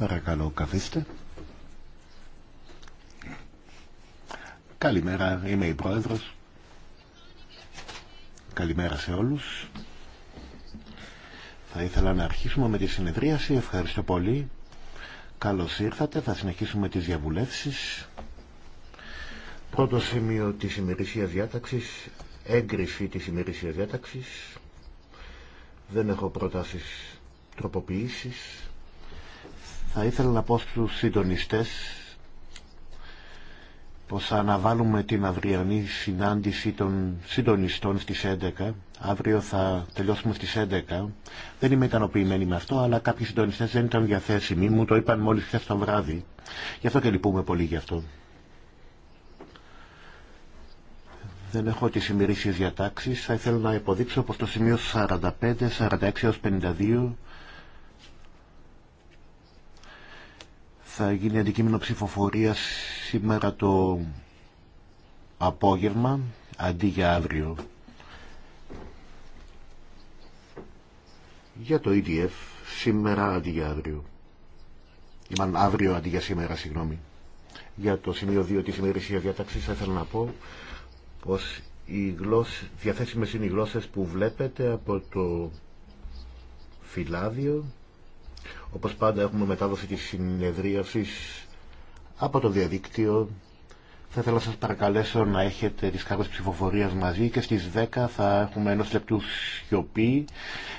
Παρακαλώ καθίστε. Καλημέρα, είμαι η Πρόεδρος. Καλημέρα σε όλους. Θα ήθελα να αρχίσουμε με τη συνεδρίαση. Ευχαριστώ πολύ. Καλώς ήρθατε. Θα συνεχίσουμε τις διαβουλεύσεις. Πρώτο σημείο της ημερησίας διάταξης. Έγκριση της ημερησίας διάταξης. Δεν έχω προτάσεις τροποποιήσεις. Θα ήθελα να πω στους συντονιστές πως αναβάλουμε την αυριανή συνάντηση των συντονιστών στις 11. Αύριο θα τελειώσουμε στις 11. Δεν είμαι ικανοποιημένη με αυτό, αλλά κάποιοι συντονιστές δεν ήταν διαθέσιμοι. Μου το είπαν μόλις χθες το βράδυ. Γι' αυτό και λυπούμε πολύ γι' αυτό. Δεν έχω τις ημερήσεις διατάξεις. Θα ήθελα να υποδείξω πως το σημείο 45, 46 52 θα γίνει αντικείμενο ψηφοφορία σήμερα το απόγευμα αντί για αύριο. Για το EDF σήμερα αντί για αύριο. Είμαστε αύριο αντί για σήμερα, συγγνώμη. Για το σημείο 2 της ημερησίας διαταξής θα ήθελα να πω πως οι γλώσσες, διαθέσιμες είναι οι γλώσσες που βλέπετε από το φυλάδιο όπως πάντα έχουμε μετάδοση της συνεδρίασης από το διαδίκτυο. Θα ήθελα να σας παρακαλέσω να έχετε τις κάρτες ψηφοφορίας μαζί και στις 10 θα έχουμε ενός λεπτού σιωπή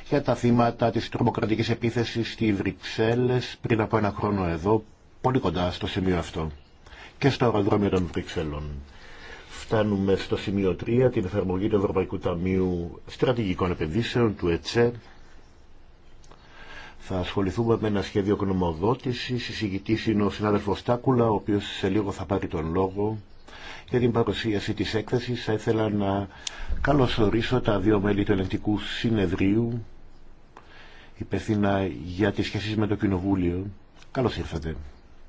για τα θύματα της τρομοκρατικής επίθεσης στη Βρυξέλλες πριν από ένα χρόνο εδώ, πολύ κοντά στο σημείο αυτό και στο αεροδρόμιο των Βρυξελλών. Φτάνουμε στο σημείο 3, την εφαρμογή του Ευρωπαϊκού Ταμείου Στρατηγικών Επενδύσεων, του ΕΤΣΕ, θα ασχοληθούμε με ένα σχέδιο γνωμοδότηση. Συζητητή είναι ο συνάδελφο Τάκουλα, ο οποίο σε λίγο θα πάρει τον λόγο. Για την παρουσίαση τη έκθεση θα ήθελα να καλωσορίσω τα δύο μέλη του Ελεκτικού συνεδρίου υπεύθυνα για τις σχέσεις με το Κοινοβούλιο. Καλώ ήρθατε,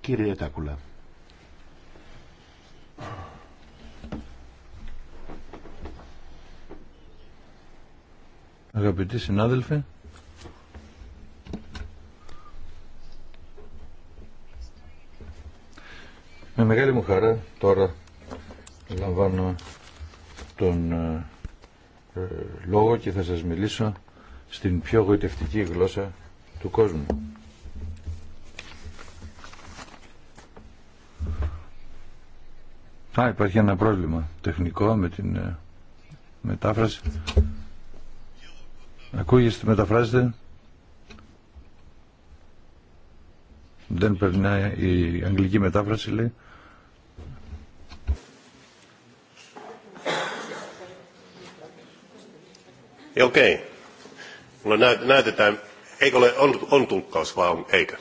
κύριε Τάκουλα. Αγαπητοί συνάδελφοι, Με μεγάλη μου χαρά τώρα λαμβάνω τον ε, ε, λόγο και θα σας μιλήσω στην πιο γοητευτική γλώσσα του κόσμου. Α, υπάρχει ένα πρόβλημα τεχνικό με την ε, μετάφραση. Ακούγεστε, μεταφράζεται. Δεν περνάει η αγγλική μετάφραση, λέει. Ε, Okei. näytetään, eikö ole, on, on tulkkaus vai eh.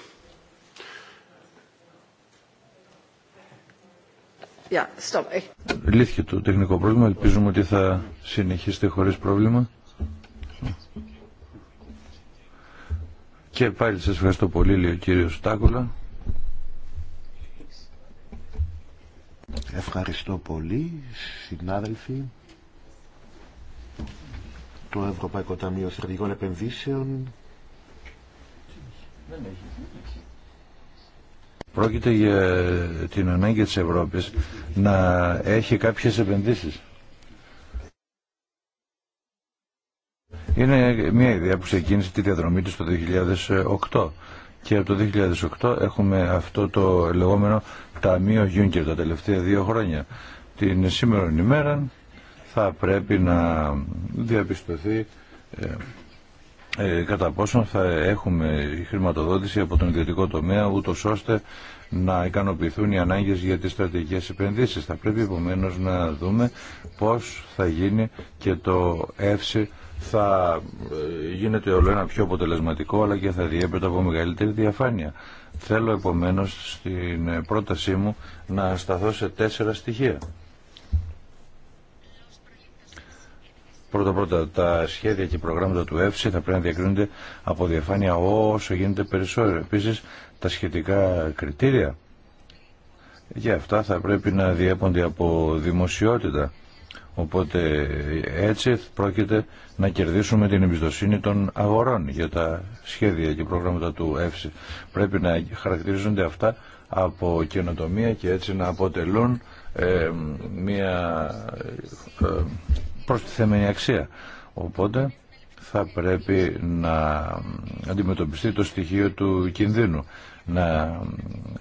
Λύθηκε το τεχνικό πρόβλημα. Ελπίζουμε ότι θα συνεχίσετε χωρίς πρόβλημα. Και πάλι σας ευχαριστώ πολύ, λέει ο κύριος Στάκουλα. Ευχαριστώ πολύ, συνάδελφοι. Το Ευρωπαϊκό Ταμείο Στρατηγικών Επενδύσεων. Πρόκειται για την ανάγκη της Ευρώπης να έχει κάποιες επενδύσεις. Είναι μια ιδέα που ξεκίνησε τη διαδρομή της το 2008 και από το 2008 έχουμε αυτό το λεγόμενο Ταμείο Γιούνκερ τα τελευταία δύο χρόνια. Την σήμερα ημέρα θα πρέπει να διαπιστωθεί ε, ε κατά πόσο θα έχουμε χρηματοδότηση από τον ιδιωτικό τομέα ούτω ώστε να ικανοποιηθούν οι ανάγκες για τις στρατηγικές επενδύσεις. Θα πρέπει επομένως να δούμε πώς θα γίνει και το εύση θα ε, γίνεται όλο ένα πιο αποτελεσματικό αλλά και θα διέπεται από μεγαλύτερη διαφάνεια. Θέλω επομένως στην ε, πρότασή μου να σταθώ σε τέσσερα στοιχεία. Πρώτα-πρώτα, τα σχέδια και προγράμματα του ΕΦΣΙ θα πρέπει να διακρίνονται από διαφάνεια όσο γίνεται περισσότερο. Επίσης, τα σχετικά κριτήρια για αυτά θα πρέπει να διέπονται από δημοσιότητα Οπότε έτσι πρόκειται να κερδίσουμε την εμπιστοσύνη των αγορών για τα σχέδια και προγράμματα του ΕΦΣΙ. Πρέπει να χαρακτηρίζονται αυτά από καινοτομία και έτσι να αποτελούν ε, μια ε, προστιθέμενη αξία. Οπότε θα πρέπει να αντιμετωπιστεί το στοιχείο του κινδύνου. Να,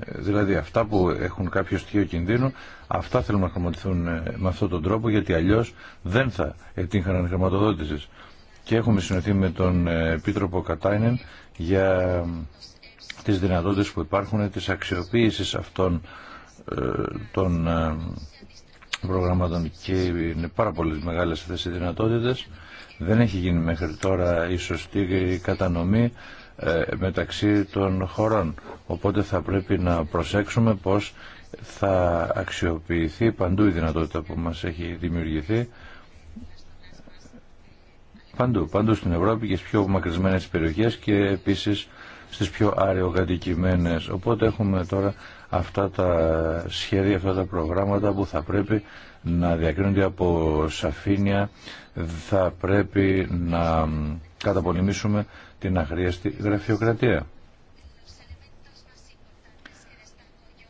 δηλαδή αυτά που έχουν κάποιο στοιχείο κινδύνου Αυτά θέλουμε να χρηματοδοτηθούν ε, με αυτόν τον τρόπο γιατί αλλιώς δεν θα ετύχαναν χρηματοδότηση. Και έχουμε συνοηθεί με τον ε, Επίτροπο Κατάινεν για τις δυνατότητες που υπάρχουν της αξιοποίησης αυτών ε, των προγραμμάτων και είναι πάρα πολύ μεγάλες αυτές οι δυνατότητες. Δεν έχει γίνει μέχρι τώρα η σωστή κατανομή μεταξύ των χωρών. Οπότε θα πρέπει να προσέξουμε πως θα αξιοποιηθεί παντού η δυνατότητα που μας έχει δημιουργηθεί παντού, παντού στην Ευρώπη και στις πιο μακρισμένες περιοχές και επίσης στις πιο αραιοκατοικημένες. Οπότε έχουμε τώρα αυτά τα σχέδια, αυτά τα προγράμματα που θα πρέπει να διακρίνονται από σαφήνεια, θα πρέπει να καταπολεμήσουμε την αχρίαστη γραφειοκρατία.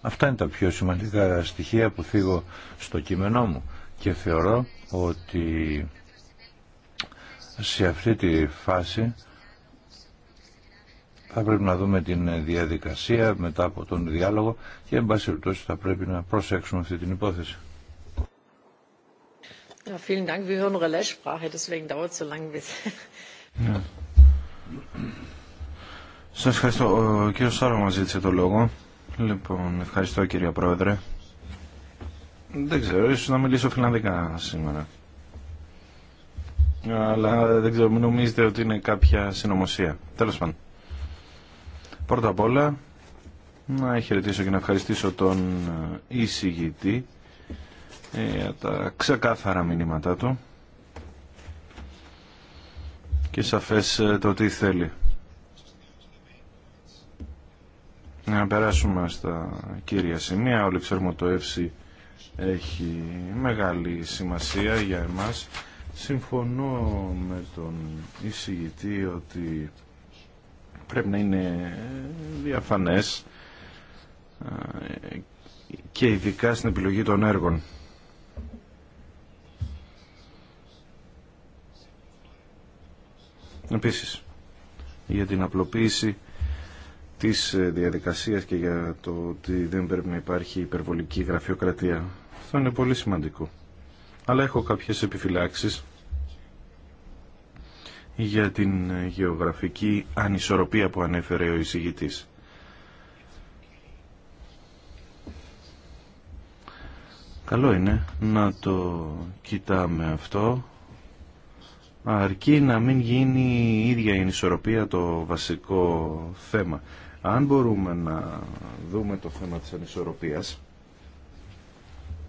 Αυτά είναι τα πιο σημαντικά στοιχεία που φύγω στο κείμενό μου και θεωρώ ότι σε αυτή τη φάση θα πρέπει να δούμε την διαδικασία μετά από τον διάλογο και εν πάση περιπτώσει θα πρέπει να προσέξουμε αυτή την υπόθεση. Σας ευχαριστώ. Ο κύριος Σάρο μας ζήτησε το λόγο. Λοιπόν, ευχαριστώ κύριε Πρόεδρε. Δεν ξέρω, ίσως να μιλήσω φιλανδικά σήμερα. Αλλά δεν ξέρω, μην νομίζετε ότι είναι κάποια συνωμοσία. Τέλος πάντων. Πρώτα απ' όλα, να χαιρετήσω και να ευχαριστήσω τον ε, εισηγητή ε, για τα ξεκάθαρα μηνύματά του και σαφές ε, το τι θέλει. Να περάσουμε στα κύρια σημεία. Όλοι ξέρουμε το έχει μεγάλη σημασία για εμάς. Συμφωνώ με τον εισηγητή ότι πρέπει να είναι διαφανές ε, και ειδικά στην επιλογή των έργων. Επίσης, για την απλοποίηση της ε, διαδικασίας και για το ότι δεν πρέπει να υπάρχει υπερβολική γραφειοκρατία. Αυτό είναι πολύ σημαντικό. Αλλά έχω κάποιες επιφυλάξεις για την ε, γεωγραφική ανισορροπία που ανέφερε ο εισηγητής. Καλό είναι να το κοιτάμε αυτό, αρκεί να μην γίνει η ίδια η ανισορροπία το βασικό θέμα. Αν μπορούμε να δούμε το θέμα της ανισορροπίας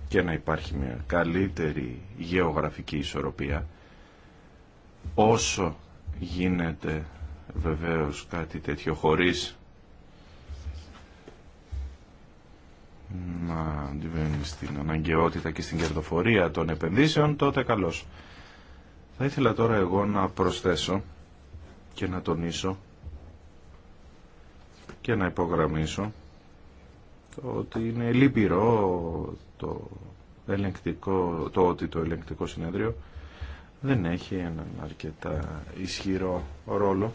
και να υπάρχει μια καλύτερη γεωγραφική ισορροπία, όσο γίνεται βεβαίως κάτι τέτοιο χωρίς να αντιβαίνει στην αναγκαιότητα και στην κερδοφορία των επενδύσεων, τότε καλώς. Θα ήθελα τώρα εγώ να προσθέσω και να τονίσω και να υπογραμμίσω το ότι είναι λύπηρο το, ελεγκτικό, το ότι το ελεγκτικό συνέδριο δεν έχει έναν αρκετά ισχυρό ρόλο,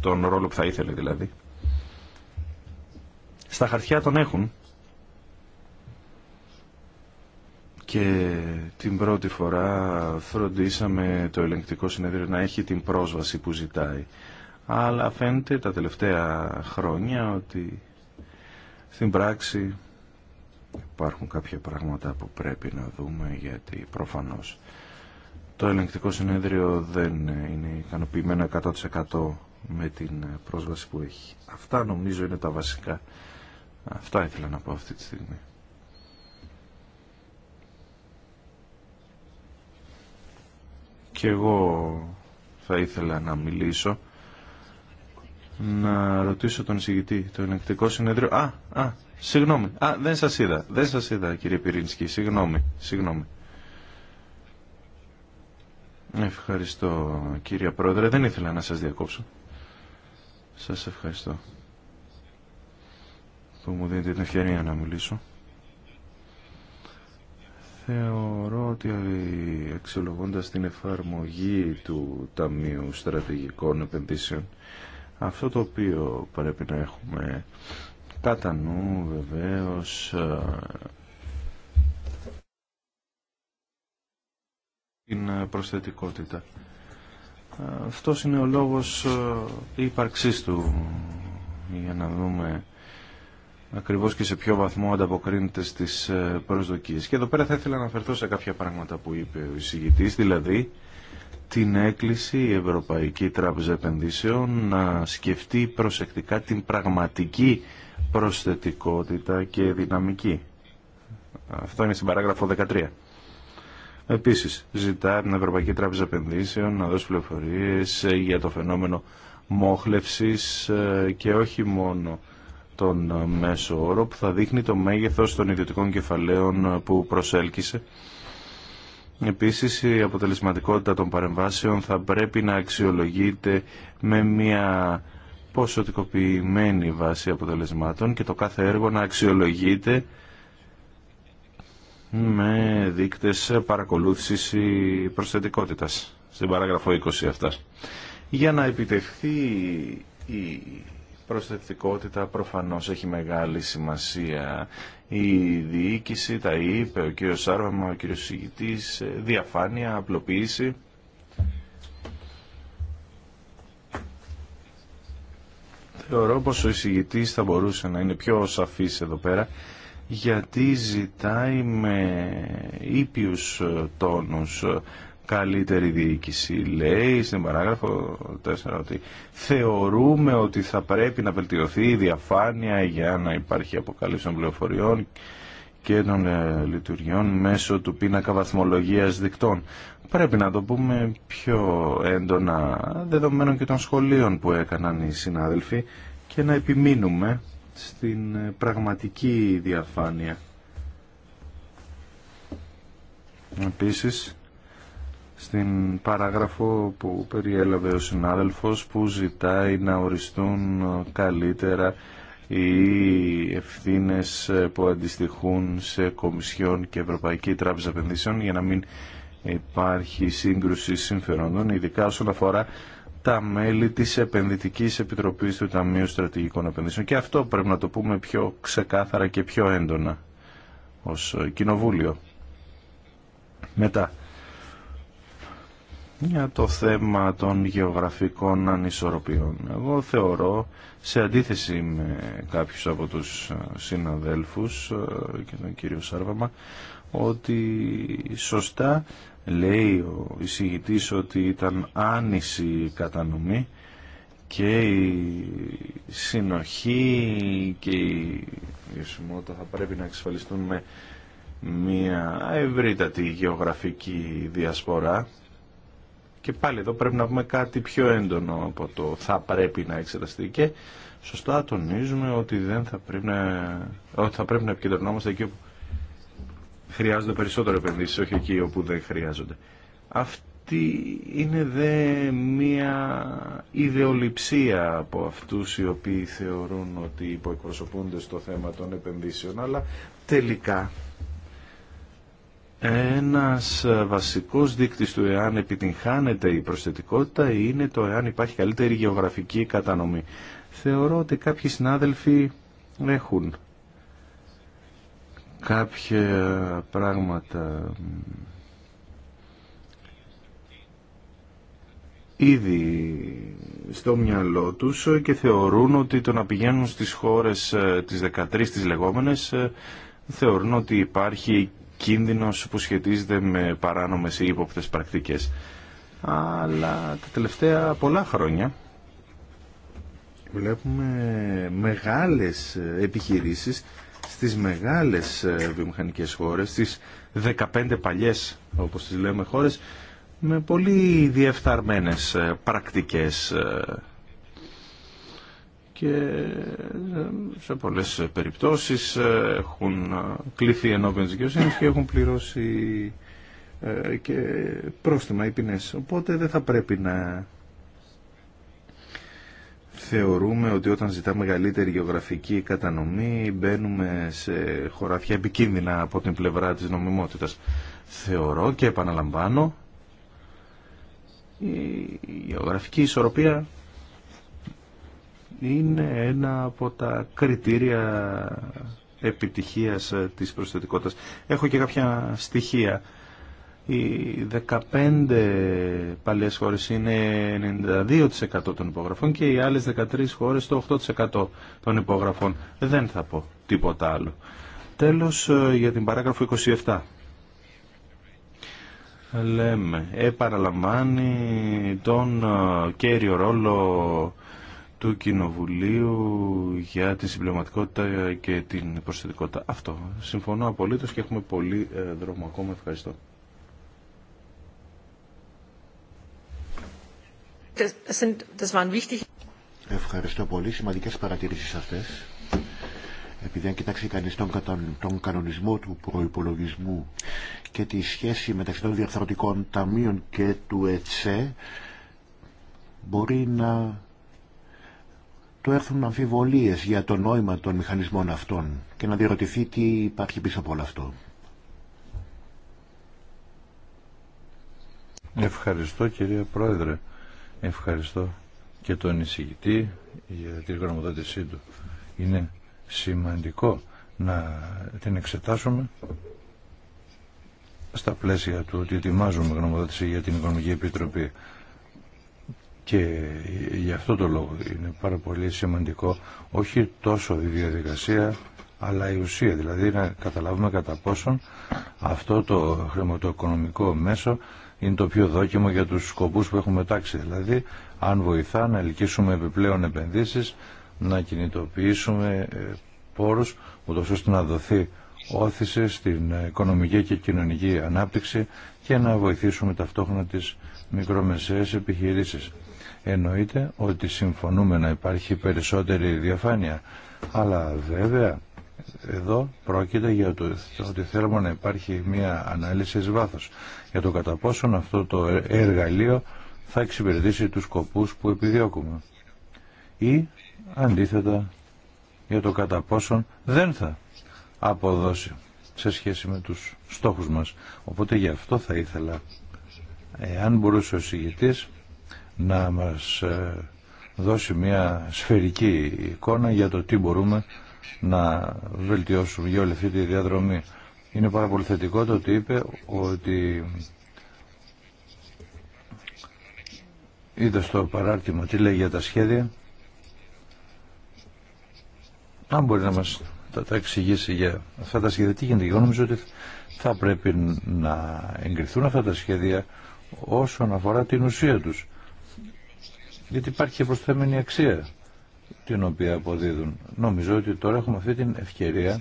τον ρόλο που θα ήθελε δηλαδή. Στα χαρτιά τον έχουν και την πρώτη φορά φροντίσαμε το ελεγκτικό συνέδριο να έχει την πρόσβαση που ζητάει αλλά φαίνεται τα τελευταία χρόνια ότι στην πράξη υπάρχουν κάποια πράγματα που πρέπει να δούμε γιατί προφανώς το ελεγκτικό συνέδριο δεν είναι ικανοποιημένο 100% με την πρόσβαση που έχει. Αυτά νομίζω είναι τα βασικά. Αυτά ήθελα να πω αυτή τη στιγμή. Και εγώ θα ήθελα να μιλήσω να ρωτήσω τον εισηγητή, το ελεγκτικό συνέδριο. Α, α, συγγνώμη. Α, δεν σας είδα. Δεν σας είδα, κύριε Πυρίνσκι. Συγγνώμη, συγγνώμη. Ευχαριστώ, κύριε Πρόεδρε. Δεν ήθελα να σας διακόψω. Σας ευχαριστώ που μου δίνετε την ευκαιρία να μιλήσω. Θεωρώ ότι αξιολογώντας την εφαρμογή του Ταμείου Στρατηγικών Επενδύσεων αυτό το οποίο πρέπει να έχουμε κατά νου βεβαίως ε, την προσθετικότητα. Αυτό είναι ο λόγος ε, ύπαρξής του για να δούμε ακριβώς και σε ποιο βαθμό ανταποκρίνεται στις ε, προσδοκίες. Και εδώ πέρα θα ήθελα να αναφερθώ σε κάποια πράγματα που είπε ο εισηγητής, δηλαδή την έκκληση η Ευρωπαϊκή Τράπεζα Επενδύσεων να σκεφτεί προσεκτικά την πραγματική προσθετικότητα και δυναμική. Αυτό είναι στην παράγραφο 13. Επίσης, ζητά την Ευρωπαϊκή Τράπεζα Επενδύσεων να δώσει πληροφορίες για το φαινόμενο μόχλευσης ε, και όχι μόνο τον μέσο όρο που θα δείχνει το μέγεθος των ιδιωτικών κεφαλαίων που προσέλκυσε Επίσης η αποτελεσματικότητα των παρεμβάσεων θα πρέπει να αξιολογείται με μια ποσοτικοποιημένη βάση αποτελεσμάτων και το κάθε έργο να αξιολογείται με δείκτες παρακολούθησης προσθετικότητας. Στην παράγραφο 20 αυτά. Για να επιτευχθεί η προσθετικότητα προφανώς έχει μεγάλη σημασία. Η διοίκηση, τα είπε ο κύριος Σάρβαμα, ο κύριος Συγητής, ε, διαφάνεια, απλοποίηση. Θεωρώ πως ο εισηγητής θα μπορούσε να είναι πιο σαφής εδώ πέρα γιατί ζητάει με ήπιους τόνους καλύτερη διοίκηση. Λέει στην παράγραφο 4 ότι θεωρούμε ότι θα πρέπει να βελτιωθεί η διαφάνεια για να υπάρχει αποκαλύψη των πληροφοριών και των ε, λειτουργιών μέσω του πίνακα βαθμολογίας δικτών. Πρέπει να το πούμε πιο έντονα δεδομένων και των σχολείων που έκαναν οι συνάδελφοι και να επιμείνουμε στην ε, πραγματική διαφάνεια. Επίσης, στην παράγραφο που περιέλαβε ο συνάδελφος που ζητάει να οριστούν καλύτερα οι ευθύνες που αντιστοιχούν σε Κομισιόν και Ευρωπαϊκή Τράπεζα Επενδύσεων για να μην υπάρχει σύγκρουση συμφερόντων, ειδικά όσον αφορά τα μέλη της Επενδυτικής Επιτροπής του Ταμείου Στρατηγικών Επενδύσεων. Και αυτό πρέπει να το πούμε πιο ξεκάθαρα και πιο έντονα ως Κοινοβούλιο. Μετά, για το θέμα των γεωγραφικών ανισορροπιών. Εγώ θεωρώ, σε αντίθεση με κάποιους από τους συναδέλφους και τον κύριο Σάρβαμα, ότι σωστά λέει ο εισηγητής ότι ήταν άνηση η κατανομή και η συνοχή και η βιωσιμότητα θα πρέπει να εξασφαλιστούν με μια ευρύτατη γεωγραφική διασπορά και πάλι εδώ πρέπει να πούμε κάτι πιο έντονο από το θα πρέπει να εξεταστεί και σωστά τονίζουμε ότι δεν θα πρέπει να, θα πρέπει να επικεντρωνόμαστε εκεί όπου χρειάζονται περισσότερο επενδύσεις, όχι εκεί όπου δεν χρειάζονται. Αυτή είναι δε μία ιδεολειψία από αυτούς οι οποίοι θεωρούν ότι υποεκπροσωπούνται στο θέμα των επενδύσεων, αλλά τελικά ένας ε, βασικός δείκτης του εάν επιτυγχάνεται η προσθετικότητα είναι το εάν υπάρχει καλύτερη γεωγραφική κατανομή. Θεωρώ ότι κάποιοι συνάδελφοι έχουν κάποια πράγματα ήδη στο μυαλό τους και θεωρούν ότι το να πηγαίνουν στις χώρες ε, τις 13 τις λεγόμενες ε, θεωρούν ότι υπάρχει κίνδυνος που σχετίζεται με παράνομες ή ύποπτες πρακτικές. Αλλά τα τελευταία πολλά χρόνια βλέπουμε μεγάλες επιχειρήσεις στις μεγάλες ε, βιομηχανικές χώρες, στις 15 παλιές όπως τις λέμε χώρες, με πολύ διεφθαρμένες ε, πρακτικές ε, και ε, σε πολλές περιπτώσεις ε, έχουν ε, κληθεί ενώπιον της δικαιοσύνης και έχουν πληρώσει και πρόστιμα ή ποινές. Οπότε δεν θα πρέπει να θεωρούμε ότι όταν ζητάμε μεγαλύτερη γεωγραφική κατανομή μπαίνουμε σε χωράφια επικίνδυνα από την πλευρά της νομιμότητας. Θεωρώ και επαναλαμβάνω η γεωγραφική ισορροπία είναι ένα από τα κριτήρια επιτυχίας της προσθετικότητας. Έχω και κάποια στοιχεία. Οι 15 παλιές χώρες είναι 92% των υπογραφών και οι άλλες 13 χώρες το 8% των υπογραφών. Δεν θα πω τίποτα άλλο. Τέλος ε, για την παράγραφο 27. Λέμε, επαναλαμβάνει τον ε, κέριο ρόλο του Κοινοβουλίου για την συμπληρωματικότητα και την προσθετικότητα. Αυτό. Συμφωνώ απολύτως και έχουμε πολύ ε, δρόμο ακόμα. Ευχαριστώ. Ευχαριστώ πολύ. Σημαντικές παρατηρήσεις αυτές. Επειδή αν κοιτάξει κανείς τον κανονισμό του προϋπολογισμού και τη σχέση μεταξύ των διαρθρωτικών ταμείων και του ΕΤΣΕ μπορεί να του έρθουν αμφιβολίες για το νόημα των μηχανισμών αυτών και να διερωτηθεί τι υπάρχει πίσω από όλο αυτό. Ευχαριστώ κυρία Πρόεδρε. Ευχαριστώ και τον εισηγητή για την γραμματότησή του. Είναι σημαντικό να την εξετάσουμε στα πλαίσια του ότι ετοιμάζουμε γνωμοδότηση για την Οικονομική Επιτροπή. Και γι' αυτό το λόγο είναι πάρα πολύ σημαντικό όχι τόσο η διαδικασία αλλά η ουσία, δηλαδή να καταλάβουμε κατά πόσον αυτό το χρηματοοικονομικό μέσο είναι το πιο δόκιμο για τους σκοπούς που έχουμε τάξει. Δηλαδή, αν βοηθά να ελκύσουμε επιπλέον επενδύσεις, να κινητοποιήσουμε ε, πόρους, ούτως ώστε να δοθεί όθηση στην οικονομική και κοινωνική ανάπτυξη και να βοηθήσουμε ταυτόχρονα τις μικρομεσαίες επιχειρήσεις. Εννοείται ότι συμφωνούμε να υπάρχει περισσότερη διαφάνεια, αλλά βέβαια εδώ πρόκειται για το ότι θέλουμε να υπάρχει μια ανάλυση εις βάθος για το κατά πόσον αυτό το εργαλείο θα εξυπηρετήσει τους σκοπούς που επιδιώκουμε ή αντίθετα για το κατά πόσον δεν θα αποδώσει σε σχέση με τους στόχους μας. Οπότε γι' αυτό θα ήθελα, εάν μπορούσε ο συγητής, να μας ε, δώσει μια σφαιρική εικόνα για το τι μπορούμε να βελτιώσουμε για όλη αυτή τη διαδρομή. Είναι πάρα πολύ θετικό το ότι είπε ότι είδα στο παράρτημα τι λέει για τα σχέδια αν μπορεί να μας τα, τα εξηγήσει για αυτά τα σχέδια τι γίνεται. Εγώ νομίζω ότι θα πρέπει να εγκριθούν αυτά τα σχέδια όσον αφορά την ουσία τους γιατί υπάρχει προσθέμενη αξία την οποία αποδίδουν. Νομίζω ότι τώρα έχουμε αυτή την ευκαιρία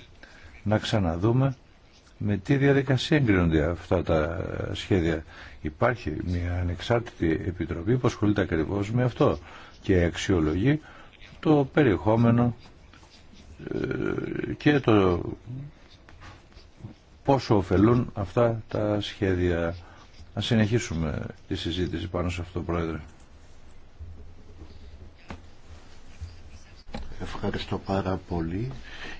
να ξαναδούμε με τι διαδικασία εγκρίνονται αυτά τα σχέδια. Υπάρχει μια ανεξάρτητη επιτροπή που ασχολείται ακριβώ με αυτό και αξιολογεί το περιεχόμενο ε, και το πόσο ωφελούν αυτά τα σχέδια. Να συνεχίσουμε τη συζήτηση πάνω σε αυτό, Πρόεδρε. Ευχαριστώ πάρα πολύ.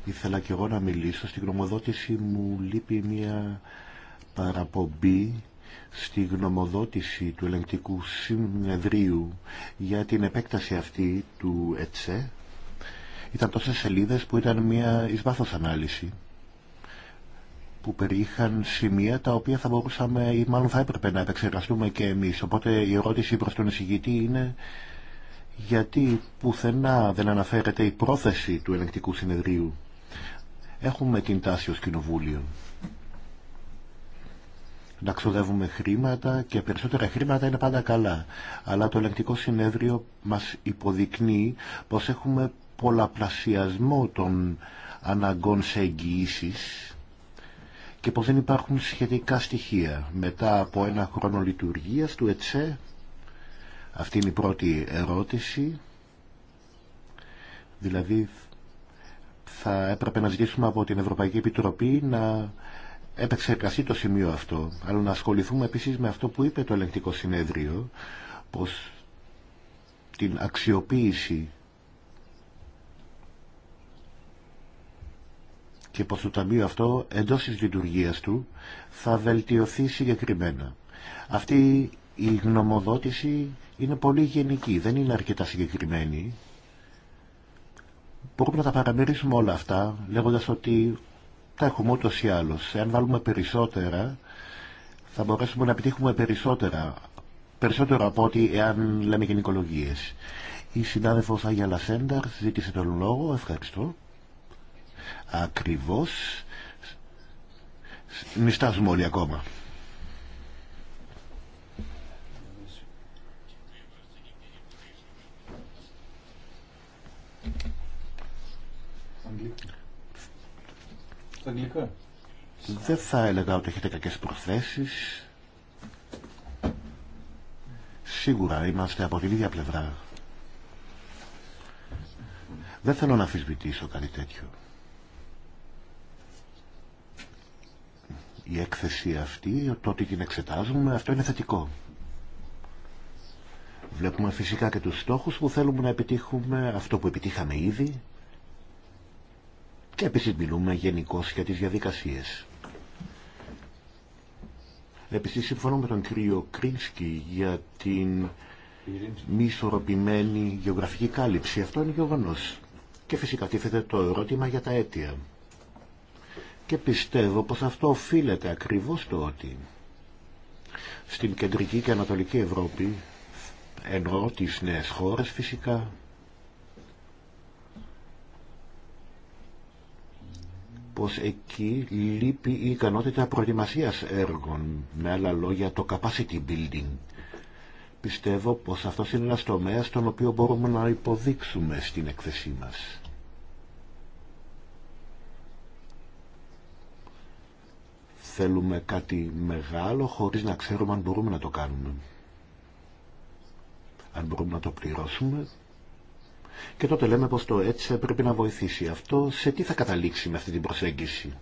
Ήθελα και εγώ να μιλήσω. Στην γνωμοδότηση μου λείπει μια παραπομπή στη γνωμοδότηση του ελεγκτικού συνεδρίου για την επέκταση αυτή του ΕΤΣΕ. Ήταν τόσες σελίδες που ήταν μια εις βάθος ανάλυση που περιείχαν σημεία τα οποία θα μπορούσαμε ή μάλλον θα έπρεπε να επεξεργαστούμε και εμείς. Οπότε η ερώτηση προς τον εισηγητή είναι γιατί πουθενά δεν αναφέρεται η πρόθεση του ελεγκτικού συνεδρίου. Έχουμε την τάση ως κοινοβούλιο να ξοδεύουμε χρήματα και περισσότερα χρήματα είναι πάντα καλά. Αλλά το ελεγκτικό συνέδριο μας υποδεικνύει πως έχουμε πολλαπλασιασμό των αναγκών σε εγγυήσει και πως δεν υπάρχουν σχετικά στοιχεία. Μετά από ένα χρόνο λειτουργίας του ΕΤΣΕ αυτή είναι η πρώτη ερώτηση. Δηλαδή θα έπρεπε να ζητήσουμε από την Ευρωπαϊκή Επιτροπή να επεξεργαστεί το σημείο αυτό, αλλά να ασχοληθούμε επίσης με αυτό που είπε το ελεγκτικό συνέδριο, πως την αξιοποίηση και πως το ταμείο αυτό εντός της λειτουργίας του θα βελτιωθεί συγκεκριμένα. Αυτή η γνωμοδότηση είναι πολύ γενική, δεν είναι αρκετά συγκεκριμένη. Μπορούμε να τα παραμερίσουμε όλα αυτά λέγοντας ότι τα έχουμε ούτως ή άλλως. Εάν βάλουμε περισσότερα θα μπορέσουμε να επιτύχουμε περισσότερα, περισσότερο από ό,τι εάν λέμε γενικολογίες. Η συνάδελφος Άγια Λασένταρ ζήτησε τον λόγο, ευχαριστώ. Ακριβώς. Νιστάζουμε όλοι ακόμα. Δεν θα έλεγα ότι έχετε κακές προθέσεις. Σίγουρα είμαστε από την ίδια πλευρά. Δεν θέλω να αφισβητήσω κάτι τέτοιο. Η έκθεση αυτή, το ότι την εξετάζουμε, αυτό είναι θετικό. Βλέπουμε φυσικά και τους στόχους που θέλουμε να επιτύχουμε, αυτό που επιτύχαμε ήδη, και επίσης μιλούμε γενικώ για τις διαδικασίες. Επίσης συμφωνώ με τον κύριο Κρίνσκι για την μη ισορροπημένη γεωγραφική κάλυψη. Αυτό είναι γεγονό. Και φυσικά τίθεται το ερώτημα για τα αίτια. Και πιστεύω πως αυτό οφείλεται ακριβώς το ότι στην κεντρική και ανατολική Ευρώπη ενώ τις νέες χώρες φυσικά πως εκεί λείπει η ικανότητα προετοιμασίας έργων, με άλλα λόγια το capacity building. Πιστεύω πως αυτός είναι ένας τομέας τον οποίο μπορούμε να υποδείξουμε στην έκθεσή μας. Θέλουμε κάτι μεγάλο χωρίς να ξέρουμε αν μπορούμε να το κάνουμε. Αν μπορούμε να το πληρώσουμε και τότε λέμε πως το έτσι πρέπει να βοηθήσει. Αυτό σε τι θα καταλήξει με αυτή την προσέγγιση.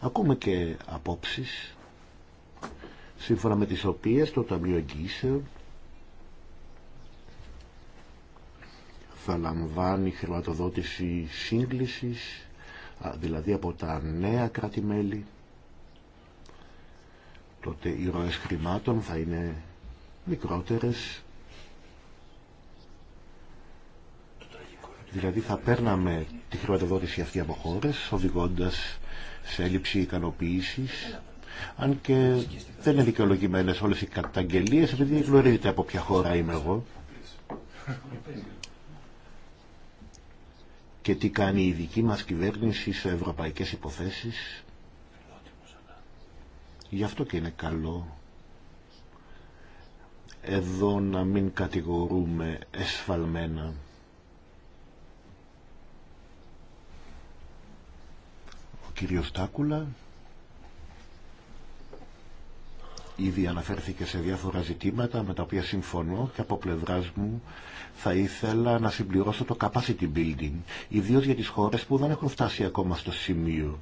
Ακούμε και απόψεις σύμφωνα με τις οποίες το Ταμείο θα λαμβάνει χρηματοδότηση σύγκλησης, δηλαδή από τα νέα κράτη-μέλη, τότε οι ροές χρημάτων θα είναι μικρότερες Δηλαδή θα παίρναμε τη χρηματοδότηση αυτή από χώρε, οδηγώντα σε έλλειψη ικανοποίηση, αν και δεν είναι δικαιολογημένε όλε οι καταγγελίε, επειδή γνωρίζετε από ποια χώρα είμαι εγώ. Και τι κάνει η δική μας κυβέρνηση σε ευρωπαϊκές υποθέσεις. Γι' αυτό και είναι καλό εδώ να μην κατηγορούμε εσφαλμένα Κύριο Στάκουλα. Ήδη αναφέρθηκε σε διάφορα ζητήματα με τα οποία συμφωνώ και από πλευρά μου θα ήθελα να συμπληρώσω το capacity building, ιδίω για τι χώρε που δεν έχουν φτάσει ακόμα στο σημείο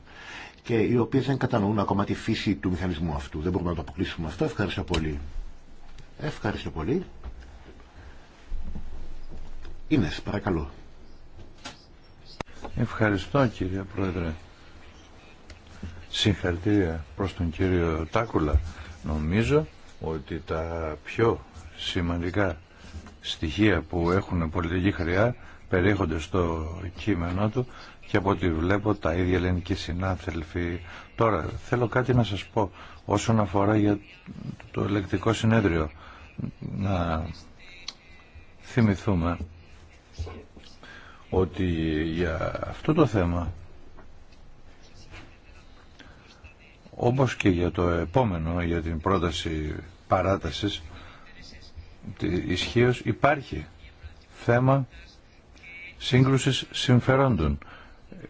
και οι οποίες δεν κατανοούν ακόμα τη φύση του μηχανισμού αυτού. Δεν μπορούμε να το αποκλείσουμε αυτό. Ευχαριστώ πολύ. Ευχαριστώ πολύ. Ίνες, παρακαλώ. Ευχαριστώ κύριε Πρόεδρε. Συγχαρητήρια προς τον κύριο Τάκουλα. Νομίζω ότι τα πιο σημαντικά στοιχεία που έχουν πολιτική χρειά περιέχονται στο κείμενό του και από ό,τι βλέπω τα ίδια λένε και συνάδελφοι. Τώρα θέλω κάτι να σας πω όσον αφορά για το ελεκτικό συνέδριο. Να θυμηθούμε ότι για αυτό το θέμα Όπως και για το επόμενο, για την πρόταση παράτασης, ισχύω υπάρχει θέμα σύγκρουσης συμφερόντων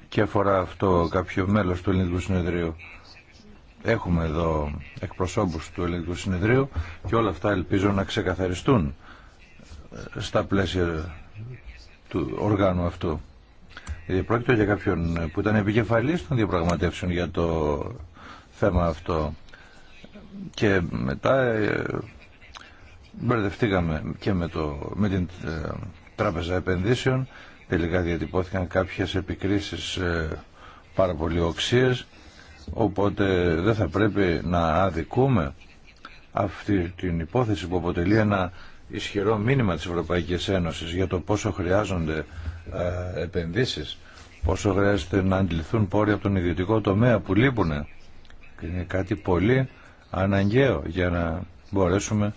και αφορά αυτό κάποιο μέλος του Ελληνικού Συνεδρίου. Έχουμε εδώ εκπροσώπους του Ελληνικού Συνεδρίου και όλα αυτά ελπίζω να ξεκαθαριστούν στα πλαίσια του οργάνου αυτού. Ε, πρόκειται για κάποιον που ήταν επικεφαλής των διαπραγματεύσεων για το θέμα αυτό. Και μετά ε, μπερδευτήκαμε και με, το, με την ε, Τράπεζα Επενδύσεων. Τελικά διατυπώθηκαν κάποιες επικρίσεις ε, πάρα πολύ Οπότε δεν θα πρέπει να αδικούμε αυτή την υπόθεση που αποτελεί ένα ισχυρό μήνυμα της Ευρωπαϊκής Ένωσης για το πόσο χρειάζονται επενδύσεις, πόσο χρειάζεται να αντιληφθούν πόροι από τον ιδιωτικό τομέα που λείπουνε είναι κάτι πολύ αναγκαίο για να μπορέσουμε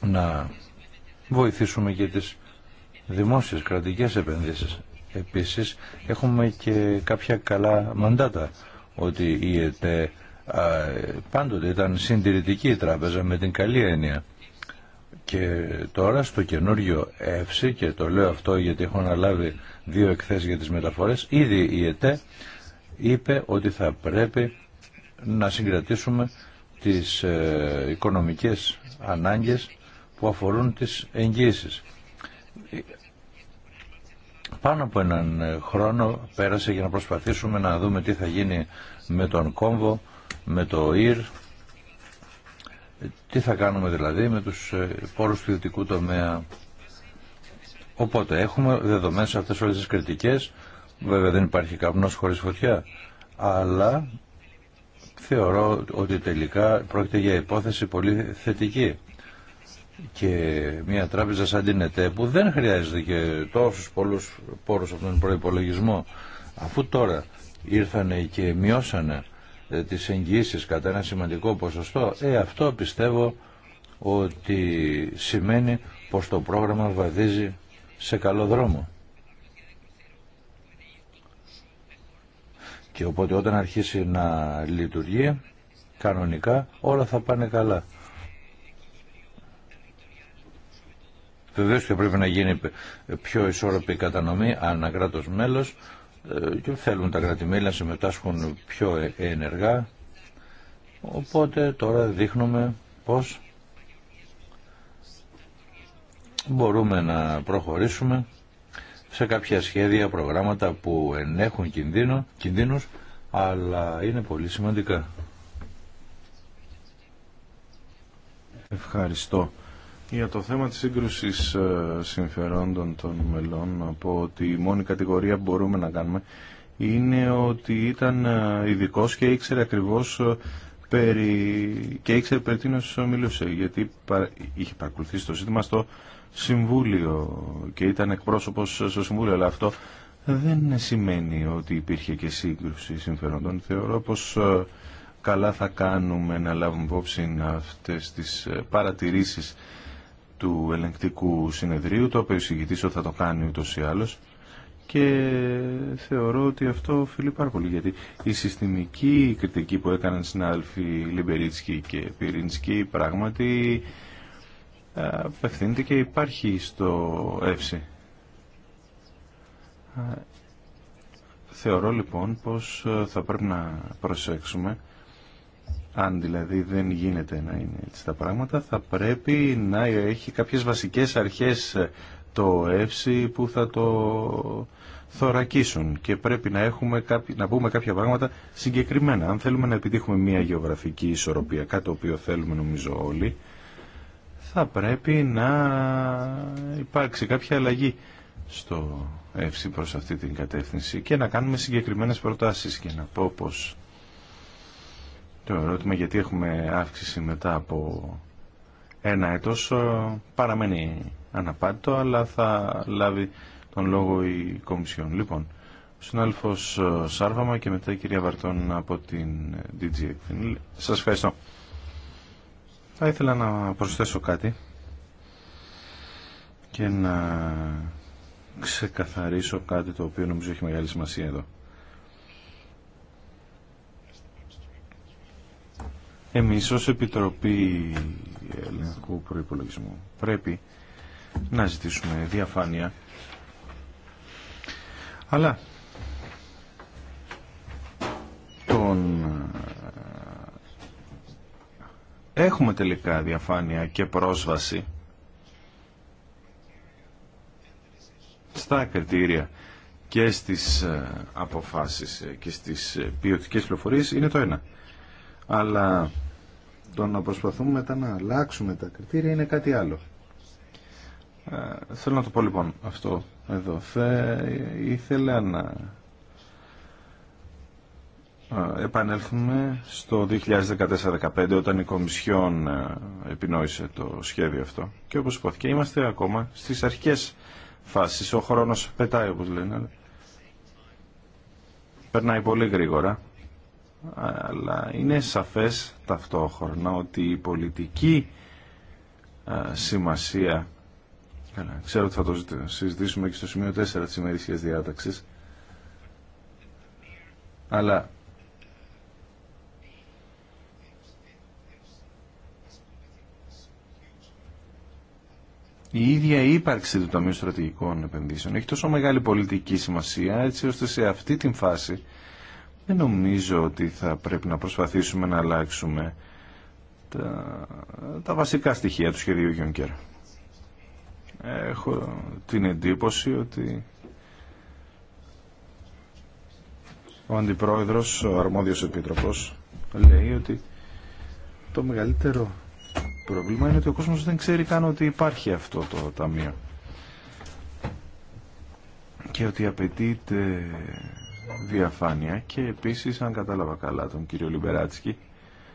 να βοηθήσουμε και τις δημόσιες κρατικές επενδύσεις. Επίσης έχουμε και κάποια καλά μαντάτα ότι η ΕΤΕ πάντοτε ήταν συντηρητική η τράπεζα με την καλή έννοια. Και τώρα στο καινούριο ΕΦΣΥ και το λέω αυτό γιατί έχω αναλάβει δύο εκθέσεις για τις μεταφορές ήδη η ΕΤΕ είπε ότι θα πρέπει να συγκρατήσουμε τις ε, οικονομικές ανάγκες που αφορούν τις εγγύησεις. Πάνω από έναν χρόνο πέρασε για να προσπαθήσουμε να δούμε τι θα γίνει με τον κόμβο, με το ΙΡ, τι θα κάνουμε δηλαδή με τους ε, πόρους του ιδιωτικού τομέα. Οπότε έχουμε δεδομένες αυτές όλες τις κριτικές, βέβαια δεν υπάρχει καπνός χωρίς φωτιά, αλλά θεωρώ ότι τελικά πρόκειται για υπόθεση πολύ θετική και μια τράπεζα σαν την ΕΤΕ που δεν χρειάζεται και τόσους πολλούς πόρους από τον προϋπολογισμό αφού τώρα ήρθανε και μειώσανε ε, τις εγγυήσεις κατά ένα σημαντικό ποσοστό ε, αυτό πιστεύω ότι σημαίνει πως το πρόγραμμα βαδίζει σε καλό δρόμο. Και οπότε όταν αρχίσει να λειτουργεί κανονικά όλα θα πάνε καλά. Βεβαίω και πρέπει να γίνει πιο ισόρροπη κατανομή ανά μέλος, μέλο ε, και θέλουν τα κρατημέλη να συμμετάσχουν πιο ε, ενεργά. Οπότε τώρα δείχνουμε πώς μπορούμε να προχωρήσουμε σε κάποια σχέδια, προγράμματα που ενέχουν κινδύνο, κινδύνους, αλλά είναι πολύ σημαντικά. Ευχαριστώ. Για το θέμα της σύγκρουσης ε, συμφερόντων των μελών, από ότι η μόνη κατηγορία που μπορούμε να κάνουμε είναι ότι ήταν ε, ειδικό και ήξερε ακριβώς ε, περί... και ήξερε περί τίνο μιλούσε γιατί είχε παρακολουθήσει το ζήτημα στο Συμβούλιο και ήταν εκπρόσωπος στο Συμβούλιο αλλά αυτό δεν σημαίνει ότι υπήρχε και σύγκρουση συμφερόντων. Θεωρώ πω ε, καλά θα κάνουμε να λάβουμε υπόψη αυτές τις ε, παρατηρήσεις του ελεγκτικού συνεδρίου, το οποίο ο θα το κάνει ούτω ή άλλως και θεωρώ ότι αυτό οφείλει πάρα πολύ γιατί η συστημική κριτική που έκαναν συνάδελφοι Λιμπερίτσκι και Πυρίνσκι πράγματι απευθύνεται και υπάρχει στο ΕΦΣΙ. Θεωρώ λοιπόν πως θα πρέπει να προσέξουμε αν δηλαδή δεν γίνεται να είναι έτσι τα πράγματα, θα πρέπει να έχει κάποιες βασικές αρχές το Εύση που θα το θωρακίσουν και πρέπει να, έχουμε κάποι, να πούμε κάποια πράγματα συγκεκριμένα. Αν θέλουμε να επιτύχουμε μια γεωγραφική ισορροπία, κάτι το οποίο θέλουμε νομίζω όλοι, θα πρέπει να υπάρξει κάποια αλλαγή στο Εύση προς αυτή την κατεύθυνση και να κάνουμε συγκεκριμένες προτάσεις και να πω πως το ερώτημα γιατί έχουμε αύξηση μετά από ένα έτος ε, παραμένει αναπάντητο, αλλά θα λάβει τον λόγο η Κομισιόν. Λοιπόν, ο συνάδελφος ε, Σάρβαμα και μετά η κυρία Βαρτών από την ε, DG Σας ευχαριστώ. Θα ήθελα να προσθέσω κάτι και να ξεκαθαρίσω κάτι το οποίο νομίζω έχει μεγάλη σημασία εδώ. Εμείς ως Επιτροπή Ελληνικού Προϋπολογισμού πρέπει να ζητήσουμε διαφάνεια. Αλλά τον... Ε, έχουμε τελικά διαφάνεια και πρόσβαση στα κριτήρια και στις ε, αποφάσεις ε, και στις ποιοτικέ πληροφορίες είναι το ένα. Αλλά το να προσπαθούμε μετά να αλλάξουμε τα κριτήρια είναι κάτι άλλο. Ε, θέλω να το πω λοιπόν αυτό εδώ. Θα ήθελα να ε, επανέλθουμε στο 2014-2015 όταν η Κομισιόν ε, επινόησε το σχέδιο αυτό. Και όπως υπόθηκε είμαστε ακόμα στις αρχικές φάσεις. Ο χρόνος πετάει όπως λένε. Περνάει πολύ γρήγορα. Αλλά είναι σαφές ταυτόχρονα ότι η πολιτική σημασία Καλά, ξέρω ότι θα το συζητήσουμε και στο σημείο 4 της ημερήσιας διάταξης. Αλλά Η ίδια η ύπαρξη του Ταμείου Στρατηγικών Επενδύσεων έχει τόσο μεγάλη πολιτική σημασία έτσι ώστε σε αυτή την φάση δεν νομίζω ότι θα πρέπει να προσπαθήσουμε να αλλάξουμε τα, τα βασικά στοιχεία του σχεδίου Γιονκέρα έχω την εντύπωση ότι ο Αντιπρόεδρος, ο Αρμόδιος Επίτροπος, λέει ότι το μεγαλύτερο πρόβλημα είναι ότι ο κόσμος δεν ξέρει καν ότι υπάρχει αυτό το ταμείο και ότι απαιτείται διαφάνεια και επίσης αν κατάλαβα καλά τον κύριο Λιμπεράτσκι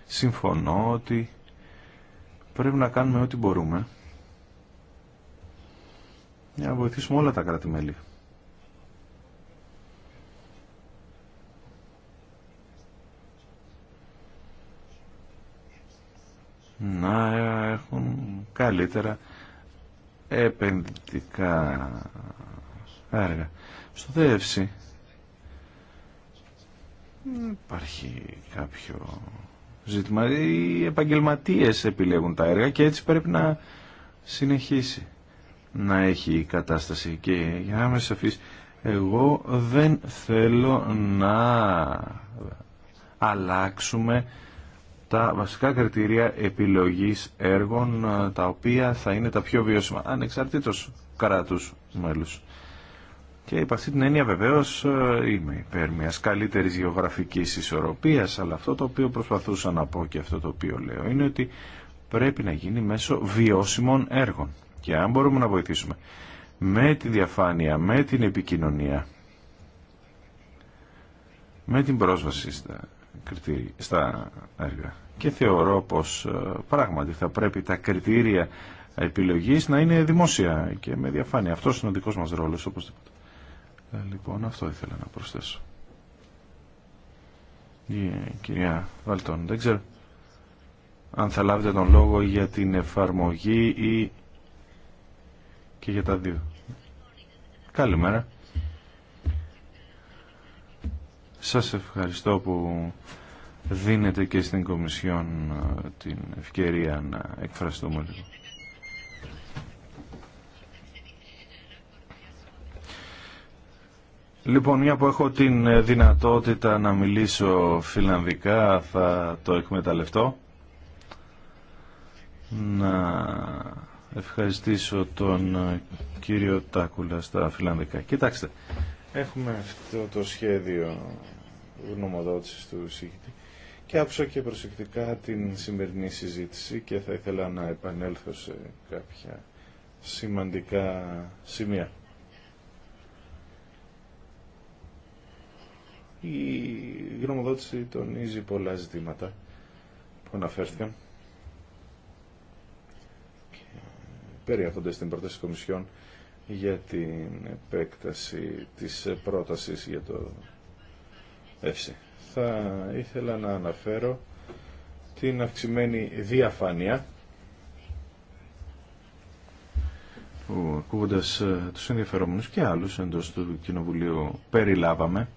συμφωνώ ότι πρέπει να κάνουμε ό,τι μπορούμε για να βοηθήσουμε όλα τα κράτη-μέλη. να έχουν καλύτερα επενδυτικά έργα. Στο ΔΕΕΦΣΙ υπάρχει κάποιο ζήτημα. Οι επαγγελματίες επιλέγουν τα έργα και έτσι πρέπει να συνεχίσει να έχει η κατάσταση. Και για να είμαι σαφής, εγώ δεν θέλω να αλλάξουμε τα βασικά κριτήρια επιλογής έργων ε, τα οποία θα είναι τα πιο βιώσιμα ανεξαρτήτως κράτους μέλους. Και υπ' αυτή την έννοια βεβαίω ε, είμαι υπέρ μια καλύτερη γεωγραφική ισορροπία, αλλά αυτό το οποίο προσπαθούσα να πω και αυτό το οποίο λέω είναι ότι πρέπει να γίνει μέσω βιώσιμων έργων. Και αν μπορούμε να βοηθήσουμε με τη διαφάνεια, με την επικοινωνία, με την πρόσβαση στα, κριτήρια, στα έργα. Και θεωρώ πως ε, πράγματι θα πρέπει τα κριτήρια επιλογής να είναι δημόσια και με διαφάνεια. Αυτός είναι ο δικός μας ρόλος ε, Λοιπόν, αυτό ήθελα να προσθέσω. Ε, κυρία Βαλτών, δεν ξέρω αν θα λάβετε τον λόγο για την εφαρμογή ή και για τα δύο. Καλημέρα. Σας ευχαριστώ που δίνετε και στην Κομισιόν ε, την ευκαιρία να εκφραστούμε λίγο. Λοιπόν, μια που έχω την ε, δυνατότητα να μιλήσω φιλανδικά, θα το εκμεταλλευτώ. Να ευχαριστήσω τον ε, κύριο Τάκουλα στα φιλανδικά. Κοιτάξτε, έχουμε αυτό το σχέδιο γνωμοδότησης του εισηγητή και άψω και προσεκτικά την σημερινή συζήτηση και θα ήθελα να επανέλθω σε κάποια σημαντικά σημεία. Η γνωμοδότηση τονίζει πολλά ζητήματα που αναφέρθηκαν περιέχονται στην πρόταση της Κομισιόν για την επέκταση της πρότασης για το ΕΦΣΙ. Θα ήθελα να αναφέρω την αυξημένη διαφάνεια που ακούγοντας ε, τους ενδιαφερόμενους και άλλους εντός του Κοινοβουλίου περιλάβαμε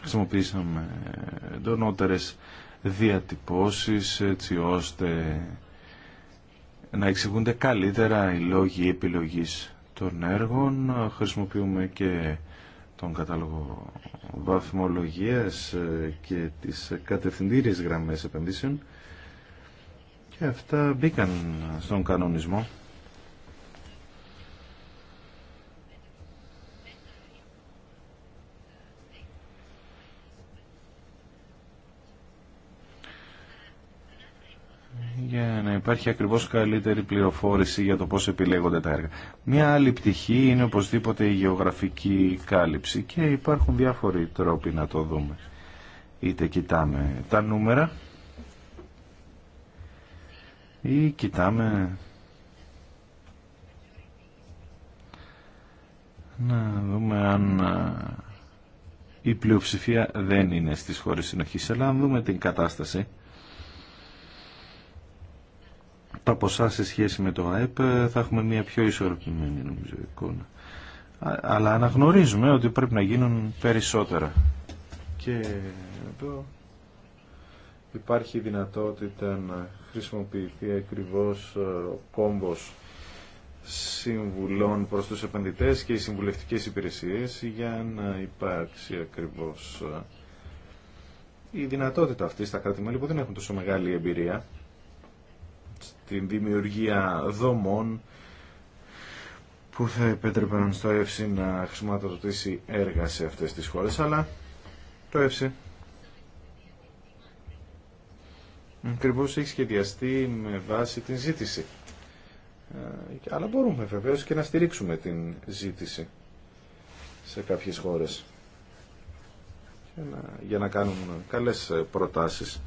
χρησιμοποιήσαμε εντονότερες διατυπώσεις έτσι ώστε να εξηγούνται καλύτερα οι λόγοι επιλογής των έργων. Χρησιμοποιούμε και τον κατάλογο βαθμολογίας ε, και τις κατευθυντήριες γραμμές επενδύσεων και αυτά μπήκαν στον κανονισμό υπάρχει ακριβώς καλύτερη πληροφόρηση για το πώς επιλέγονται τα έργα. Μια άλλη πτυχή είναι οπωσδήποτε η γεωγραφική κάλυψη και υπάρχουν διάφοροι τρόποι να το δούμε. Είτε κοιτάμε τα νούμερα ή κοιτάμε να δούμε αν η πλειοψηφία δεν είναι στις χώρες συνοχής αλλά αν δούμε την κατάσταση τα ποσά σε σχέση με το ΑΕΠ ε, θα έχουμε μια πιο ισορροπημένη νομίζω εικόνα. Αλλά αναγνωρίζουμε ότι πρέπει να γίνουν περισσότερα. Και εδώ υπάρχει δυνατότητα να χρησιμοποιηθεί ακριβώς ε, ο κόμπος συμβουλών προς τους επενδυτές και οι συμβουλευτικές υπηρεσίες για να υπάρξει ακριβώς ε, η δυνατότητα αυτή στα κράτη-μέλη που δεν έχουν τόσο μεγάλη εμπειρία την δημιουργία δομών που θα επέτρεπαν στο ΕΦΣΙ να χρησιμοποιήσει έργα σε αυτές τις χώρες, αλλά το ΕΦΣΙ ακριβώ έχει σχεδιαστεί με βάση την ζήτηση. Ε, αλλά μπορούμε βεβαίως και να στηρίξουμε την ζήτηση σε κάποιες χώρες για να, για να κάνουμε καλές προτάσεις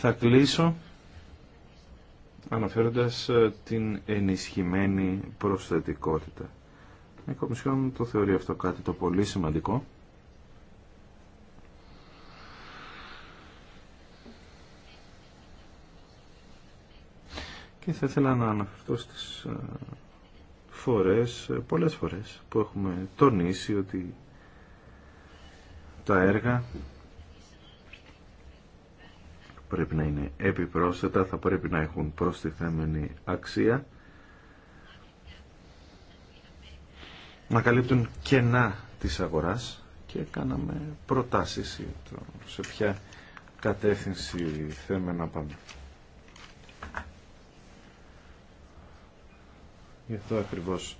Θα κλείσω αναφέροντας ε, την ενισχυμένη προσθετικότητα. Η Κομισιόν το θεωρεί αυτό κάτι το πολύ σημαντικό. Και θα ήθελα να αναφερθώ στις ε, φορές, ε, πολλές φορές που έχουμε τονίσει ότι τα έργα πρέπει να είναι επιπρόσθετα, θα πρέπει να έχουν προστιθέμενη αξία, να καλύπτουν κενά της αγοράς και κάναμε προτάσεις σε ποια κατεύθυνση θέμε να πάμε. Γι' αυτό ακριβώς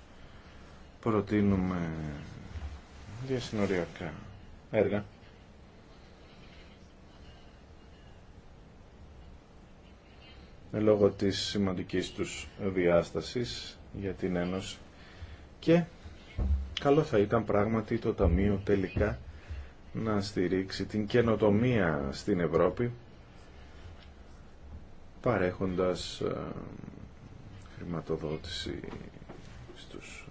προτείνουμε διασυνοριακά έργα. λόγω της σημαντικής τους διάστασης για την Ένωση και καλό θα ήταν πράγματι το Ταμείο τελικά να στηρίξει την καινοτομία στην Ευρώπη παρέχοντας ε, χρηματοδότηση στους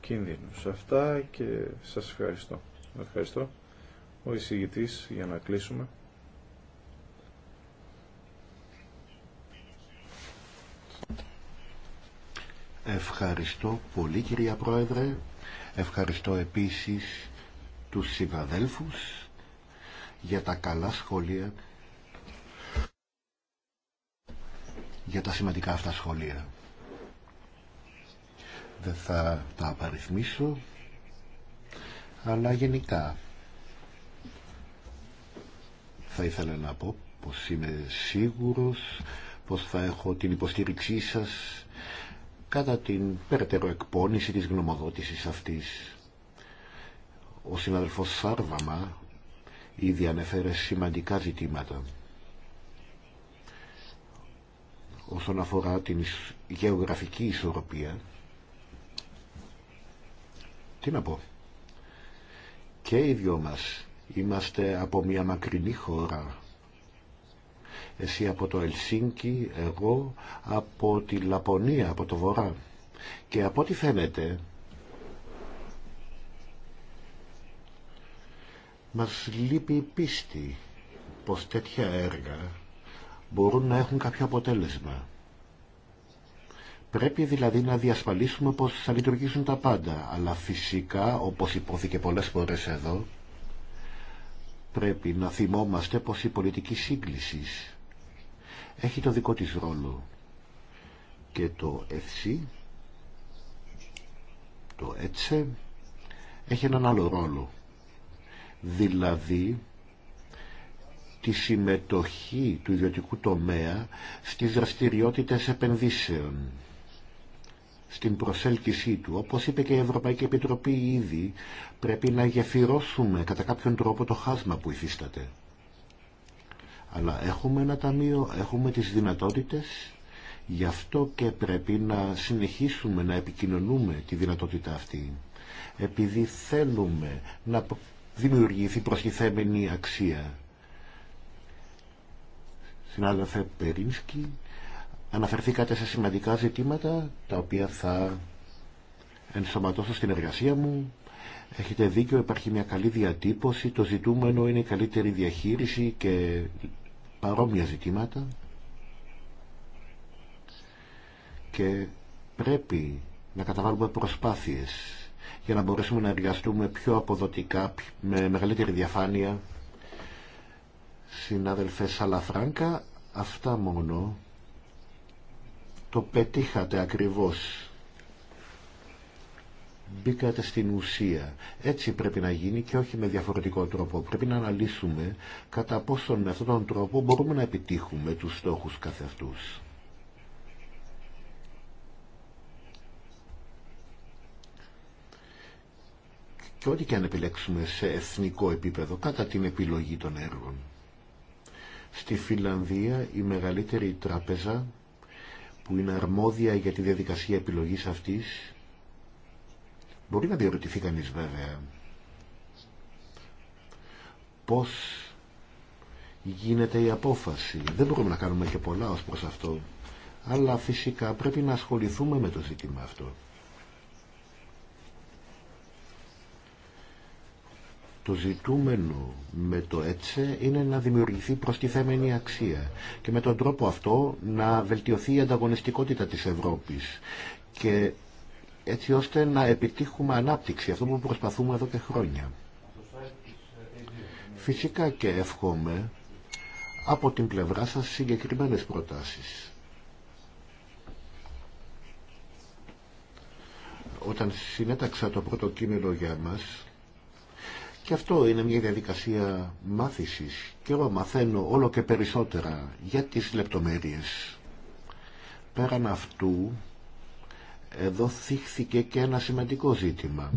κίνδυνους. Αυτά και σας ευχαριστώ. Ευχαριστώ ο εισηγητής για να κλείσουμε. Ευχαριστώ πολύ κυρία Πρόεδρε. Ευχαριστώ επίσης τους συμβαδέλφους για τα καλά σχόλια για τα σημαντικά αυτά σχόλια. Δεν θα τα απαριθμίσω αλλά γενικά θα ήθελα να πω πως είμαι σίγουρος πως θα έχω την υποστήριξή σας κατά την περαιτέρω εκπόνηση της γνωμοδότησης αυτής. Ο συναδελφός Σάρβαμα ήδη ανέφερε σημαντικά ζητήματα όσον αφορά την γεωγραφική ισορροπία. Τι να πω. Και οι δυο μας είμαστε από μια μακρινή χώρα εσύ από το Ελσίνκι, εγώ από τη Λαπωνία, από το Βορρά. Και από ό,τι φαίνεται, μας λείπει η πίστη πως τέτοια έργα μπορούν να έχουν κάποιο αποτέλεσμα. Πρέπει δηλαδή να διασφαλίσουμε πως θα λειτουργήσουν τα πάντα, αλλά φυσικά, όπως υπόθηκε πολλές φορές εδώ, πρέπει να θυμόμαστε πως η πολιτική σύγκλησης έχει το δικό της ρόλο και το ευσύ, το έτσε έχει έναν άλλο ρόλο δηλαδή τη συμμετοχή του ιδιωτικού τομέα στις δραστηριότητες επενδύσεων στην προσέλκυσή του. Όπως είπε και η Ευρωπαϊκή Επιτροπή ήδη, πρέπει να γεφυρώσουμε κατά κάποιον τρόπο το χάσμα που υφίσταται. Αλλά έχουμε ένα ταμείο, έχουμε τις δυνατότητες, γι' αυτό και πρέπει να συνεχίσουμε να επικοινωνούμε τη δυνατότητα αυτή. Επειδή θέλουμε να δημιουργηθεί προστιθέμενη αξία. Συνάδελφε Περίνσκι, αναφερθήκατε σε σημαντικά ζητήματα, τα οποία θα ενσωματώσω στην εργασία μου. Έχετε δίκιο, υπάρχει μια καλή διατύπωση, το ζητούμενο είναι η καλύτερη διαχείριση και παρόμοια ζητήματα και πρέπει να καταβάλουμε προσπάθειες για να μπορέσουμε να εργαστούμε πιο αποδοτικά, με μεγαλύτερη διαφάνεια. Συνάδελφε Σαλαφράγκα, αυτά μόνο. Το πετύχατε ακριβώς μπήκατε στην ουσία. Έτσι πρέπει να γίνει και όχι με διαφορετικό τρόπο. Πρέπει να αναλύσουμε κατά πόσον με αυτόν τον τρόπο μπορούμε να επιτύχουμε τους στόχους κάθε Και ό,τι και αν επιλέξουμε σε εθνικό επίπεδο, κατά την επιλογή των έργων. Στη Φιλανδία η μεγαλύτερη τράπεζα που είναι αρμόδια για τη διαδικασία επιλογής αυτής Μπορεί να διαρωτηθεί κανείς βέβαια πώς γίνεται η απόφαση. Δεν μπορούμε να κάνουμε και πολλά ως προς αυτό. Αλλά φυσικά πρέπει να ασχοληθούμε με το ζήτημα αυτό. Το ζητούμενο με το έτσι είναι να δημιουργηθεί προστιθέμενη αξία και με τον τρόπο αυτό να βελτιωθεί η ανταγωνιστικότητα της Ευρώπης και έτσι ώστε να επιτύχουμε ανάπτυξη, αυτό που προσπαθούμε εδώ και χρόνια. Φυσικά και εύχομαι από την πλευρά σας συγκεκριμένες προτάσεις. Όταν συνέταξα το πρώτο κείμενο για μας, και αυτό είναι μια διαδικασία μάθησης και εγώ μαθαίνω όλο και περισσότερα για τις λεπτομέρειες. Πέραν αυτού εδώ θύχθηκε και ένα σημαντικό ζήτημα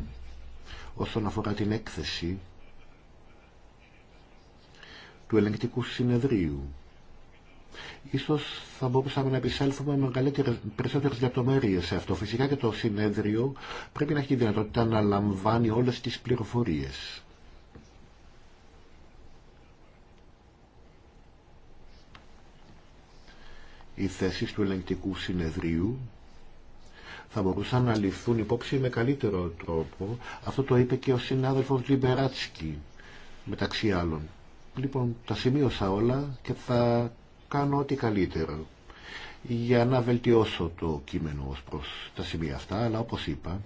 όσον αφορά την έκθεση του ελεγκτικού συνεδρίου. Ίσως θα μπορούσαμε να επισέλθουμε με περισσότερες λεπτομέρειες σε αυτό. Φυσικά και το συνέδριο πρέπει να έχει τη δυνατότητα να λαμβάνει όλες τις πληροφορίες. Οι θέσεις του ελεγκτικού συνεδρίου θα μπορούσαν να ληφθούν υπόψη με καλύτερο τρόπο. Αυτό το είπε και ο συνάδελφος Λιμπεράτσκι, μεταξύ άλλων. Λοιπόν, τα σημείωσα όλα και θα κάνω ό,τι καλύτερο για να βελτιώσω το κείμενο ως προς τα σημεία αυτά, αλλά όπως είπα,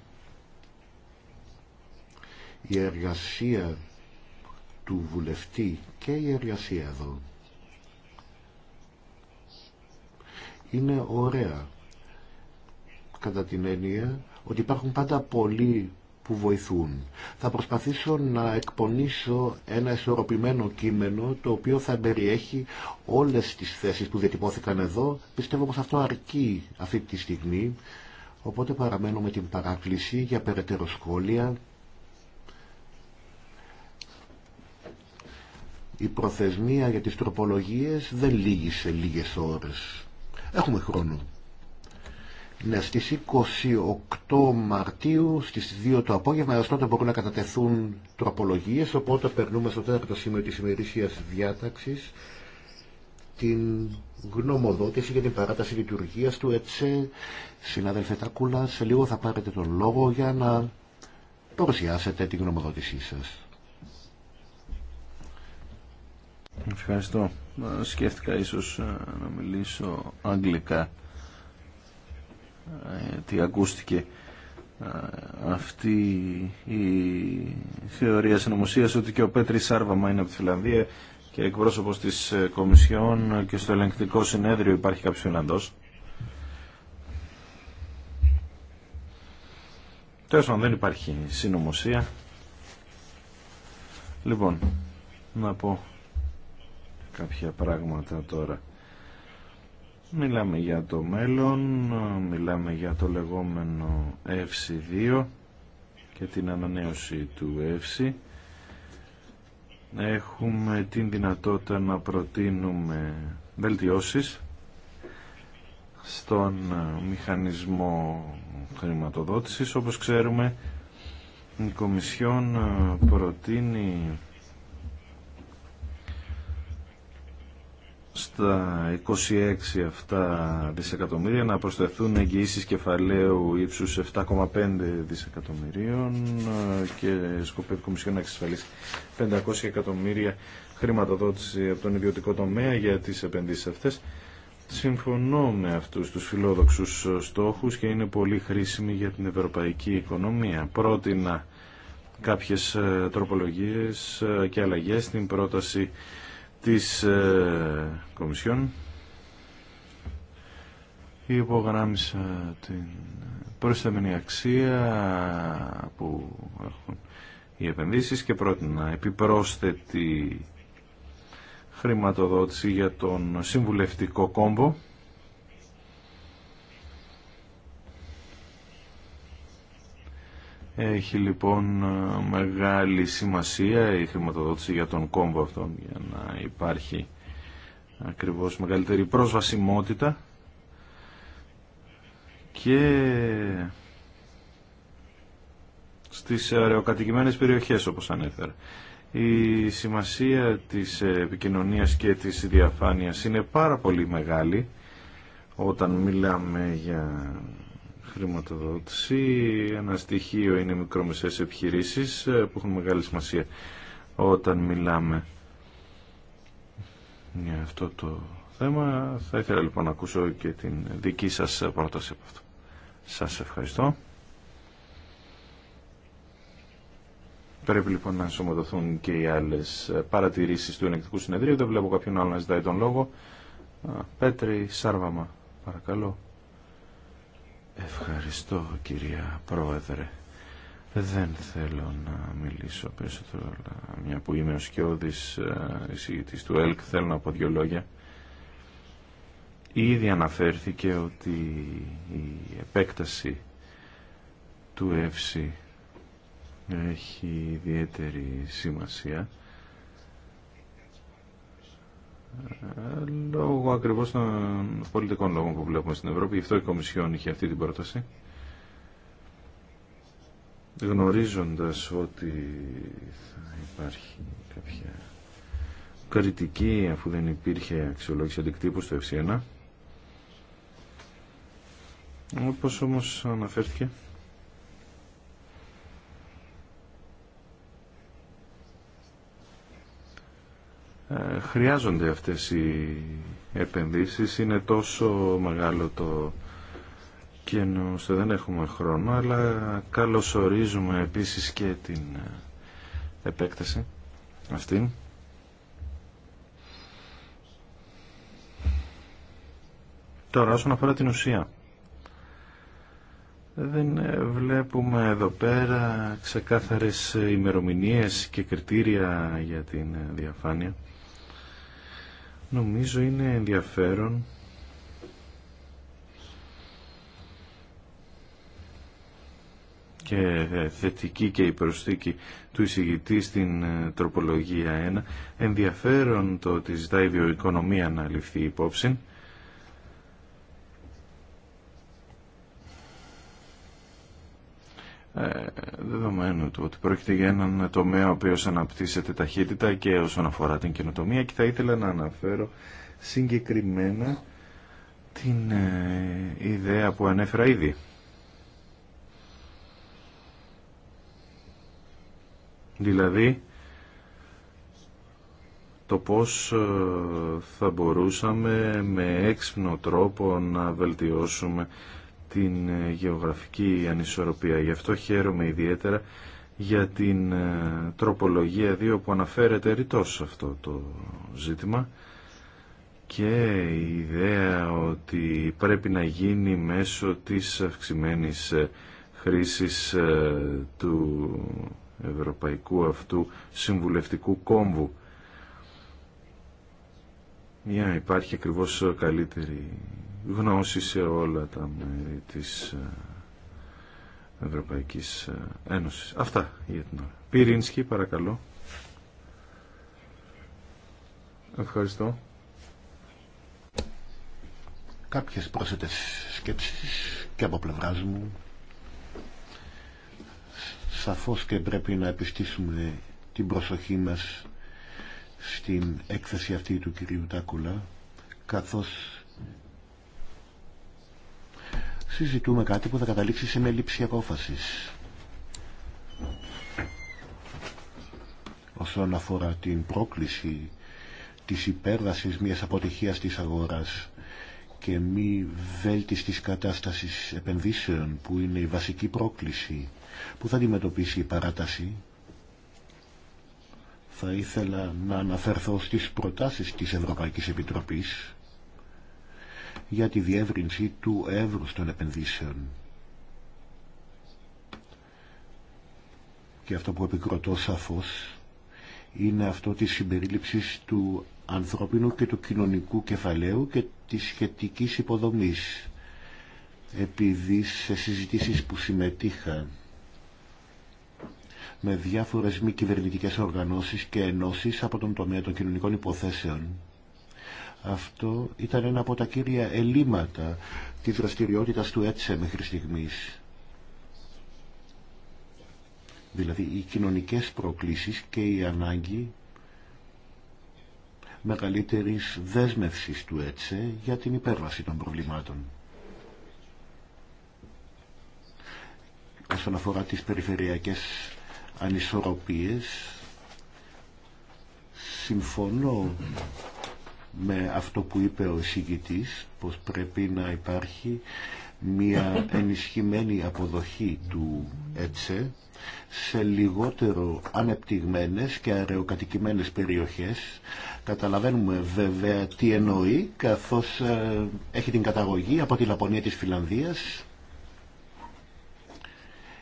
η εργασία του βουλευτή και η εργασία εδώ είναι ωραία κατά την έννοια ότι υπάρχουν πάντα πολλοί που βοηθούν. Θα προσπαθήσω να εκπονήσω ένα ισορροπημένο κείμενο το οποίο θα περιέχει όλες τις θέσεις που διατυπώθηκαν εδώ. Πιστεύω πως αυτό αρκεί αυτή τη στιγμή. Οπότε παραμένω με την παράκληση για περαιτέρω σχόλια. Η προθεσμία για τις τροπολογίες δεν λύγει σε λίγες ώρες. Έχουμε χρόνο. Ναι, στις 28 Μαρτίου, στις 2 το απόγευμα, έω τότε μπορούν να κατατεθούν τροπολογίες, οπότε περνούμε στο τέταρτο σημείο της ημερήσιας διάταξης, την γνωμοδότηση για την παράταση λειτουργία του ΕΤΣΕ. Συνάδελφε Τάκουλα, σε λίγο θα πάρετε τον λόγο για να παρουσιάσετε την γνωμοδότησή σας. Ευχαριστώ. Σκέφτηκα ίσως ε, να μιλήσω αγγλικά τι ακούστηκε αυτή η θεωρία συνωμοσία ότι και ο Πέτρη Σάρβαμα είναι από τη Φιλανδία και εκπρόσωπο τη ε, Κομισιόν και στο ελεγκτικό συνέδριο υπάρχει κάποιο Φιλανδό. Τέλο πάντων, δεν υπάρχει συνωμοσία. Λοιπόν, να πω κάποια πράγματα τώρα. Μιλάμε για το μέλλον, μιλάμε για το λεγόμενο ΕΦΣΙ 2 και την ανανέωση του ΕΦΣΙ. Έχουμε την δυνατότητα να προτείνουμε βελτιώσεις στον μηχανισμό χρηματοδότησης. Όπως ξέρουμε, η Κομισιόν προτείνει στα 26 αυτά δισεκατομμύρια να προσθεθούν εγγυήσεις κεφαλαίου ύψους 7,5 δισεκατομμυρίων ε, και σκοπεύει η Κομισιόν να εξασφαλίσει 500 εκατομμύρια χρηματοδότηση από τον ιδιωτικό τομέα για τις επενδύσεις αυτές. Συμφωνώ με αυτούς τους φιλόδοξους στόχους και είναι πολύ χρήσιμοι για την ευρωπαϊκή οικονομία. Πρότεινα κάποιες ε, τροπολογίες ε, και αλλαγές στην πρόταση της ε, Κομισιόν υπογράμισα την προσθεμένη αξία που έχουν οι επενδύσεις και πρότεινα επιπρόσθετη χρηματοδότηση για τον συμβουλευτικό Κόμπο Έχει λοιπόν μεγάλη σημασία η χρηματοδότηση για τον κόμβο αυτόν για να υπάρχει ακριβώς μεγαλύτερη προσβασιμότητα και στις αεροκατοικημένες περιοχές όπως ανέφερα. Η σημασία της επικοινωνίας και της διαφάνειας είναι πάρα πολύ μεγάλη όταν μιλάμε για χρηματοδότηση. Ένα στοιχείο είναι μικρομεσαίες επιχειρήσεις ε, που έχουν μεγάλη σημασία όταν μιλάμε για αυτό το θέμα. Θα ήθελα λοιπόν να ακούσω και την δική σας πρόταση από αυτό. Σας ευχαριστώ. Πρέπει λοιπόν να ενσωματωθούν και οι άλλες παρατηρήσεις του Ενεκτικού Συνεδρίου. Δεν βλέπω κάποιον άλλο να ζητάει τον λόγο. Πέτρη Σάρβαμα, παρακαλώ. Ευχαριστώ κυρία Πρόεδρε. Δεν θέλω να μιλήσω περισσότερο, αλλά μια που είμαι ο Σκιώδης ε, εισηγητής του ΕΛΚ, θέλω να πω δύο λόγια. Ήδη αναφέρθηκε ότι η επέκταση του ΕΦΣΙ έχει ιδιαίτερη σημασία λόγω ακριβώς των πολιτικών λόγων που βλέπουμε στην Ευρώπη. Γι' αυτό η Κομισιόν είχε αυτή την πρόταση. Γνωρίζοντας ότι θα υπάρχει κάποια κριτική αφού δεν υπήρχε αξιολόγηση αντικτύπου στο f 1 Όπως όμως αναφέρθηκε Ε, χρειάζονται αυτές οι επενδύσεις. Είναι τόσο μεγάλο το κενό, δεν έχουμε χρόνο, αλλά καλωσορίζουμε επίσης και την ε, επέκταση αυτή. Τώρα όσον αφορά την ουσία. Δεν ε, βλέπουμε εδώ πέρα ξεκάθαρες ημερομηνίες και κριτήρια για την διαφάνεια. Νομίζω είναι ενδιαφέρον και ε, θετική και η προσθήκη του εισηγητή στην ε, τροπολογία 1. Ενδιαφέρον το ότι ζητάει η βιοοικονομία να ληφθεί υπόψη Ε, δεδομένου του ότι πρόκειται για έναν τομέα ο οποίος αναπτύσσεται ταχύτητα και όσον αφορά την καινοτομία και θα ήθελα να αναφέρω συγκεκριμένα την ε, ιδέα που ανέφερα ήδη. Δηλαδή, το πώς ε, θα μπορούσαμε με έξυπνο τρόπο να βελτιώσουμε την ε, γεωγραφική ανισορροπία. Γι' αυτό χαίρομαι ιδιαίτερα για την ε, τροπολογία 2 που αναφέρεται ρητός σε αυτό το ζήτημα και η ιδέα ότι πρέπει να γίνει μέσω της αυξημένης ε, χρήσης του Ευρωπαϊκού αυτού συμβουλευτικού κόμβου για υπάρχει ακριβώς καλύτερη γνώση σε όλα τα μέρη της ε, Ευρωπαϊκής ε, Ένωσης. Αυτά για την ώρα. Πυρίνσκι, παρακαλώ. Ευχαριστώ. Κάποιες πρόσθετες σκέψεις και από πλευράς μου. Σαφώς και πρέπει να επιστήσουμε την προσοχή μας στην έκθεση αυτή του κυρίου Τάκουλα καθώς συζητούμε κάτι που θα καταλήξει σε μια λήψη απόφασης. Όσον αφορά την πρόκληση της υπέρβασης μιας αποτυχίας της αγοράς και μη βέλτιστης κατάστασης επενδύσεων που είναι η βασική πρόκληση που θα αντιμετωπίσει η παράταση θα ήθελα να αναφερθώ στις προτάσεις της Ευρωπαϊκής Επιτροπής για τη διεύρυνση του εύρους των επενδύσεων. Και αυτό που επικροτώ σαφώς είναι αυτό της συμπερίληψης του ανθρωπίνου και του κοινωνικού κεφαλαίου και της σχετικής υποδομής. Επειδή σε συζητήσεις που συμμετείχα με διάφορες μη κυβερνητικές οργανώσεις και ενώσεις από τον τομέα των κοινωνικών υποθέσεων αυτό ήταν ένα από τα κύρια ελλείμματα της δραστηριότητας του έτσε μέχρι στιγμής. Δηλαδή οι κοινωνικές προκλήσεις και η ανάγκη μεγαλύτερης δέσμευσης του έτσε για την υπέρβαση των προβλημάτων. Όσον αφορά τις περιφερειακές ανισορροπίες, συμφωνώ με αυτό που είπε ο εισηγητής πως πρέπει να υπάρχει μια ενισχυμένη αποδοχή του ΕΤΣΕ σε λιγότερο ανεπτυγμένες και αραιοκατοικημένες περιοχές. Καταλαβαίνουμε βέβαια τι εννοεί καθώς ε, έχει την καταγωγή από τη Λαπωνία της Φιλανδίας.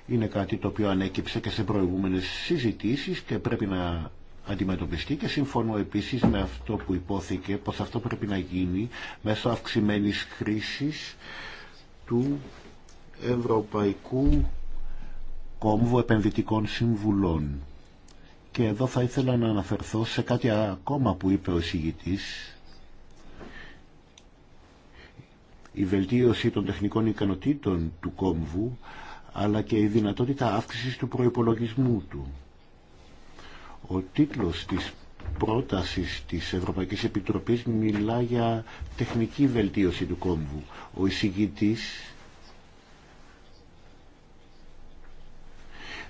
Είναι κάτι το οποίο ανέκυψε και σε προηγούμενες συζητήσεις και πρέπει να αντιμετωπιστεί και συμφωνώ επίσης με αυτό που υπόθηκε πως αυτό πρέπει να γίνει μέσω αυξημένης χρήσης του Ευρωπαϊκού Κόμβου Επενδυτικών Συμβουλών. Και εδώ θα ήθελα να αναφερθώ σε κάτι ακόμα που είπε ο εισηγητής. Η βελτίωση των τεχνικών ικανοτήτων του κόμβου αλλά και η δυνατότητα αύξησης του προϋπολογισμού του. Ο τίτλος της πρότασης της Ευρωπαϊκής Επιτροπής μιλά για τεχνική βελτίωση του κόμβου. Ο εισηγητής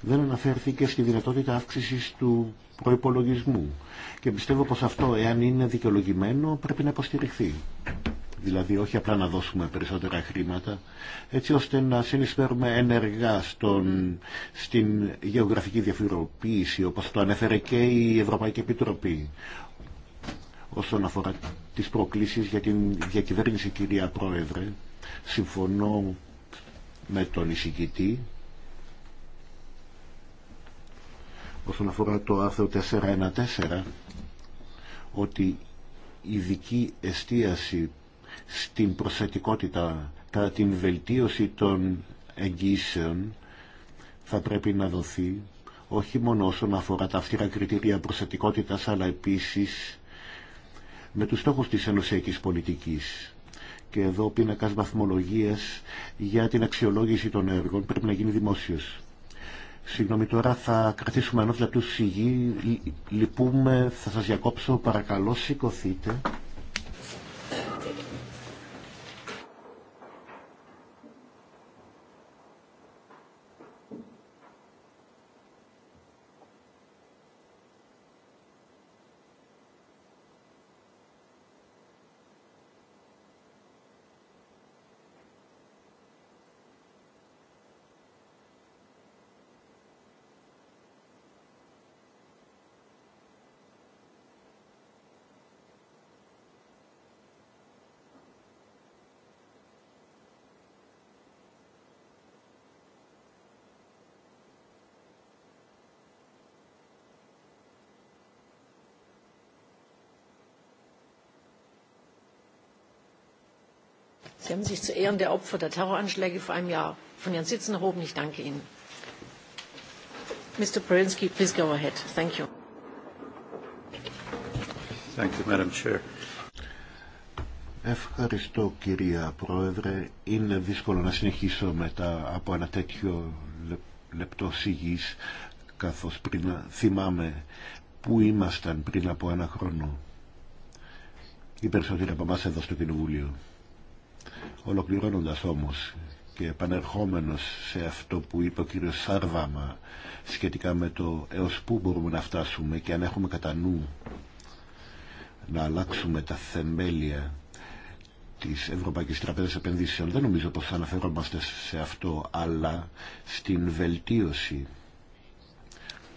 δεν αναφέρθηκε στη δυνατότητα αύξησης του προϋπολογισμού και πιστεύω πως αυτό, εάν είναι δικαιολογημένο, πρέπει να υποστηριχθεί δηλαδή όχι απλά να δώσουμε περισσότερα χρήματα, έτσι ώστε να συνεισφέρουμε ενεργά στον, στην γεωγραφική διαφοροποίηση, όπως το ανέφερε και η Ευρωπαϊκή Επιτροπή, όσον αφορά τις προκλήσεις για την διακυβέρνηση, κυρία Πρόεδρε. Συμφωνώ με τον εισηγητή όσον αφορά το άρθρο 414 ότι η ειδική εστίαση στην προσθετικότητα κατά την βελτίωση των εγγύσεων θα πρέπει να δοθεί όχι μόνο όσον αφορά τα αυστηρά κριτήρια προσθετικότητας αλλά επίσης με τους στόχους της ενωσιακής πολιτικής. Και εδώ ο πίνακας βαθμολογίας για την αξιολόγηση των έργων πρέπει να γίνει δημόσιος. Συγγνώμη τώρα θα κρατήσουμε ενός λεπτού σιγή. Λυπούμε, θα σας διακόψω. Παρακαλώ σηκωθείτε. Ευχαριστώ κυρία Πρόεδρε. Είναι δύσκολο να συνεχίσω μετά από ένα τέτοιο λεπτό σιγής καθώς πριν θυμάμαι που ήμασταν πριν από ένα χρόνο. Οι περισσότεροι από εμάς εδώ στο Κοινοβούλιο. Ολοκληρώνοντας όμως και επανερχόμενος σε αυτό που είπε ο κύριος Σάρβαμα σχετικά με το έως πού μπορούμε να φτάσουμε και αν έχουμε κατά νου να αλλάξουμε τα θεμέλια της Ευρωπαϊκής Τραπέζας Επενδύσεων. Δεν νομίζω πως αναφερόμαστε σε αυτό, αλλά στην βελτίωση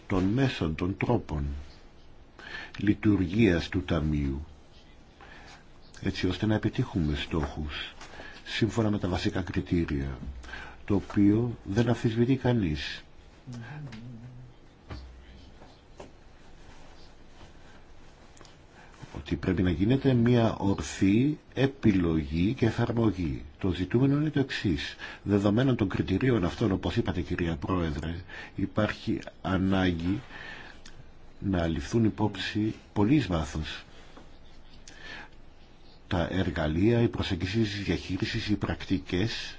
των μέσων, των τρόπων λειτουργίας του Ταμείου, έτσι ώστε να επιτύχουμε στόχους σύμφωνα με τα βασικά κριτήρια το οποίο δεν αφισβητεί κανείς. Ότι πρέπει να γίνεται μια ορθή επιλογή και εφαρμογή. Το ζητούμενο είναι το εξή. Δεδομένων των κριτηρίων αυτών, όπως είπατε κυρία Πρόεδρε, υπάρχει ανάγκη να ληφθούν υπόψη πολλής βάθος τα εργαλεία, οι προσεγγίσεις της διαχείρισης, οι πρακτικές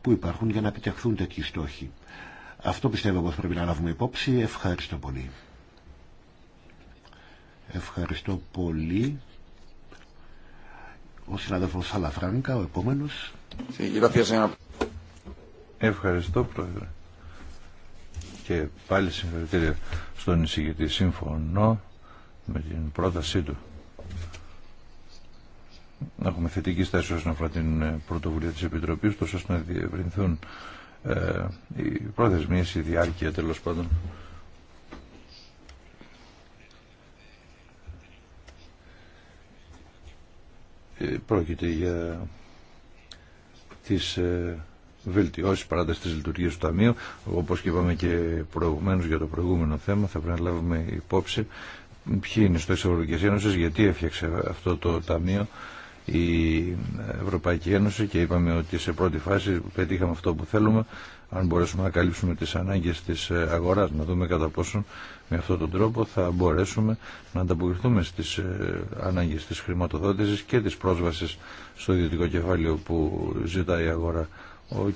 που υπάρχουν για να επιτευχθούν τέτοιοι στόχοι. Αυτό πιστεύω πως πρέπει να λάβουμε υπόψη. Ευχαριστώ πολύ. Ευχαριστώ πολύ. Ο συνάδελφος Σαλαφράνικα, ο επόμενος. Ευχαριστώ, Πρόεδρε. Και πάλι συγχαρητήρια στον εισηγητή. Σύμφωνο με την πρότασή του να έχουμε θετική στάση όσον αφορά την ε, πρωτοβουλία της Επιτροπής, τόσο ώστε να διευρυνθούν ε, οι πρόθεσμίε η διάρκεια τέλος πάντων. Ε, πρόκειται για τις ε, βελτιώσεις παράταση λειτουργίας του Ταμείου, όπως και είπαμε και προηγουμένω για το προηγούμενο θέμα, θα πρέπει να λάβουμε υπόψη ποιοι είναι στο Ευρωπαϊκή Ένωση, γιατί έφτιαξε αυτό το Ταμείο η Ευρωπαϊκή Ένωση και είπαμε ότι σε πρώτη φάση πετύχαμε αυτό που θέλουμε αν μπορέσουμε να καλύψουμε τις ανάγκες της αγοράς να δούμε κατά πόσον με αυτόν τον τρόπο θα μπορέσουμε να ανταποκριθούμε στις ε, ανάγκες της χρηματοδότησης και της πρόσβασης στο ιδιωτικό κεφάλαιο που ζητάει η αγορά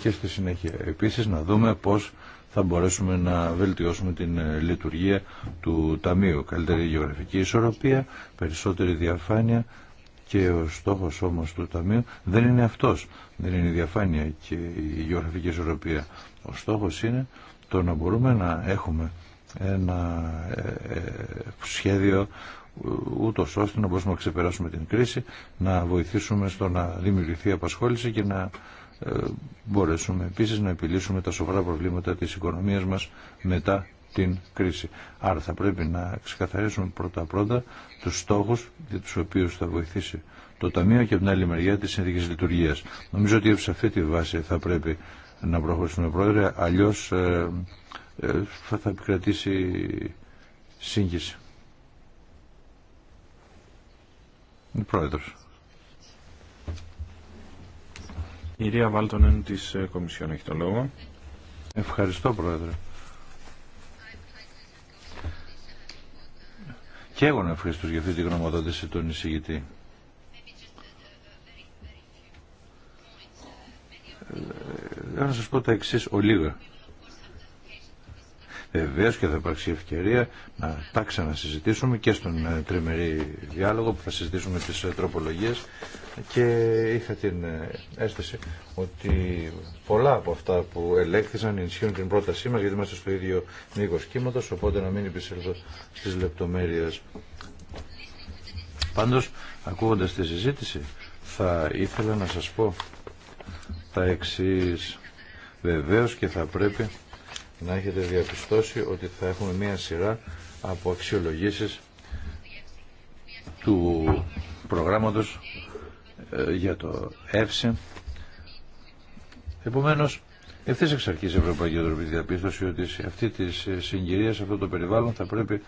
και στη συνέχεια επίσης να δούμε πώς θα μπορέσουμε να βελτιώσουμε την ε, λειτουργία του Ταμείου. Καλύτερη γεωγραφική ισορροπία, περισσότερη διαφάνεια, και ο στόχος όμως του Ταμείου δεν είναι αυτός. Δεν είναι η διαφάνεια και η γεωγραφική ισορροπία. Ο στόχος είναι το να μπορούμε να έχουμε ένα ε, ε, σχέδιο ούτω ώστε να μπορούμε να ξεπεράσουμε την κρίση, να βοηθήσουμε στο να δημιουργηθεί απασχόληση και να ε, μπορέσουμε επίσης να επιλύσουμε τα σοβαρά προβλήματα της οικονομίας μας μετά την κρίση. Άρα θα πρέπει να ξεκαθαρίσουμε πρώτα-πρώτα τους στόχους για τους οποίους θα βοηθήσει το Ταμείο και από την άλλη μεριά της συνθήκη λειτουργίας. Νομίζω ότι σε αυτή τη βάση θα πρέπει να προχωρήσουμε πρόεδρε, αλλιώς ε, ε, θα, θα επικρατήσει σύγχυση. Πρόεδρος. Η Βάλτονεν της ε, Κομισιόν έχει το λόγο. Ευχαριστώ Πρόεδρε. Και εγώ να ευχαριστώ για αυτή τη γνωμοδότηση τον εισηγητή. Θέλω Να σας πω τα εξής ολίγα. Βεβαίω και θα υπάρξει ευκαιρία να τα ξανασυζητήσουμε και στον ε, τριμερή διάλογο που θα συζητήσουμε τις ε, τροπολογίες και είχα την ε, αίσθηση ότι πολλά από αυτά που ελέγχθησαν ενισχύουν την πρότασή μας γιατί είμαστε στο ίδιο μήκος κύματος οπότε να μην επισέλθω στις λεπτομέρειες. Πάντως ακούγοντας τη συζήτηση θα ήθελα να σας πω τα εξής. Βεβαίως και θα πρέπει να έχετε διαπιστώσει ότι θα έχουμε μία σειρά από αξιολογήσεις του προγράμματος ε, για το ΕΦΣΕ. Επομένως, ευθύς εξ αρχής η Ευρωπαϊκή Επιτροπή Διαπίστωση ότι σε αυτή τη συγκυρία, σε αυτό το περιβάλλον θα πρέπει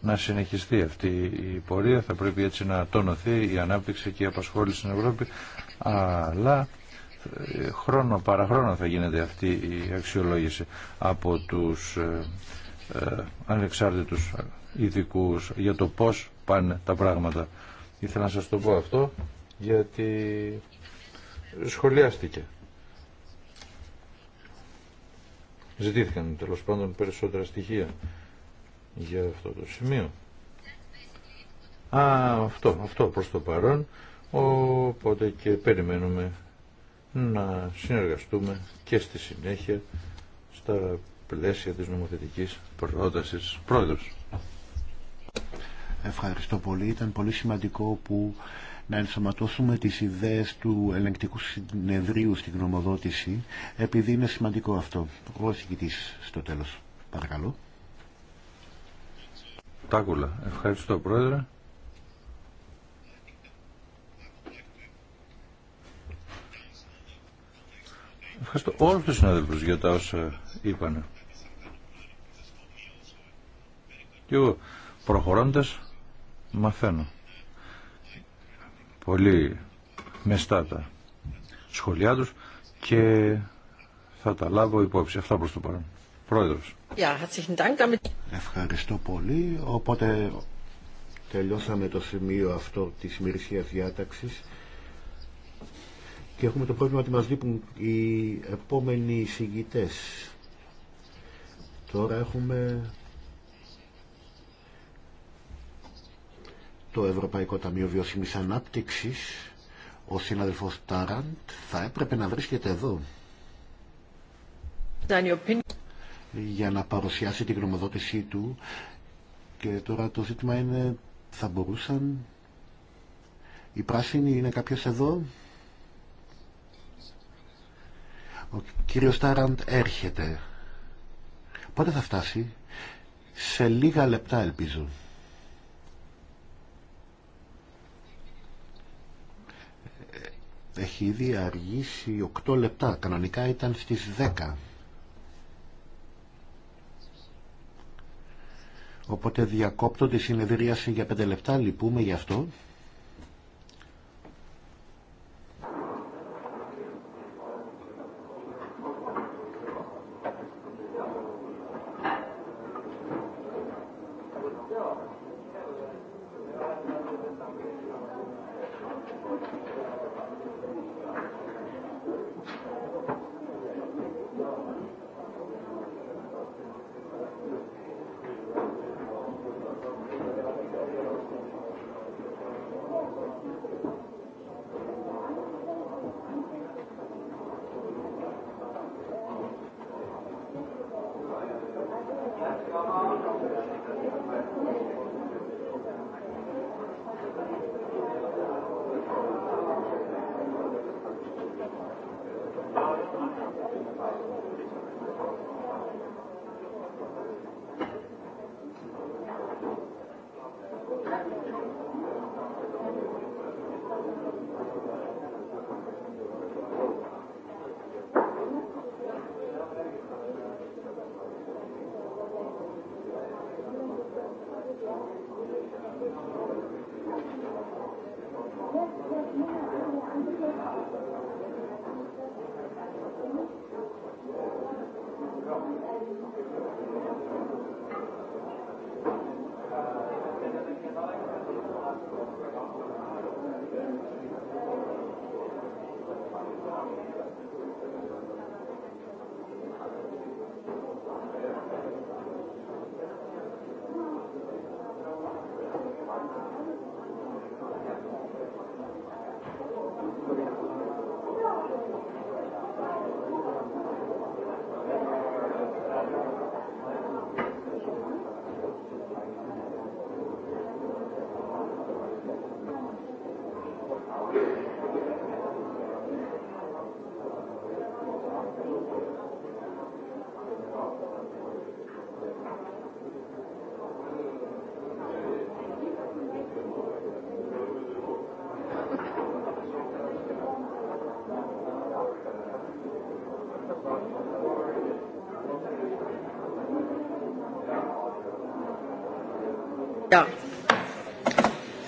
να συνεχιστεί αυτή η πορεία, θα πρέπει έτσι να τονωθεί η ανάπτυξη και η απασχόληση στην Ευρώπη, αλλά ε, χρόνο παραχρόνο θα γίνεται αυτή η αξιολόγηση από τους ε, ε ανεξάρτητους ειδικού για το πώς πάνε τα πράγματα. Ήθελα να σας το πω αυτό γιατί σχολιάστηκε. Ζητήθηκαν τέλος πάντων περισσότερα στοιχεία για αυτό το σημείο. Α, αυτό, αυτό προς το παρόν. Οπότε και περιμένουμε να συνεργαστούμε και στη συνέχεια στα πλαίσια της νομοθετικής πρότασης. Πρόεδρος. Ευχαριστώ πολύ. Ήταν πολύ σημαντικό που να ενσωματώσουμε τις ιδέες του ελεγκτικού συνεδρίου στην γνωμοδότηση, επειδή είναι σημαντικό αυτό. Ο συγκητής στο τέλος. Παρακαλώ. Τάκουλα. Ευχαριστώ, Πρόεδρε. Ευχαριστώ όλους τους συναδέλφους για τα όσα είπανε. Και εγώ προχωρώντας μαθαίνω. Πολύ μεστά τα σχολιά τους και θα τα λάβω υπόψη. Αυτά προς το παρόν. Πρόεδρος. Ευχαριστώ πολύ. Οπότε τελειώσαμε το σημείο αυτό της ημερησίας διάταξης και έχουμε το πρόβλημα ότι μας λείπουν οι επόμενοι εισηγητές. Τώρα έχουμε το Ευρωπαϊκό Ταμείο Βιώσιμης Ανάπτυξης. Ο συναδελφός Τάραντ θα έπρεπε να βρίσκεται εδώ για να παρουσιάσει την γνωμοδότησή του και τώρα το ζήτημα είναι θα μπορούσαν οι πράσινοι είναι κάποιος εδώ Ο κύριος Τάραντ έρχεται. Πότε θα φτάσει? Σε λίγα λεπτά ελπίζω. Έχει ήδη αργήσει 8 λεπτά. Κανονικά ήταν στις 10. Οπότε διακόπτω τη συνεδρίαση για 5 λεπτά. Λυπούμε γι' αυτό.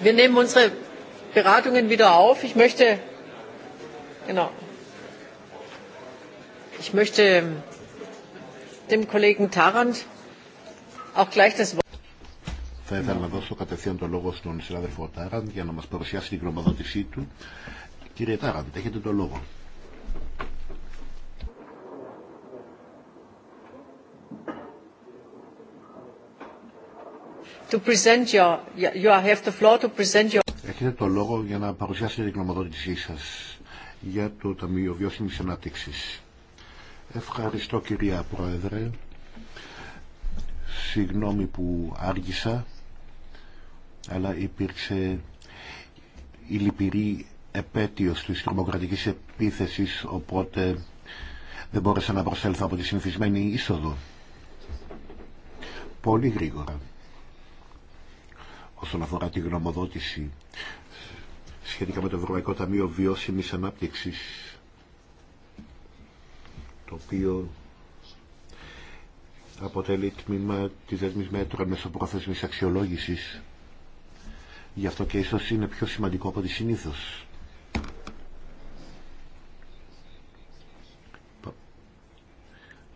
wir nehmen unsere beratungen wieder auf. ich möchte ich möchte dem kollegen Tarant auch gleich das wort θα ήθελα να δώσω κατευθείαν το λόγο στον συνάδελφο Τάραντ για να μας παρουσιάσει την κρομοδότησή του. Κύριε Τάραντ, έχετε το λόγο. to present your, you have the floor to present your... Έχετε το λόγο για να παρουσιάσετε την γνωμοδότησή σας για το Ταμείο Βιώσιμης Ανάπτυξης. Ευχαριστώ κυρία Πρόεδρε. Συγγνώμη που άργησα, αλλά υπήρξε η λυπηρή επέτειος της τρομοκρατικής επίθεσης, οπότε δεν μπόρεσα να προσέλθω από τη συνηθισμένη είσοδο. Πολύ γρήγορα όσον αφορά τη γνωμοδότηση σχετικά με το Ευρωπαϊκό Ταμείο Βιώσιμης Ανάπτυξης το οποίο αποτελεί τμήμα της δεσμής μέτρων μεσοπρόθεσμης αξιολόγησης γι' αυτό και ίσως είναι πιο σημαντικό από τη συνήθως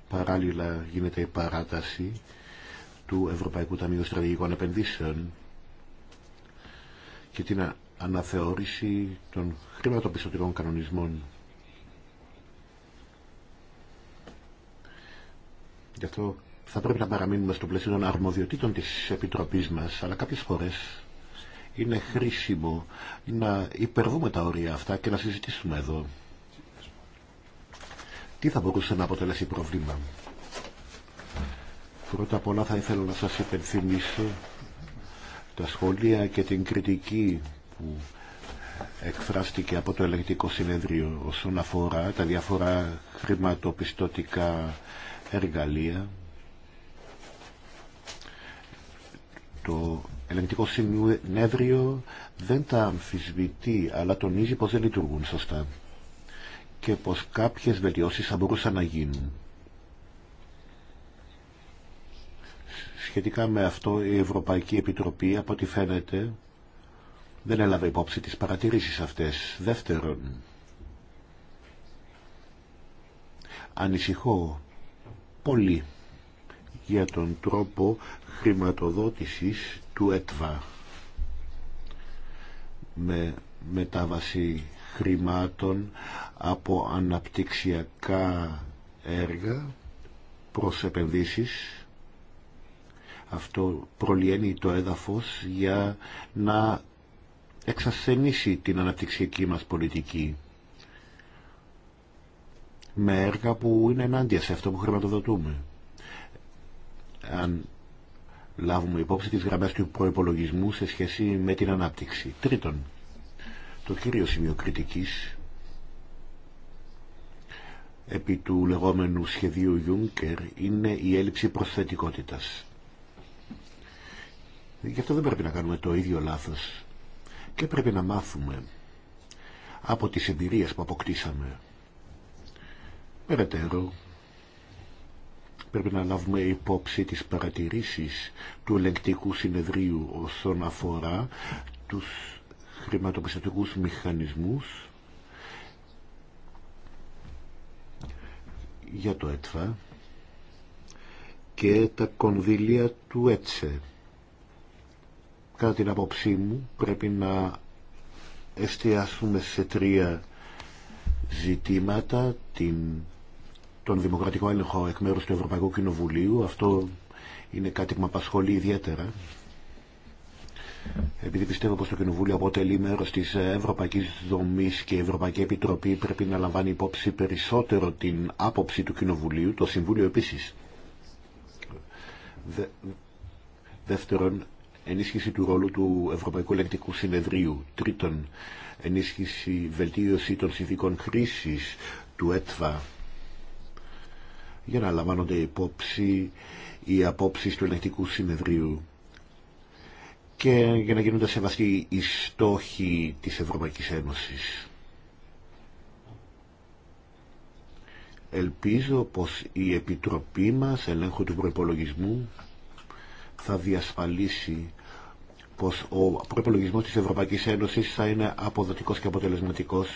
παράλληλα γίνεται η παράταση του Ευρωπαϊκού Ταμείου Στρατηγικών Επενδύσεων και την αναθεώρηση των χρηματοπιστωτικών κανονισμών. Γι' αυτό θα πρέπει να παραμείνουμε στο πλαίσιο των αρμοδιοτήτων της Επιτροπής μας, αλλά κάποιες φορές είναι χρήσιμο να υπερβούμε τα όρια αυτά και να συζητήσουμε εδώ. Τι θα μπορούσε να αποτελέσει πρόβλημα. Πρώτα απ' όλα θα ήθελα να σας υπενθυμίσω τα σχόλια και την κριτική που εκφράστηκε από το ελεγκτικό συνεδρίο όσον αφορά τα διαφορά χρηματοπιστωτικά εργαλεία το ελεγκτικό συνέδριο δεν τα αμφισβητεί αλλά τονίζει πως δεν λειτουργούν σωστά και πως κάποιες βελτιώσεις θα μπορούσαν να γίνουν. Σχετικά με αυτό η Ευρωπαϊκή Επιτροπή από ό,τι φαίνεται δεν έλαβε υπόψη τις παρατηρήσεις αυτές. Δεύτερον, ανησυχώ πολύ για τον τρόπο χρηματοδότησης του ΕΤΒΑ με μετάβαση χρημάτων από αναπτυξιακά έργα προς επενδύσεις αυτό προλυαίνει το έδαφος για να εξασθενήσει την αναπτυξιακή μας πολιτική με έργα που είναι ενάντια σε αυτό που χρηματοδοτούμε. Αν λάβουμε υπόψη τις γραμμές του προϋπολογισμού σε σχέση με την ανάπτυξη. Τρίτον, το κύριο σημείο κριτικής επί του λεγόμενου σχεδίου Juncker είναι η έλλειψη προσθετικότητας. Γι' αυτό δεν πρέπει να κάνουμε το ίδιο λάθος και πρέπει να μάθουμε από τις εμπειρίες που αποκτήσαμε. Περαιτέρω, πρέπει να λάβουμε υπόψη τις παρατηρήσεις του ελεγκτικού συνεδρίου όσον αφορά τους χρηματοπιστωτικούς μηχανισμούς για το ΕΤΦΑ και τα κονδύλια του ΕΤΣΕ κατά την απόψή μου πρέπει να εστιάσουμε σε τρία ζητήματα την, τον δημοκρατικό έλεγχο εκ μέρους του Ευρωπαϊκού Κοινοβουλίου αυτό είναι κάτι που με απασχολεί ιδιαίτερα επειδή πιστεύω πως το Κοινοβούλιο αποτελεί μέρος της Ευρωπαϊκής Δομής και η Ευρωπαϊκή Επιτροπή πρέπει να λαμβάνει υπόψη περισσότερο την άποψη του Κοινοβουλίου, το Συμβούλιο επίσης. Δε, δεύτερον, ενίσχυση του ρόλου του Ευρωπαϊκού Ελεκτικού Συνεδρίου. Τρίτον, ενίσχυση, βελτίωση των συνθήκων χρήση του ΕΤΒΑ για να λαμβάνονται υπόψη οι απόψεις του Ελεκτικού Συνεδρίου και για να γίνονται σεβαστοί οι στόχοι της Ευρωπαϊκής Ένωσης. Ελπίζω πως η Επιτροπή μας Ελέγχου του προπολογισμού θα διασφαλίσει πως ο προπολογισμός της Ευρωπαϊκής Ένωσης θα είναι αποδοτικός και αποτελεσματικός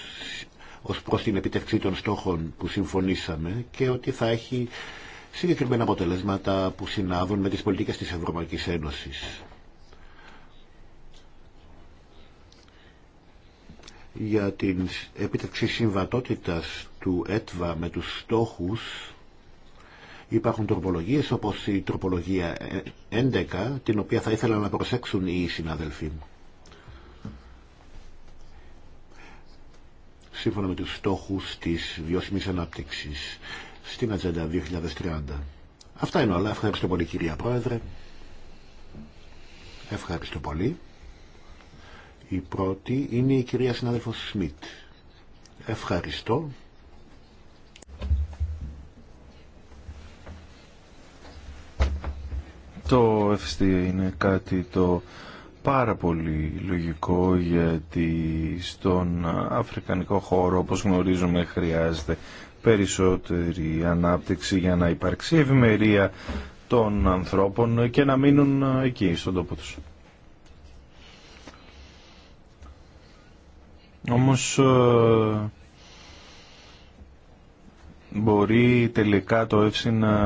ως προς την επιτευξή των στόχων που συμφωνήσαμε και ότι θα έχει συγκεκριμένα αποτελέσματα που συνάδουν με τις πολιτικές της Ευρωπαϊκής Ένωσης. Για την επίτευξη συμβατότητας του ΕΤΒΑ με τους στόχους Υπάρχουν τροπολογίες όπως η τροπολογία 11, την οποία θα ήθελα να προσέξουν οι συναδελφοί μου. Σύμφωνα με τους στόχους της βιώσιμης ανάπτυξης στην Ατζέντα 2030. Αυτά είναι όλα. Ευχαριστώ πολύ κυρία Πρόεδρε. Ευχαριστώ πολύ. Η πρώτη είναι η κυρία συνάδελφος Σμιτ. Ευχαριστώ. Το FST είναι κάτι το πάρα πολύ λογικό γιατί στον αφρικανικό χώρο όπως γνωρίζουμε χρειάζεται περισσότερη ανάπτυξη για να υπάρξει ευημερία των ανθρώπων και να μείνουν εκεί στον τόπο τους. Όμως ε, μπορεί τελικά το ΕΦΣΙ να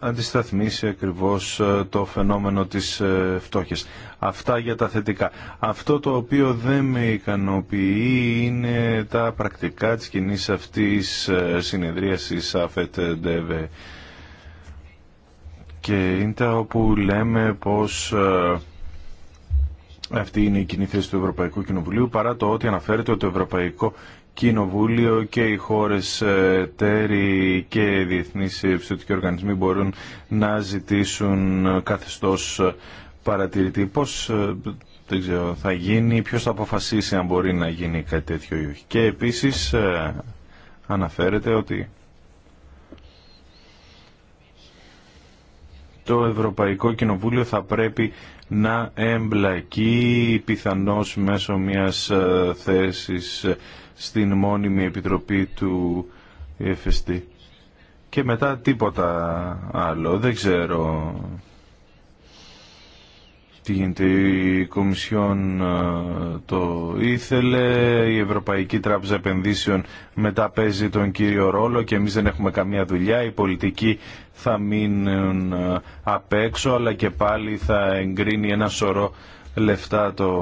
αντισταθμίσει ακριβώς ε, το φαινόμενο της ε, φτώχειας. Αυτά για τα θετικά. Αυτό το οποίο δεν με ικανοποιεί είναι τα πρακτικά της κοινή αυτής ε, συνεδρίασης ΑΦΕΤ ΔΕΒΕ και τα όπου λέμε πως αυτή είναι η κοινή θέση του Ευρωπαϊκού Κοινοβουλίου παρά το ότι αναφέρεται ότι το Ευρωπαϊκό Κοινοβούλιο και οι χώρες ε, τέρη και οι διεθνείς ψηφιακοί οργανισμοί μπορούν να ζητήσουν καθεστώς ε, παρατηρητή. Πώς ε, θα γίνει, ποιος θα αποφασίσει αν μπορεί να γίνει κάτι τέτοιο ή Και επίσης αναφέρεται ότι το Ευρωπαϊκό Κοινοβούλιο θα πρέπει να εμπλακεί πιθανώς μέσω μιας θέσης στην μόνιμη επιτροπή του EFST. Και μετά τίποτα άλλο. Δεν ξέρω τι γίνεται. Η Κομισιόν ε, το ήθελε, η Ευρωπαϊκή Τράπεζα Επενδύσεων μετά παίζει τον κύριο ρόλο και εμείς δεν έχουμε καμία δουλειά. Οι πολιτικοί θα μείνουν ε, απ' έξω, αλλά και πάλι θα εγκρίνει ένα σωρό λεφτά το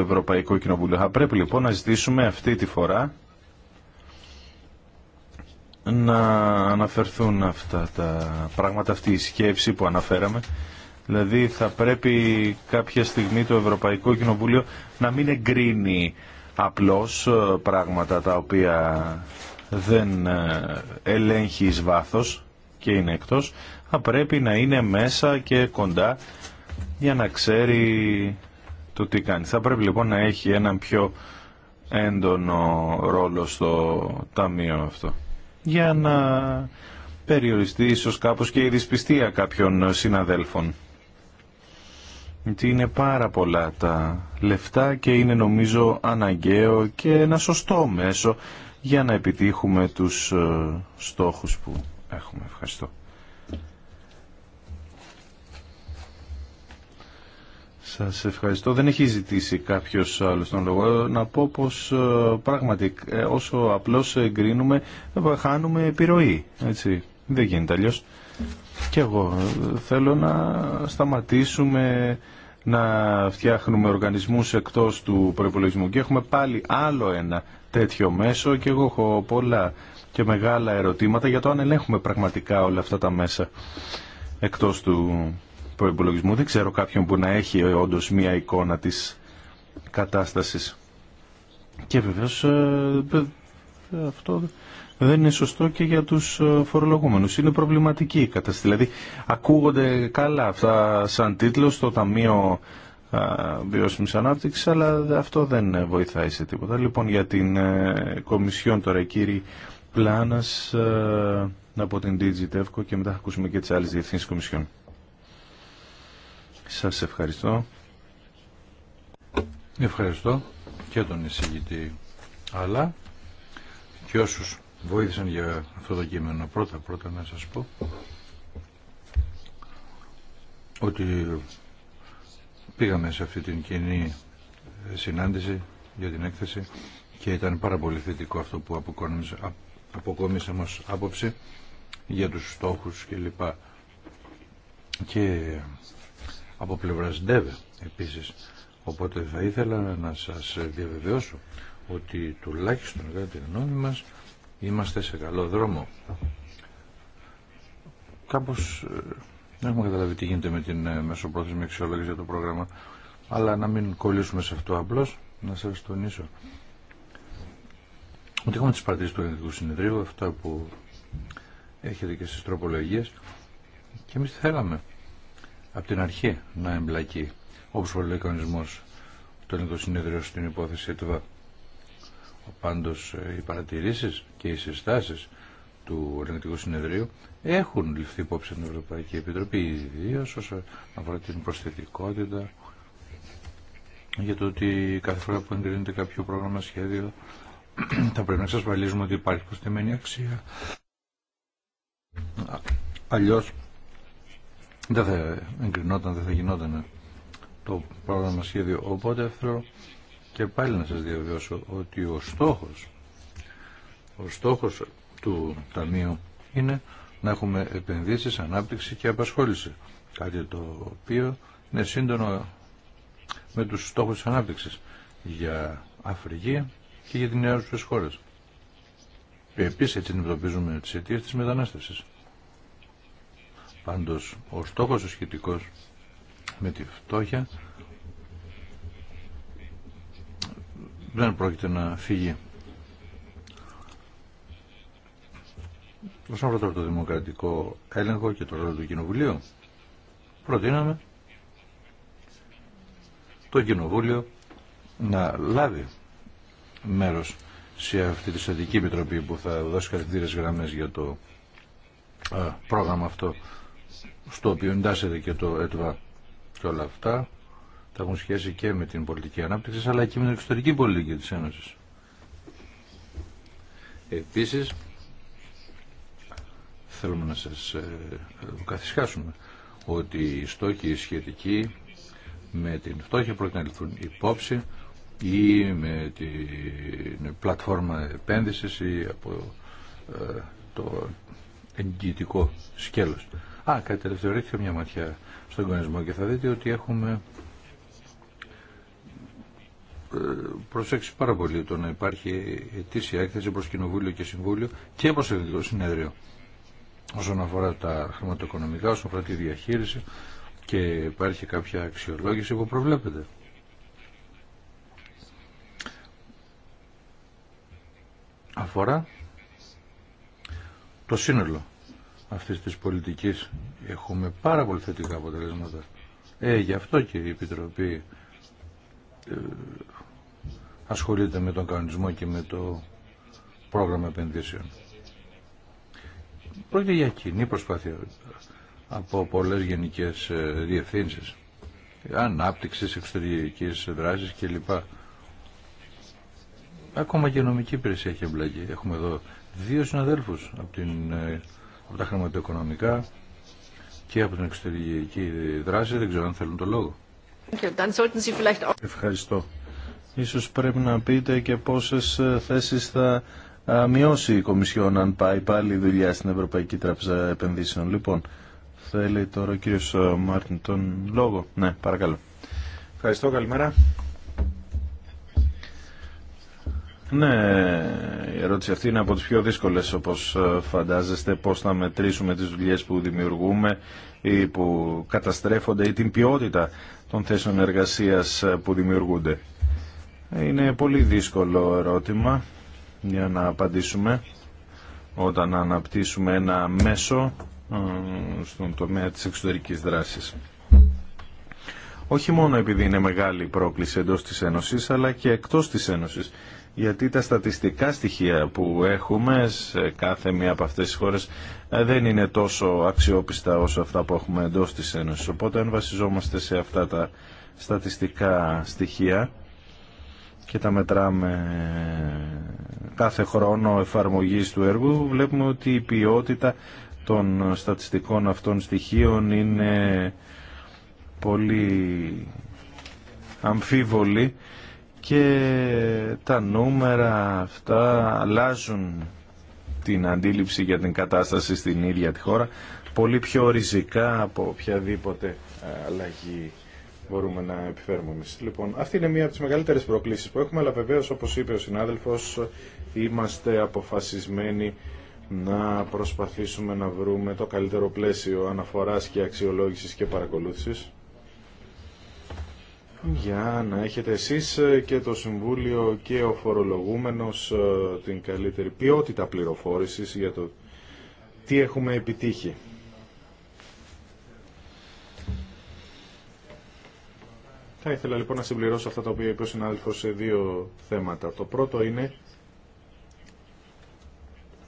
Ευρωπαϊκό Κοινοβούλιο. Θα πρέπει λοιπόν να ζητήσουμε αυτή τη φορά να αναφερθούν αυτά τα πράγματα, αυτή η σκέψη που αναφέραμε. Δηλαδή θα πρέπει κάποια στιγμή το Ευρωπαϊκό Κοινοβούλιο να μην εγκρίνει απλώς ε, πράγματα τα οποία δεν ε, ελέγχει εις βάθος και είναι εκτός, θα πρέπει να είναι μέσα και κοντά για να ξέρει το τι Θα πρέπει λοιπόν να έχει έναν πιο έντονο ρόλο στο ταμείο αυτό. Για να περιοριστεί ίσως κάπως και η δυσπιστία κάποιων συναδέλφων. Γιατί είναι πάρα πολλά τα λεφτά και είναι νομίζω αναγκαίο και ένα σωστό μέσο για να επιτύχουμε τους ε, στόχους που έχουμε. Ευχαριστώ. Σας ευχαριστώ. Δεν έχει ζητήσει κάποιος άλλος τον λόγο. Ε, να πω πως ε, πράγματι ε, όσο απλώς εγκρίνουμε χάνουμε επιρροή. Έτσι. Δεν γίνεται αλλιώ. Και εγώ θέλω να σταματήσουμε να φτιάχνουμε οργανισμούς εκτός του προπολογισμού και έχουμε πάλι άλλο ένα τέτοιο μέσο και εγώ έχω πολλά και μεγάλα ερωτήματα για το αν ελέγχουμε πραγματικά όλα αυτά τα μέσα εκτός του δεν ξέρω κάποιον που να έχει όντω μία εικόνα της κατάστασης. Και βεβαίως ε, αυτό δεν είναι σωστό και για τους ε, φορολογούμενους. Είναι προβληματική η κατάσταση. Δηλαδή ακούγονται καλά αυτά σαν τίτλο στο Ταμείο ε, Βιώσιμης Ανάπτυξης, αλλά αυτό δεν βοηθάει σε τίποτα. Λοιπόν για την Κομισιόν τώρα, κύριε Πλάνας από την DigiTevco και μετά θα ακούσουμε και τις άλλες διευθύνσεις Κομισιόν. Σας ευχαριστώ. Ευχαριστώ και τον εισηγητή, αλλά και όσους βοήθησαν για αυτό το κείμενο. Πρώτα, πρώτα να σας πω ότι πήγαμε σε αυτή την κοινή συνάντηση για την έκθεση και ήταν πάρα πολύ θετικό αυτό που αποκόμισαμε μας άποψη για τους στόχους κλπ. Και, και από πλευράς ΔΕΒΕ επίσης. Οπότε θα ήθελα να σας διαβεβαιώσω ότι τουλάχιστον κατά τη γνώμη μας είμαστε σε καλό δρόμο. Κάπως ε, δεν έχουμε καταλάβει τι γίνεται με την ε, μεσοπρόθεσμη αξιολόγηση για το πρόγραμμα, αλλά να μην κολλήσουμε σε αυτό απλώς, να σας τονίσω. Ότι έχουμε τις παρατήσεις του Ελληνικού Συνεδρίου, αυτά που έχετε και στις τροπολογίες, και εμείς θέλαμε από την αρχή να εμπλακεί όπως ο λεκανισμός το ελληνικό συνέδριο στην υπόθεση του Πάντω Πάντως ε, οι παρατηρήσεις και οι συστάσεις του Ελληνικού Συνεδρίου έχουν ληφθεί υπόψη την Ευρωπαϊκή Επιτροπή, ιδίω όσον αφορά την προσθετικότητα για το ότι κάθε φορά που εγκρίνεται κάποιο πρόγραμμα σχέδιο θα πρέπει να εξασφαλίζουμε ότι υπάρχει προσθεμένη αξία. Αλλιώς δεν θα εγκρινόταν, δεν θα γινόταν το πρόγραμμα σχέδιο. Οπότε θέλω και πάλι να σας διαβιώσω ότι ο στόχος, ο στόχος του Ταμείου είναι να έχουμε επενδύσεις, ανάπτυξη και απασχόληση. Κάτι το οποίο είναι σύντονο με τους στόχους της ανάπτυξης για Αφρική και για την νέα χώρες. Επίσης έτσι αντιμετωπίζουμε τις αιτίες της μετανάστευσης. Πάντως ο στόχος ο σχετικός με τη φτώχεια δεν πρόκειται να φύγει. Όσον αφορά το δημοκρατικό έλεγχο και το ρόλο του Κοινοβουλίου, προτείναμε το Κοινοβούλιο να λάβει μέρος σε αυτή τη στατική επιτροπή που θα δώσει κατευθύνες γραμμές για το ε, πρόγραμμα αυτό στο οποίο εντάσσεται και το ΕΤΒΑ. Και όλα αυτά θα έχουν σχέση και με την πολιτική ανάπτυξη, αλλά και με την εξωτερική πολιτική της Ένωσης. Επίσης, θέλουμε να σας ε, καθισχάσουμε ότι οι στόχοι σχετικοί με την φτώχεια πρόκειται να λυθούν υπόψη ή με την πλατφόρμα επένδυσης ή από ε, το εγγυητικό σκέλος. Α, κάτι τελευταίο, μια ματιά στον εγγονισμό και θα δείτε ότι έχουμε ε, προσέξει πάρα πολύ το να υπάρχει ετήσια έκθεση προς Κοινοβούλιο και Συμβούλιο και προς Ελληνικό Συνέδριο όσον αφορά τα χρηματοοικονομικά, όσον αφορά τη διαχείριση και υπάρχει κάποια αξιολόγηση που προβλέπεται. Αφορά το σύνολο αυτής της πολιτικής έχουμε πάρα πολύ θετικά αποτελέσματα. Ε, γι' αυτό και η Επιτροπή ε, ασχολείται με τον κανονισμό και με το πρόγραμμα επενδύσεων. Πρόκειται για κοινή προσπάθεια από πολλές γενικές ε, διευθύνσεις, ανάπτυξης, εξωτερικής δράσης κλπ. Ακόμα και νομική υπηρεσία έχει εμπλακεί. Έχουμε εδώ δύο συναδέλφους από την ε, από τα χρηματοοικονομικά και από την εξωτερική δράση. Δεν ξέρω αν θέλουν το λόγο. Ευχαριστώ. Ίσως πρέπει να πείτε και πόσες ε, θέσεις θα ε, μειώσει η Κομισιόν αν πάει πάλι η δουλειά στην Ευρωπαϊκή Τράπεζα Επενδύσεων. Λοιπόν, θέλει τώρα ο κύριος ε, Μάρτιν τον λόγο. Ναι, παρακαλώ. Ευχαριστώ, καλημέρα. Ναι, η ερώτηση αυτή είναι από τις πιο δύσκολες όπως ε, φαντάζεστε πώς θα μετρήσουμε τις δουλειές που δημιουργούμε ή που καταστρέφονται ή την ποιότητα των θέσεων εργασίας ε, που δημιουργούνται. Είναι πολύ δύσκολο ερώτημα για να απαντήσουμε όταν αναπτύσσουμε ένα μέσο ε, στον τομέα της εξωτερικής δράσης. Όχι μόνο επειδή είναι μεγάλη πρόκληση εντός της Ένωσης, αλλά και εκτός της Ένωσης γιατί τα στατιστικά στοιχεία που έχουμε σε κάθε μία από αυτές τις χώρες ε, δεν είναι τόσο αξιόπιστα όσο αυτά που έχουμε εντός της Ένωσης. Οπότε αν βασιζόμαστε σε αυτά τα στατιστικά στοιχεία και τα μετράμε ε, κάθε χρόνο εφαρμογής του έργου, βλέπουμε ότι η ποιότητα των στατιστικών αυτών στοιχείων είναι πολύ αμφίβολη και τα νούμερα αυτά αλλάζουν την αντίληψη για την κατάσταση στην ίδια τη χώρα πολύ πιο ριζικά από οποιαδήποτε αλλαγή μπορούμε να επιφέρουμε εμείς. Λοιπόν, αυτή είναι μία από τις μεγαλύτερες προκλήσεις που έχουμε, αλλά βεβαίως όπως είπε ο συνάδελφος είμαστε αποφασισμένοι να προσπαθήσουμε να βρούμε το καλύτερο πλαίσιο αναφοράς και αξιολόγησης και παρακολούθησης για να έχετε εσείς ε, και το Συμβούλιο και ο φορολογούμενος ε, την καλύτερη ποιότητα πληροφόρησης για το τι έχουμε επιτύχει. Θα ήθελα λοιπόν να συμπληρώσω αυτά τα οποία είπε ο συνάδελφος σε δύο θέματα. Το πρώτο είναι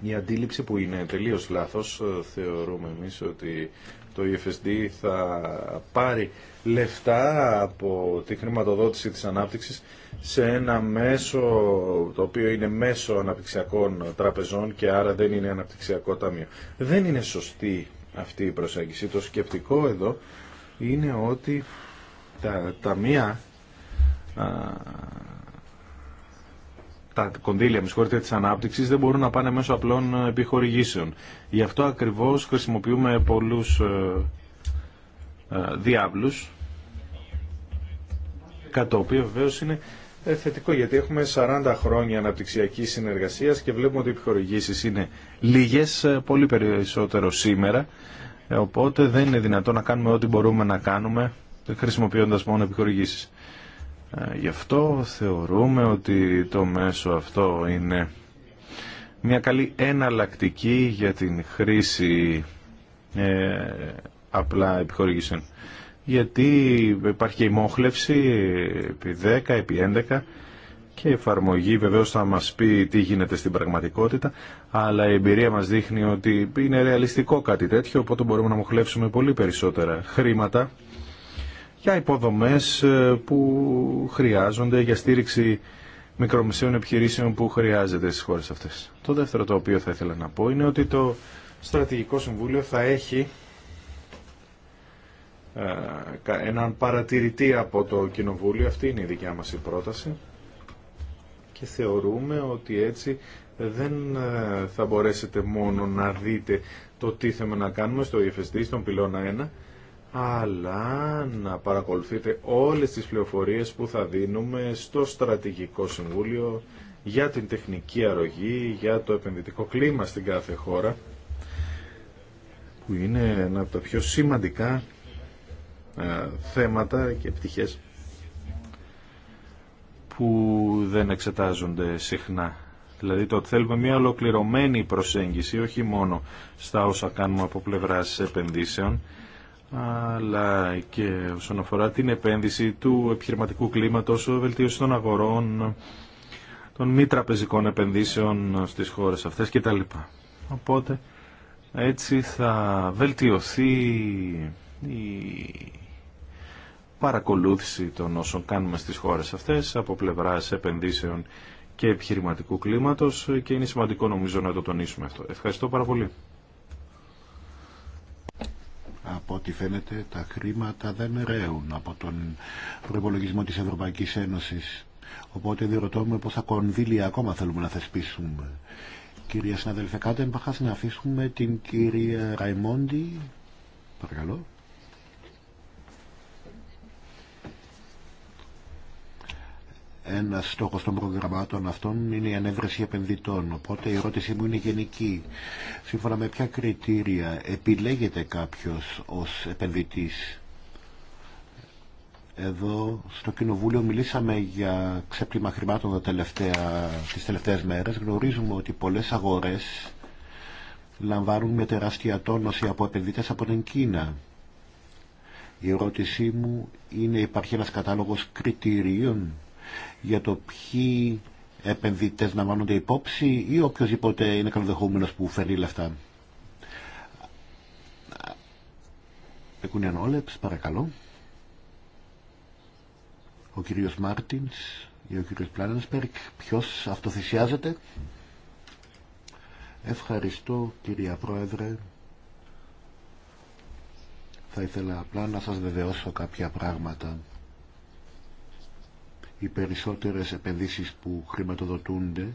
η αντίληψη που είναι τελείως λάθος. Ε, θεωρούμε εμείς ότι το EFSD θα πάρει λεφτά από τη χρηματοδότηση της ανάπτυξης σε ένα μέσο το οποίο είναι μέσο αναπτυξιακών τραπεζών και άρα δεν είναι αναπτυξιακό ταμείο. Δεν είναι σωστή αυτή η προσέγγιση. Το σκεπτικό εδώ είναι ότι τα ταμεία τα κονδύλια με συγχωρείτε της ανάπτυξης δεν μπορούν να πάνε μέσω απλών ε, επιχορηγήσεων. Γι' αυτό ακριβώς χρησιμοποιούμε πολλούς ε, ε, διάβλους κατά το οποίο βεβαίω είναι θετικό γιατί έχουμε 40 χρόνια αναπτυξιακή συνεργασία και βλέπουμε ότι οι επιχορηγήσει είναι λίγε, πολύ περισσότερο σήμερα. Οπότε δεν είναι δυνατό να κάνουμε ό,τι μπορούμε να κάνουμε χρησιμοποιώντα μόνο επιχορηγήσει. Ε, γι' αυτό θεωρούμε ότι το μέσο αυτό είναι μια καλή εναλλακτική για την χρήση ε, απλά επιχορηγήσεων. Γιατί υπάρχει και η μόχλευση επί 10, επί 11 και η εφαρμογή βεβαίως θα μας πει τι γίνεται στην πραγματικότητα, αλλά η εμπειρία μας δείχνει ότι είναι ρεαλιστικό κάτι τέτοιο, οπότε μπορούμε να μοχλεύσουμε πολύ περισσότερα χρήματα για υποδομές ε, που χρειάζονται, για στήριξη μικρομεσαίων επιχειρήσεων που χρειάζεται στις χώρες αυτές. Το δεύτερο το οποίο θα ήθελα να πω είναι ότι το Στρατηγικό Συμβούλιο θα έχει ε, έναν παρατηρητή από το Κοινοβούλιο. Αυτή είναι η δικιά μας η πρόταση. Και θεωρούμε ότι έτσι δεν ε, θα μπορέσετε μόνο να δείτε το τι θέλουμε να κάνουμε στο EFSD, στον πυλώνα 1, αλλά να παρακολουθείτε όλες τις πληροφορίες που θα δίνουμε στο Στρατηγικό Συμβούλιο για την τεχνική αρρωγή, για το επενδυτικό κλίμα στην κάθε χώρα, που είναι ένα από τα πιο σημαντικά ε, θέματα και πτυχές που δεν εξετάζονται συχνά. Δηλαδή το ότι θέλουμε μια ολοκληρωμένη προσέγγιση, όχι μόνο στα όσα κάνουμε από πλευράς επενδύσεων, αλλά και όσον αφορά την επένδυση του επιχειρηματικού κλίματος, βελτίωση των αγορών, των μη τραπεζικών επενδύσεων στις χώρες αυτές κτλ. Οπότε έτσι θα βελτιωθεί η παρακολούθηση των όσων κάνουμε στις χώρες αυτές από πλευράς επενδύσεων και επιχειρηματικού κλίματος και είναι σημαντικό νομίζω να το τονίσουμε αυτό. Ευχαριστώ πάρα πολύ. Από ό,τι φαίνεται τα χρήματα δεν ρέουν από τον προπολογισμό της Ευρωπαϊκής Ένωσης. Οπότε διερωτώμε πόσα κονδύλια ακόμα θέλουμε να θεσπίσουμε. Κυρία συναδελφέ, κάντε να αφήσουμε την κυρία Ραϊμόντι. Παρακαλώ. Ένα στόχο των προγραμμάτων αυτών είναι η ανέβρεση επενδυτών. Οπότε η ερώτησή μου είναι γενική. Σύμφωνα με ποια κριτήρια επιλέγεται κάποιος ως επενδυτής. Εδώ στο Κοινοβούλιο μιλήσαμε για ξέπλυμα χρημάτων τα τελευταία, τις τελευταίες μέρες. Γνωρίζουμε ότι πολλές αγορές λαμβάνουν με τεράστια τόνωση από επενδυτές από την Κίνα. Η ερώτησή μου είναι υπάρχει ένας κατάλογος κριτηρίων για το ποιοι επενδυτές να μάνονται υπόψη ή οποιοδήποτε είναι καλοδεχόμενος που φέρει λεφτά. Εκούνιαν Όλεπς, παρακαλώ. Ο κύριος Μάρτινς ή ο κύριος Πλάνενσπερκ, ποιος αυτοθυσιάζεται. Ευχαριστώ κυρία Πρόεδρε. Θα ήθελα απλά να σας βεβαιώσω κάποια πράγματα οι περισσότερες επενδύσεις που χρηματοδοτούνται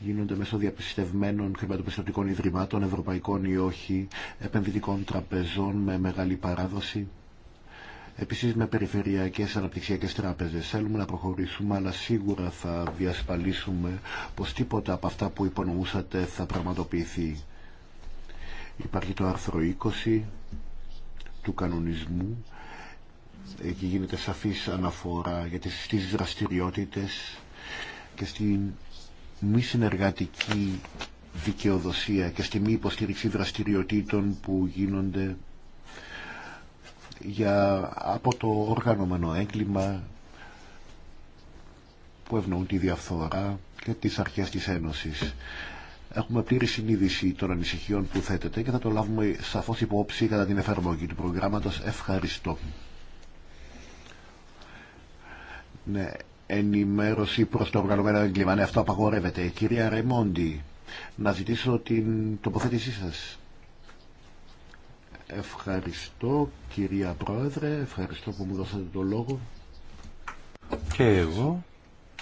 γίνονται μέσω διαπιστευμένων χρηματοπιστωτικών ιδρυμάτων, ευρωπαϊκών ή όχι, επενδυτικών τραπεζών με μεγάλη παράδοση. Επίσης με περιφερειακές αναπτυξιακές τράπεζες. Θέλουμε να προχωρήσουμε, αλλά σίγουρα θα διασφαλίσουμε πως τίποτα από αυτά που υπονοούσατε θα πραγματοποιηθεί. Υπάρχει το άρθρο 20 του κανονισμού Εκεί γίνεται σαφής αναφορά για τις, στις δραστηριότητες και στην μη συνεργατική δικαιοδοσία και στη μη υποστήριξη δραστηριοτήτων που γίνονται για, από το οργανωμένο έγκλημα που ευνοούν τη διαφθορά και τις αρχές της Ένωσης. Έχουμε πλήρη συνείδηση των ανησυχιών που θέτεται και θα το λάβουμε σαφώς υπόψη κατά την εφαρμογή του προγράμματος. Ευχαριστώ. Ναι, ενημέρωση προς το οργανωμένο έγκλημα. Ναι, αυτό απαγορεύεται. Κυρία Ρεμόντι, να ζητήσω την τοποθέτησή σας. Ευχαριστώ κυρία Πρόεδρε, ευχαριστώ που μου δώσατε το λόγο. Και εγώ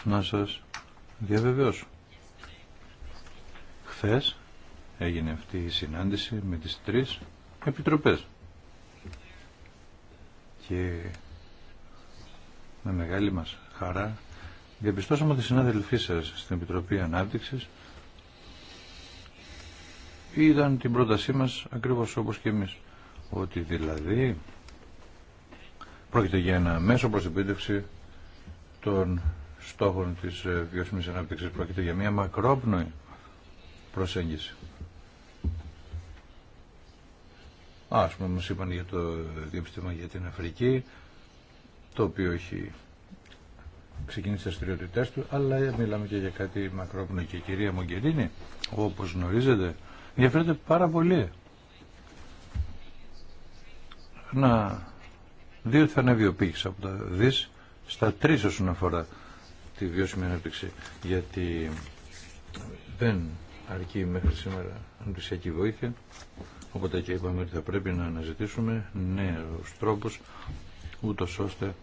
να σας διαβεβαιώσω. Χθες έγινε αυτή η συνάντηση με τις τρεις επιτροπές. Και με μεγάλη μας χαρά διαπιστώσαμε ότι οι συνάδελφοί σας στην Επιτροπή Ανάπτυξης ήταν την πρότασή μας ακριβώς όπως και εμείς ότι δηλαδή πρόκειται για ένα μέσο προς των στόχων της ε, βιώσιμης ανάπτυξης πρόκειται για μια μακρόπνοη προσέγγιση. Α, ας πούμε, μας είπαν για το διεπιστήμα για την Αφρική, το οποίο έχει ξεκινήσει τι αστριότητέ του, αλλά μιλάμε και για κάτι μακρόπνο. Και η κυρία Μογκερίνη, όπω γνωρίζετε, ενδιαφέρεται πάρα πολύ να δει ότι θα ανέβει ο από τα δί στα τρει όσον αφορά τη βιώσιμη ανάπτυξη γιατί δεν αρκεί μέχρι σήμερα ανθρωπιστική βοήθεια οπότε και είπαμε ότι θα πρέπει να αναζητήσουμε νέους τρόπους ούτως ώστε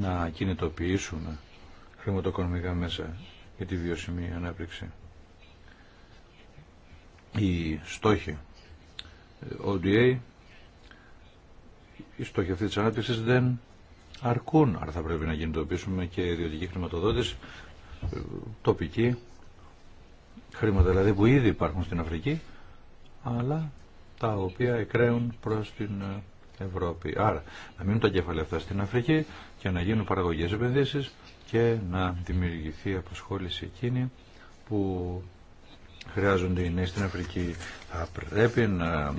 να κινητοποιήσουμε χρηματοοικονομικά μέσα για τη βιωσιμή ανάπτυξη. Οι στόχοι ε, ODA, οι στόχοι αυτή τη ανάπτυξη δεν αρκούν, άρα θα πρέπει να κινητοποιήσουμε και ιδιωτική χρηματοδότηση, ε, τοπική, χρήματα δηλαδή που ήδη υπάρχουν στην Αφρική, αλλά τα οποία εκραίουν προς την ε, Ευρώπη. Άρα, να μείνουν τα κεφάλαια αυτά στην Αφρική και να γίνουν παραγωγές επενδύσει και να δημιουργηθεί απασχόληση εκείνη που χρειάζονται οι νέοι στην Αφρική. Θα πρέπει να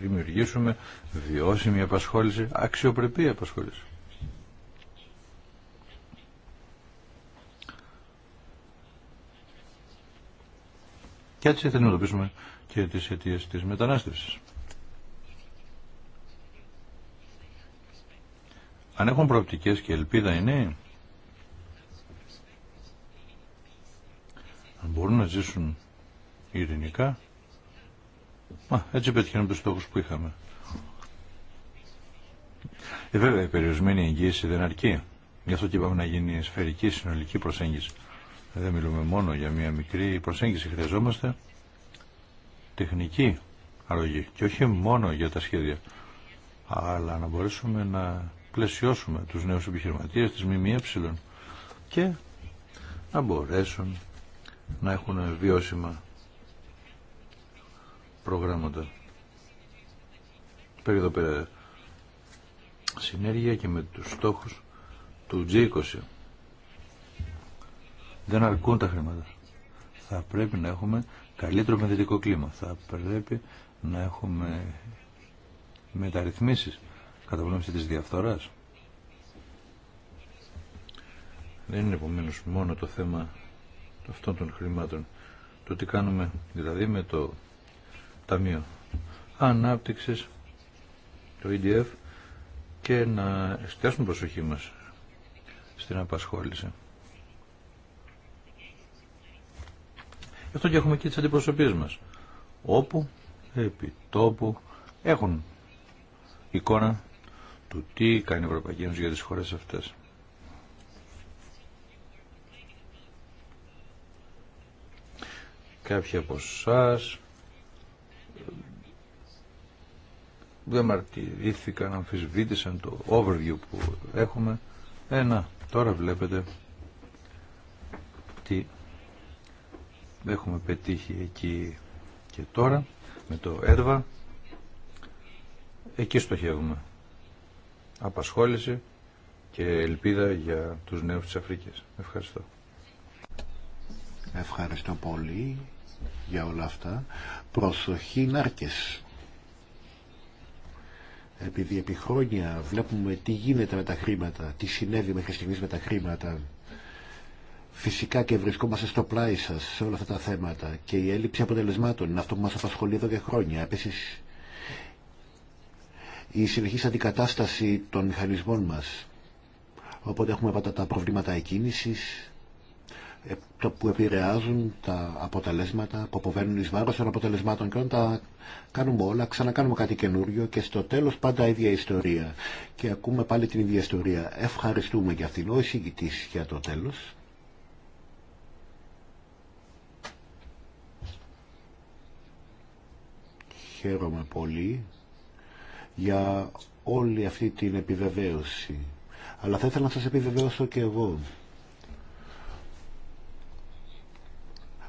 δημιουργήσουμε βιώσιμη απασχόληση, αξιοπρεπή απασχόληση. Και έτσι θα αντιμετωπίσουμε και τις αιτίες της μετανάστευσης. αν έχουν προοπτικές και ελπίδα οι νέοι, αν μπορούν να ζήσουν ειρηνικά, έτσι πετυχαίνουμε τους στόχους που είχαμε. Ε, βέβαια, η περιορισμένη εγγύηση δεν αρκεί. Γι' αυτό και είπαμε να γίνει σφαιρική συνολική προσέγγιση. Δεν μιλούμε μόνο για μια μικρή προσέγγιση. Χρειαζόμαστε τεχνική αρρωγή και όχι μόνο για τα σχέδια αλλά να μπορέσουμε να πλαισιώσουμε τους νέους επιχειρηματίες, τις ΜΜΕ και να μπορέσουν να έχουν βιώσιμα προγράμματα. Πέρα πέρα συνέργεια και με τους στόχους του G20. Δεν αρκούν τα χρήματα. Θα πρέπει να έχουμε καλύτερο μετεδικο κλίμα. Θα πρέπει να έχουμε μεταρρυθμίσεις καταπολέμηση της διαφθοράς. Δεν είναι επομένω μόνο το θέμα αυτών των χρημάτων. Το τι κάνουμε δηλαδή με το Ταμείο Ανάπτυξης, το EDF και να εστιάσουμε προσοχή μας στην απασχόληση. Γι' αυτό και έχουμε και τις αντιπροσωπείες μας. Όπου, επί τόπου, έχουν εικόνα του τι κάνει η Ευρωπαϊκή Ένωση για τις χώρες αυτές. Κάποιοι από εσά δεν μαρτυρήθηκαν, αμφισβήτησαν το overview που έχουμε. Ένα ε, τώρα βλέπετε τι έχουμε πετύχει εκεί και τώρα με το ΕΡΒΑ. Εκεί στοχεύουμε απασχόληση και ελπίδα για τους νέους της Αφρικής. Ευχαριστώ. Ευχαριστώ πολύ για όλα αυτά. Προσοχή Νάρκες. Επειδή επί χρόνια βλέπουμε τι γίνεται με τα χρήματα, τι συνέβη μέχρι στιγμής με τα χρήματα, φυσικά και βρισκόμαστε στο πλάι σας σε όλα αυτά τα θέματα και η έλλειψη αποτελεσμάτων είναι αυτό που μας απασχολεί εδώ και χρόνια. Επίσης η συνεχής αντικατάσταση των μηχανισμών μας. Οπότε έχουμε πάντα τα προβλήματα εκκίνησης ε, που επηρεάζουν τα αποτελέσματα που αποβαίνουν εις βάρος των αποτελεσμάτων και όταν τα κάνουμε όλα ξανακάνουμε κάτι καινούριο και στο τέλος πάντα ίδια ιστορία και ακούμε πάλι την ίδια ιστορία ευχαριστούμε για αυτήν ο εισηγητής για το τέλος χαίρομαι πολύ για όλη αυτή την επιβεβαίωση. Αλλά θα ήθελα να σας επιβεβαίωσω και εγώ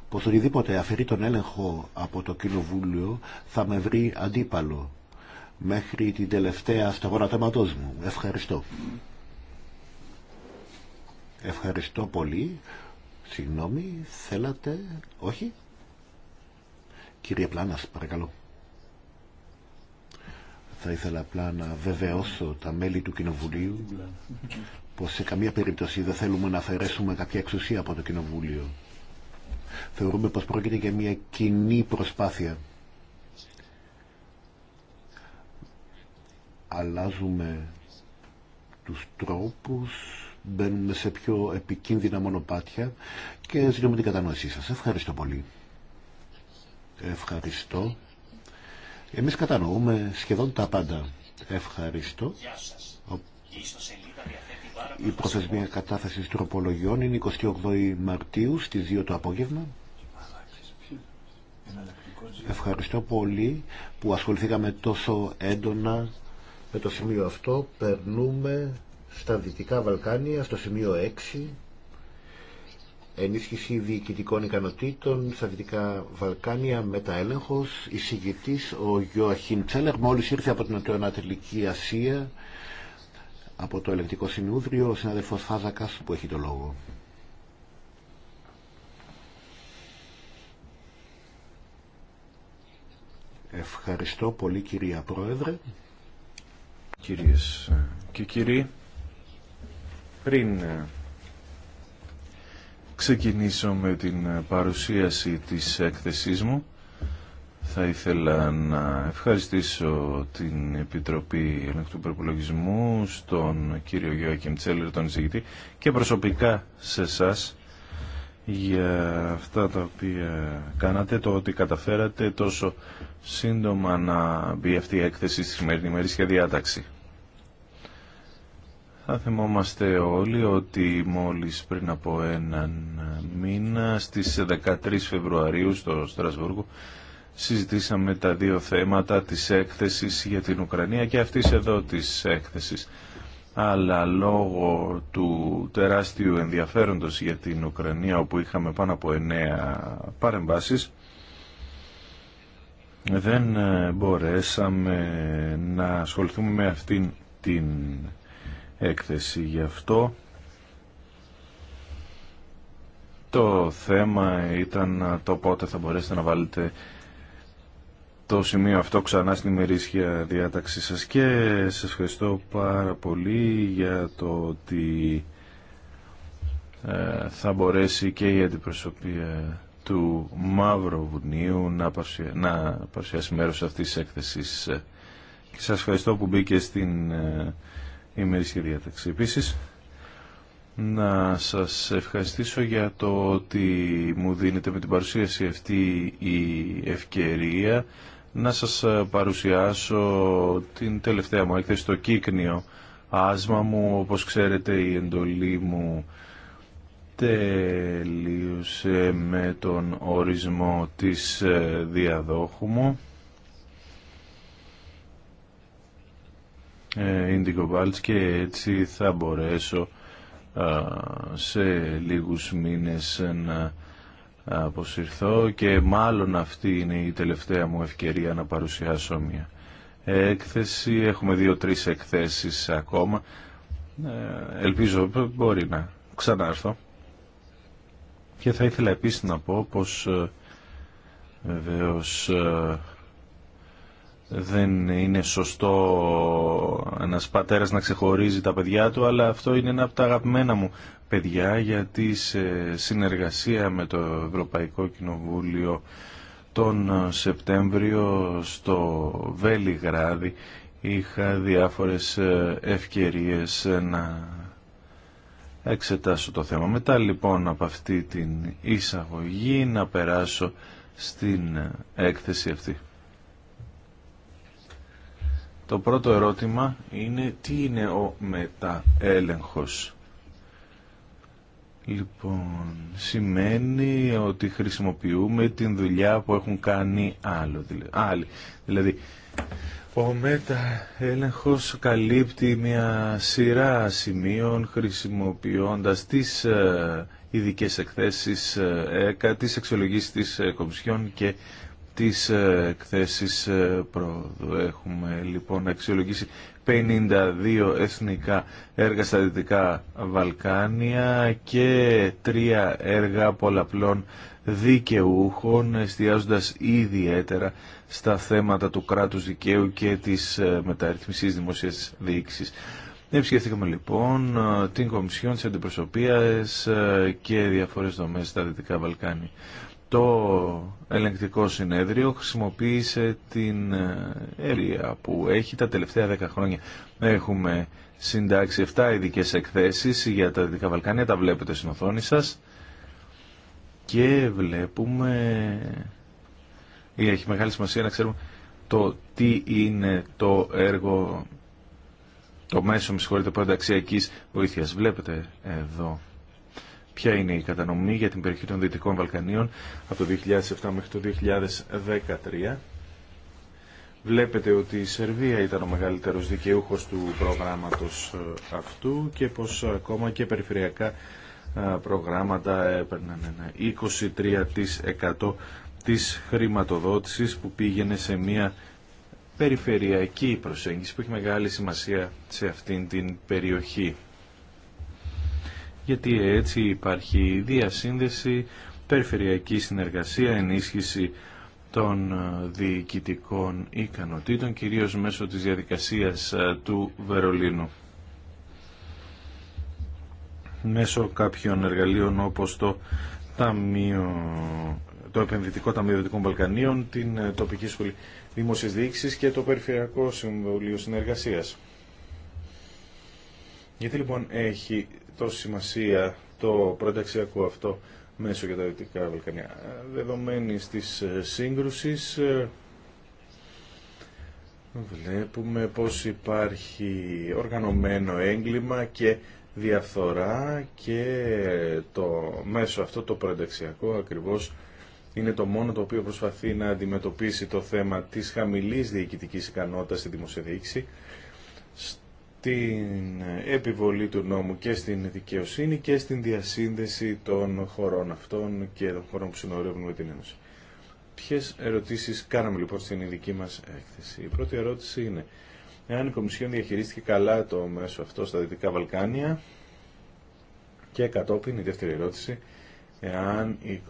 πως οτιδήποτε αφαιρεί τον έλεγχο από το Κοινοβούλιο θα με βρει αντίπαλο μέχρι την τελευταία σταγόνα θέματός μου. Ευχαριστώ. Ευχαριστώ πολύ. Συγγνώμη, θέλατε, όχι. Κύριε Πλάνας, παρακαλώ. Θα ήθελα απλά να βεβαιώσω τα μέλη του Κοινοβουλίου πως σε καμία περίπτωση δεν θέλουμε να αφαιρέσουμε κάποια εξουσία από το Κοινοβούλιο. Θεωρούμε πως πρόκειται για μια κοινή προσπάθεια. Αλλάζουμε τους τρόπους, μπαίνουμε σε πιο επικίνδυνα μονοπάτια και ζητούμε την κατανόησή σας. Ευχαριστώ πολύ. Ευχαριστώ. Εμείς κατανοούμε σχεδόν τα πάντα. Ευχαριστώ. Η προθεσμία κατάθεσης τροπολογιών είναι 28 Μαρτίου στις 2 το απόγευμα. Ευχαριστώ πολύ που ασχοληθήκαμε τόσο έντονα με το σημείο αυτό. Περνούμε στα Δυτικά Βαλκάνια, στο σημείο 6 ενίσχυση διοικητικών ικανοτήτων στα Δυτικά Βαλκάνια μεταέλεγχος, εισηγητής ο Γιώαχιν Τσέλερ μόλις ήρθε από την Ανατολική Ασία από το Ελεκτικό συνούδριο ο συνάδελφος Φάζακας που έχει το λόγο. Ευχαριστώ πολύ κυρία Πρόεδρε. Κυρίες και κύριοι, πριν ξεκινήσω με την ε, παρουσίαση της έκθεσής μου. Θα ήθελα να ευχαριστήσω την Επιτροπή Ελέγχου Προπολογισμού, στον κύριο Γιώργη Τσέλερ, τον εισηγητή, και προσωπικά σε εσά για αυτά τα οποία κάνατε, το ότι καταφέρατε τόσο σύντομα να μπει αυτή η έκθεση στη σημερινή διάταξη. Θα θυμόμαστε όλοι ότι μόλις πριν από έναν μήνα στις 13 Φεβρουαρίου στο Στρασβούργο συζητήσαμε τα δύο θέματα της έκθεσης για την Ουκρανία και αυτής εδώ της έκθεσης. Αλλά λόγω του τεράστιου ενδιαφέροντος για την Ουκρανία όπου είχαμε πάνω από εννέα παρεμβάσεις δεν μπορέσαμε να ασχοληθούμε με αυτήν την έκθεση. Γι' αυτό το θέμα ήταν το πότε θα μπορέσετε να βάλετε το σημείο αυτό ξανά στην ημερήσια διάταξη σας και σας ευχαριστώ πάρα πολύ για το ότι ε, θα μπορέσει και η αντιπροσωπεία του Μαύρου Βουνίου να, να παρουσιάσει μέρος αυτής της έκθεσης. Και σας ευχαριστώ που μπήκε στην ε, ημερήσια διάταξη. Επίσης, να σας ευχαριστήσω για το ότι μου δίνετε με την παρουσίαση αυτή η ευκαιρία να σας παρουσιάσω την τελευταία μου έκθεση το Κύκνιο. Άσμα μου, όπως ξέρετε, η εντολή μου τελείωσε με τον ορισμό της ε, διαδόχου μου Ε, Indigo και έτσι θα μπορέσω σε λίγους μήνες να αποσυρθώ και μάλλον αυτή είναι η τελευταία μου ευκαιρία να παρουσιάσω μια έκθεση. Έχουμε δύο-τρεις εκθέσεις ακόμα. Ε, ελπίζω μπορεί να ξανάρθω. Και θα ήθελα επίσης να πω πως ε, βεβαίως δεν είναι σωστό ένας πατέρας να ξεχωρίζει τα παιδιά του, αλλά αυτό είναι ένα από τα αγαπημένα μου παιδιά, γιατί σε συνεργασία με το Ευρωπαϊκό Κοινοβούλιο τον ε, Σεπτέμβριο στο Βέλιγράδι είχα διάφορες ε, ευκαιρίες να εξετάσω το θέμα. Μετά λοιπόν από αυτή την εισαγωγή να περάσω στην ε, έκθεση αυτή. Το πρώτο ερώτημα είναι τι είναι ο μεταέλεγχος. Λοιπόν, σημαίνει ότι χρησιμοποιούμε την δουλειά που έχουν κάνει άλλο, δηλαδή, άλλοι. Δηλαδή, ο μεταέλεγχος καλύπτει μια σειρά σημείων χρησιμοποιώντας τις ε, ειδικέ εκθέσεις ΕΚΑ, ε, τις εξολογήσεις της ε, Κομισιόν και τις ε, εκθέσεις ε, πρόοδου. Έχουμε λοιπόν αξιολογήσει 52 εθνικά έργα στα Δυτικά Βαλκάνια και τρία έργα πολλαπλών δικαιούχων εστιάζοντας ιδιαίτερα στα θέματα του κράτους δικαίου και της ε, μεταρρύθμισης δημοσίας διοίκησης. Επισκεφθήκαμε λοιπόν την Κομισιόν της Αντιπροσωπείας και διαφορές δομές στα Δυτικά Βαλκάνια το ελεγκτικό συνέδριο χρησιμοποίησε την έρεια ε, που έχει τα τελευταία 10 χρόνια. Έχουμε συντάξει 7 ειδικέ εκθέσεις για τα Δυτικά Βαλκάνια, τα βλέπετε στην οθόνη σας και βλέπουμε ή έχει μεγάλη σημασία να ξέρουμε το τι είναι το έργο το μέσο, με συγχωρείτε, προενταξιακής βοήθειας. Βλέπετε εδώ ποια είναι η κατανομή για την περιοχή των Δυτικών Βαλκανίων από το 2007 μέχρι το 2013. Βλέπετε ότι η Σερβία ήταν ο μεγαλύτερος δικαιούχος του προγράμματος ε, αυτού και πως ακόμα και περιφερειακά ε, προγράμματα έπαιρναν ένα 23% της χρηματοδότησης που πήγαινε σε μια περιφερειακή προσέγγιση που έχει μεγάλη σημασία σε αυτήν την περιοχή γιατί έτσι υπάρχει διασύνδεση, περιφερειακή συνεργασία, ενίσχυση των ε, διοικητικών ικανοτήτων, κυρίως μέσω της διαδικασίας ε, του Βερολίνου. Μέσω κάποιων εργαλείων όπως το, ταμείο, το Επενδυτικό Ταμείο Δυτικών Βαλκανίων, την ε, Τοπική Σχολή Δημόσιας Διοίκησης και το Περιφερειακό Συμβουλίο Συνεργασίας. Γιατί λοιπόν έχει τόση σημασία το πρόταξιακό αυτό μέσο για τα Δυτικά Βαλκανία. Ε, δεδομένη της ε, σύγκρουση, ε, βλέπουμε πως υπάρχει οργανωμένο έγκλημα και διαφθορά και το μέσο αυτό το προενταξιακό ακριβώς είναι το μόνο το οποίο προσπαθεί να αντιμετωπίσει το θέμα της χαμηλής διοικητικής ικανότητας στη δημοσιοδιοίκηση την επιβολή του νόμου και στην δικαιοσύνη και στην διασύνδεση των χωρών αυτών και των χωρών που συνορεύουν με την Ένωση. Ποιε ερωτήσει κάναμε λοιπόν στην ειδική μα έκθεση. Η πρώτη ερώτηση είναι εάν η Κομισιόν διαχειρίστηκε καλά το μέσο αυτό στα Δυτικά Βαλκάνια και κατόπιν η δεύτερη ερώτηση εάν η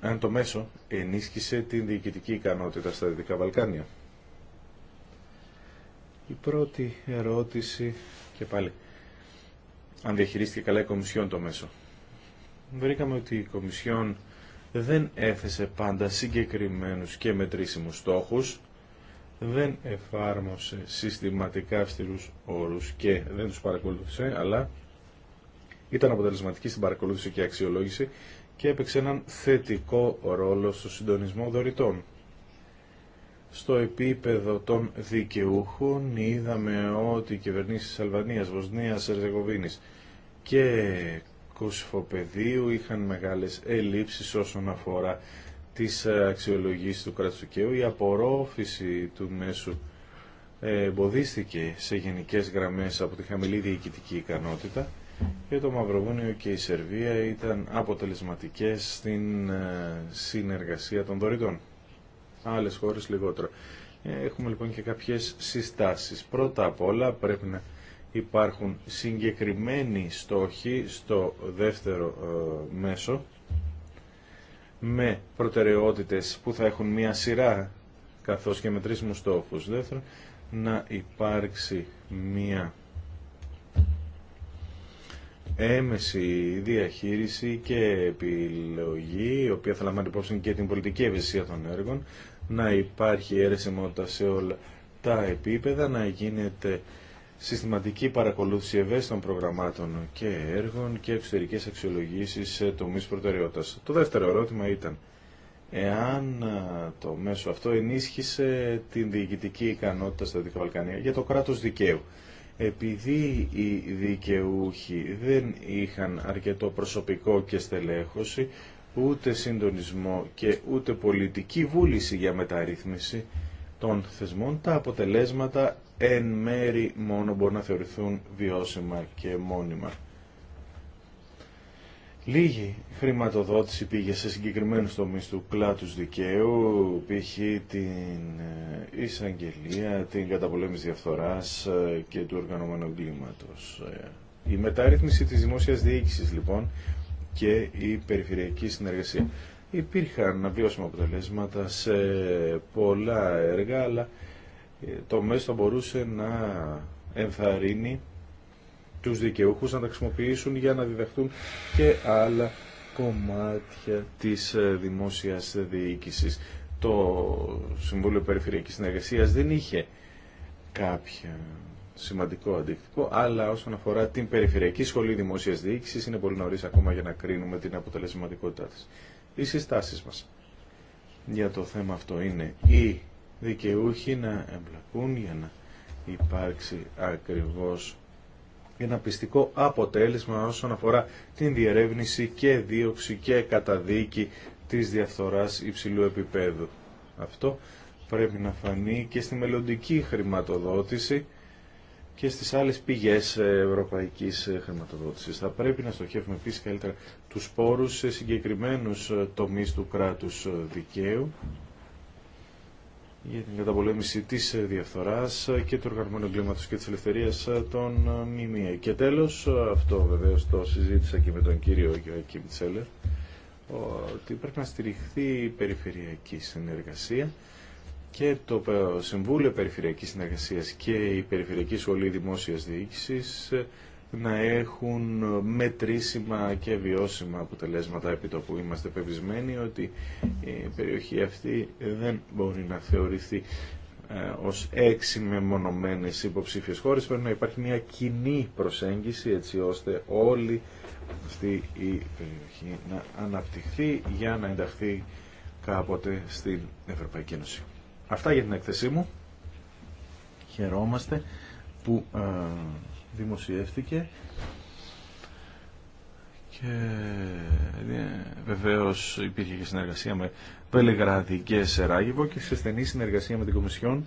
αν το μέσο ενίσχυσε την διοικητική ικανότητα στα Δυτικά Βαλκάνια. Η πρώτη ερώτηση και πάλι. Αν διαχειρίστηκε καλά η Κομισιόν το μέσο. Βρήκαμε ότι η Κομισιόν δεν έθεσε πάντα συγκεκριμένους και μετρήσιμους στόχους, δεν εφάρμοσε συστηματικά αυστηρούς όρους και δεν τους παρακολούθησε, αλλά ήταν αποτελεσματική στην παρακολούθηση και αξιολόγηση και έπαιξε έναν θετικό ρόλο στο συντονισμό δωρητών στο επίπεδο των δικαιούχων είδαμε ότι οι κυβερνήσεις Αλβανίας, Βοσνίας, Ερζεγοβίνης και Κωσφοπεδίου είχαν μεγάλες ελλείψεις όσον αφορά τις αξιολογήσεις του κράτους Η απορρόφηση του μέσου εμποδίστηκε σε γενικές γραμμές από τη χαμηλή διοικητική ικανότητα και το Μαυροβούνιο και η Σερβία ήταν αποτελεσματικές στην ε, συνεργασία των δωρητών άλλες χώρες λιγότερο. Ε, έχουμε λοιπόν και κάποιες συστάσεις. Πρώτα απ' όλα πρέπει να υπάρχουν συγκεκριμένοι στόχοι στο δεύτερο ε, μέσο με προτεραιότητες που θα έχουν μία σειρά καθώς και μετρήσιμους στόχους. Δεύτερον, να υπάρξει μία έμεση διαχείριση και επιλογή, η οποία θα λαμβάνει υπόψη και την πολιτική ευαισθησία των έργων να υπάρχει αίρεσιμότητα σε όλα τα επίπεδα, να γίνεται συστηματική παρακολούθηση ευαίσθητων προγραμμάτων και έργων και εξωτερικές αξιολογήσεις σε τομείς προτεραιότητας. Το δεύτερο ερώτημα ήταν εάν το μέσο αυτό ενίσχυσε την διοικητική ικανότητα στα Δυτικά Βαλκανία για το κράτος δικαίου. Επειδή οι δικαιούχοι δεν είχαν αρκετό προσωπικό και στελέχωση, ούτε συντονισμό και ούτε πολιτική βούληση για μεταρρύθμιση των θεσμών, τα αποτελέσματα εν μέρη μόνο μπορούν να θεωρηθούν βιώσιμα και μόνιμα. Λίγη χρηματοδότηση πήγε σε συγκεκριμένους τομείς του κλάτους δικαίου, π.χ. την ε, εισαγγελία, την καταπολέμηση διαφθοράς ε, και του οργανωμένου εγκλήματος. Ε, η μεταρρύθμιση της δημόσιας διοίκησης λοιπόν και η περιφερειακή συνεργασία. Υπήρχαν βιώσιμα αποτελέσματα σε πολλά έργα, αλλά ε, το μέσο μπορούσε να ενθαρρύνει τους δικαιούχους να τα χρησιμοποιήσουν για να διδαχτούν και άλλα κομμάτια της ε, δημόσιας διοίκησης. Το Συμβούλιο Περιφερειακής Συνεργασίας δεν είχε κάποια σημαντικό αντίκτυπο, αλλά όσον αφορά την Περιφερειακή Σχολή δημόσια Διοίκησης είναι πολύ νωρί ακόμα για να κρίνουμε την αποτελεσματικότητά τη Οι συστάσει μας για το θέμα αυτό είναι οι δικαιούχοι να εμπλακούν για να υπάρξει ακριβώ ένα πιστικό αποτέλεσμα όσον αφορά την διερεύνηση και δίωξη και καταδίκη της διαφθοράς υψηλού επίπεδου. Αυτό πρέπει να φανεί και στη μελλοντική χρηματοδότηση και στις άλλες πηγές ε, ευρωπαϊκής ε, χρηματοδότησης. Θα πρέπει να στοχεύουμε επίση καλύτερα τους πόρους σε συγκεκριμένους ε, τομείς του κράτους δικαίου για την καταπολέμηση της διαφθοράς και του οργανωμένου εγκλήματος και της ελευθερίας των ΜΜΕ. Και τέλος, αυτό βεβαίως το συζήτησα και με τον κύριο Γιώργη Μιτσέλερ, ότι πρέπει να στηριχθεί η περιφερειακή συνεργασία και το Συμβούλιο Περιφερειακής Συνεργασίας και η Περιφερειακή Σχολή Δημόσιας Διοίκησης ε, να έχουν μετρήσιμα και βιώσιμα αποτελέσματα επί το που είμαστε πεπισμένοι ότι η περιοχή αυτή δεν μπορεί να θεωρηθεί ε, ως έξι μεμονωμένες υποψήφιες χώρες πρέπει να υπάρχει μια κοινή προσέγγιση έτσι ώστε όλη αυτή η περιοχή να αναπτυχθεί για να ενταχθεί κάποτε στην Ευρωπαϊκή Ένωση. Αυτά για την έκθεσή μου. Χαιρόμαστε που α, ε, δημοσιεύτηκε και ε, βεβαίως υπήρχε και συνεργασία με Πελεγράδη και Σεράγιβο και σε στενή συνεργασία με την Κομισιόν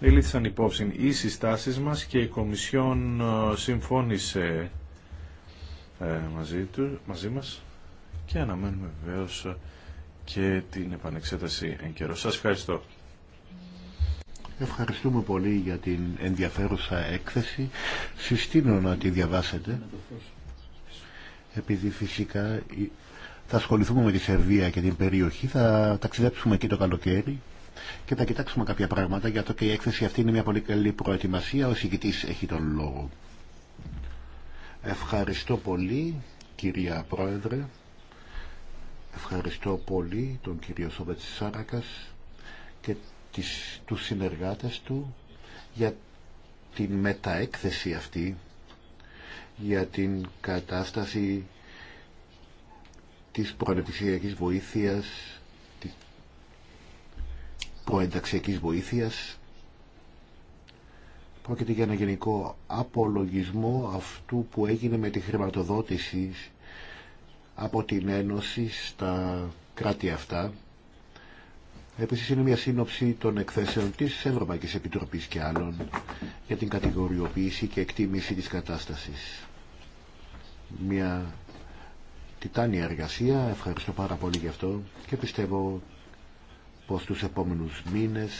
Ελήθησαν υπόψη οι συστάσεις μας και η Κομισιόν ε, συμφώνησε μαζί, του, μαζί μας και αναμένουμε βεβαίως και την επανεξέταση εν καιρό. Σας ευχαριστώ. Ευχαριστούμε πολύ για την ενδιαφέρουσα έκθεση. Συστήνω να τη διαβάσετε επειδή φυσικά θα ασχοληθούμε με τη Σερβία και την περιοχή, θα ταξιδέψουμε εκεί το καλοκαίρι και θα κοιτάξουμε κάποια πράγματα για το και η έκθεση αυτή είναι μια πολύ καλή προετοιμασία. Ο συγκητής έχει τον λόγο. Ευχαριστώ πολύ κυρία Πρόεδρε. Ευχαριστώ πολύ τον κύριο Σόβετ Σάρακας και τις, τους συνεργάτες του για τη μεταέκθεση αυτή για την κατάσταση της προανεπτυξιακής βοήθειας της προενταξιακής βοήθειας πρόκειται για ένα γενικό απολογισμό αυτού που έγινε με τη χρηματοδότηση από την Ένωση στα κράτη αυτά. Επίσης είναι μια σύνοψη των εκθέσεων της Ευρωπαϊκής Επιτροπής και άλλων για την κατηγοριοποίηση και εκτίμηση της κατάστασης. Μια τιτάνια εργασία, ευχαριστώ πάρα πολύ γι' αυτό και πιστεύω πως τους επόμενους μήνες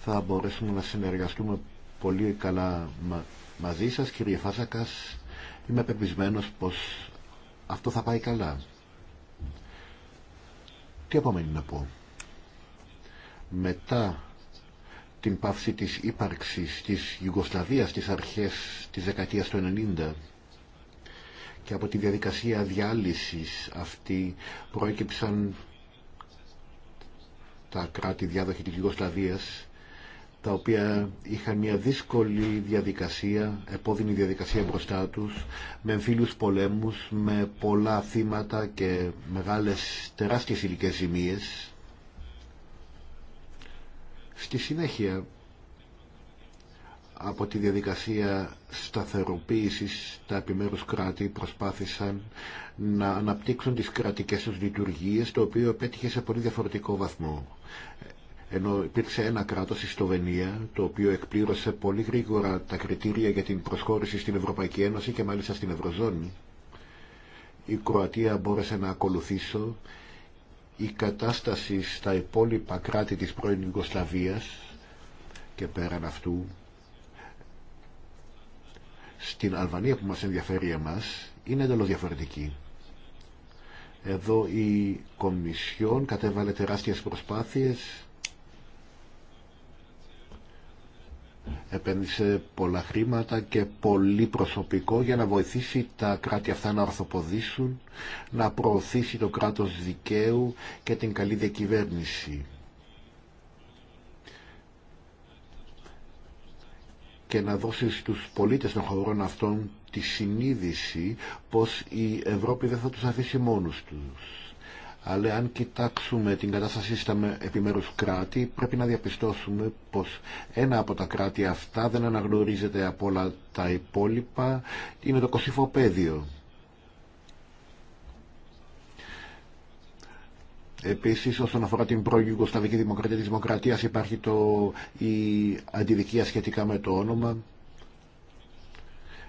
θα μπορέσουμε να συνεργαστούμε πολύ καλά μαζί σας κύριε Φάσακας. Είμαι πεπισμένος πως αυτό θα πάει καλά. Τι απομένει να πω. Μετά την παύση της ύπαρξης της Ιουγκοσλαβίας στις αρχές της δεκαετίας του 90 και από τη διαδικασία διάλυσης αυτή προέκυψαν τα κράτη διάδοχη της Ιουγκοσλαβίας τα οποία είχαν μια δύσκολη διαδικασία, επώδυνη διαδικασία μπροστά τους, με εμφύλους πολέμους, με πολλά θύματα και μεγάλες τεράστιες ηλικές ζημίες. Στη συνέχεια, από τη διαδικασία σταθεροποίησης τα επιμέρους κράτη προσπάθησαν να αναπτύξουν τις κρατικές τους λειτουργίες το οποίο πέτυχε σε πολύ διαφορετικό βαθμό ενώ υπήρξε ένα κράτος, η Στοβενία, το οποίο εκπλήρωσε πολύ γρήγορα τα κριτήρια για την προσχώρηση στην Ευρωπαϊκή Ένωση και μάλιστα στην Ευρωζώνη. Η Κροατία μπόρεσε να ακολουθήσω. Η κατάσταση στα υπόλοιπα κράτη της πρώην Ιγκοσλαβίας και πέραν αυτού στην Αλβανία που μας ενδιαφέρει εμάς είναι εντελώς διαφορετική. Εδώ η Κομισιόν κατέβαλε τεράστιες προσπάθειες επένδυσε πολλά χρήματα και πολύ προσωπικό για να βοηθήσει τα κράτη αυτά να ορθοποδήσουν, να προωθήσει το κράτος δικαίου και την καλή διακυβέρνηση. και να δώσει στους πολίτες των χωρών αυτών τη συνείδηση πως η Ευρώπη δεν θα τους αφήσει μόνους τους αλλά αν κοιτάξουμε την κατάσταση στα επιμέρους κράτη πρέπει να διαπιστώσουμε πως ένα από τα κράτη αυτά δεν αναγνωρίζεται από όλα τα υπόλοιπα είναι το κοσυφοπέδιο. Επίσης όσον αφορά την πρώην Δημοκρατία της Δημοκρατίας υπάρχει το, η αντιδικία σχετικά με το όνομα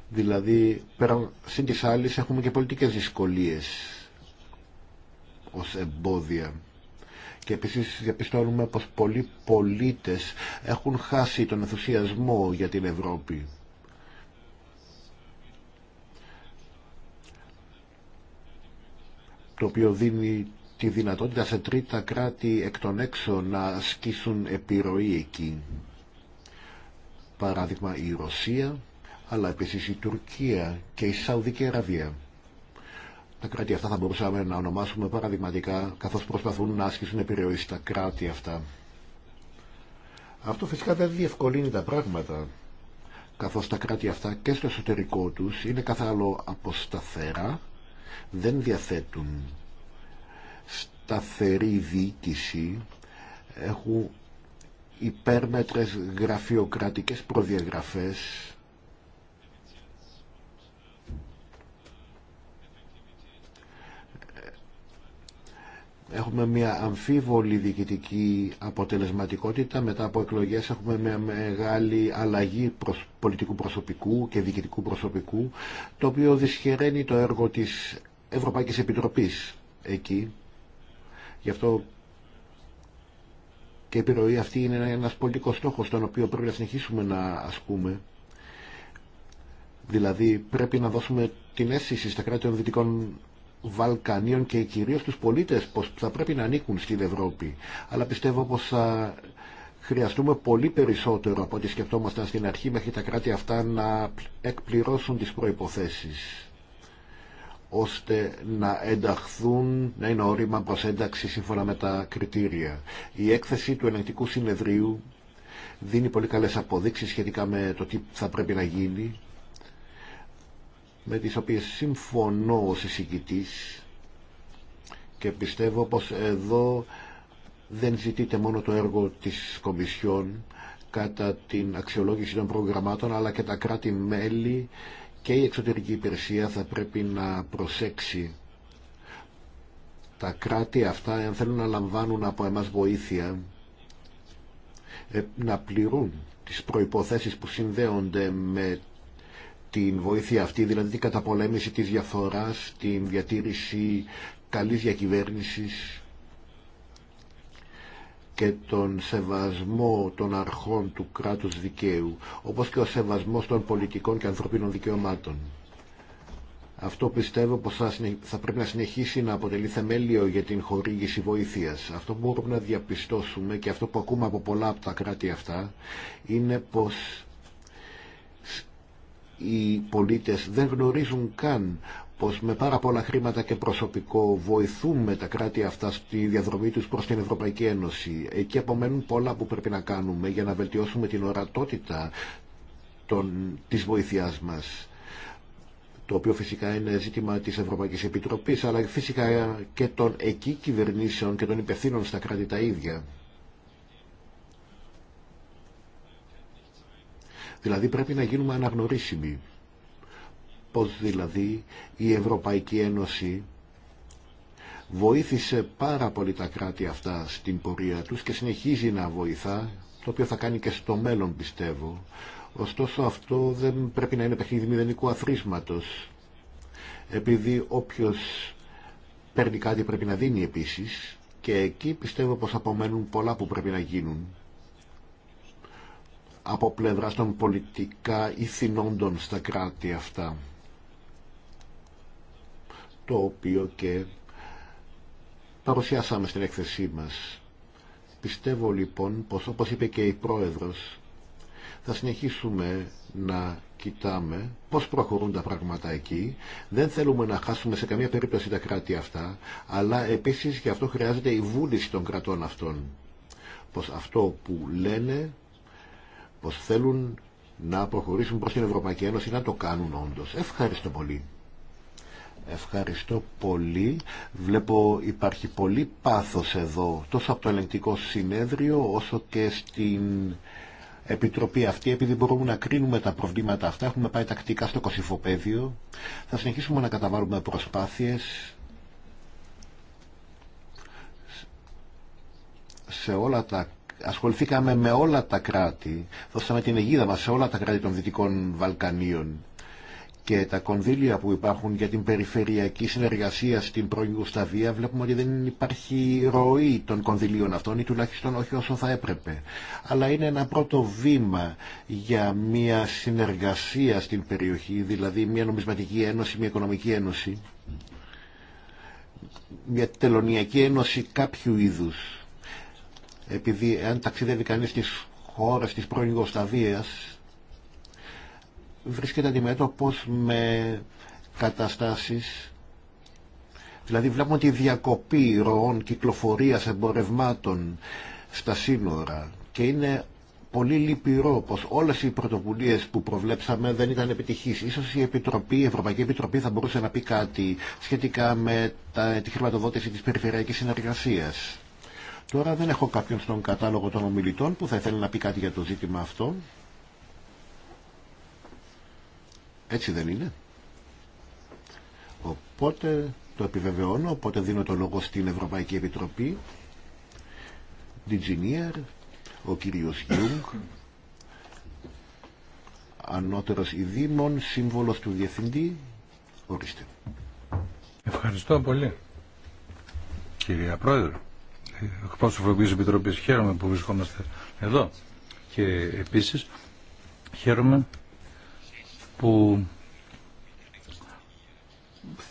δηλαδή πέρα, συν της άλλης έχουμε και πολιτικές δυσκολίες ως εμπόδια. Και επίσης διαπιστώνουμε πως πολλοί πολίτες έχουν χάσει τον ενθουσιασμό για την Ευρώπη. Το οποίο δίνει τη δυνατότητα σε τρίτα κράτη εκ των έξω να ασκήσουν επιρροή εκεί. Παράδειγμα η Ρωσία, αλλά επίσης η Τουρκία και η Σαουδική Αραβία τα κράτη αυτά θα μπορούσαμε να ονομάσουμε παραδειγματικά καθώς προσπαθούν να ασκήσουν επιρροή στα κράτη αυτά. Αυτό φυσικά δεν διευκολύνει τα πράγματα καθώς τα κράτη αυτά και στο εσωτερικό τους είναι καθάλλου αποσταθερά, δεν διαθέτουν σταθερή διοίκηση, έχουν υπέρμετρες γραφειοκρατικές προδιαγραφές Έχουμε μια αμφίβολη διοικητική αποτελεσματικότητα. Μετά από εκλογές έχουμε μια μεγάλη αλλαγή πολιτικού προσωπικού και διοικητικού προσωπικού, το οποίο δυσχεραίνει το έργο της Ευρωπαϊκής Επιτροπής εκεί. Γι' αυτό και η επιρροή αυτή είναι ένας πολιτικός στόχος τον οποίο πρέπει να συνεχίσουμε να ασκούμε. Δηλαδή πρέπει να δώσουμε την αίσθηση στα κράτη των Δυτικών Βαλκανίων και κυρίως τους πολίτες που θα πρέπει να ανήκουν στην Ευρώπη. Αλλά πιστεύω πως θα χρειαστούμε πολύ περισσότερο από ό,τι σκεφτόμασταν στην αρχή μέχρι τα κράτη αυτά να εκπληρώσουν τις προϋποθέσεις ώστε να ενταχθούν, να είναι όριμα προς ένταξη σύμφωνα με τα κριτήρια. Η έκθεση του ελεγκτικού συνεδρίου δίνει πολύ καλές αποδείξεις σχετικά με το τι θα πρέπει να γίνει με τις οποίες συμφωνώ ως εισηγητής και πιστεύω πως εδώ δεν ζητείται μόνο το έργο της Κομισιόν κατά την αξιολόγηση των προγραμμάτων αλλά και τα κράτη-μέλη και η εξωτερική υπηρεσία θα πρέπει να προσέξει τα κράτη αυτά αν θέλουν να λαμβάνουν από εμάς βοήθεια ε, να πληρούν τις προϋποθέσεις που συνδέονται με την βοήθεια αυτή, δηλαδή την καταπολέμηση της διαφοράς, την διατήρηση καλής διακυβέρνησης και τον σεβασμό των αρχών του κράτους δικαίου, όπως και ο σεβασμός των πολιτικών και ανθρωπίνων δικαιωμάτων. Αυτό πιστεύω πως θα, πρέπει να συνεχίσει να αποτελεί θεμέλιο για την χορήγηση βοήθειας. Αυτό που μπορούμε να διαπιστώσουμε και αυτό που ακούμε από πολλά από τα κράτη αυτά είναι πως οι πολίτες δεν γνωρίζουν καν πως με πάρα πολλά χρήματα και προσωπικό βοηθούμε τα κράτη αυτά στη διαδρομή τους προς την Ευρωπαϊκή Ένωση. Εκεί απομένουν πολλά που πρέπει να κάνουμε για να βελτιώσουμε την ορατότητα των, της βοήθειάς μας το οποίο φυσικά είναι ζήτημα της Ευρωπαϊκής Επιτροπής, αλλά φυσικά και των εκεί κυβερνήσεων και των υπευθύνων στα κράτη τα ίδια. Δηλαδή πρέπει να γίνουμε αναγνωρίσιμοι. Πως δηλαδή η Ευρωπαϊκή Ένωση βοήθησε πάρα πολύ τα κράτη αυτά στην πορεία τους και συνεχίζει να βοηθά, το οποίο θα κάνει και στο μέλλον πιστεύω. Ωστόσο αυτό δεν πρέπει να είναι παιχνίδι μηδενικού αθροίσματος, επειδή όποιος παίρνει κάτι πρέπει να δίνει επίσης και εκεί πιστεύω πως απομένουν πολλά που πρέπει να γίνουν από πλευρά των πολιτικά ηθινόντων στα κράτη αυτά το οποίο και παρουσιάσαμε στην έκθεσή μας. Πιστεύω λοιπόν πως όπως είπε και η Πρόεδρος θα συνεχίσουμε να κοιτάμε πώς προχωρούν τα πράγματα εκεί. Δεν θέλουμε να χάσουμε σε καμία περίπτωση τα κράτη αυτά, αλλά επίσης και αυτό χρειάζεται η βούληση των κρατών αυτών. Πως αυτό που λένε πως θέλουν να προχωρήσουν προς την Ευρωπαϊκή Ένωση να το κάνουν όντως. Ευχαριστώ πολύ. Ευχαριστώ πολύ. Βλέπω υπάρχει πολύ πάθος εδώ, τόσο από το ελεγκτικό συνέδριο όσο και στην Επιτροπή αυτή, επειδή μπορούμε να κρίνουμε τα προβλήματα αυτά, έχουμε πάει τακτικά στο κοσυφοπέδιο, θα συνεχίσουμε να καταβάλουμε προσπάθειες σε όλα τα ασχοληθήκαμε με όλα τα κράτη, δώσαμε την αιγίδα μας σε όλα τα κράτη των Δυτικών Βαλκανίων και τα κονδύλια που υπάρχουν για την περιφερειακή συνεργασία στην πρώην Γουσταβία βλέπουμε ότι δεν υπάρχει ροή των κονδυλίων αυτών ή τουλάχιστον όχι όσο θα έπρεπε. Αλλά είναι ένα πρώτο βήμα για μια συνεργασία στην περιοχή, δηλαδή μια νομισματική ένωση, μια οικονομική ένωση, μια τελωνιακή ένωση κάποιου είδους επειδή αν ταξιδεύει κανεί στις χώρες της πρώην Ιουγκοσταβίας βρίσκεται αντιμέτωπος με καταστάσεις δηλαδή βλέπουμε τη διακοπή ροών κυκλοφορίας εμπορευμάτων στα σύνορα και είναι πολύ λυπηρό πως όλες οι πρωτοβουλίε που προβλέψαμε δεν ήταν επιτυχής. Ίσως η, Επιτροπή, η Ευρωπαϊκή Επιτροπή θα μπορούσε να πει κάτι σχετικά με τα, τη χρηματοδότηση της περιφερειακής συνεργασίας. Τώρα δεν έχω κάποιον στον κατάλογο των ομιλητών που θα ήθελε να πει κάτι για το ζήτημα αυτό. Έτσι δεν είναι. Οπότε το επιβεβαιώνω, οπότε δίνω το λόγο στην Ευρωπαϊκή Επιτροπή, Διτζινίερ, ο κύριος Γιούγκ, ανώτερος ειδήμων, σύμβολος του Διευθυντή. Ορίστε. Ευχαριστώ πολύ, κυρία Πρόεδρε εκπρόσωπο Ευρωπαϊκή Επιτροπή. Χαίρομαι που βρισκόμαστε εδώ. Και επίση χαίρομαι που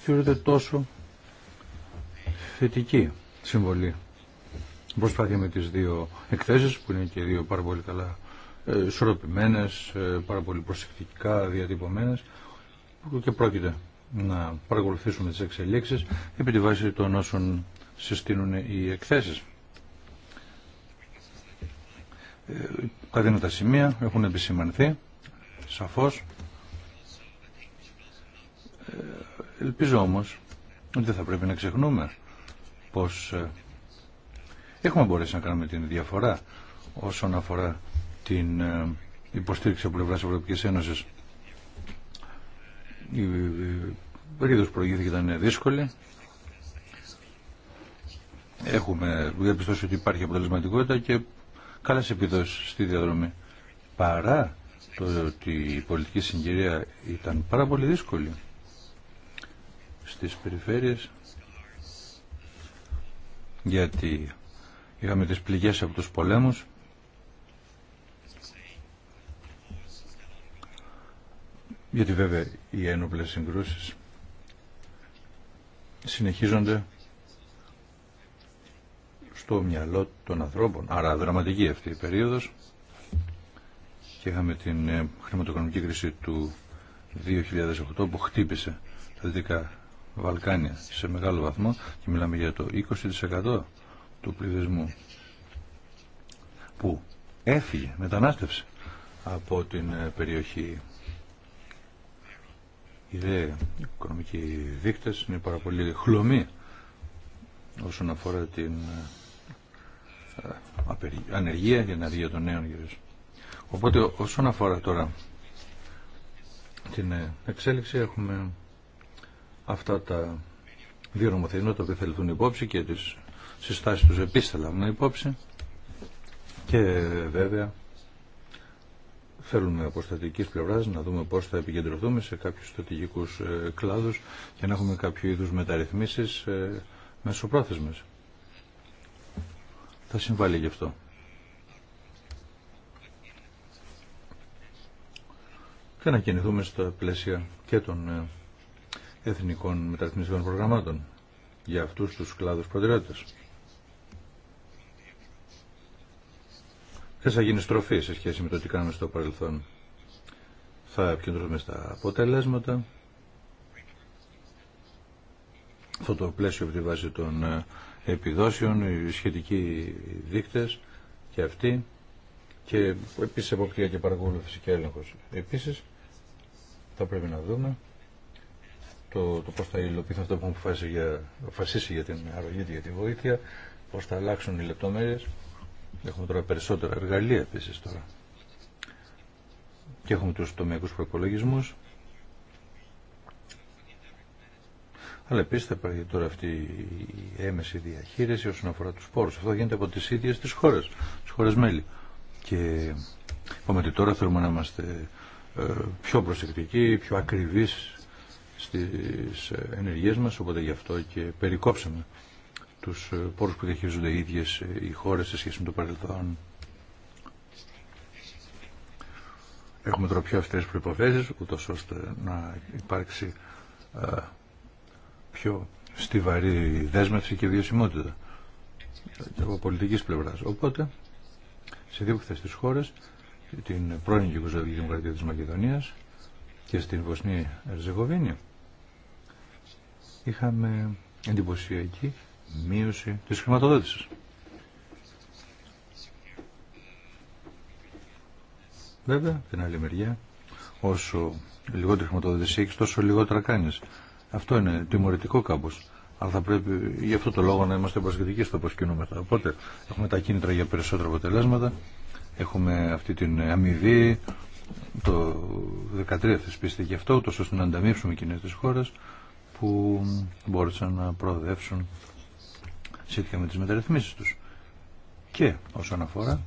θεωρείται τόσο θετική συμβολή. Προσπάθεια με τις δύο εκθέσεις που είναι και δύο πάρα πολύ καλά ε, ε πάρα πολύ προσεκτικά διατυπωμένες και πρόκειται να παρακολουθήσουμε τις εξελίξεις επί τη βάση των όσων συστήνουν οι εκθέσεις. Κάτι ε, τα σημεία έχουν επισημανθεί, σαφώς. Ε, ελπίζω όμως ότι δεν θα πρέπει να ξεχνούμε πως ε, έχουμε μπορέσει να κάνουμε την διαφορά όσον αφορά την υποστήριξη από πλευρά Ευρωπαϊκή Ένωση. Η περίοδο που προηγήθηκε ήταν δύσκολη έχουμε διαπιστώσει ότι υπάρχει αποτελεσματικότητα και καλές επιδόσεις στη διαδρομή. Παρά το ότι η πολιτική συγκυρία ήταν πάρα πολύ δύσκολη στις περιφέρειες γιατί είχαμε τις πληγές από τους πολέμους γιατί βέβαια οι ένοπλες συγκρούσεις συνεχίζονται στο μυαλό των ανθρώπων. Άρα δραματική αυτή η περίοδος και είχαμε την ε, χρηματοοικονομική κρίση του 2008 που χτύπησε τα Δυτικά Βαλκάνια σε μεγάλο βαθμό και μιλάμε για το 20% του πληθυσμού που έφυγε, μετανάστευσε από την ε, περιοχή. Οι δε οικονομικοί είναι πάρα πολύ χλωμοί όσον αφορά την ε, ανεργία και να των νέων γύρω Οπότε όσον αφορά τώρα την ε, εξέλιξη έχουμε αυτά τα δύο νομοθετήματα που οποία υπόψη και τις συστάσεις τους επίσης θα υπόψη και βέβαια θέλουμε από στατικής πλευράς να δούμε πώς θα επικεντρωθούμε σε κάποιους στρατηγικούς ε, κλάδους και να έχουμε κάποιο είδους μεταρρυθμίσεις ε, μεσοπρόθεσμες θα συμβάλλει γι' αυτό. Και να κινηθούμε στα πλαίσια και των ε, εθνικών μεταρρυθμιστικών προγραμμάτων για αυτούς τους κλάδους προτεραιότητας. Και θα γίνει στροφή σε σχέση με το τι κάνουμε στο παρελθόν. Θα επικεντρωθούμε στα αποτελέσματα. Αυτό το πλαίσιο από τη βάση των ε, επιδόσεων, οι σχετικοί δείκτες και αυτοί και επίσης εποπτεία και παρακολούθηση και έλεγχος. Επίσης θα πρέπει να δούμε το, το πώς θα υλοποιηθούν αυτό που έχουν αποφασίσει για, για την αρρωγή και για τη βοήθεια, πώς θα αλλάξουν οι λεπτομέρειες. Έχουμε τώρα περισσότερα εργαλεία επίσης τώρα. Και έχουμε τους τομιακούς προπολογισμού Αλλά επίση θα υπάρχει τώρα αυτή η έμεση διαχείριση όσον αφορά του πόρου. Αυτό γίνεται από τι ίδιε τι χώρε, τι χώρε μέλη. Και είπαμε ότι τώρα θέλουμε να είμαστε ε, πιο προσεκτικοί, πιο ακριβεί στι ε, ενεργέ μα. Οπότε γι' αυτό και περικόψαμε του ε, πόρου που διαχειρίζονται οι ίδιε οι χώρε σε σχέση με το παρελθόν. Έχουμε τώρα πιο αυστηρέ προποθέσει, ούτω ώστε να υπάρξει πιο στιβαρή δέσμευση και βιωσιμότητα από πολιτική πλευρά. Οπότε, σε δύο χθε τι χώρε, την πρώην Γιουγκοσλαβική Δημοκρατία τη Μακεδονία και στην Βοσνία Ερζεγοβίνη, είχαμε εντυπωσιακή μείωση της χρηματοδότηση. Βέβαια, την άλλη μεριά, όσο λιγότερη χρηματοδότηση έχει τόσο λιγότερα κάνει. Αυτό είναι τιμωρητικό κάπω. Αλλά θα πρέπει γι' αυτό το λόγο να είμαστε προσεκτικοί στο πώς κινούμεθα. Οπότε έχουμε τα κίνητρα για περισσότερα αποτελέσματα. Έχουμε αυτή την αμοιβή. Το 13 θεσπίστηκε αυτό, ούτως ώστε να ανταμείψουμε κοινές τις χώρες που μπόρεσαν να προοδεύσουν σχετικά με τις μεταρρυθμίσεις τους. Και όσον αφορά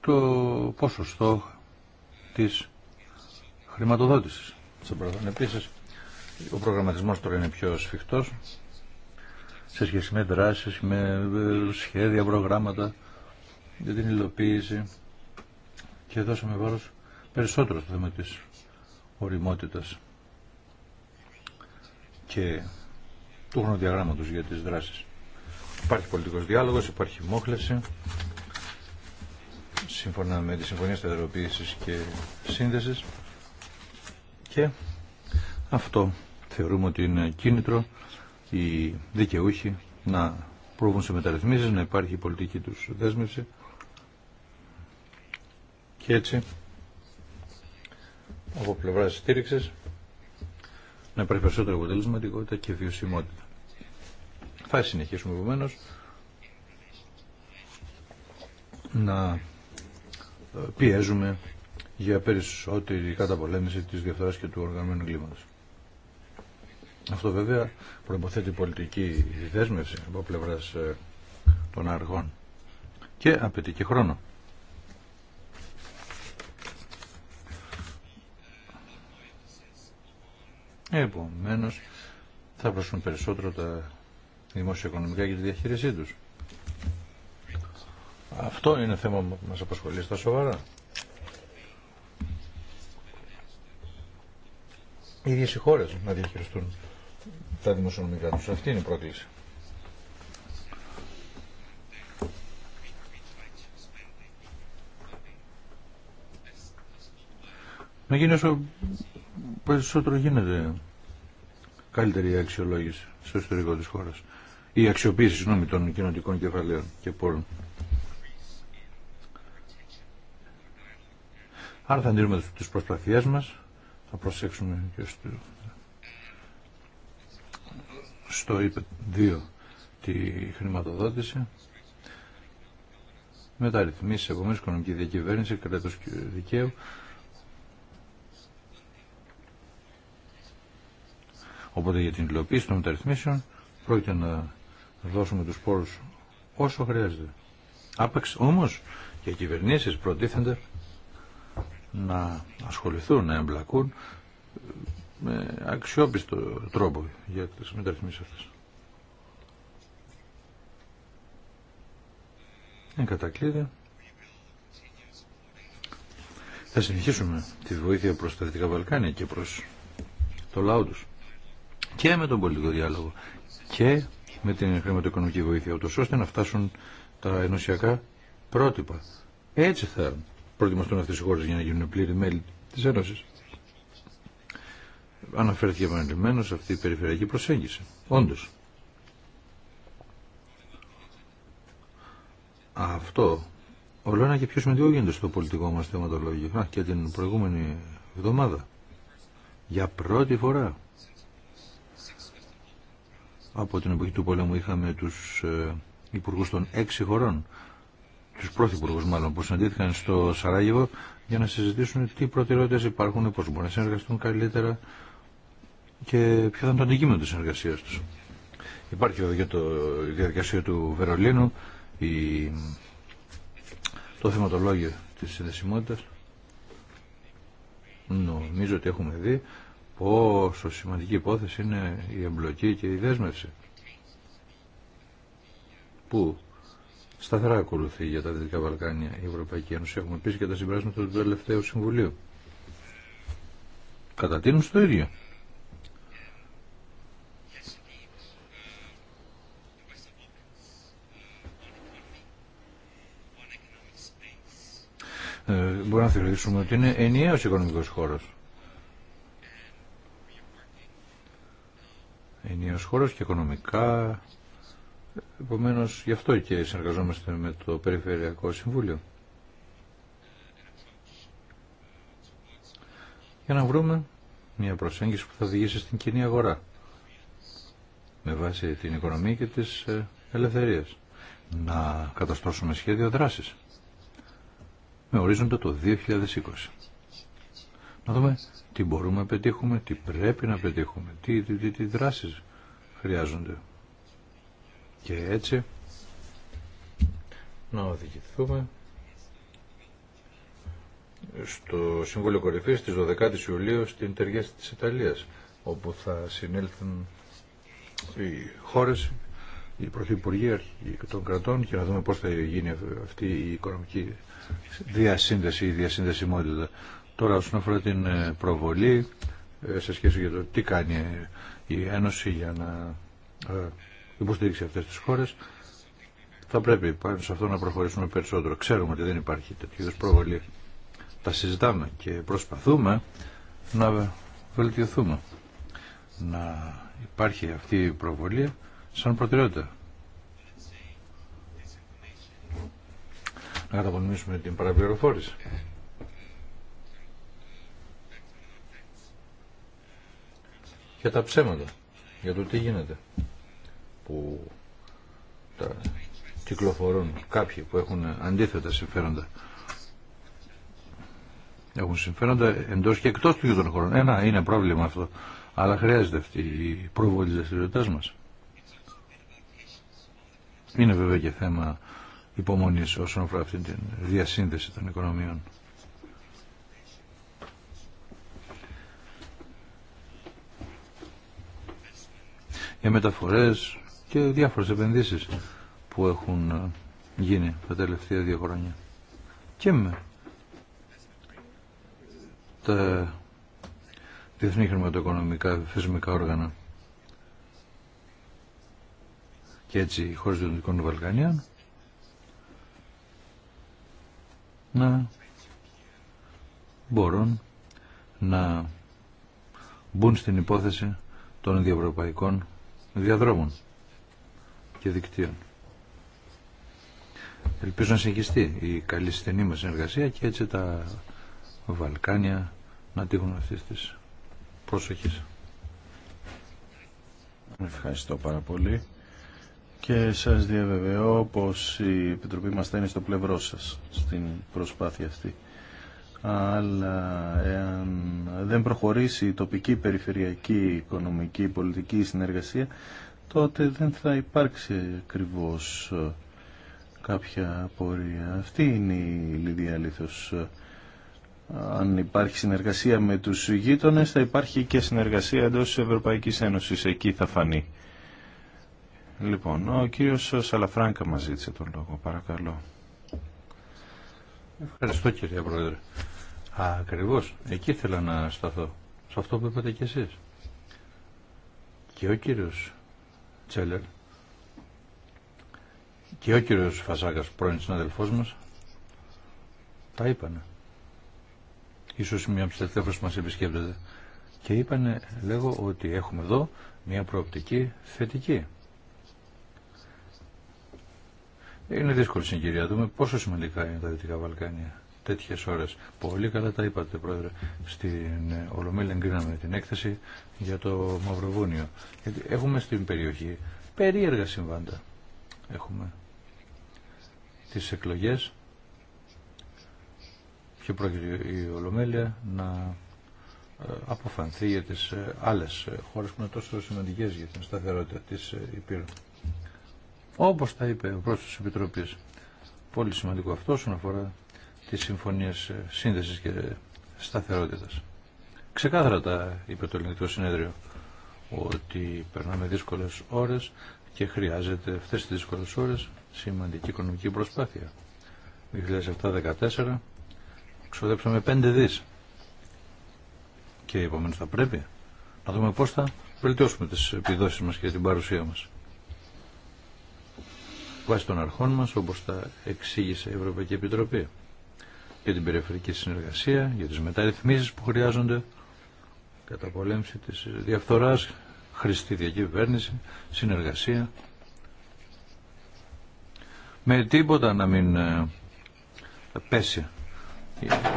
το ποσοστό της χρηματοδότησης στο παρελθόν. Επίση, ο προγραμματισμό τώρα είναι πιο σφιχτό σε σχέση με δράσει, με ε, σχέδια, προγράμματα για την υλοποίηση και δώσαμε βάρο περισσότερο στο θέμα τη οριμότητα και του χρονοδιαγράμματος για τις δράσεις. Υπάρχει πολιτικός διάλογος, υπάρχει μόχλευση, σύμφωνα με τη Συμφωνία Σταθεροποίησης και Σύνδεσης και αυτό θεωρούμε ότι είναι κίνητρο οι δικαιούχοι να προβούν σε μεταρρυθμίσεις, να υπάρχει η πολιτική τους δέσμευση και έτσι από πλευρά στήριξη να υπάρχει περισσότερη αποτελεσματικότητα και βιωσιμότητα. Θα συνεχίσουμε επομένω να ε, πιέζουμε για περισσότερη καταπολέμηση της διαφθορά και του οργανωμένου κλίματος. Αυτό βέβαια προποθέτει πολιτική δέσμευση από πλευρά ε, των αργών και απαιτεί και χρόνο. Επομένω θα προσφέρουν περισσότερο τα οικονομικά για τη διαχείρισή τους. Αυτό είναι θέμα που μα απασχολεί στα σοβαρά. οι ίδιες οι χώρες να διαχειριστούν τα δημοσιονομικά τους. Αυτή είναι η πρόκληση. Να γίνει όσο περισσότερο γίνεται καλύτερη η αξιολόγηση στο ιστορικό της χώρας. Η αξιοποίηση, συγγνώμη, των κοινωνικών κεφαλαίων και πόρων. Άρα θα αντίρρουμε τις προσπαθίες μας θα προσέξουμε και στο, στο 2 τη χρηματοδότηση Μεταρρυθμίσει επομένω οικονομική διακυβέρνηση, κράτος δικαίου. Οπότε για την υλοποίηση των μεταρρυθμίσεων πρόκειται να δώσουμε του πόρου όσο χρειάζεται. Άπαξ Όμω και κυβερνήσει κυβερνήσεις προτίθενται να ασχοληθούν, να εμπλακούν με αξιόπιστο τρόπο για τις μεταρρυθμίσεις αυτές. Εν κατακλείδη, θα συνεχίσουμε τη βοήθεια προς τα Δυτικά Βαλκάνια και προς το λαό τους. Και με τον πολιτικό διάλογο και με την χρηματοοικονομική βοήθεια, ούτως ώστε να φτάσουν τα ενωσιακά πρότυπα. Έτσι θα προετοιμαστούν αυτές οι χώρες για να γίνουν πλήρη μέλη της Ένωσης. Αναφέρθηκε σε αυτή η περιφερειακή προσέγγιση. Όντως. Αυτό όλο ένα και πιο σημαντικό γίνεται στο πολιτικό μας θεματολόγιο. Α, και την προηγούμενη εβδομάδα. Για πρώτη φορά. Από την εποχή του πολέμου είχαμε τους ε, υπουργούς των έξι χωρών τους πρωθυπουργού μάλλον που συναντήθηκαν στο Σαράγεβο για να συζητήσουν τι προτεραιότητες υπάρχουν, πώ μπορούν να συνεργαστούν καλύτερα και ποιο θα είναι το αντικείμενο τη συνεργασία του. Υπάρχει βέβαια το, διαδικασία του Βερολίνου, η, το θεματολόγιο τη συνδεσιμότητα. Νομίζω ότι έχουμε δει πόσο σημαντική υπόθεση είναι η εμπλοκή και η δέσμευση που σταθερά ακολουθεί για τα Δυτικά Βαλκάνια η Ευρωπαϊκή Ένωση. Έχουμε επίση και τα συμπράσματα του τελευταίου Συμβουλίου. Κατατείνουν στο ίδιο. Ε, μπορούμε να θεωρήσουμε ότι είναι ενιαίος οικονομικός χώρος. Ενιαίος χώρος και οικονομικά Επομένω, γι' αυτό και συνεργαζόμαστε με το Περιφερειακό Συμβούλιο. Για να βρούμε μια προσέγγιση που θα οδηγήσει στην κοινή αγορά με βάση την οικονομία και τις ε, ελευθερίες. Να καταστρώσουμε σχέδιο δράσης με ορίζοντα το 2020. Να δούμε τι μπορούμε να πετύχουμε, τι πρέπει να πετύχουμε, τι, τι, τι δράσεις χρειάζονται και έτσι να οδηγηθούμε στο Συμβούλιο Κορυφής της 12 η Ιουλίου στην Τεργέστη της Ιταλίας όπου θα συνέλθουν οι χώρες οι πρωθυπουργοί των κρατών και να δούμε πώς θα γίνει αυτή η οικονομική διασύνδεση ή διασυνδεσιμότητα. Τώρα όσον αφορά την ε, προβολή ε, σε σχέση με το τι κάνει η Ένωση για να ε, υποστήριξη αυτές τις χώρες, θα πρέπει πάνω σε αυτό να προχωρήσουμε περισσότερο. Ξέρουμε ότι δεν υπάρχει τέτοιου είδους προβολή. Τα συζητάμε και προσπαθούμε να βελτιωθούμε. Να υπάρχει αυτή η προβολή σαν προτεραιότητα. Να καταπονιμήσουμε την παραπληροφόρηση. Για τα ψέματα, για το τι γίνεται που τα κυκλοφορούν κάποιοι που έχουν αντίθετα συμφέροντα. Έχουν συμφέροντα εντός και εκτός του ίδιου των χωρών. Ένα ε, είναι πρόβλημα αυτό. Αλλά χρειάζεται αυτή η προβολή της δραστηριότητάς μας. Είναι βέβαια και θέμα υπομονής όσον αφορά αυτή τη διασύνδεση των οικονομιών. Για μεταφορές, και διάφορες επενδύσεις που έχουν ε, γίνει τα τελευταία δύο χρόνια. Και με τα διεθνή χρηματοοικονομικά θεσμικά όργανα. Και έτσι οι χώρες των Δυτικών Βαλκανίων να μπορούν να μπουν στην υπόθεση των διευρωπαϊκών διαδρόμων και δικτύων. Ελπίζω να συνεχιστεί η καλή στενή μας συνεργασία και έτσι τα Βαλκάνια να τύχουν αυτή τη πρόσοχη. Ευχαριστώ πάρα πολύ και σας διαβεβαιώ πως η Επιτροπή μας θα είναι στο πλευρό σας στην προσπάθεια αυτή. Αλλά εάν δεν προχωρήσει η τοπική περιφερειακή οικονομική πολιτική συνεργασία τότε δεν θα υπάρξει ακριβώ ε, κάποια απορία. Αυτή είναι η λιδία λίθος. Ε, αν υπάρχει συνεργασία με τους γείτονες θα υπάρχει και συνεργασία εντός της Ευρωπαϊκής Ένωσης. Εκεί θα φανεί. Λοιπόν, ο κύριος Σαλαφράνκα μας ζήτησε τον λόγο. Παρακαλώ. Ευχαριστώ κύριε Πρόεδρε. Ακριβώς. Εκεί ήθελα να σταθώ. Σε αυτό που είπατε κι εσείς. Και ο κύριος Τσέλερ και ο κύριος Φασάκας, πρώην συναδελφός μας, τα είπανε. Ίσως μια από τις που μας επισκέπτεται. Και είπανε, λέγω, ότι έχουμε εδώ μια προοπτική θετική. Είναι δύσκολη συγκυρία. Δούμε πόσο σημαντικά είναι τα Δυτικά Βαλκάνια. Τέτοιε ώρες. Πολύ καλά τα είπατε, Πρόεδρε. Στην Ολομέλεια εγκρίναμε την έκθεση για το Μαυροβούνιο. Γιατί έχουμε στην περιοχή περίεργα συμβάντα. Έχουμε τις εκλογές και πρόκειται η Ολομέλεια να ε, αποφανθεί για τις ε, άλλες χώρες που είναι τόσο σημαντικές για την σταθερότητα της ε, Υπήρου. Όπως τα είπε ο πρόεδρος Επιτροπής, πολύ σημαντικό αυτό όσον αφορά τη Συμφωνίας ε, Σύνδεσης και Σταθερότητας. Ξεκάθαρα τα είπε το Ελληνικό Συνέδριο ότι περνάμε δύσκολες ώρες και χρειάζεται αυτές τις δύσκολες ώρες σημαντική οικονομική προσπάθεια. 2007-2014 ξοδέψαμε 5 δις και επομένως θα πρέπει να δούμε πώς θα βελτιώσουμε τις επιδόσεις μας και την παρουσία μα Βάσει των αρχών μας όπω τα εξήγησε η Ευρωπαϊκή Επιτροπή για την περιφερειακή συνεργασία, για τις μεταρρυθμίσεις που χρειάζονται, καταπολέμηση της διαφθοράς, χρηστή διακυβέρνηση, συνεργασία. Με τίποτα να μην ε, πέσει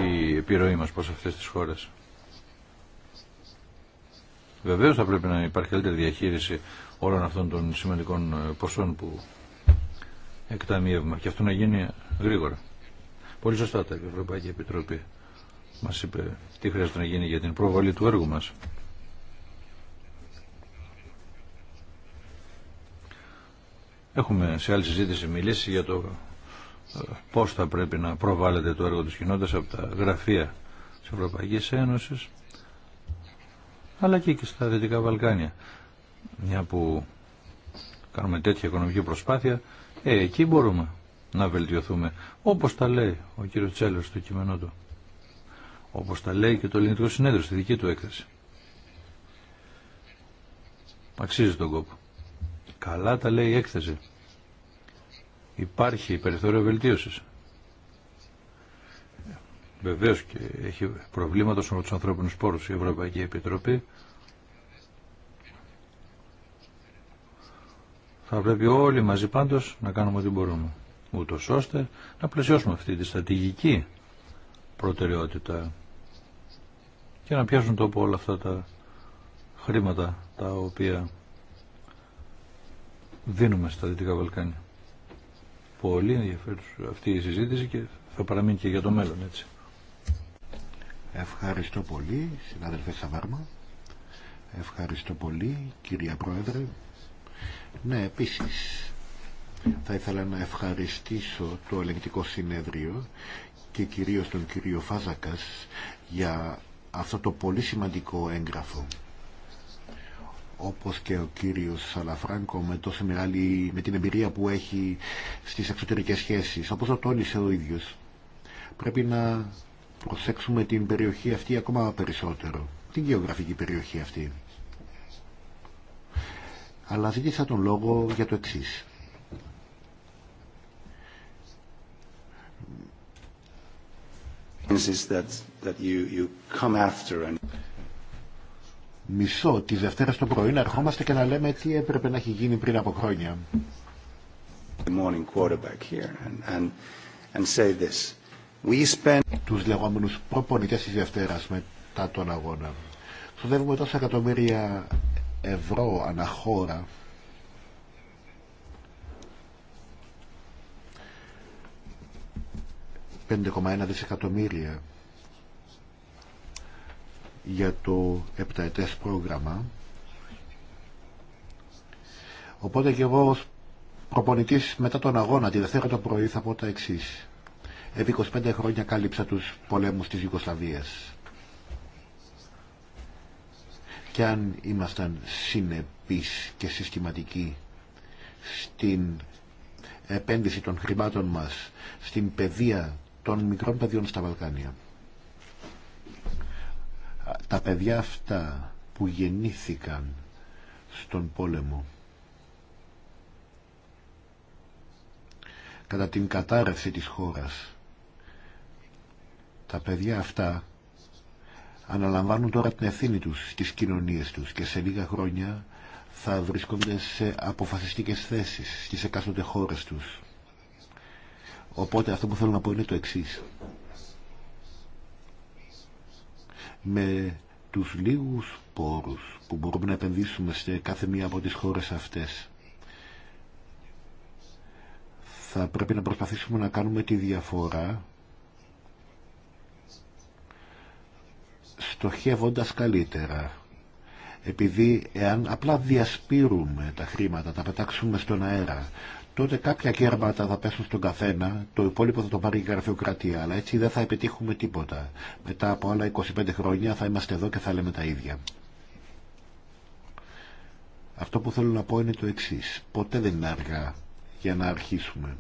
η επιρροή μας προς αυτές τις χώρες. Βεβαίως θα πρέπει να υπάρχει καλύτερη διαχείριση όλων αυτών των σημαντικών ε, ποσών που εκταμιεύουμε και αυτό να γίνει γρήγορα. Πολύ σωστά τα είπε η Ευρωπαϊκή Επιτροπή. Μας είπε τι χρειάζεται να γίνει για την προβολή του έργου μας. Έχουμε σε άλλη συζήτηση μιλήσει για το ε, πώς θα πρέπει να προβάλλεται το έργο τη κοινότητα από τα γραφεία τη Ευρωπαϊκή Ένωση, αλλά και, και στα Δυτικά Βαλκάνια. Μια που κάνουμε τέτοια οικονομική προσπάθεια, ε, εκεί μπορούμε να βελτιωθούμε. Όπως τα λέει ο κύριος Τσέλος στο κείμενό του. Όπως τα λέει και το ελληνικό συνέδριο στη δική του έκθεση. Αξίζει τον κόπο. Καλά τα λέει η έκθεση. Υπάρχει περιθώριο βελτίωσης. Βεβαίως και έχει προβλήματα με τους ανθρώπινους πόρους η Ευρωπαϊκή Επιτροπή. Θα πρέπει όλοι μαζί πάντως να κάνουμε ό,τι μπορούμε ούτω ώστε να πλαισιώσουμε αυτή τη στρατηγική προτεραιότητα και να πιάσουν τόπο όλα αυτά τα χρήματα τα οποία δίνουμε στα Δυτικά Βαλκάνια. Πολύ ενδιαφέρουσα αυτή η συζήτηση και θα παραμείνει και για το μέλλον έτσι. Ευχαριστώ πολύ, συνάδελφε Σαβάρμα. Ευχαριστώ πολύ, κυρία Πρόεδρε. Ναι, επίσης, θα ήθελα να ευχαριστήσω το ελεγκτικό συνέδριο και κυρίως τον κύριο Φάζακας για αυτό το πολύ σημαντικό έγγραφο. Όπως και ο κύριος Σαλαφράνκο με, τόσο μεγάλη, με την εμπειρία που έχει στις εξωτερικές σχέσεις, όπως το τόνισε ο ίδιος, πρέπει να προσέξουμε την περιοχή αυτή ακόμα περισσότερο, την γεωγραφική περιοχή αυτή. Αλλά ζήτησα τον λόγο για το εξής. Μισό τη Δευτέρα το πρωί να ερχόμαστε και να λέμε τι έπρεπε να έχει γίνει πριν από χρόνια. Τους λεγόμενους προπονητές της Δευτέρας μετά τον αγώνα. Σοδεύουμε τόσα εκατομμύρια ευρώ αναχώρα 5,1 δισεκατομμύρια για το επταετές πρόγραμμα. Οπότε και εγώ ως προπονητής μετά τον αγώνα τη Δευτέρα το πρωί θα πω τα εξή. Επί 25 χρόνια κάλυψα τους πολέμους της Ιουγκοσλαβίας. Και αν ήμασταν συνεπείς και συστηματικοί στην επένδυση των χρημάτων μας στην παιδεία των μικρών παιδιών στα Βαλκάνια. Τα παιδιά αυτά που γεννήθηκαν στον πόλεμο κατά την κατάρρευση της χώρας τα παιδιά αυτά αναλαμβάνουν τώρα την ευθύνη τους στις κοινωνίες τους και σε λίγα χρόνια θα βρίσκονται σε αποφασιστικές θέσεις στις εκάστοτε χώρες τους Οπότε αυτό που θέλω να πω είναι το εξή. Με τους λίγους πόρους που μπορούμε να επενδύσουμε σε κάθε μία από τις χώρες αυτές θα πρέπει να προσπαθήσουμε να κάνουμε τη διαφορά στοχεύοντας καλύτερα επειδή εάν απλά διασπείρουμε τα χρήματα, τα πετάξουμε στον αέρα τότε κάποια κέρματα θα πέσουν στον καθένα, το υπόλοιπο θα το πάρει η γραφειοκρατία, αλλά έτσι δεν θα επιτύχουμε τίποτα. Μετά από άλλα 25 χρόνια θα είμαστε εδώ και θα λέμε τα ίδια. Αυτό που θέλω να πω είναι το εξής. Ποτέ δεν είναι αργά για να αρχίσουμε.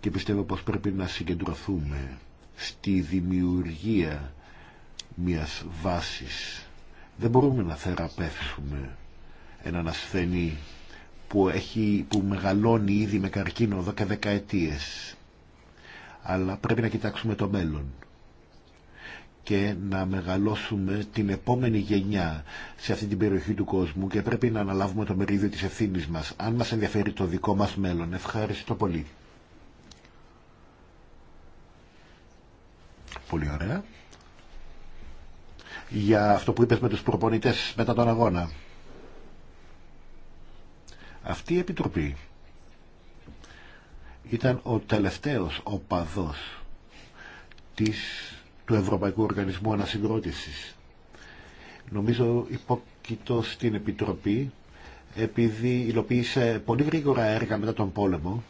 Και πιστεύω πως πρέπει να συγκεντρωθούμε στη δημιουργία μιας βάσης. Δεν μπορούμε να θεραπεύσουμε έναν ασθενή που, έχει, που μεγαλώνει ήδη με καρκίνο εδώ και δεκαετίες. Αλλά πρέπει να κοιτάξουμε το μέλλον και να μεγαλώσουμε την επόμενη γενιά σε αυτή την περιοχή του κόσμου και πρέπει να αναλάβουμε το μερίδιο της ευθύνης μας, αν μας ενδιαφέρει το δικό μας μέλλον. Ευχαριστώ πολύ. Πολύ ωραία. Για αυτό που είπες με τους προπονητές μετά τον αγώνα. Αυτή η Επιτροπή ήταν ο τελευταίος οπαδός της, του Ευρωπαϊκού Οργανισμού Ανασυγκρότησης. Νομίζω υπόκειτο στην Επιτροπή επειδή υλοποίησε πολύ γρήγορα έργα μετά τον πόλεμο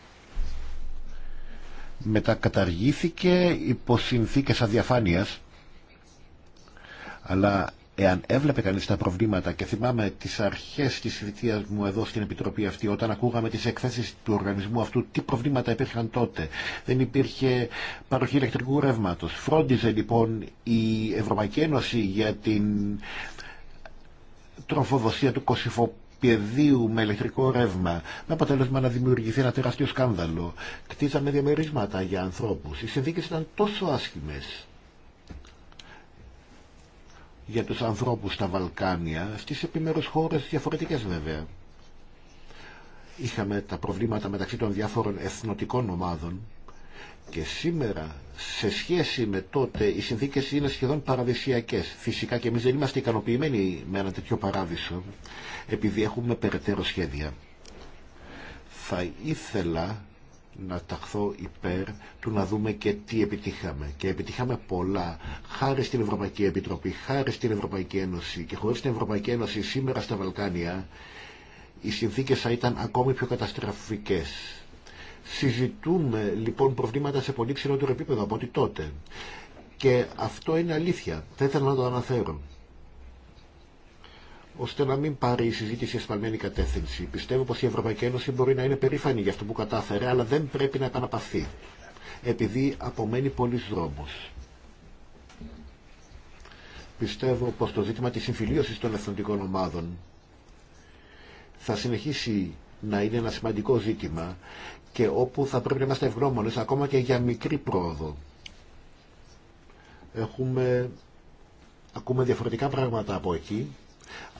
μετακαταργήθηκε υπό συνθήκες αδιαφάνειας αλλά Εάν έβλεπε κανείς τα προβλήματα και θυμάμαι τις αρχές της θητείας μου εδώ στην Επιτροπή αυτή όταν ακούγαμε τις εκθέσεις του οργανισμού αυτού τι προβλήματα υπήρχαν τότε. Δεν υπήρχε παροχή ηλεκτρικού ρεύματος. Φρόντιζε λοιπόν η Ευρωπαϊκή Ένωση για την τροφοδοσία του Κωσυφοπαίδου με ηλεκτρικό ρεύμα, με αποτέλεσμα να δημιουργηθεί ένα τεράστιο σκάνδαλο. κτίζαμε διαμερίσματα για ανθρώπους. Οι συνθήκε ήταν τόσο άσχημε για τους ανθρώπους στα Βαλκάνια, στις επιμέρους χώρες διαφορετικές βέβαια. Είχαμε τα προβλήματα μεταξύ των διάφορων εθνοτικών ομάδων και σήμερα σε σχέση με τότε οι συνθήκες είναι σχεδόν παραδεισιακές Φυσικά και εμείς δεν είμαστε ικανοποιημένοι με ένα τέτοιο παράδεισο επειδή έχουμε περαιτέρω σχέδια. Θα ήθελα να ταχθώ υπέρ του να δούμε και τι επιτύχαμε. Και επιτύχαμε πολλά. Χάρη στην Ευρωπαϊκή Επιτροπή, χάρη στην Ευρωπαϊκή Ένωση και χωρίς την Ευρωπαϊκή Ένωση σήμερα στα Βαλκάνια οι συνθήκες θα ήταν ακόμη πιο καταστραφικές. Συζητούμε λοιπόν προβλήματα σε πολύ ψηλότερο επίπεδο από ό,τι τότε. Και αυτό είναι αλήθεια. Θα ήθελα να το αναφέρω ώστε να μην πάρει η συζήτηση εσφαλμένη κατεύθυνση. Πιστεύω πως η Ευρωπαϊκή Ένωση μπορεί να είναι περήφανη για αυτό που κατάφερε, αλλά δεν πρέπει να επαναπαθεί, επειδή απομένει πολλή δρόμο. Πιστεύω πως το ζήτημα της συμφιλίωσης των εθνικών ομάδων θα συνεχίσει να είναι ένα σημαντικό ζήτημα και όπου θα πρέπει να είμαστε ευγνώμονες ακόμα και για μικρή πρόοδο. Έχουμε, ακούμε διαφορετικά πράγματα από εκεί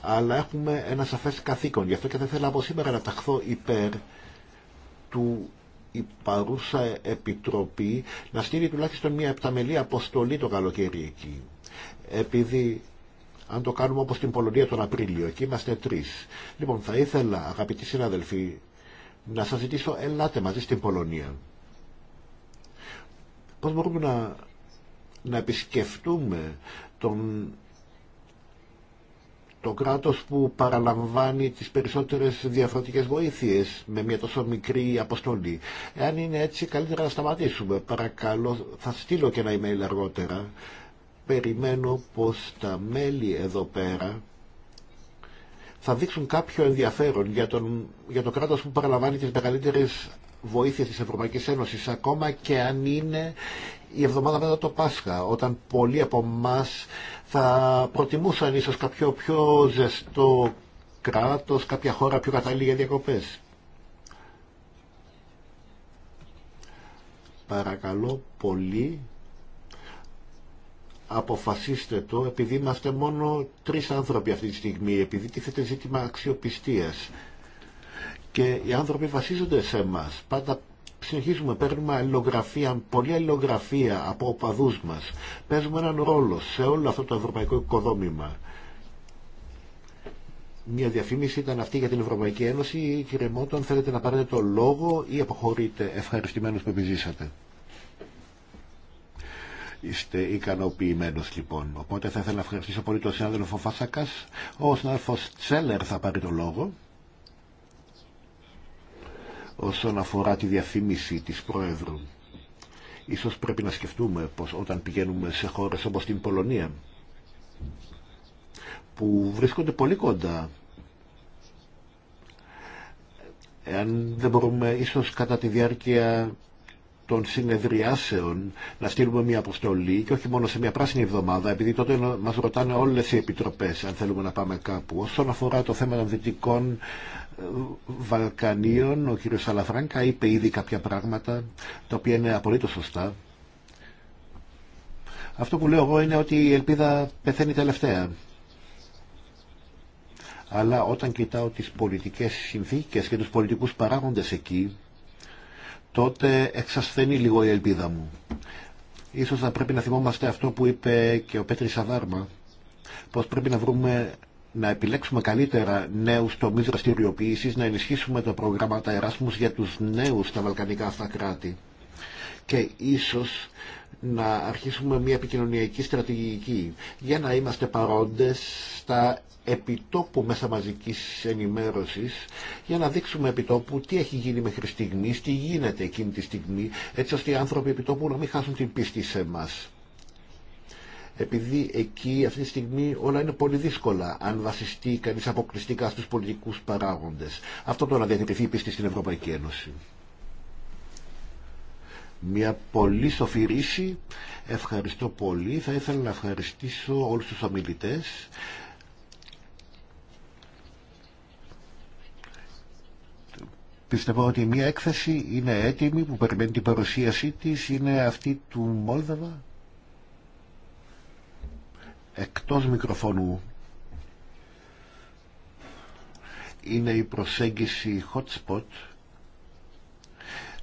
αλλά έχουμε ένα σαφές καθήκον. Γι' αυτό και θα ήθελα από σήμερα να ταχθώ υπέρ του η παρούσα επιτροπή να στείλει τουλάχιστον μια επταμελή αποστολή το καλοκαίρι εκεί. Επειδή αν το κάνουμε όπως στην Πολωνία τον Απρίλιο, εκεί είμαστε τρεις. Λοιπόν, θα ήθελα αγαπητοί συναδελφοί να σας ζητήσω ελάτε μαζί στην Πολωνία. Πώς μπορούμε να, να επισκεφτούμε τον το κράτος που παραλαμβάνει τις περισσότερες διαφορετικές βοήθειες με μια τόσο μικρή αποστολή. Εάν είναι έτσι καλύτερα να σταματήσουμε. Παρακαλώ, θα στείλω και ένα email αργότερα. Περιμένω πως τα μέλη εδώ πέρα θα δείξουν κάποιο ενδιαφέρον για, τον, για το κράτος που παραλαμβάνει τις μεγαλύτερες βοήθειες της Ευρωπαϊκής Ένωσης ακόμα και αν είναι η εβδομάδα μετά το Πάσχα, όταν πολλοί από εμά θα προτιμούσαν ίσως κάποιο πιο ζεστό κράτος, κάποια χώρα πιο κατάλληλη για διακοπές. Παρακαλώ πολύ αποφασίστε το επειδή είμαστε μόνο τρεις άνθρωποι αυτή τη στιγμή επειδή τίθεται ζήτημα αξιοπιστίας και οι άνθρωποι βασίζονται σε εμά. Πάντα συνεχίζουμε, παίρνουμε αλληλογραφία, πολλή αλληλογραφία από οπαδούς μας. Παίζουμε έναν ρόλο σε όλο αυτό το ευρωπαϊκό οικοδόμημα. Μια διαφήμιση ήταν αυτή για την Ευρωπαϊκή Ένωση. Κύριε Μότον, θέλετε να πάρετε το λόγο ή αποχωρείτε ευχαριστημένος που επιζήσατε. Είστε ικανοποιημένο λοιπόν. Οπότε θα ήθελα να ευχαριστήσω πολύ τον συνάδελφο Φάσακα. Ο συνάδελφο Τσέλερ θα πάρει το λόγο όσον αφορά τη διαφήμιση της Πρόεδρου. Ίσως πρέπει να σκεφτούμε πως όταν πηγαίνουμε σε χώρες όπως την Πολωνία που βρίσκονται πολύ κοντά εάν δεν μπορούμε ίσως κατά τη διάρκεια των συνεδριάσεων να στείλουμε μια αποστολή και όχι μόνο σε μια πράσινη εβδομάδα, επειδή τότε μας ρωτάνε όλες οι επιτροπές αν θέλουμε να πάμε κάπου. Όσον αφορά το θέμα των δυτικών Βαλκανίων, ο κύριος Αλαφράνκα είπε ήδη κάποια πράγματα τα οποία είναι απολύτως σωστά. Αυτό που λέω εγώ είναι ότι η ελπίδα πεθαίνει τελευταία. Αλλά όταν κοιτάω τις πολιτικές συνθήκες και τους πολιτικούς παράγοντες εκεί, τότε εξασθενεί λίγο η ελπίδα μου. Ίσως θα πρέπει να θυμόμαστε αυτό που είπε και ο Πέτρης Αδάρμα, πως πρέπει να βρούμε να επιλέξουμε καλύτερα νέους τομείς δραστηριοποίησης, να ενισχύσουμε τα προγράμματα Εράσμους για τους νέους στα Βαλκανικά αυτά κράτη και ίσως να αρχίσουμε μια επικοινωνιακή στρατηγική για να είμαστε παρόντες στα επιτόπου μέσα μαζικής ενημέρωσης για να δείξουμε επιτόπου τι έχει γίνει μέχρι στιγμή, τι γίνεται εκείνη τη στιγμή έτσι ώστε οι άνθρωποι επιτόπου να μην χάσουν την πίστη σε εμάς επειδή εκεί αυτή τη στιγμή όλα είναι πολύ δύσκολα αν βασιστεί κανείς αποκλειστικά στους πολιτικούς παράγοντες. Αυτό το να διατηρηθεί η πίστη στην Ευρωπαϊκή Ένωση. Μια πολύ σοφή ρίση. Ευχαριστώ πολύ. Θα ήθελα να ευχαριστήσω όλους τους ομιλητές. Πιστεύω ότι μια έκθεση είναι έτοιμη που περιμένει την παρουσίασή της. Είναι αυτή του Μόλδαβα εκτός μικροφωνού είναι η προσέγγιση hotspot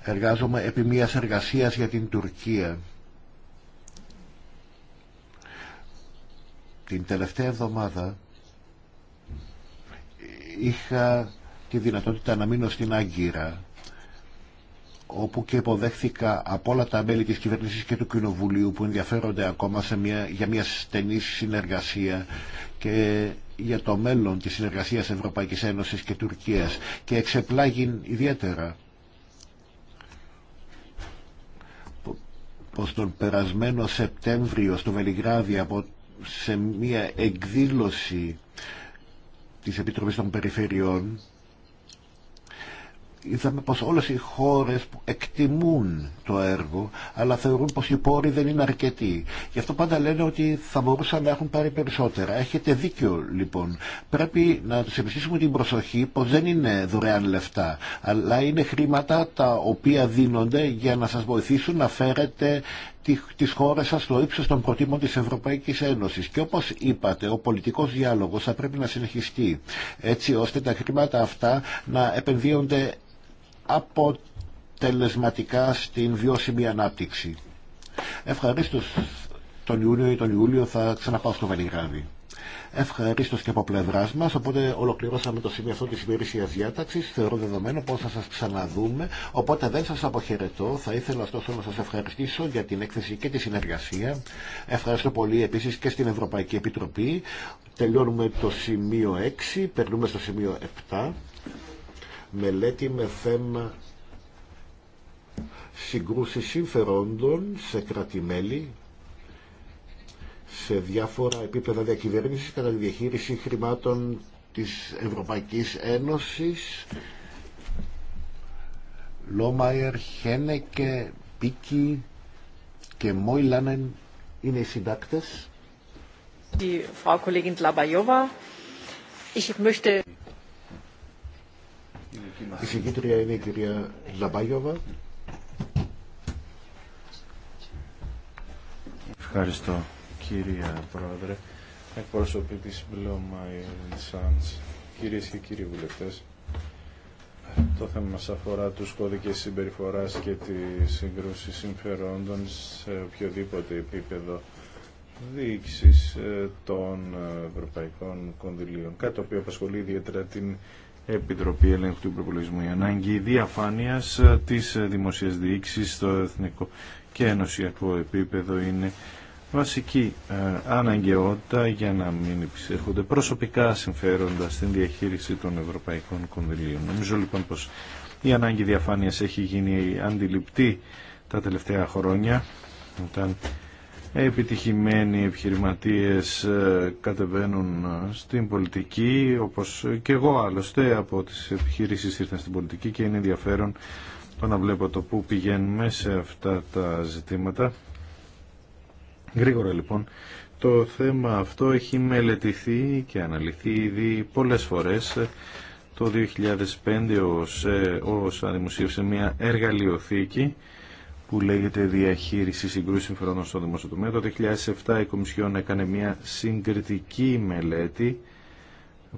εργάζομαι επί μιας εργασίας για την Τουρκία την τελευταία εβδομάδα είχα τη δυνατότητα να μείνω στην Άγκυρα όπου και υποδέχθηκα από όλα τα μέλη της κυβέρνησης και του Κοινοβουλίου που ενδιαφέρονται ακόμα σε μια, για μια στενή συνεργασία και για το μέλλον της συνεργασίας Ευρωπαϊκής Ένωσης και Τουρκίας και εξεπλάγει ιδιαίτερα πως τον περασμένο Σεπτέμβριο στο Βελιγράδι από, σε μια εκδήλωση της Επιτροπής των Περιφερειών είδαμε πως όλες οι χώρες που εκτιμούν το έργο αλλά θεωρούν πως οι πόροι δεν είναι αρκετοί. Γι' αυτό πάντα λένε ότι θα μπορούσαν να έχουν πάρει περισσότερα. Έχετε δίκιο λοιπόν. Πρέπει να τους επιστήσουμε την προσοχή πως δεν είναι δωρεάν λεφτά αλλά είναι χρήματα τα οποία δίνονται για να σας βοηθήσουν να φέρετε τις χώρες σας στο ύψος των προτύπων της Ευρωπαϊκής Ένωσης. Και όπως είπατε, ο πολιτικός διάλογος θα πρέπει να συνεχιστεί, έτσι ώστε τα χρήματα αυτά να επενδύονται αποτελεσματικά στην βιώσιμη ανάπτυξη. Ευχαρίστω τον Ιούνιο ή τον Ιούλιο θα ξαναπάω στο Βελιγράδι. Ευχαρίστω και από πλευρά μα, οπότε ολοκληρώσαμε το σημείο αυτό τη υπηρεσία διάταξη. Θεωρώ δεδομένο πω θα σα ξαναδούμε, οπότε δεν σα αποχαιρετώ. Θα ήθελα ωστόσο να σα ευχαριστήσω για την έκθεση και τη συνεργασία. Ευχαριστώ πολύ επίση και στην Ευρωπαϊκή Επιτροπή. Τελειώνουμε το σημείο 6, περνούμε στο σημείο 7 μελέτη με θέμα συγκρούσει συμφερόντων σε κρατημέλη σε διάφορα επίπεδα διακυβέρνησης κατά τη διαχείριση χρημάτων της Ευρωπαϊκής Ένωσης Λόμαϊερ, Χένεκε, Πίκη και Μόιλανεν είναι οι συντάκτες. Die Frau Kollegin η συγκήτρια είναι η κυρία Λαμπάγιοβα. Ευχαριστώ κυρία Πρόεδρε. Εκπρόσωπη της Bloma Sands, κυρίες και κύριοι βουλευτές, το θέμα μας αφορά τους κώδικες συμπεριφοράς και τη συγκρούση συμφερόντων σε οποιοδήποτε επίπεδο διοίκησης ε, των ε, ευρωπαϊκών κονδυλίων, κάτι το οποίο απασχολεί ιδιαίτερα την Επιτροπή Ελέγχου του Προπολογισμού. Η ανάγκη διαφάνειας ε, της ε, δημοσίας διοίκησης στο εθνικό και ενωσιακό επίπεδο είναι βασική ε, αναγκαιότητα για να μην υπησέρχονται προσωπικά συμφέροντα στην διαχείριση των ευρωπαϊκών κονδυλίων. Νομίζω λοιπόν πως η ανάγκη διαφάνειας έχει γίνει αντιληπτή τα τελευταία χρόνια όταν επιτυχημένοι επιχειρηματίες ε, κατεβαίνουν ε, στην πολιτική όπως και εγώ άλλωστε από τις επιχειρήσεις ήρθαν στην πολιτική και είναι ενδιαφέρον το να βλέπω το που πηγαίνουμε σε αυτά τα ζητήματα γρήγορα λοιπόν το θέμα αυτό έχει μελετηθεί και αναλυθεί ήδη πολλές φορές ε, το 2005 ο ως δημοσίευσε μια εργαλειοθήκη που λέγεται Διαχείριση Συγκρούσεων Συμφερόντων στο Δημόσιο Τομέα. Το 2007 η Κομισιόν έκανε μια συγκριτική μελέτη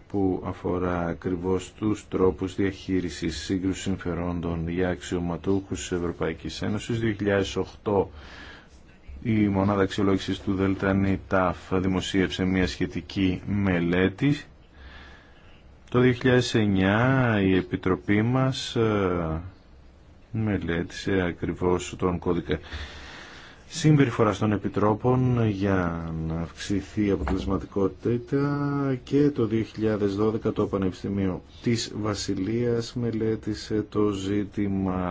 που αφορά ακριβώς τους τρόπους διαχείρισης σύγκρουσης συμφερόντων για αξιωματούχους της Ευρωπαϊκής Ένωσης. 2008 η μονάδα αξιολόγησης του ΔΕΛΤΑΝΗ ΤΑΦ δημοσίευσε μια σχετική μελέτη. Το 2009 η Επιτροπή μας ε, μελέτησε ακριβώς τον κώδικα συμπεριφορά των επιτρόπων για να αυξηθεί η αποτελεσματικότητα και το 2012 το Πανεπιστημίο της Βασιλείας μελέτησε το ζήτημα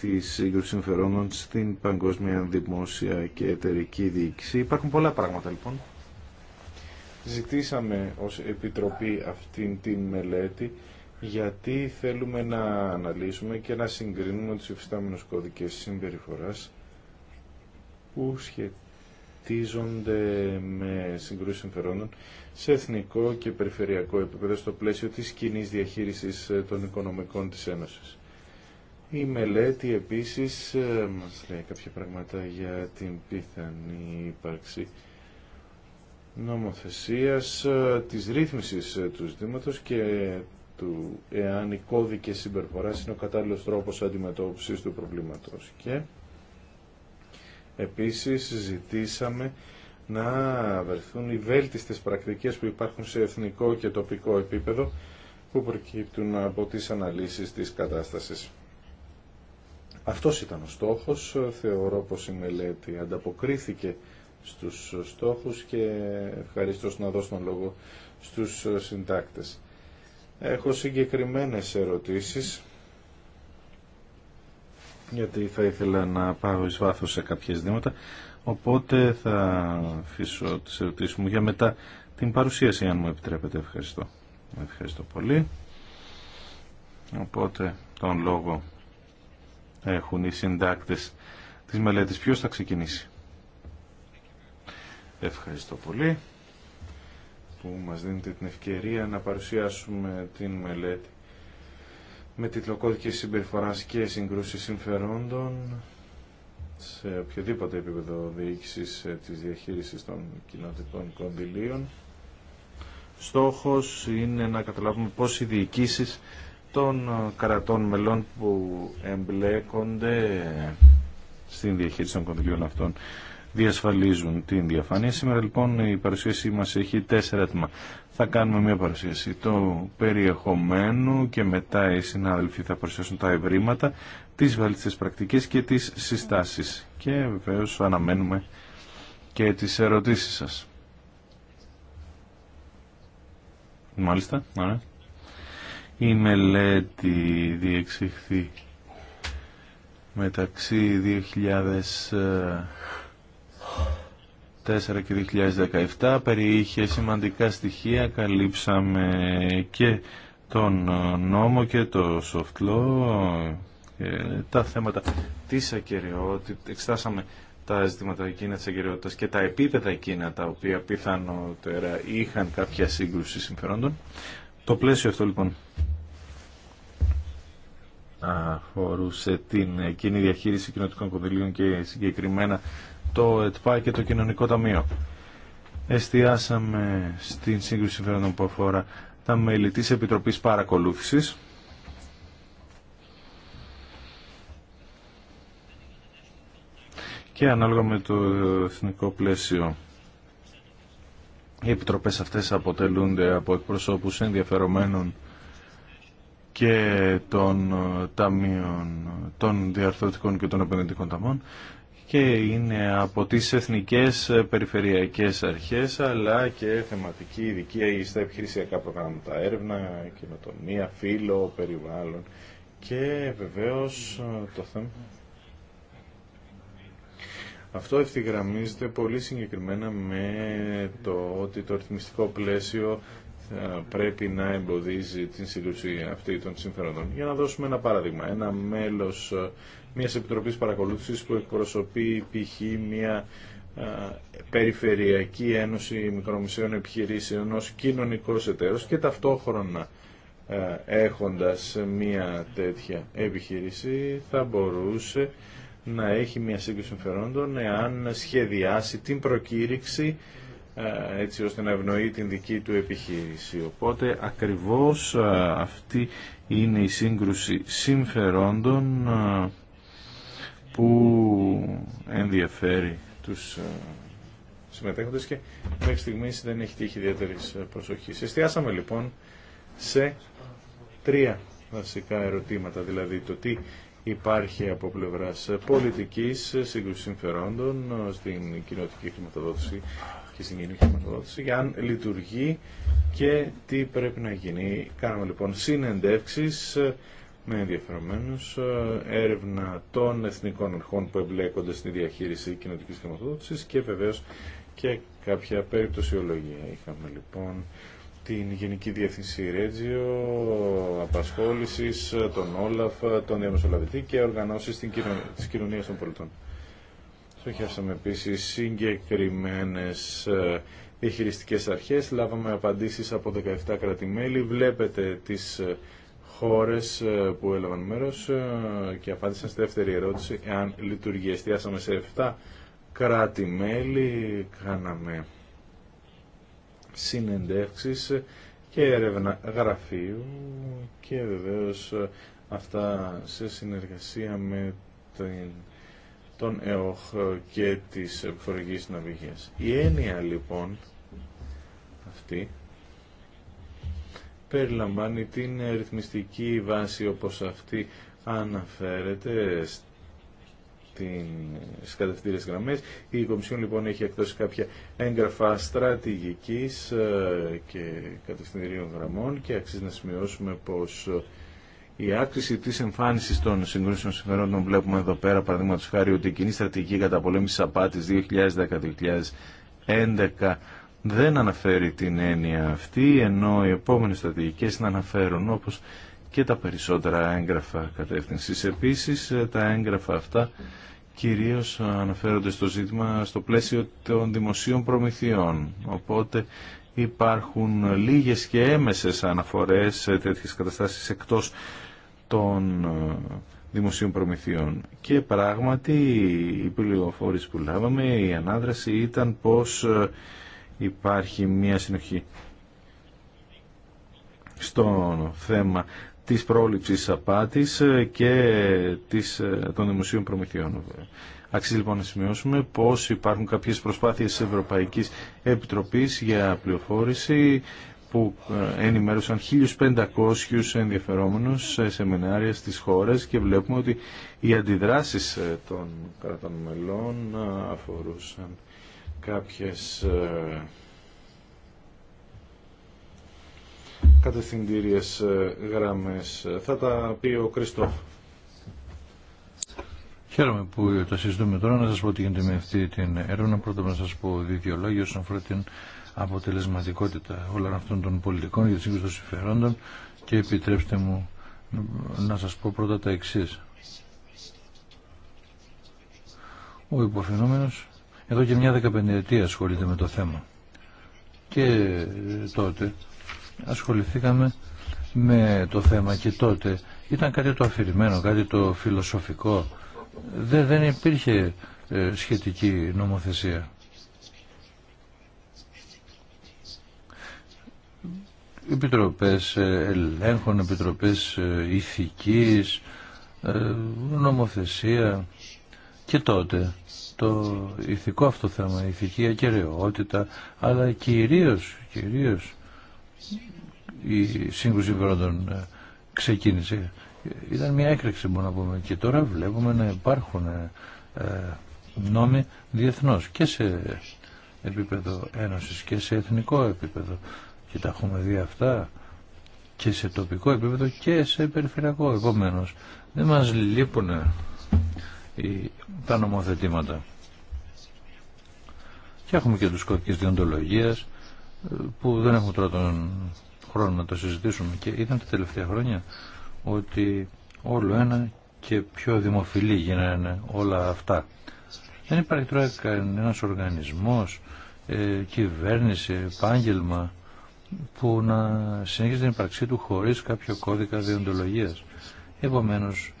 της σύγκρουσης συμφερόντων στην παγκόσμια δημόσια και εταιρική διοίκηση. Υπάρχουν πολλά πράγματα λοιπόν. Ζητήσαμε ως Επιτροπή αυτήν την μελέτη γιατί θέλουμε να αναλύσουμε και να συγκρίνουμε τους υφιστάμενους κώδικες συμπεριφοράς που σχετίζονται με συγκρούσεις συμφερόντων σε εθνικό και περιφερειακό επίπεδο στο πλαίσιο της κοινή διαχείρισης των οικονομικών της Ένωσης. Η μελέτη επίσης ε, μας λέει κάποια πράγματα για την πιθανή ύπαρξη νομοθεσίας ε, της ρύθμισης ε, του ζητήματος και του εάν οι κώδικες συμπεριφοράς είναι ο κατάλληλος τρόπος αντιμετώπισης του προβλήματος. Και επίσης ζητήσαμε να βρεθούν οι βέλτιστες πρακτικές που υπάρχουν σε εθνικό και τοπικό επίπεδο που προκύπτουν από τις αναλύσεις της κατάστασης. Αυτός ήταν ο στόχος. Θεωρώ πως η μελέτη ανταποκρίθηκε στους στόχους και ευχαριστώ να δώσω τον λόγο στους συντάκτες. Έχω συγκεκριμένες ερωτήσεις γιατί θα ήθελα να πάω εις βάθος σε κάποιες δήματα, οπότε θα αφήσω τις ερωτήσεις μου για μετά την παρουσίαση αν μου επιτρέπετε ευχαριστώ ευχαριστώ πολύ οπότε τον λόγο έχουν οι συντάκτες της μελέτης ποιος θα ξεκινήσει ευχαριστώ πολύ που μας δίνετε την ευκαιρία να παρουσιάσουμε την μελέτη με τίτλο «Κώδικες συμπεριφοράς και συγκρούσεις συμφερόντων» σε οποιοδήποτε επίπεδο διοίκησης ε, της διαχείρισης των κοινοτικών κονδυλίων. Στόχος είναι να καταλάβουμε πώς οι διοικήσεις των ε, κρατών μελών που εμπλέκονται στην διαχείριση των κονδυλίων αυτών διασφαλίζουν την διαφάνεια. Σήμερα λοιπόν η παρουσίασή μας έχει τέσσερα τμήματα. Θα κάνουμε μια παρουσίαση του περιεχομένου και μετά οι συνάδελφοι θα παρουσιάσουν τα ευρήματα, τις βαλίτσες πρακτικές και τις συστάσεις. Και βεβαίω αναμένουμε και τις ερωτήσεις σας. Μάλιστα, ωραία. Η μελέτη διεξήχθη μεταξύ 2000 και 2017 περιείχε σημαντικά στοιχεία, καλύψαμε και τον νόμο και το soft law, τα θέματα της ακεραιότητας, εξετάσαμε τα ζητήματα εκείνα της ακεραιότητας και τα επίπεδα εκείνα τα οποία πιθανότερα είχαν κάποια σύγκρουση συμφερόντων. Το πλαίσιο αυτό λοιπόν αφορούσε την κοινή διαχείριση κοινωτικών κονδυλίων και συγκεκριμένα το ΕΤΠΑ και το Κοινωνικό Ταμείο. Εστιάσαμε στην σύγκριση συμφέροντων που αφορά τα μέλη της Επιτροπής Παρακολούθησης. Και ανάλογα με το εθνικό πλαίσιο, οι επιτροπές αυτές αποτελούνται από εκπροσώπους ενδιαφερομένων και των ταμείων των διαρθρωτικών και των επενδυτικών ταμών και είναι από τις εθνικές ε, περιφερειακές αρχές αλλά και θεματική ειδική στα επιχειρησιακά προγράμματα έρευνα, κοινοτομία, φύλλο, περιβάλλον και βεβαίως ε, το θέμα. Αυτό ευθυγραμμίζεται πολύ συγκεκριμένα με το ότι το ρυθμιστικό πλαίσιο ε, πρέπει να εμποδίζει την σύγκρουση αυτή των συμφερόντων. Για να δώσουμε ένα παράδειγμα. Ένα μέλος μια επιτροπή παρακολούθησης που εκπροσωπεί π.χ. μια περιφερειακή ένωση μικρομεσαίων επιχειρήσεων ως κοινωνικός εταίρος και ταυτόχρονα έχοντας μια τέτοια επιχείρηση θα μπορούσε να έχει μια σύγκριση συμφερόντων εάν σχεδιάσει την προκήρυξη έτσι ώστε να ευνοεί την δική του επιχείρηση. Οπότε ακριβώς αυτή είναι η σύγκρουση συμφερόντων που ενδιαφέρει τους ε, συμμετέχοντες και μέχρι στιγμής δεν έχει τύχει ιδιαίτερη ε, προσοχή. Εστιάσαμε λοιπόν σε τρία βασικά ερωτήματα, δηλαδή το τι υπάρχει από πλευράς ε, πολιτικής σύγκρουση συμφερόντων στην κοινωτική χρηματοδότηση και στην κοινή χρηματοδότηση για αν λειτουργεί και τι πρέπει να γίνει. Κάναμε λοιπόν συνεντεύξεις με ναι, ενδιαφερομένους ε, έρευνα των εθνικών αρχών που εμπλέκονται στη διαχείριση κοινωτική χρηματοδότηση και βεβαίω και κάποια περιπτωσιολογία. Είχαμε λοιπόν την Γενική Διεύθυνση Ρέτζιο, απασχόληση, τον Όλαφ, τον Διαμεσολαβητή και οργανώσει τη κοινωνία των πολιτών. Στοχεύσαμε επίσης συγκεκριμένε διαχειριστικέ αρχέ. λάβαμε απαντήσει από 17 κρατημέλη, βλέπετε τις ε, Χώρε ε, που έλαβαν μέρος ε, και απάντησαν στη δεύτερη ερώτηση εάν λειτουργεί. Εστιάσαμε σε 7 κράτη-μέλη, κάναμε συνεντεύξεις και έρευνα γραφείου και βεβαίω ε, αυτά σε συνεργασία με τον ΕΟΧ και της Φορικής Ναυηγίας. Η έννοια λοιπόν αυτή περιλαμβάνει την ρυθμιστική βάση όπως αυτή αναφέρεται στις κατευθυντήρες γραμμές. Η Κομισιόν λοιπόν έχει εκδώσει κάποια έγγραφα στρατηγικής ε, και κατευθυντηρίων γραμμών και αξίζει να σημειώσουμε πως ε, η άκρηση τη εμφάνιση των συγκρούσεων συμφερόντων βλέπουμε εδώ πέρα, παραδείγματο χάρη, ότι η κοινή στρατηγική καταπολέμηση απάτη 2010-2011 δεν αναφέρει την έννοια αυτή, ενώ οι επόμενες στρατηγικές να αναφέρουν όπως και τα περισσότερα έγγραφα κατεύθυνση. Επίσης, τα έγγραφα αυτά κυρίως αναφέρονται στο ζήτημα στο πλαίσιο των δημοσίων προμηθειών. Οπότε υπάρχουν λίγες και έμεσες αναφορές σε τέτοιες καταστάσεις εκτός των ε, δημοσίων προμηθειών. Και πράγματι οι πληροφόρες που λάβαμε, η ανάδραση ήταν πως ε, υπάρχει μια συνοχή στο θέμα της πρόληψης απάτης και της, των δημοσίων προμηθειών. Αξίζει λοιπόν να σημειώσουμε πως υπάρχουν κάποιες προσπάθειες της Ευρωπαϊκής Επιτροπής για πληροφόρηση που ε, ενημέρωσαν 1.500 ενδιαφερόμενους σε σεμινάρια στις χώρες και βλέπουμε ότι οι αντιδράσεις ε, των κρατών μελών ε, αφορούσαν κάποιες ε, κατευθυντήριες ε, γραμμές. Θα τα πει ο Κριστόφ. Χαίρομαι που τα συζητούμε τώρα. Να σας πω τι γίνεται με αυτή την έρευνα. Πρώτα να σας πω δύο λόγια όσον αφορά την αποτελεσματικότητα όλων αυτών των πολιτικών για τις σύγκριση των συμφερόντων και επιτρέψτε μου να σας πω πρώτα τα εξής. Ο υποφαινόμενος εδώ και μια δεκαπενταετία ασχολείται με το θέμα. Και τότε ασχοληθήκαμε με το θέμα και τότε ήταν κάτι το αφηρημένο, κάτι το φιλοσοφικό. Δεν, δεν υπήρχε ε, σχετική νομοθεσία. Επιτροπές ε, ελέγχων, επιτροπές ε, ηθικής, νομοθεσία και τότε το ηθικό αυτό θέμα, η ηθική ακεραιότητα, αλλά κυρίως, κυρίως η σύγκρουση πρώτων ε, ξεκίνησε. Ήταν μια έκρηξη μπορούμε να πούμε και τώρα βλέπουμε να υπάρχουν ε, νόμοι διεθνώς και σε επίπεδο ένωσης και σε εθνικό επίπεδο και τα έχουμε δει αυτά και σε τοπικό επίπεδο και σε περιφερειακό επομένως δεν μας λείπουν τα νομοθετήματα. Και έχουμε και τους κώδικες διοντολογίας ε, που δεν έχουμε τώρα τον χρόνο να το συζητήσουμε και ήταν τα τελευταία χρόνια ότι όλο ένα και πιο δημοφιλή γίνανε όλα αυτά. Δεν υπάρχει τώρα κανένας οργανισμός, ε, κυβέρνηση, επάγγελμα που να συνεχίζει την ύπαρξή του χωρίς κάποιο κώδικα διοντολογίας. Επομένως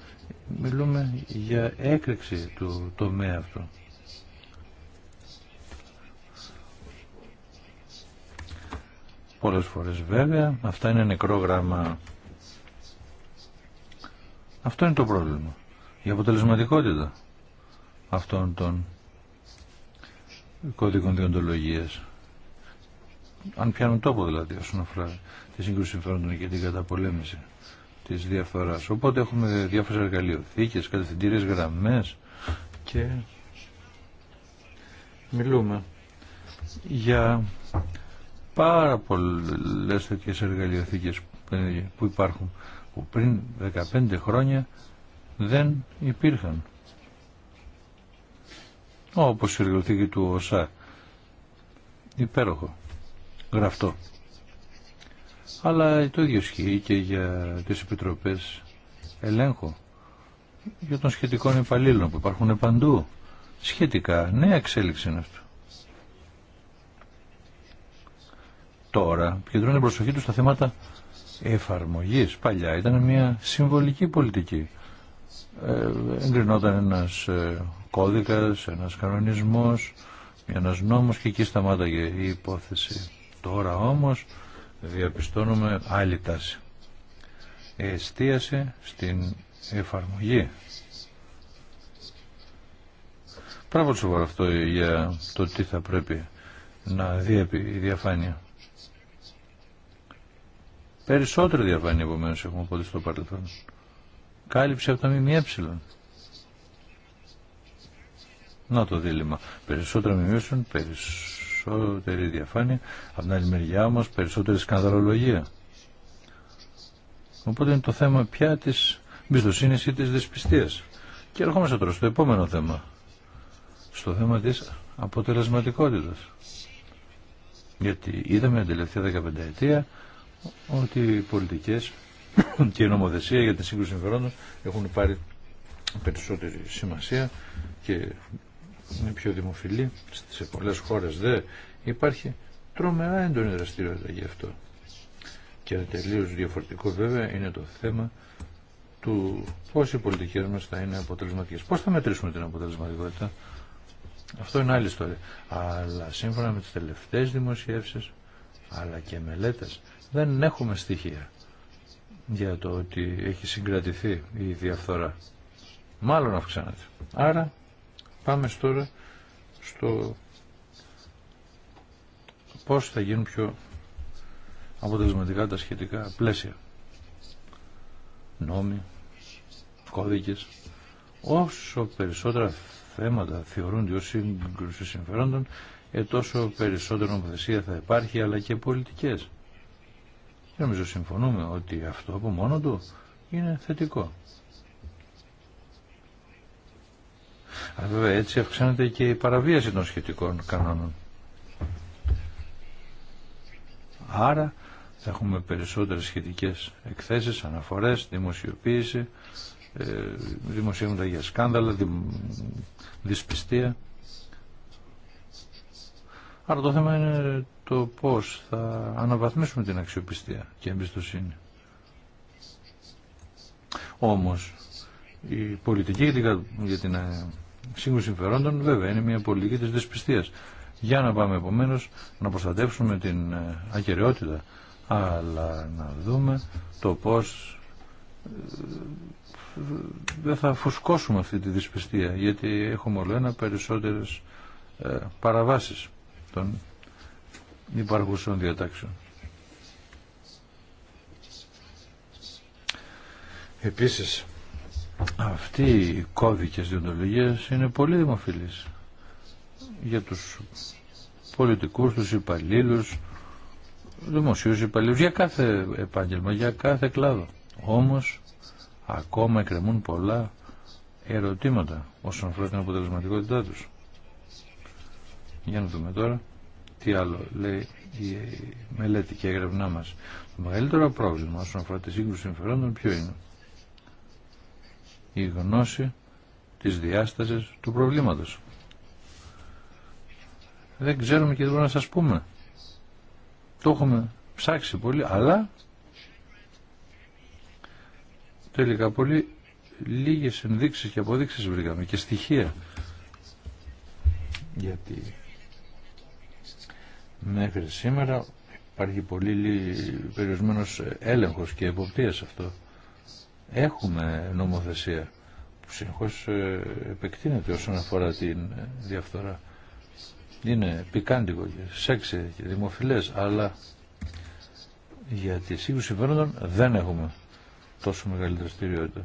μιλούμε για έκρηξη του τομέα αυτού. Πολλές φορές βέβαια, αυτά είναι νεκρό γράμμα. Αυτό είναι το πρόβλημα. Η αποτελεσματικότητα αυτών των κώδικων διοντολογίας. Αν πιάνουν τόπο δηλαδή όσον αφορά τη σύγκρουση συμφέροντων και την καταπολέμηση. Οπότε έχουμε διάφορε εργαλειοθήκε, κατευθυντήριες γραμμές και μιλούμε για πάρα πολλές τέτοιε εργαλειοθήκες που υπάρχουν που πριν 15 χρόνια δεν υπήρχαν. Όπως η εργαλειοθήκη του ΟΣΑ. Υπέροχο. Γραφτό αλλά το ίδιο ισχύει και για τις επιτροπές ελέγχου για των σχετικών υπαλλήλων που υπάρχουν παντού. Σχετικά, νέα εξέλιξη είναι αυτό. Τώρα, κεντρώνουν την προσοχή του στα θέματα εφαρμογής. Παλιά ήταν μια συμβολική πολιτική. Ε, εγκρινόταν ένας ε, κώδικας, ένας κανονισμός, ένας νόμος και εκεί σταμάταγε η υπόθεση. Τώρα όμως διαπιστώνουμε άλλη τάση. Εστίαση στην εφαρμογή. Πράγμα σοβαρό αυτό για το τι θα πρέπει να διέπει η διαφάνεια. Περισσότερη διαφάνεια επομένως έχουμε από στο παρελθόν. Κάλυψε από τα ΜΜΕ. Να το δίλημα. Περισσότερα ΜΜΕ, περισσότερα περισσότερη διαφάνεια, από την άλλη μεριά όμω περισσότερη σκανδαλολογία. Οπότε είναι το θέμα πια τη εμπιστοσύνη ή τη δυσπιστία. Και ερχόμαστε τώρα στο επόμενο θέμα, στο θέμα τη αποτελεσματικότητα. Γιατί είδαμε την τελευταία 15 ετία ότι οι πολιτικέ και η νομοθεσία για την σύγκρουση συμφερόντων έχουν πάρει περισσότερη σημασία και είναι πιο δημοφιλή σε πολλές χώρες δεν υπάρχει τρομερά έντονη δραστηριότητα γι' αυτό και τελείως διαφορετικό βέβαια είναι το θέμα του πώς οι πολιτικές μας θα είναι αποτελεσματικές πώς θα μετρήσουμε την αποτελεσματικότητα αυτό είναι άλλη ιστορία αλλά σύμφωνα με τις τελευταίες δημοσιεύσεις αλλά και μελέτες δεν έχουμε στοιχεία για το ότι έχει συγκρατηθεί η διαφθορά μάλλον αυξάνεται άρα Πάμε τώρα στο πώς θα γίνουν πιο αποτελεσματικά τα σχετικά πλαίσια. Νόμοι, κώδικες, όσο περισσότερα θέματα θεωρούνται ως σύγκρουση συμφερόντων, ε, τόσο περισσότερη νομοθεσία θα υπάρχει, αλλά και πολιτικές. Και νομίζω συμφωνούμε ότι αυτό από μόνο του είναι θετικό. Αλλά βέβαια έτσι αυξάνεται και η παραβίαση των σχετικών κανόνων. Άρα θα έχουμε περισσότερες σχετικές εκθέσεις, αναφορές, δημοσιοποίηση, ε, δημοσίευματα για σκάνδαλα, δυσπιστία. Άρα το θέμα είναι το πώς θα αναβαθμίσουμε την αξιοπιστία και εμπιστοσύνη. Όμως η πολιτική για την ε, σύγκρουση συμφερόντων βέβαια είναι μια πολιτική της δυσπιστίας. Για να πάμε επομένω να προστατεύσουμε την ε, ακεραιότητα. αλλά να δούμε το πώς δεν ε, θα φουσκώσουμε αυτή τη δυσπιστία γιατί έχουμε όλο ένα περισσότερες ε, παραβάσεις των υπαρχουσών διατάξεων. Επίσης αυτοί οι κώδικες διοντολογία είναι πολύ δημοφιλείς για τους πολιτικούς, τους υπαλλήλους, δημοσίου υπαλλήλου, για κάθε επάγγελμα, για κάθε κλάδο. Όμως ακόμα εκκρεμούν πολλά ερωτήματα όσον αφορά την αποτελεσματικότητά του. Για να δούμε τώρα τι άλλο λέει η μελέτη και η έρευνά μας. Το μεγαλύτερο πρόβλημα όσον αφορά τη σύγκρουση συμφερόντων ποιο είναι η γνώση της διάστασης του προβλήματος. Δεν ξέρουμε και δεν μπορούμε να σας πούμε. Το έχουμε ψάξει πολύ, αλλά τελικά πολύ λίγες ενδείξεις και αποδείξεις βρήκαμε και στοιχεία. Γιατί μέχρι σήμερα υπάρχει πολύ περιορισμένος έλεγχος και εποπτεία σε αυτό. Έχουμε νομοθεσία που συνεχώς ε, επεκτείνεται όσον αφορά την ε, διαφθορά. Είναι πικάντικο και σεξι και δημοφιλές, αλλά για τη σύγκρουση συμφέροντων δεν έχουμε τόσο μεγάλη δραστηριότητα.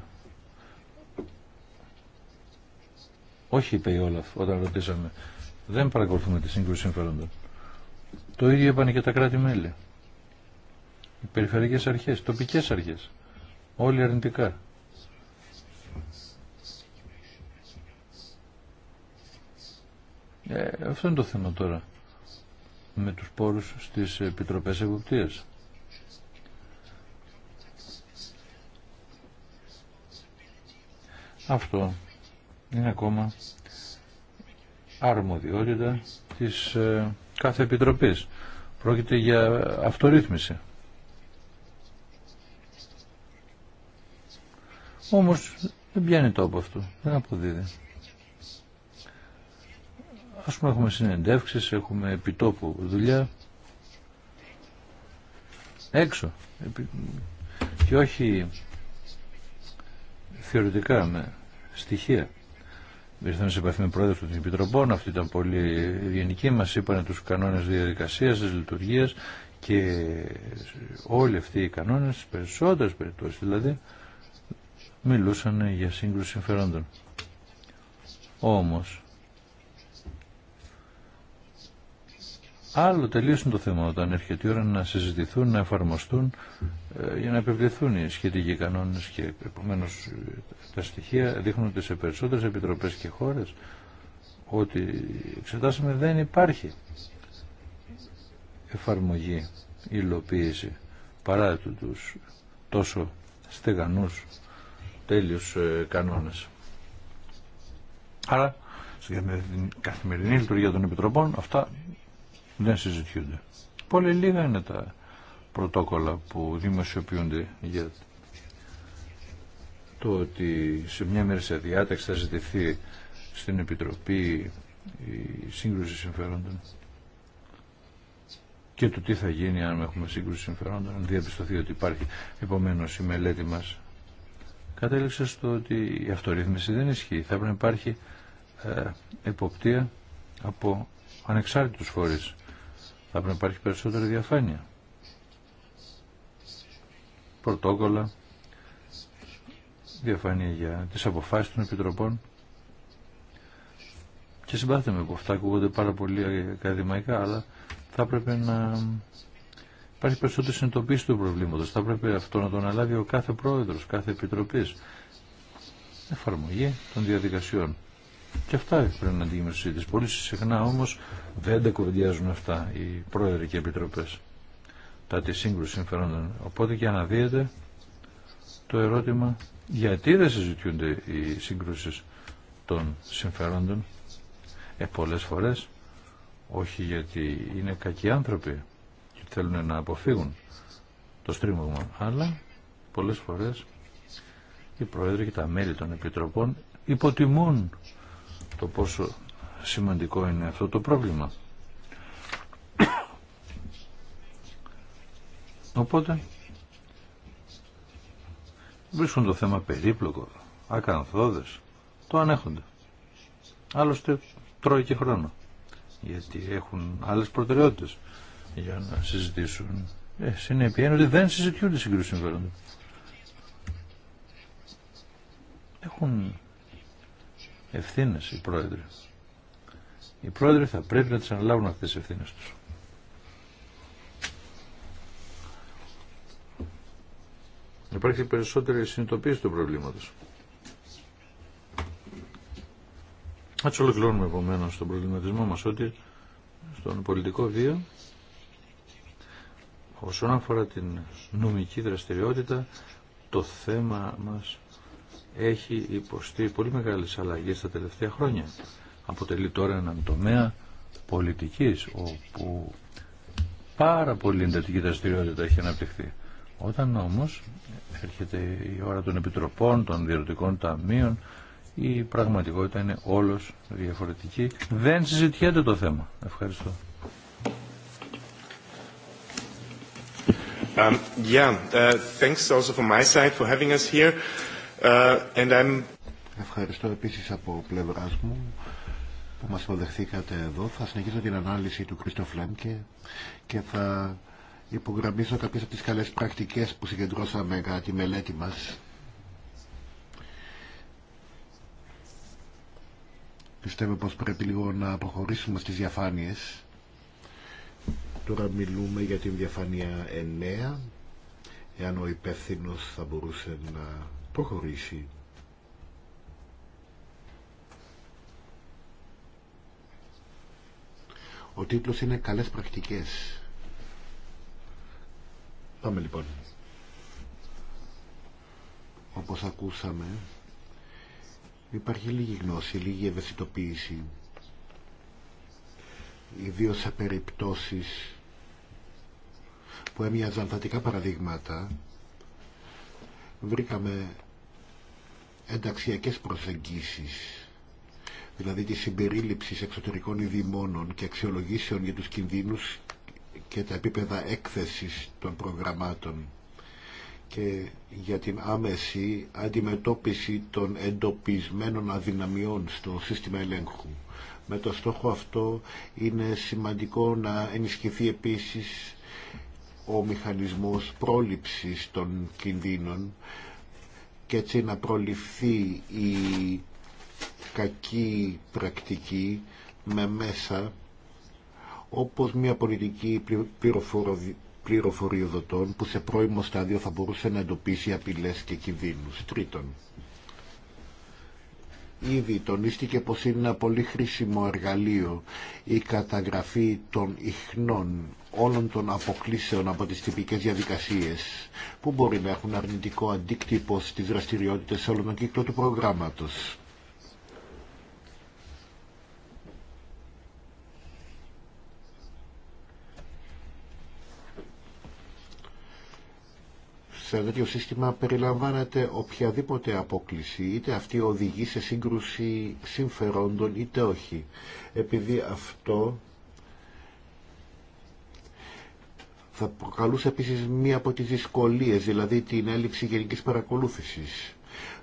Όχι, είπε η Όλαφ όταν ρωτήσαμε. Δεν παρακολουθούμε τη σύγκρουση συμφέροντων. Το ίδιο είπαν και τα κράτη-μέλη. Οι περιφερειακές αρχές, τοπικές αρχές. Όλοι αρνητικά. Ε, αυτό είναι το θέμα τώρα με τους πόρους στις επιτροπές εποπτείας. Αυτό είναι ακόμα αρμοδιότητα της ε, κάθε επιτροπής. Πρόκειται για αυτορύθμιση. Όμως δεν πιάνει τόπο αυτό, δεν αποδίδει. Ας πούμε έχουμε συνεντεύξεις, έχουμε επιτόπου δουλειά, έξω και όχι θεωρητικά με στοιχεία. Ήρθαμε σε επαφή με πρόεδρο των Επιτροπών, αυτή ήταν πολύ γενικοί, μας είπαν τους κανόνες διαδικασίας, της λειτουργίας και όλοι αυτοί οι κανόνες, περισσότερες περιπτώσεις δηλαδή, μιλούσαν για σύγκρουση συμφερόντων. Όμως, άλλο τελείωσαν το θέμα όταν έρχεται η ώρα να συζητηθούν, να εφαρμοστούν ε, για να επιβληθούν οι σχετικοί κανόνες και επομένως ε, τα στοιχεία δείχνουν ότι σε περισσότερες επιτροπές και χώρες ότι εξετάσαμε δεν υπάρχει εφαρμογή, υλοποίηση παρά τους τόσο στεγανούς τέλειους ε, κανόνες. Άρα, στην καθημερινή λειτουργία των Επιτροπών αυτά δεν συζητιούνται. Πολύ λίγα είναι τα πρωτόκολλα που δημοσιοποιούνται για το ότι σε μια μέρη σε διάταξη θα ζητηθεί στην Επιτροπή η σύγκρουση συμφερόντων και το τι θα γίνει αν έχουμε σύγκρουση συμφερόντων, αν διαπιστωθεί ότι υπάρχει. Επομένως η μελέτη μας κατέληξε στο ότι η αυτορύθμιση δεν ισχύει. Θα πρέπει να υπάρχει ε, εποπτεία από ανεξάρτητους φορείς. Θα πρέπει να υπάρχει περισσότερη διαφάνεια. Πρωτόκολλα, διαφάνεια για τις αποφάσεις των επιτροπών και με, που αυτά ακούγονται πάρα πολύ ακαδημαϊκά αλλά θα πρέπει να Υπάρχει περισσότερη συνειδητοποίηση του προβλήματο. Θα πρέπει αυτό να τον αναλάβει ο κάθε πρόεδρο, κάθε επιτροπή, Εφαρμογή των διαδικασιών. Και αυτά πρέπει να αντιμετωπίσει. Πολύ συχνά όμω δεν τα κουβεντιάζουν αυτά οι πρόεδροι και οι επιτροπές. Τα τη σύγκρουση συμφερόντων. Οπότε και αναδύεται το ερώτημα γιατί δεν συζητιούνται οι σύγκρουσει των συμφερόντων. Ε, πολλέ φορέ όχι γιατί είναι κακοί άνθρωποι θέλουν να αποφύγουν το στρίμωγμα, αλλά πολλές φορές οι πρόεδροι και τα μέλη των επιτροπών υποτιμούν το πόσο σημαντικό είναι αυτό το πρόβλημα. Οπότε βρίσκουν το θέμα περίπλοκο, ακαθόδες, το ανέχονται. Άλλωστε τρώει και χρόνο, γιατί έχουν άλλες προτεραιότητες για να συζητήσουν. Ε, συνέπεια είναι ότι δεν συζητιούνται συγκρούσεις συμφέροντων. Έχουν ευθύνες οι πρόεδροι. Οι πρόεδροι θα πρέπει να τις αναλάβουν αυτές τις ευθύνες τους. Υπάρχει περισσότερη συνειδητοποίηση του προβλήματος. Έτσι ολοκληρώνουμε επομένως... τον προβληματισμό μας ότι στον πολιτικό βίο Όσον αφορά την νομική δραστηριότητα, το θέμα μας έχει υποστεί πολύ μεγάλες αλλαγές τα τελευταία χρόνια. Αποτελεί τώρα έναν τομέα πολιτικής, όπου πάρα πολύ εντατική δραστηριότητα έχει αναπτυχθεί. Όταν όμως έρχεται η ώρα των επιτροπών, των διερωτικών ταμείων, η πραγματικότητα είναι όλος διαφορετική. Δεν συζητιέται το θέμα. Ευχαριστώ. Um, yeah, uh, thanks also from my side for having us here. Uh, and I'm... Ευχαριστώ επίσης από πλευράς μου που μας υποδεχθήκατε εδώ. Θα συνεχίσω την ανάλυση του Κρίστοφ Λέμκε και θα υπογραμμίσω κάποιες από τις καλές πρακτικές που συγκεντρώσαμε για τη μελέτη μας. Πιστεύω πως πρέπει λίγο να προχωρήσουμε στις διαφάνειες Τώρα μιλούμε για την διαφάνεια 9, εάν ο υπεύθυνο θα μπορούσε να προχωρήσει. Ο τίτλος είναι «Καλές πρακτικές». Πάμε λοιπόν. Όπως ακούσαμε, υπάρχει λίγη γνώση, λίγη ευαισθητοποίηση, ιδίως σε περιπτώσεις που έμοιαζαν θετικά παραδείγματα βρήκαμε ενταξιακές προσεγγίσεις δηλαδή τη συμπερίληψη εξωτερικών ειδημόνων και αξιολογήσεων για τους κινδύνους και τα επίπεδα έκθεσης των προγραμμάτων και για την άμεση αντιμετώπιση των εντοπισμένων αδυναμιών στο σύστημα ελέγχου. Με το στόχο αυτό είναι σημαντικό να ενισχυθεί επίσης ο μηχανισμός πρόληψης των κινδύνων και έτσι να προληφθεί η κακή πρακτική με μέσα όπως μια πολιτική πληροφοριοδοτών που σε πρώιμο στάδιο θα μπορούσε να εντοπίσει απειλές και κινδύνους. Τρίτον, Ήδη τονίστηκε πως είναι ένα πολύ χρήσιμο εργαλείο η καταγραφή των ιχνών όλων των αποκλήσεων από τις τυπικές διαδικασίες που μπορεί να έχουν αρνητικό αντίκτυπο στις δραστηριότητες όλων τον κύκλο του προγράμματος. σε ένα τέτοιο σύστημα περιλαμβάνεται οποιαδήποτε απόκληση, είτε αυτή οδηγεί σε σύγκρουση συμφερόντων είτε όχι. Επειδή αυτό θα προκαλούσε επίσης μία από τις δυσκολίες, δηλαδή την έλλειψη γενικής παρακολούθησης.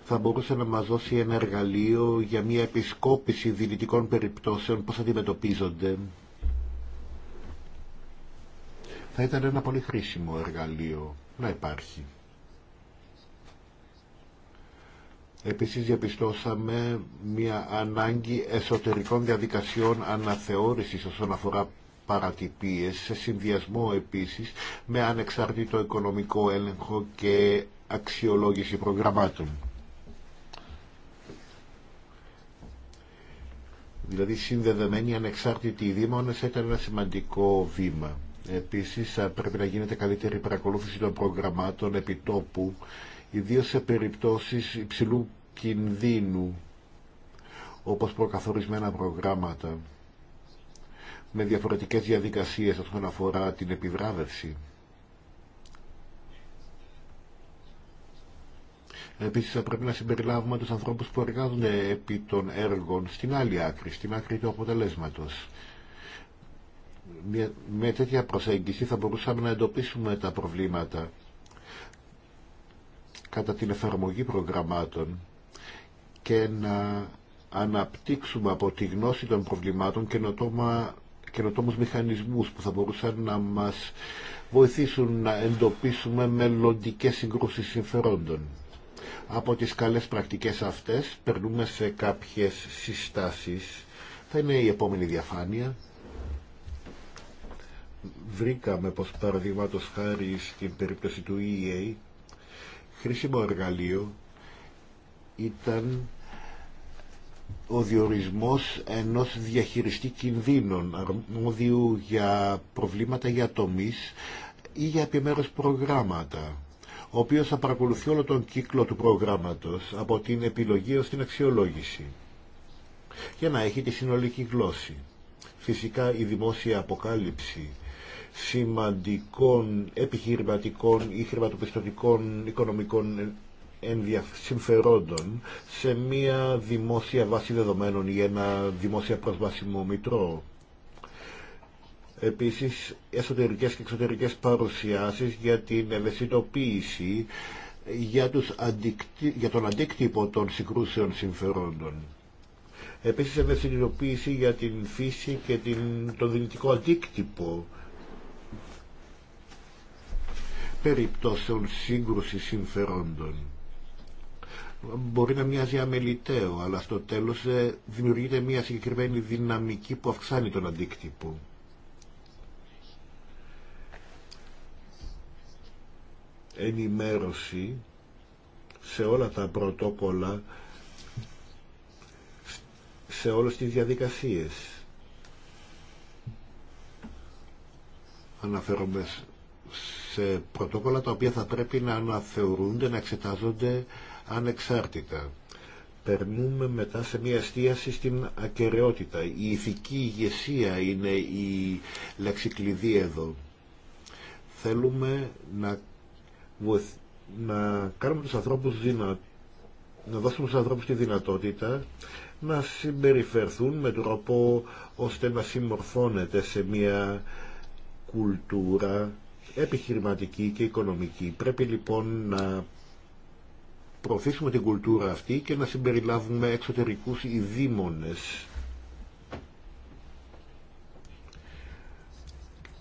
Θα μπορούσε να μας δώσει ένα εργαλείο για μία επισκόπηση δυνητικών περιπτώσεων, πώς αντιμετωπίζονται. Θα ήταν ένα πολύ χρήσιμο εργαλείο να υπάρχει. Επίσης διαπιστώσαμε μια ανάγκη εσωτερικών διαδικασιών αναθεώρησης όσον αφορά παρατυπίες, σε συνδυασμό επίσης με ανεξάρτητο οικονομικό έλεγχο και αξιολόγηση προγραμμάτων. Δηλαδή συνδεδεμένοι ανεξάρτητοι δήμονες ήταν ένα σημαντικό βήμα. Επίσης πρέπει να γίνεται καλύτερη παρακολούθηση των προγραμμάτων επιτόπου ιδίως σε περιπτώσεις υψηλού κινδύνου, όπως προκαθορισμένα προγράμματα, με διαφορετικές διαδικασίες όσον αφορά την επιβράβευση. Επίσης θα πρέπει να συμπεριλάβουμε τους ανθρώπους που εργάζονται επί των έργων στην άλλη άκρη, στην άκρη του αποτελέσματος. Με τέτοια προσέγγιση θα μπορούσαμε να εντοπίσουμε τα προβλήματα κατά την εφαρμογή προγραμμάτων και να αναπτύξουμε από τη γνώση των προβλημάτων καινοτόμα, καινοτόμους μηχανισμούς που θα μπορούσαν να μας βοηθήσουν να εντοπίσουμε μελλοντικές συγκρούσεις συμφερόντων. Από τις καλές πρακτικές αυτές περνούμε σε κάποιες συστάσεις. Θα είναι η επόμενη διαφάνεια. Βρήκαμε πως παραδείγματος χάρη στην περίπτωση του EA χρήσιμο εργαλείο ήταν ο διορισμός ενός διαχειριστή κινδύνων αρμόδιου για προβλήματα για τομείς ή για επιμέρους προγράμματα ο οποίος θα παρακολουθεί όλο τον κύκλο του προγράμματος από την επιλογή ως την αξιολόγηση για να έχει τη συνολική γλώσση. Φυσικά η δημόσια αποκάλυψη σημαντικών επιχειρηματικών ή χρηματοπιστωτικών οικονομικών συμφερόντων σε μια δημόσια βάση δεδομένων ή ένα δημόσια προσβάσιμο μητρό. Επίσης, εσωτερικές και εξωτερικές παρουσιάσεις για την ευαισθητοποίηση για, τους για τον αντίκτυπο των συγκρούσεων συμφερόντων. Επίσης, ευαισθητοποίηση για την φύση και την... τον δυνητικό αντίκτυπο περιπτώσεων σύγκρουση συμφερόντων. Μπορεί να μοιάζει αμεληταίο, αλλά στο τέλος ε, δημιουργείται μια συγκεκριμένη δυναμική που αυξάνει τον αντίκτυπο. Ενημέρωση σε όλα τα πρωτόκολλα, σε όλες τις διαδικασίες. Αναφέρομαι σε πρωτόκολλα τα οποία θα πρέπει να αναθεωρούνται, να εξετάζονται ανεξάρτητα. Περνούμε μετά σε μια εστίαση στην ακαιρεότητα. Η ηθική ηγεσία είναι η κλειδί εδώ. Θέλουμε να, να τους ανθρώπους να δώσουμε στους ανθρώπους τη δυνατότητα να συμπεριφερθούν με τρόπο ώστε να συμμορφώνεται σε μια κουλτούρα επιχειρηματική και οικονομική. Πρέπει λοιπόν να προωθήσουμε την κουλτούρα αυτή και να συμπεριλάβουμε εξωτερικούς ειδήμονες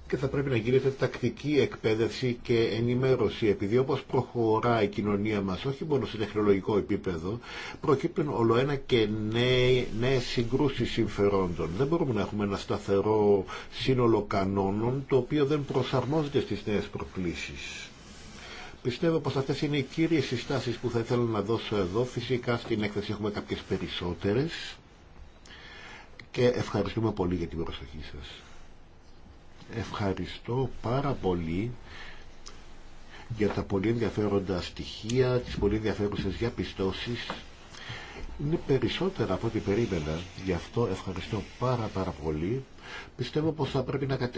και θα πρέπει να γίνεται τακτική εκπαίδευση και ενημέρωση επειδή όπως προχωρά η κοινωνία μας όχι μόνο σε τεχνολογικό επίπεδο προκύπτουν όλο ένα και νέοι, νέες συγκρούσεις συμφερόντων δεν μπορούμε να έχουμε ένα σταθερό σύνολο κανόνων το οποίο δεν προσαρμόζεται στις νέες προκλήσεις Πιστεύω πως αυτές είναι οι κύριες συστάσεις που θα ήθελα να δώσω εδώ. Φυσικά στην έκθεση έχουμε κάποιες περισσότερες και ευχαριστούμε πολύ για την προσοχή σας. Ευχαριστώ πάρα πολύ για τα πολύ ενδιαφέροντα στοιχεία, τις πολύ ενδιαφέρουσες διαπιστώσεις. Είναι περισσότερα από ό,τι περίμενα. Γι' αυτό ευχαριστώ πάρα πάρα πολύ. Πιστεύω πως θα πρέπει να,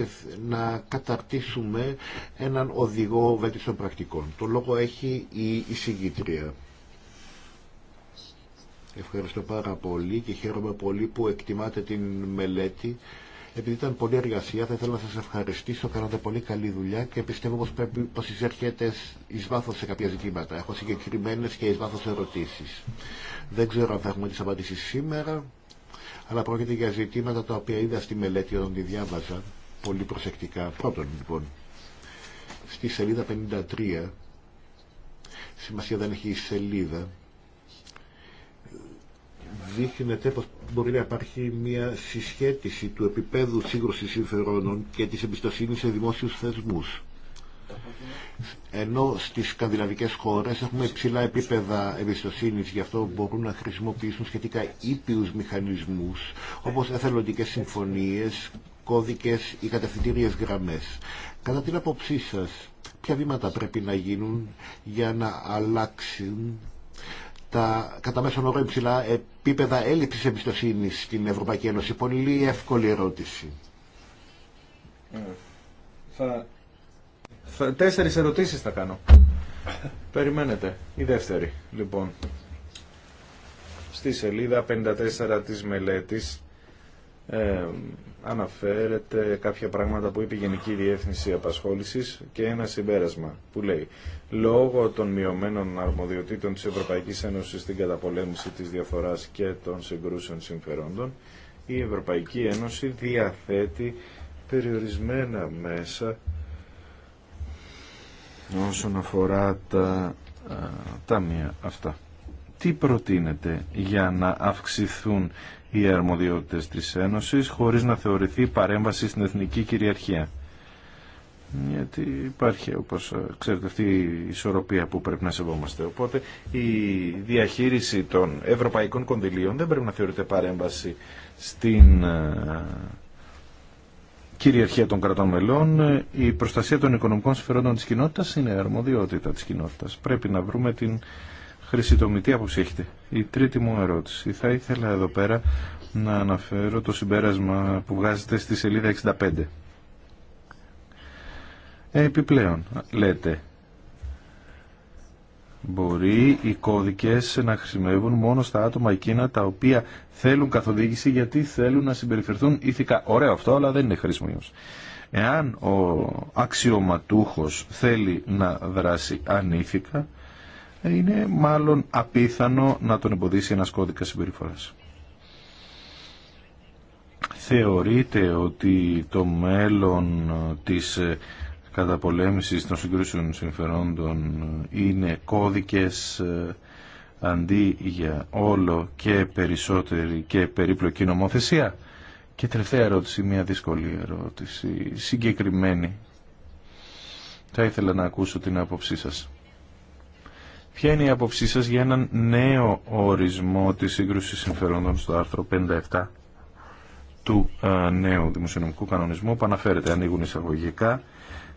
να καταρτήσουμε έναν οδηγό βέλτιστων πρακτικών. Το λόγο έχει η εισηγήτρια. Ευχαριστώ πάρα πολύ και χαίρομαι πολύ που εκτιμάτε την μελέτη επειδή ήταν πολλή εργασία, θα ήθελα να σας ευχαριστήσω. Κάνατε πολύ καλή δουλειά και πιστεύω πως, πρέπει, πως εισέρχεται εις βάθος σε κάποια ζητήματα. Έχω συγκεκριμένες και εις βάθος ερωτήσεις. Δεν ξέρω αν θα έχουμε τις απαντήσεις σήμερα, αλλά πρόκειται για ζητήματα τα οποία είδα στη μελέτη όταν τη διάβαζα πολύ προσεκτικά. Πρώτον λοιπόν, στη σελίδα 53, σημασία δεν έχει η σελίδα, δείχνεται πως μπορεί να υπάρχει μια συσχέτιση του επίπεδου σύγκρουση συμφερόνων και της εμπιστοσύνη σε δημόσιου θεσμούς. Ενώ στις σκανδιναβικέ χώρες έχουμε υψηλά επίπεδα εμπιστοσύνη, γι' αυτό μπορούν να χρησιμοποιήσουν σχετικά ήπιους μηχανισμούς, όπως εθελοντικές συμφωνίες, κώδικες ή κατευθυντήριες γραμμές. Κατά την άποψή σας, ποια βήματα πρέπει να γίνουν για να αλλάξουν τα κατά μέσον όρο υψηλά επίπεδα έλλειψης εμπιστοσύνης στην Ευρωπαϊκή Ένωση. Πολύ εύκολη ερώτηση. Ε, θα... θα... Τέσσερις ερωτήσεις θα κάνω. Περιμένετε. Η δεύτερη, λοιπόν. Στη σελίδα 54 της μελέτης ε, αναφέρεται κάποια πράγματα που είπε η Γενική Διεύθυνση Απασχόλησης και ένα συμπέρασμα που λέει λόγω των μειωμένων αρμοδιοτήτων της Ευρωπαϊκής Ένωσης στην καταπολέμηση της διαφοράς και των συγκρούσεων συμφερόντων, η Ευρωπαϊκή Ένωση διαθέτει περιορισμένα μέσα όσον αφορά τα ταμεία αυτά. Τι προτείνεται για να αυξηθούν οι αρμοδιότητες της Ένωσης χωρίς να θεωρηθεί παρέμβαση στην εθνική κυριαρχία γιατί υπάρχει όπως ε, ξέρετε αυτή η ισορροπία που πρέπει να σεβόμαστε οπότε η διαχείριση των ευρωπαϊκών κονδυλίων δεν πρέπει να θεωρείται παρέμβαση στην ε, κυριαρχία των κρατών μελών η προστασία των οικονομικών συμφερόντων της κοινότητας είναι αρμοδιότητα της κοινότητας πρέπει να βρούμε την χρησιτομητή άποψη έχετε η τρίτη μου ερώτηση θα ήθελα εδώ πέρα να αναφέρω το συμπέρασμα που βγάζετε στη σελίδα 65 Επιπλέον, λέτε, μπορεί οι κώδικες να χρησιμεύουν μόνο στα άτομα εκείνα τα οποία θέλουν καθοδήγηση γιατί θέλουν να συμπεριφερθούν ηθικά. Ωραίο αυτό, αλλά δεν είναι χρήσιμο. Εάν ο αξιωματούχος θέλει να δράσει ανήθικα, είναι μάλλον απίθανο να τον εμποδίσει ένας κώδικας συμπεριφοράς. Θεωρείτε ότι το μέλλον της καταπολέμησης των συγκρούσεων συμφερόντων είναι κώδικες ε, αντί για όλο και περισσότερη και περίπλοκη νομοθεσία. Και τελευταία ερώτηση, μια δύσκολη ερώτηση, συγκεκριμένη. Θα ήθελα να ακούσω την άποψή σας. Ποια είναι η άποψή σας για έναν νέο ορισμό της σύγκρουση συμφερόντων στο άρθρο 57 του ε, νέου δημοσιονομικού κανονισμού που αναφέρεται ανοίγουν εισαγωγικά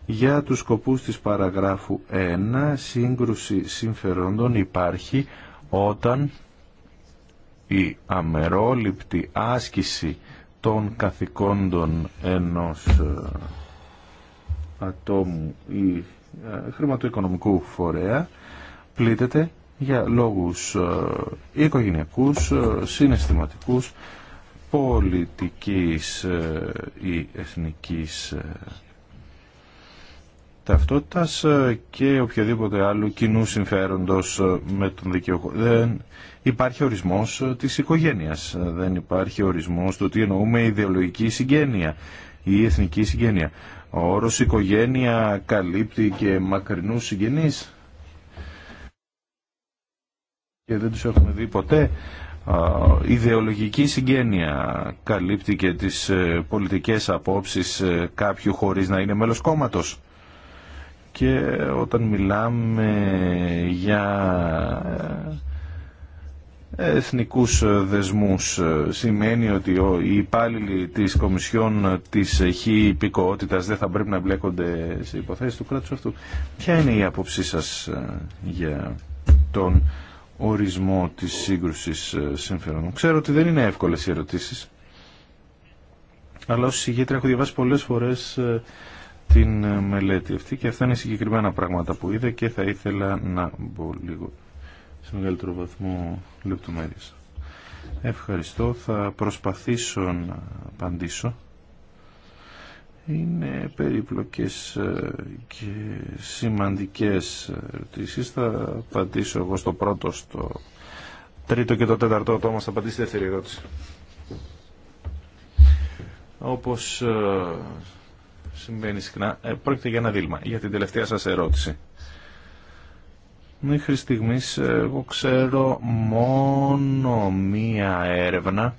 για τους σκοπούς της παραγράφου 1, σύγκρουση συμφερόντων υπάρχει όταν η αμερόληπτη άσκηση των καθηκόντων ενός ε, ατόμου ή ε, χρηματοοικονομικού φορέα πλήττεται για λόγους ε, οικογενειακούς, συναισθηματικούς, πολιτικής ή εθνικής ταυτότητας ε, και οποιοδήποτε άλλου κοινού συμφέροντος ε, με τον δικαιοχό. Δεν υπάρχει ορισμός ε, της οικογένειας, δεν υπάρχει ορισμός του τι εννοούμε ιδεολογική συγγένεια ή εθνική συγγένεια. Ο όρος οικογένεια καλύπτει και μακρινούς συγγενείς και δεν τους έχουμε δει ποτέ. Η ιδεολογική συγγένεια καλύπτει και τις πολιτικές απόψεις κάποιου χωρίς να είναι μέλος κόμματος και όταν μιλάμε για ε, εθνικούς δεσμούς ε, σημαίνει ότι οι υπάλληλοι της Κομισιόν της χη δεν θα πρέπει να μπλέκονται σε υποθέσεις του κράτους αυτού. Ποια είναι η άποψή σας ε, για τον ορισμό της σύγκρουσης συμφερόντων. Ξέρω ότι δεν είναι εύκολες οι ερωτήσεις, αλλά ως συγγήτρια έχω διαβάσει πολλές φορές την ε, μελέτη αυτή και αυτά είναι συγκεκριμένα πράγματα που είδα και θα ήθελα να μπω λίγο σε μεγαλύτερο βαθμό λεπτομέρειες. Ευχαριστώ. Θα προσπαθήσω να απαντήσω. Είναι περίπλοκες ε, και σημαντικές ερωτήσεις. Θα απαντήσω εγώ στο πρώτο, στο τρίτο και το τέταρτο τόμο. Θα απαντήσει δεύτερη ερώτηση. Όπως ε, συμβαίνει συχνά, ε, πρόκειται για ένα δίλημα. Για την τελευταία σας ερώτηση. Μέχρι στιγμή ε, εγώ ξέρω μόνο μία έρευνα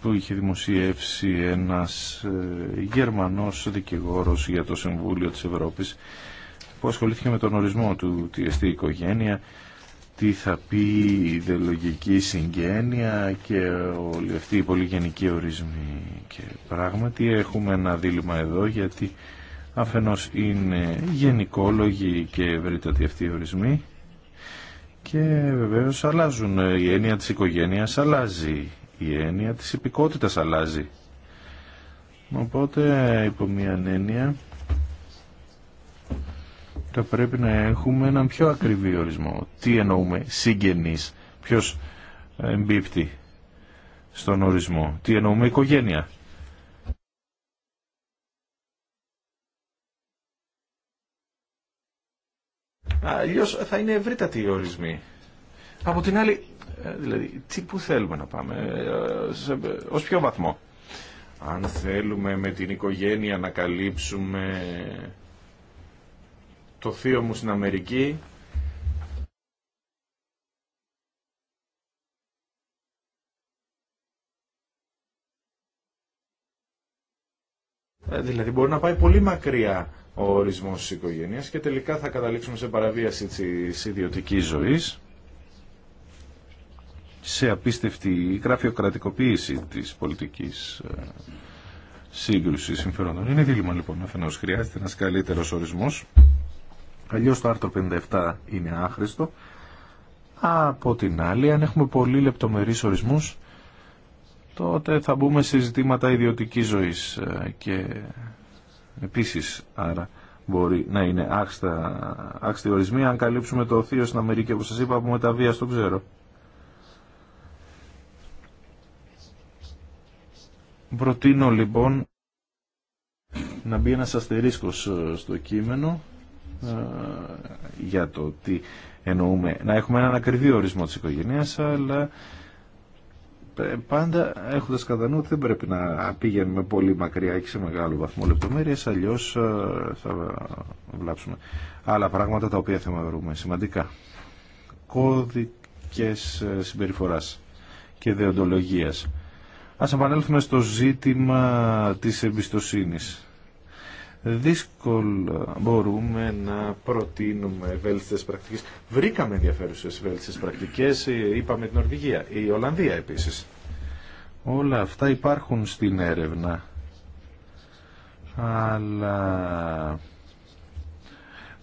που είχε δημοσιεύσει ένας ε, γερμανός δικηγόρος για το Συμβούλιο της Ευρώπης που ασχολήθηκε με τον ορισμό του τι οικογένεια τι θα πει η ιδεολογική συγγένεια και όλοι αυτοί οι γενικοί ορισμοί και πράγματι έχουμε ένα δίλημα εδώ γιατί αφενός είναι γενικόλογοι και ευρύτατοι αυτοί οι ορισμοί και βεβαίως αλλάζουν η έννοια της οικογένειας αλλάζει η έννοια της υπηκότητας αλλάζει οπότε υπό μια έννοια θα πρέπει να έχουμε έναν πιο ακριβή ορισμό. Τι εννοούμε συγγενείς, ποιος ε, εμπίπτει στον ορισμό, τι εννοούμε οικογένεια. Αλλιώ θα είναι ευρύτατοι οι ορισμοί. Από την άλλη, ε, δηλαδή, τι που θέλουμε να πάμε, ε, σε, ως ποιο βαθμό. Αν θέλουμε με την οικογένεια να καλύψουμε το θείο μου στην Αμερική. Ε, δηλαδή μπορεί να πάει πολύ μακριά ο ορισμός της οικογένειας και τελικά θα καταλήξουμε σε παραβίαση της ιδιωτικής ζωής, σε απίστευτη γραφειοκρατικοποίηση της πολιτικής ε, σύγκρουσης συμφερόντων. Είναι δίλημα λοιπόν αφενός χρειάζεται ένας καλύτερος ορισμός Αλλιώς το άρθρο 57 είναι άχρηστο. Από την άλλη, αν έχουμε πολύ λεπτομερείς ορισμούς, τότε θα μπούμε σε ζητήματα ιδιωτικής ζωής ε, και επίσης άρα μπορεί να είναι άχρηστα, ορισμοί αν καλύψουμε το θείο στην Αμερική όπως σας είπα από μεταβία στο ξέρω. Προτείνω λοιπόν να μπει ένας αστερίσκος ε, στο κείμενο ε, για το τι εννοούμε. Να έχουμε έναν ακριβή ορισμό της οικογένειας, αλλά πάντα έχοντας κατά νου ότι δεν πρέπει να πηγαίνουμε πολύ μακριά και σε μεγάλο βαθμό λεπτομέρειες, αλλιώς ε, θα βλάψουμε άλλα πράγματα τα οποία θεωρούμε σημαντικά. Κώδικες ε, συμπεριφοράς και δεοντολογίας. Ας επανέλθουμε στο ζήτημα της εμπιστοσύνης. Δύσκολο μπορούμε να προτείνουμε βέλτιστες πρακτικές. Βρήκαμε ενδιαφέρουσε βέλτιστες πρακτικές, ε, είπαμε την Ορβηγία, η Ολλανδία επίσης. Όλα αυτά υπάρχουν στην έρευνα. Αλλά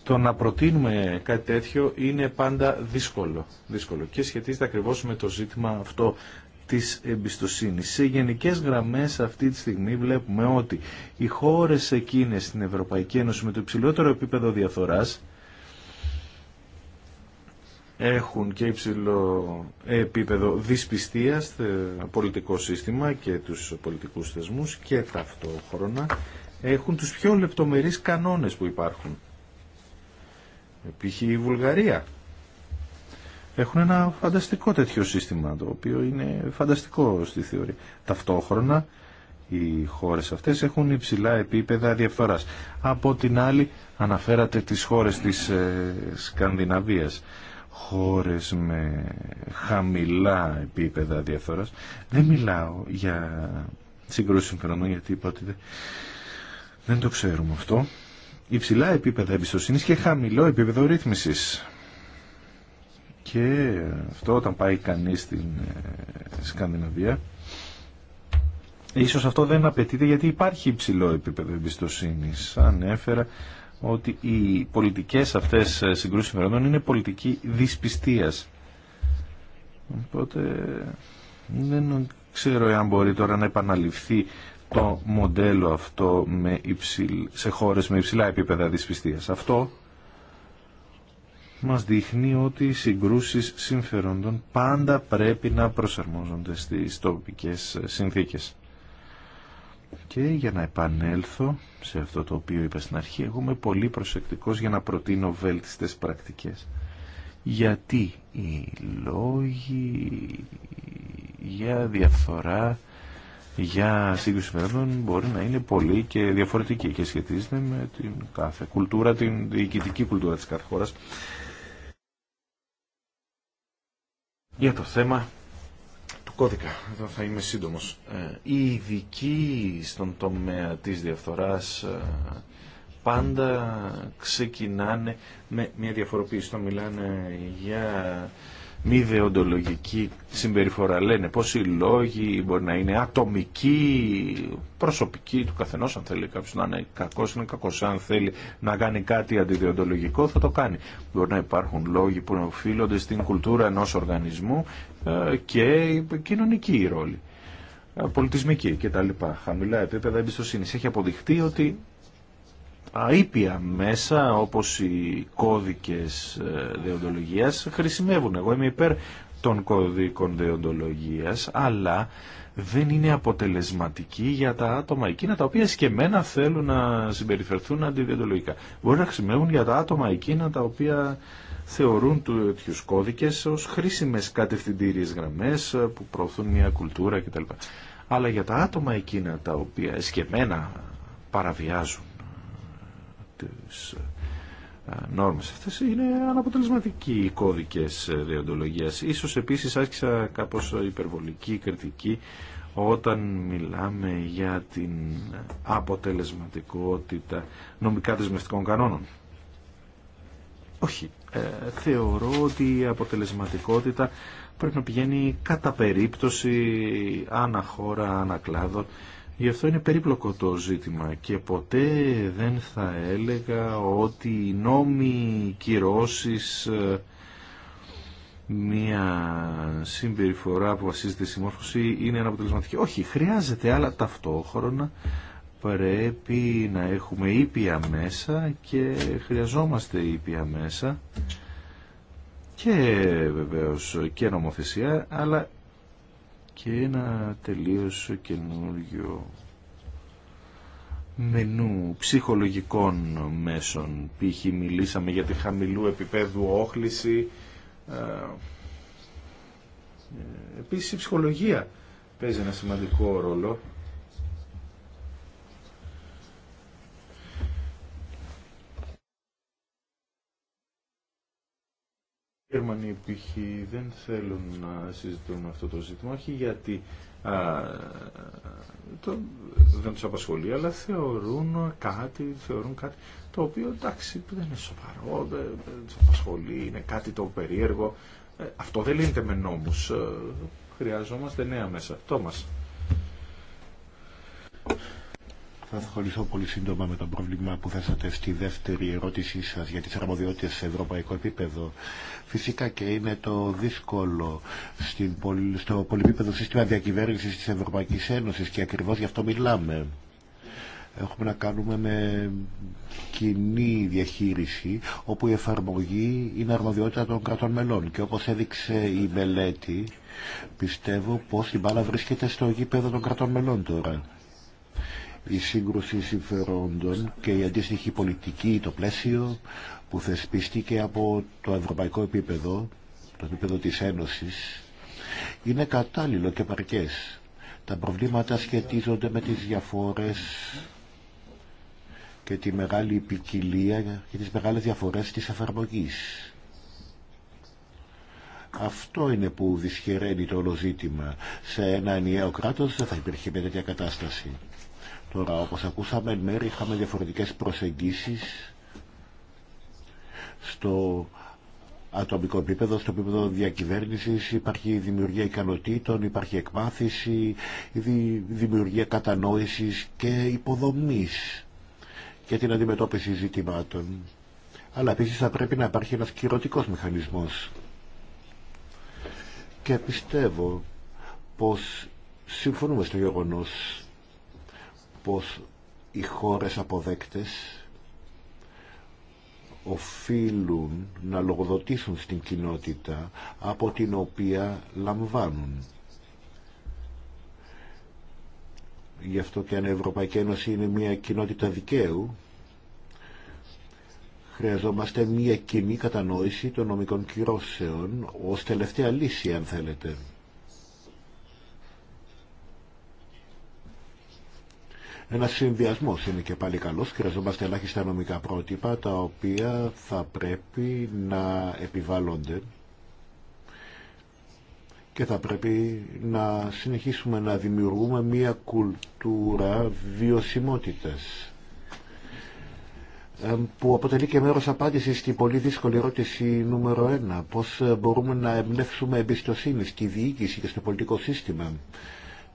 το να προτείνουμε κάτι τέτοιο είναι πάντα δύσκολο. δύσκολο. Και σχετίζεται ακριβώς με το ζήτημα αυτό της εμπιστοσύνης. Σε γενικές γραμμές αυτή τη στιγμή βλέπουμε ότι οι χώρες εκείνες στην Ευρωπαϊκή Ένωση με το υψηλότερο επίπεδο διαφοράς έχουν και υψηλό επίπεδο δυσπιστίας στο πολιτικό σύστημα και τους πολιτικούς θεσμούς και ταυτόχρονα έχουν τους πιο λεπτομερείς κανόνες που υπάρχουν. Επίχει η Βουλγαρία έχουν ένα φανταστικό τέτοιο σύστημα, το οποίο είναι φανταστικό στη θεωρία. Ταυτόχρονα οι χώρες αυτές έχουν υψηλά επίπεδα διαφθοράς. Από την άλλη αναφέρατε τις χώρες της ε, Σκανδιναβίας χώρες με χαμηλά επίπεδα διαφθοράς. Δεν μιλάω για σύγκρουση συμφέρονο γιατί είπατε δεν το ξέρουμε αυτό. Υψηλά επίπεδα εμπιστοσύνης και χαμηλό επίπεδο ρύθμισης. Και αυτό όταν πάει κανείς στην ε, Σκανδιναβία Ίσως αυτό δεν απαιτείται γιατί υπάρχει υψηλό επίπεδο εμπιστοσύνη. Ανέφερα ότι οι πολιτικές αυτές ε, συγκρούσεις συμφερόντων είναι πολιτική δυσπιστίας. Οπότε δεν ξέρω εάν μπορεί τώρα να επαναληφθεί το μοντέλο αυτό με υψηλ... σε χώρες με υψηλά επίπεδα δυσπιστίας. Αυτό μας δείχνει ότι οι συγκρούσεις συμφερόντων πάντα πρέπει να προσαρμόζονται στις τοπικές συνθήκες. Και για να επανέλθω σε αυτό το οποίο είπα στην αρχή, εγώ είμαι πολύ προσεκτικός για να προτείνω βέλτιστες πρακτικές. Γιατί οι λόγοι για διαφθορά, για σύγκρουση συμφερόντων μπορεί να είναι πολύ και διαφορετική και σχετίζεται με την κάθε κουλτούρα, την διοικητική κουλτούρα της κάθε χώρας για το θέμα του κώδικα. Εδώ θα είμαι σύντομος. Ε, οι ειδικοί στον τομέα της διαφθοράς ε, πάντα ξεκινάνε με μια διαφοροποίηση. Το μιλάνε για μη δεοντολογική συμπεριφορά. Λένε πως οι λόγοι μπορεί να είναι ατομικοί, προσωπικοί του καθενός. Αν θέλει κάποιος να είναι κακός, είναι κακός. Αν θέλει να κάνει κάτι αντιδιοντολογικό θα το κάνει. Μπορεί να υπάρχουν λόγοι που οφείλονται στην κουλτούρα ενός οργανισμού ε, και κοινωνική ρόλη ε, πολιτισμική κτλ. Χαμηλά επίπεδα εμπιστοσύνη. Έχει αποδειχτεί ότι αήπια μέσα όπως οι κώδικες ε, δεοντολογίας χρησιμεύουν. Εγώ είμαι υπέρ των κωδίκων δεοντολογίας αλλά δεν είναι αποτελεσματική για τα άτομα εκείνα τα οποία σκεμμένα θέλουν να συμπεριφερθούν αντιδιοντολογικά. Μπορεί να χρησιμεύουν για τα άτομα εκείνα τα οποία θεωρούν τέτοιου κώδικες ως χρήσιμες κατευθυντήριες γραμμές ε, που προωθούν μια κουλτούρα κτλ. Αλλά για τα άτομα εκείνα τα οποία σκεμμένα παραβιάζουν τις ε, νόρμες αυτές είναι αναποτελεσματικοί οι κώδικες ε, διοντολογίας. Ίσως επίσης άρχισα κάπως ε, υπερβολική κριτική όταν μιλάμε για την αποτελεσματικότητα νομικά δεσμευτικών κανόνων. Όχι. θεωρώ ότι η αποτελεσματικότητα πρέπει να πηγαίνει κατά περίπτωση ανά χώρα, ανά κλάδο Γι' αυτό είναι περίπλοκο το ζήτημα και ποτέ δεν θα έλεγα ότι οι νόμοι κυρώσεις ε, μια συμπεριφορά που βασίζεται στη συμμόρφωση είναι αναποτελεσματική. Όχι, χρειάζεται, αλλά ταυτόχρονα πρέπει να έχουμε ήπια μέσα και χρειαζόμαστε ήπια μέσα και βεβαίως και νομοθεσία, αλλά και ένα τελείως καινούργιο μενού ψυχολογικών μέσων. Π.χ. μιλήσαμε για τη χαμηλού επίπεδου όχληση. Ε, ε, επίσης η ψυχολογία παίζει ένα σημαντικό ρόλο Γερμανοί π.χ. δεν θέλουν να συζητούν αυτό το ζήτημα, όχι γιατί α, το, δεν τους απασχολεί, αλλά θεωρούν κάτι, θεωρούν κάτι το οποίο εντάξει δεν είναι σοβαρό, δεν, δεν τους απασχολεί, είναι κάτι το περίεργο. Ε, αυτό δεν λύνεται με νόμους. Ε, χρειαζόμαστε νέα μέσα. Το θα ασχοληθώ πολύ σύντομα με το πρόβλημα που θέσατε στη δεύτερη ερώτησή σας για τις αρμοδιότητες σε ευρωπαϊκό επίπεδο. Φυσικά και είναι το δύσκολο στο πολυπίπεδο σύστημα διακυβέρνησης της Ευρωπαϊκής Ένωσης και ακριβώς γι' αυτό μιλάμε. Έχουμε να κάνουμε με κοινή διαχείριση όπου η εφαρμογή είναι αρμοδιότητα των κρατών μελών και όπως έδειξε η μελέτη πιστεύω πως η μπάλα βρίσκεται στο γήπεδο των κρατών μελών τώρα η σύγκρουση συμφερόντων και η αντίστοιχη πολιτική, το πλαίσιο που θεσπίστηκε από το ευρωπαϊκό επίπεδο, το επίπεδο της Ένωσης, είναι κατάλληλο και παρκές. Τα προβλήματα σχετίζονται με τις διαφορές και τη μεγάλη ποικιλία και τις μεγάλες διαφορές της εφαρμογής. Αυτό είναι που δυσχεραίνει το όλο ζήτημα. Σε ένα ενιαίο κράτος δεν θα υπήρχε μια τέτοια κατάσταση. Τώρα, όπως ακούσαμε, εν ναι, είχαμε διαφορετικές προσεγγίσεις στο ατομικό επίπεδο, στο επίπεδο διακυβέρνησης, υπάρχει δημιουργία ικανοτήτων, υπάρχει εκμάθηση, δημιουργία κατανόησης και υποδομής για την αντιμετώπιση ζητημάτων. Αλλά επίσης θα πρέπει να υπάρχει ένας κυρωτικός μηχανισμός. Και πιστεύω πως συμφωνούμε στο γεγονός πως οι χώρες αποδέκτες οφείλουν να λογοδοτήσουν στην κοινότητα από την οποία λαμβάνουν. Γι' αυτό και αν η Ευρωπαϊκή Ένωση είναι μια κοινότητα δικαίου, χρειαζόμαστε μια κοινή κατανόηση των νομικών κυρώσεων ως τελευταία λύση, αν θέλετε. Ένα συνδυασμό είναι και πάλι καλό. Χρειαζόμαστε ελάχιστα νομικά πρότυπα τα οποία θα πρέπει να επιβάλλονται και θα πρέπει να συνεχίσουμε να δημιουργούμε μια κουλτούρα βιωσιμότητα ε, που αποτελεί και μέρος απάντησης στην πολύ δύσκολη ερώτηση νούμερο ένα. Πώς μπορούμε να εμπνεύσουμε εμπιστοσύνη στη διοίκηση και στο πολιτικό σύστημα.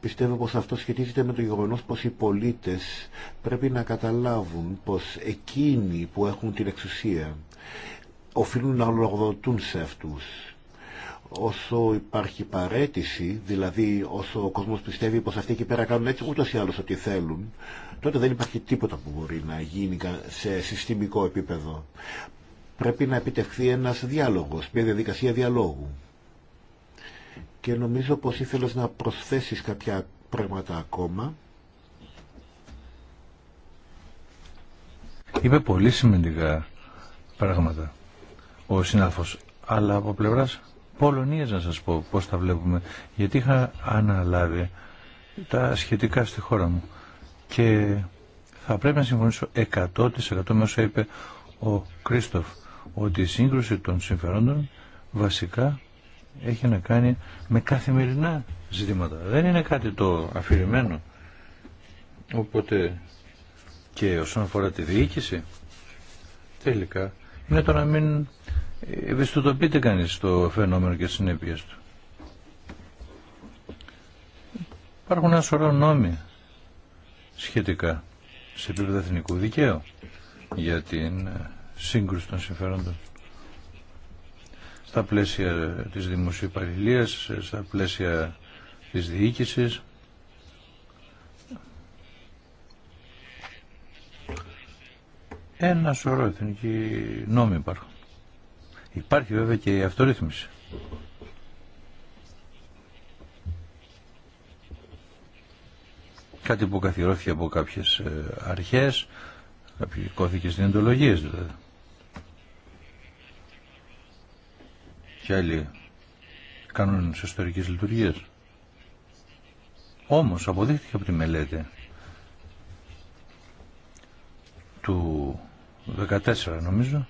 Πιστεύω πως αυτό σχετίζεται με το γεγονός πως οι πολίτες πρέπει να καταλάβουν πως εκείνοι που έχουν την εξουσία οφείλουν να λογοδοτούν σε αυτούς. Όσο υπάρχει παρέτηση, δηλαδή όσο ο κόσμος πιστεύει πως αυτοί εκεί πέρα κάνουν έτσι ούτως ή άλλως ό,τι θέλουν, τότε δεν υπάρχει τίποτα που μπορεί να γίνει σε συστημικό επίπεδο. Πρέπει να επιτευχθεί ένας διάλογος, μια διαδικασία διαλόγου και νομίζω πως ήθελες να προσθέσεις κάποια πράγματα ακόμα. Είπε πολύ σημαντικά πράγματα ο συνάδελφος, αλλά από πλευράς Πολωνίας να σας πω πώς τα βλέπουμε, γιατί είχα αναλάβει τα σχετικά στη χώρα μου και θα πρέπει να συμφωνήσω 100% με είπε ο Κρίστοφ, ότι η σύγκρουση των συμφερόντων βασικά έχει να κάνει με καθημερινά ζητήματα. Δεν είναι κάτι το αφηρημένο. Οπότε και όσον αφορά τη διοίκηση, τελικά είναι το να μην ευαισθητοποιείται κανείς το φαινόμενο και συνέπειες του. Υπάρχουν ένα σωρό νόμοι σχετικά σε επίπεδο εθνικού δικαίου για την σύγκρουση των συμφέροντων στα πλαίσια της δημοσιοπαραγγελίας, στα πλαίσια της διοίκησης. Ένα σωρό εθνικοί νόμοι υπάρχουν. Υπάρχει βέβαια και η αυτορύθμιση. Κάτι που καθιερώθηκε από κάποιες ε, αρχές, κάποιες κώθηκες στην δηλαδή. και άλλοι σε ιστορικής λειτουργίες. Όμως αποδείχθηκε από τη μελέτη του 14 νομίζω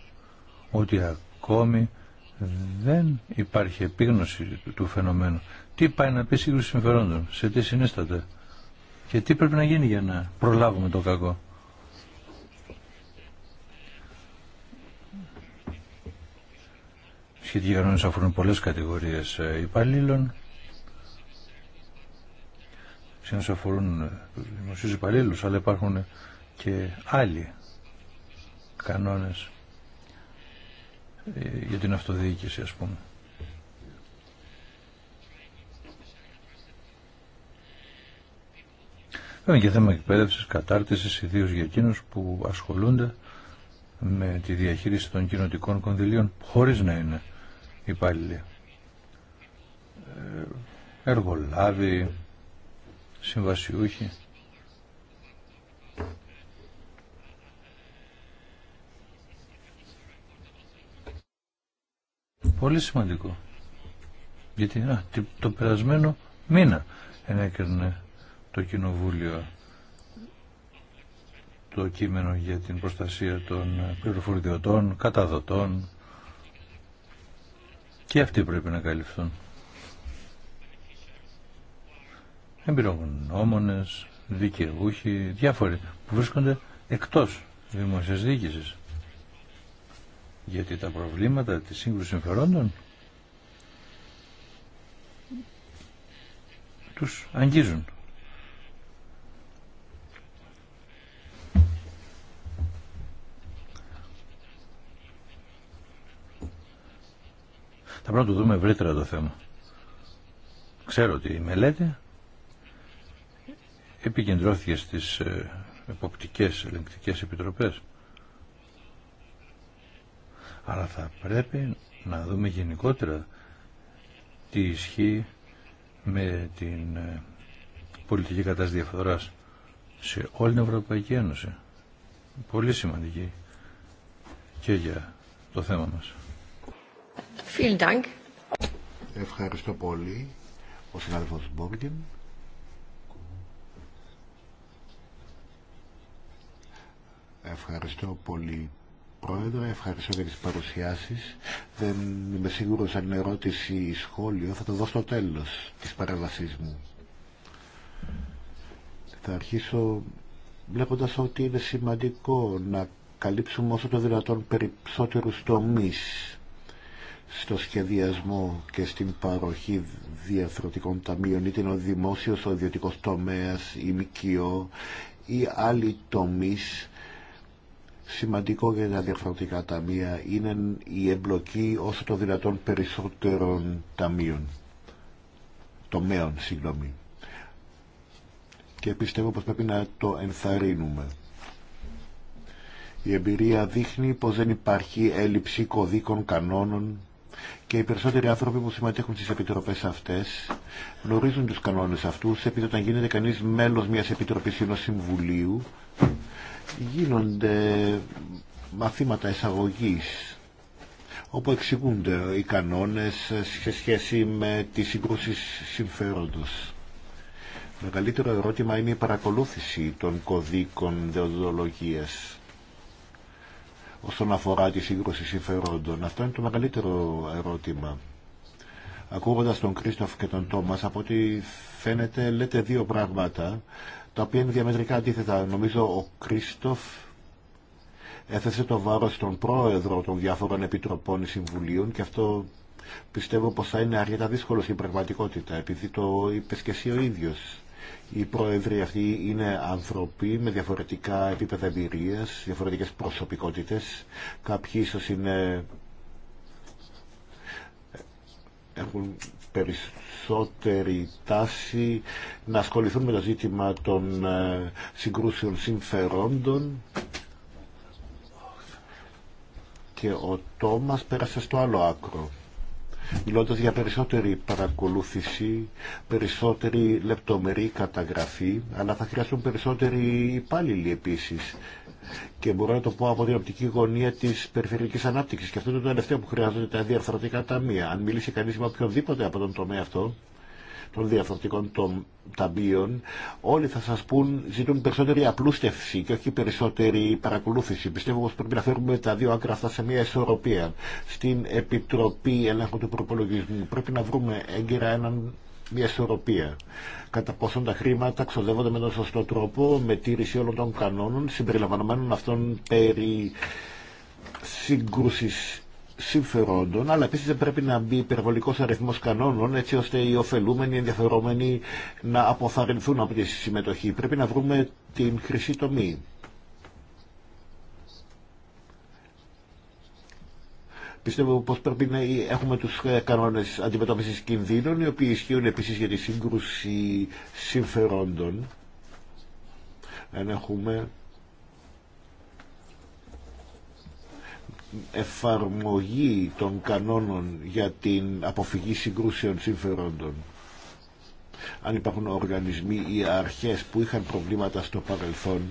ότι ακόμη δεν υπάρχει επίγνωση του φαινομένου. Τι πάει να πει σύγκρουση συμφερόντων, σε τι συνίσταται και τι πρέπει να γίνει για να προλάβουμε το κακό. σχετικοί κανόνες αφορούν πολλές κατηγορίες ε, υπαλλήλων. Συνήθως αφορούν ε, δημοσίους υπαλλήλου, αλλά υπάρχουν και άλλοι κανόνες ε, για την αυτοδιοίκηση, ας πούμε. Βέβαια και θέμα εκπαίδευση, κατάρτιση, ιδίω για εκείνου που ασχολούνται με τη διαχείριση των κοινοτικών κονδυλίων, χωρίς να είναι υπάλληλοι. Ε, εργολάβοι, συμβασιούχοι. Πολύ σημαντικό. Γιατί το περασμένο μήνα ενέκρινε το Κοινοβούλιο το κείμενο για την προστασία των πληροφοριδιωτών, καταδοτών, και αυτοί πρέπει να καλυφθούν. Εμπειρογνώμονες, δικαιούχοι, διάφοροι που βρίσκονται εκτός δημόσιας διοίκησης. Γιατί τα προβλήματα της σύγκρουσης συμφερόντων τους αγγίζουν. Θα πρέπει να το δούμε ευρύτερα το θέμα. Ξέρω ότι η μελέτη επικεντρώθηκε στις ε, εποπτικές ελεγκτικές επιτροπές. Αλλά θα πρέπει να δούμε γενικότερα τι ισχύει με την ε, πολιτική κατάσταση διαφθοράς σε όλη την Ευρωπαϊκή Ένωση. Πολύ σημαντική και για το θέμα μας. Ευχαριστώ πολύ ο συνάδελφος Μπόγκιν. Ευχαριστώ πολύ Πρόεδρε, ευχαριστώ για τις παρουσιάσεις. Δεν είμαι σίγουρος αν είναι ερώτηση ή σχόλιο, θα το δώσω στο τέλος της παρέμβασής μου. Θα αρχίσω βλέποντας ότι είναι σημαντικό να καλύψουμε όσο το δυνατόν περισσότερους τομείς στο σχεδιασμό και στην παροχή διαθροτικών ταμείων, είτε είναι ο δημόσιος, ο ιδιωτικός τομέας, η ΜΚΙΟ ή άλλοι τομείς, σημαντικό για τα διαφορετικά ταμεία είναι η εμπλοκή όσο το δυνατόν περισσότερων ταμείων, τομέων, συγγνώμη. Και πιστεύω πως πρέπει να το ενθαρρύνουμε. Η εμπειρία δείχνει πως δεν υπάρχει έλλειψη κωδίκων κανόνων και οι περισσότεροι άνθρωποι που συμμετέχουν στις επιτροπές αυτές γνωρίζουν τους κανόνες αυτούς επειδή όταν γίνεται κανείς μέλος μιας επιτροπής ή ενός συμβουλίου γίνονται μαθήματα εισαγωγής όπου εξηγούνται οι κανόνες σε σχέση με τις συγκρούσεις Το Μεγαλύτερο ερώτημα είναι η παρακολούθηση των κωδίκων δεοδολογίας όσον αφορά τη σύγκρουση συμφερόντων. Αυτό είναι το μεγαλύτερο ερώτημα. Ακούγοντας τον Κρίστοφ και τον Τόμας, από ό,τι φαίνεται λέτε δύο πράγματα, τα οποία είναι διαμετρικά αντίθετα. Νομίζω ο Κρίστοφ έθεσε το βάρος στον πρόεδρο των διάφορων επιτροπών συμβουλίων και αυτό πιστεύω πως θα είναι αρκετά δύσκολο στην πραγματικότητα, επειδή το είπε και εσύ ο ίδιος. Οι πρόεδροι αυτοί είναι άνθρωποι με διαφορετικά επίπεδα εμπειρία, διαφορετικές προσωπικότητες. Κάποιοι ίσως είναι... έχουν περισσότερη τάση να ασχοληθούν με το ζήτημα των ε, συγκρούσεων συμφερόντων και ο Τόμας πέρασε στο άλλο άκρο μιλώντας για περισσότερη παρακολούθηση, περισσότερη λεπτομερή καταγραφή, αλλά θα χρειαστούν περισσότεροι υπάλληλοι επίσης. Και μπορώ να το πω από την οπτική γωνία τη περιφερειακή ανάπτυξη. Και αυτό είναι το τελευταίο που χρειάζονται τα διαρθρωτικά ταμεία. Αν μιλήσει κανεί με οποιονδήποτε από τον τομέα αυτό, των διαφορετικών των ταμπίων, όλοι θα σας πούν, ζητούν περισσότερη απλούστευση και όχι περισσότερη παρακολούθηση. Πιστεύω πως πρέπει να φέρουμε τα δύο άκρα αυτά σε μια ισορροπία. Στην Επιτροπή Ελέγχου του Προπολογισμού πρέπει να βρούμε έγκαιρα έναν μια ισορροπία. Κατά πόσον τα χρήματα ξοδεύονται με τον σωστό τρόπο, με τήρηση όλων των κανόνων, συμπεριλαμβανομένων αυτών περί σύγκρουσης συμφερόντων, αλλά επίση δεν πρέπει να μπει υπερβολικό αριθμό κανόνων έτσι ώστε οι ωφελούμενοι, οι ενδιαφερόμενοι να αποθαρρυνθούν από τη συμμετοχή. Πρέπει να βρούμε την χρυσή τομή. Πιστεύω πως πρέπει να έχουμε τους ε, κανόνες αντιμετώπισης κινδύνων, οι οποίοι ισχύουν επίσης για τη σύγκρουση συμφερόντων. έχουμε εφαρμογή των κανόνων για την αποφυγή συγκρούσεων συμφερόντων. Αν υπάρχουν οργανισμοί ή αρχές που είχαν προβλήματα στο παρελθόν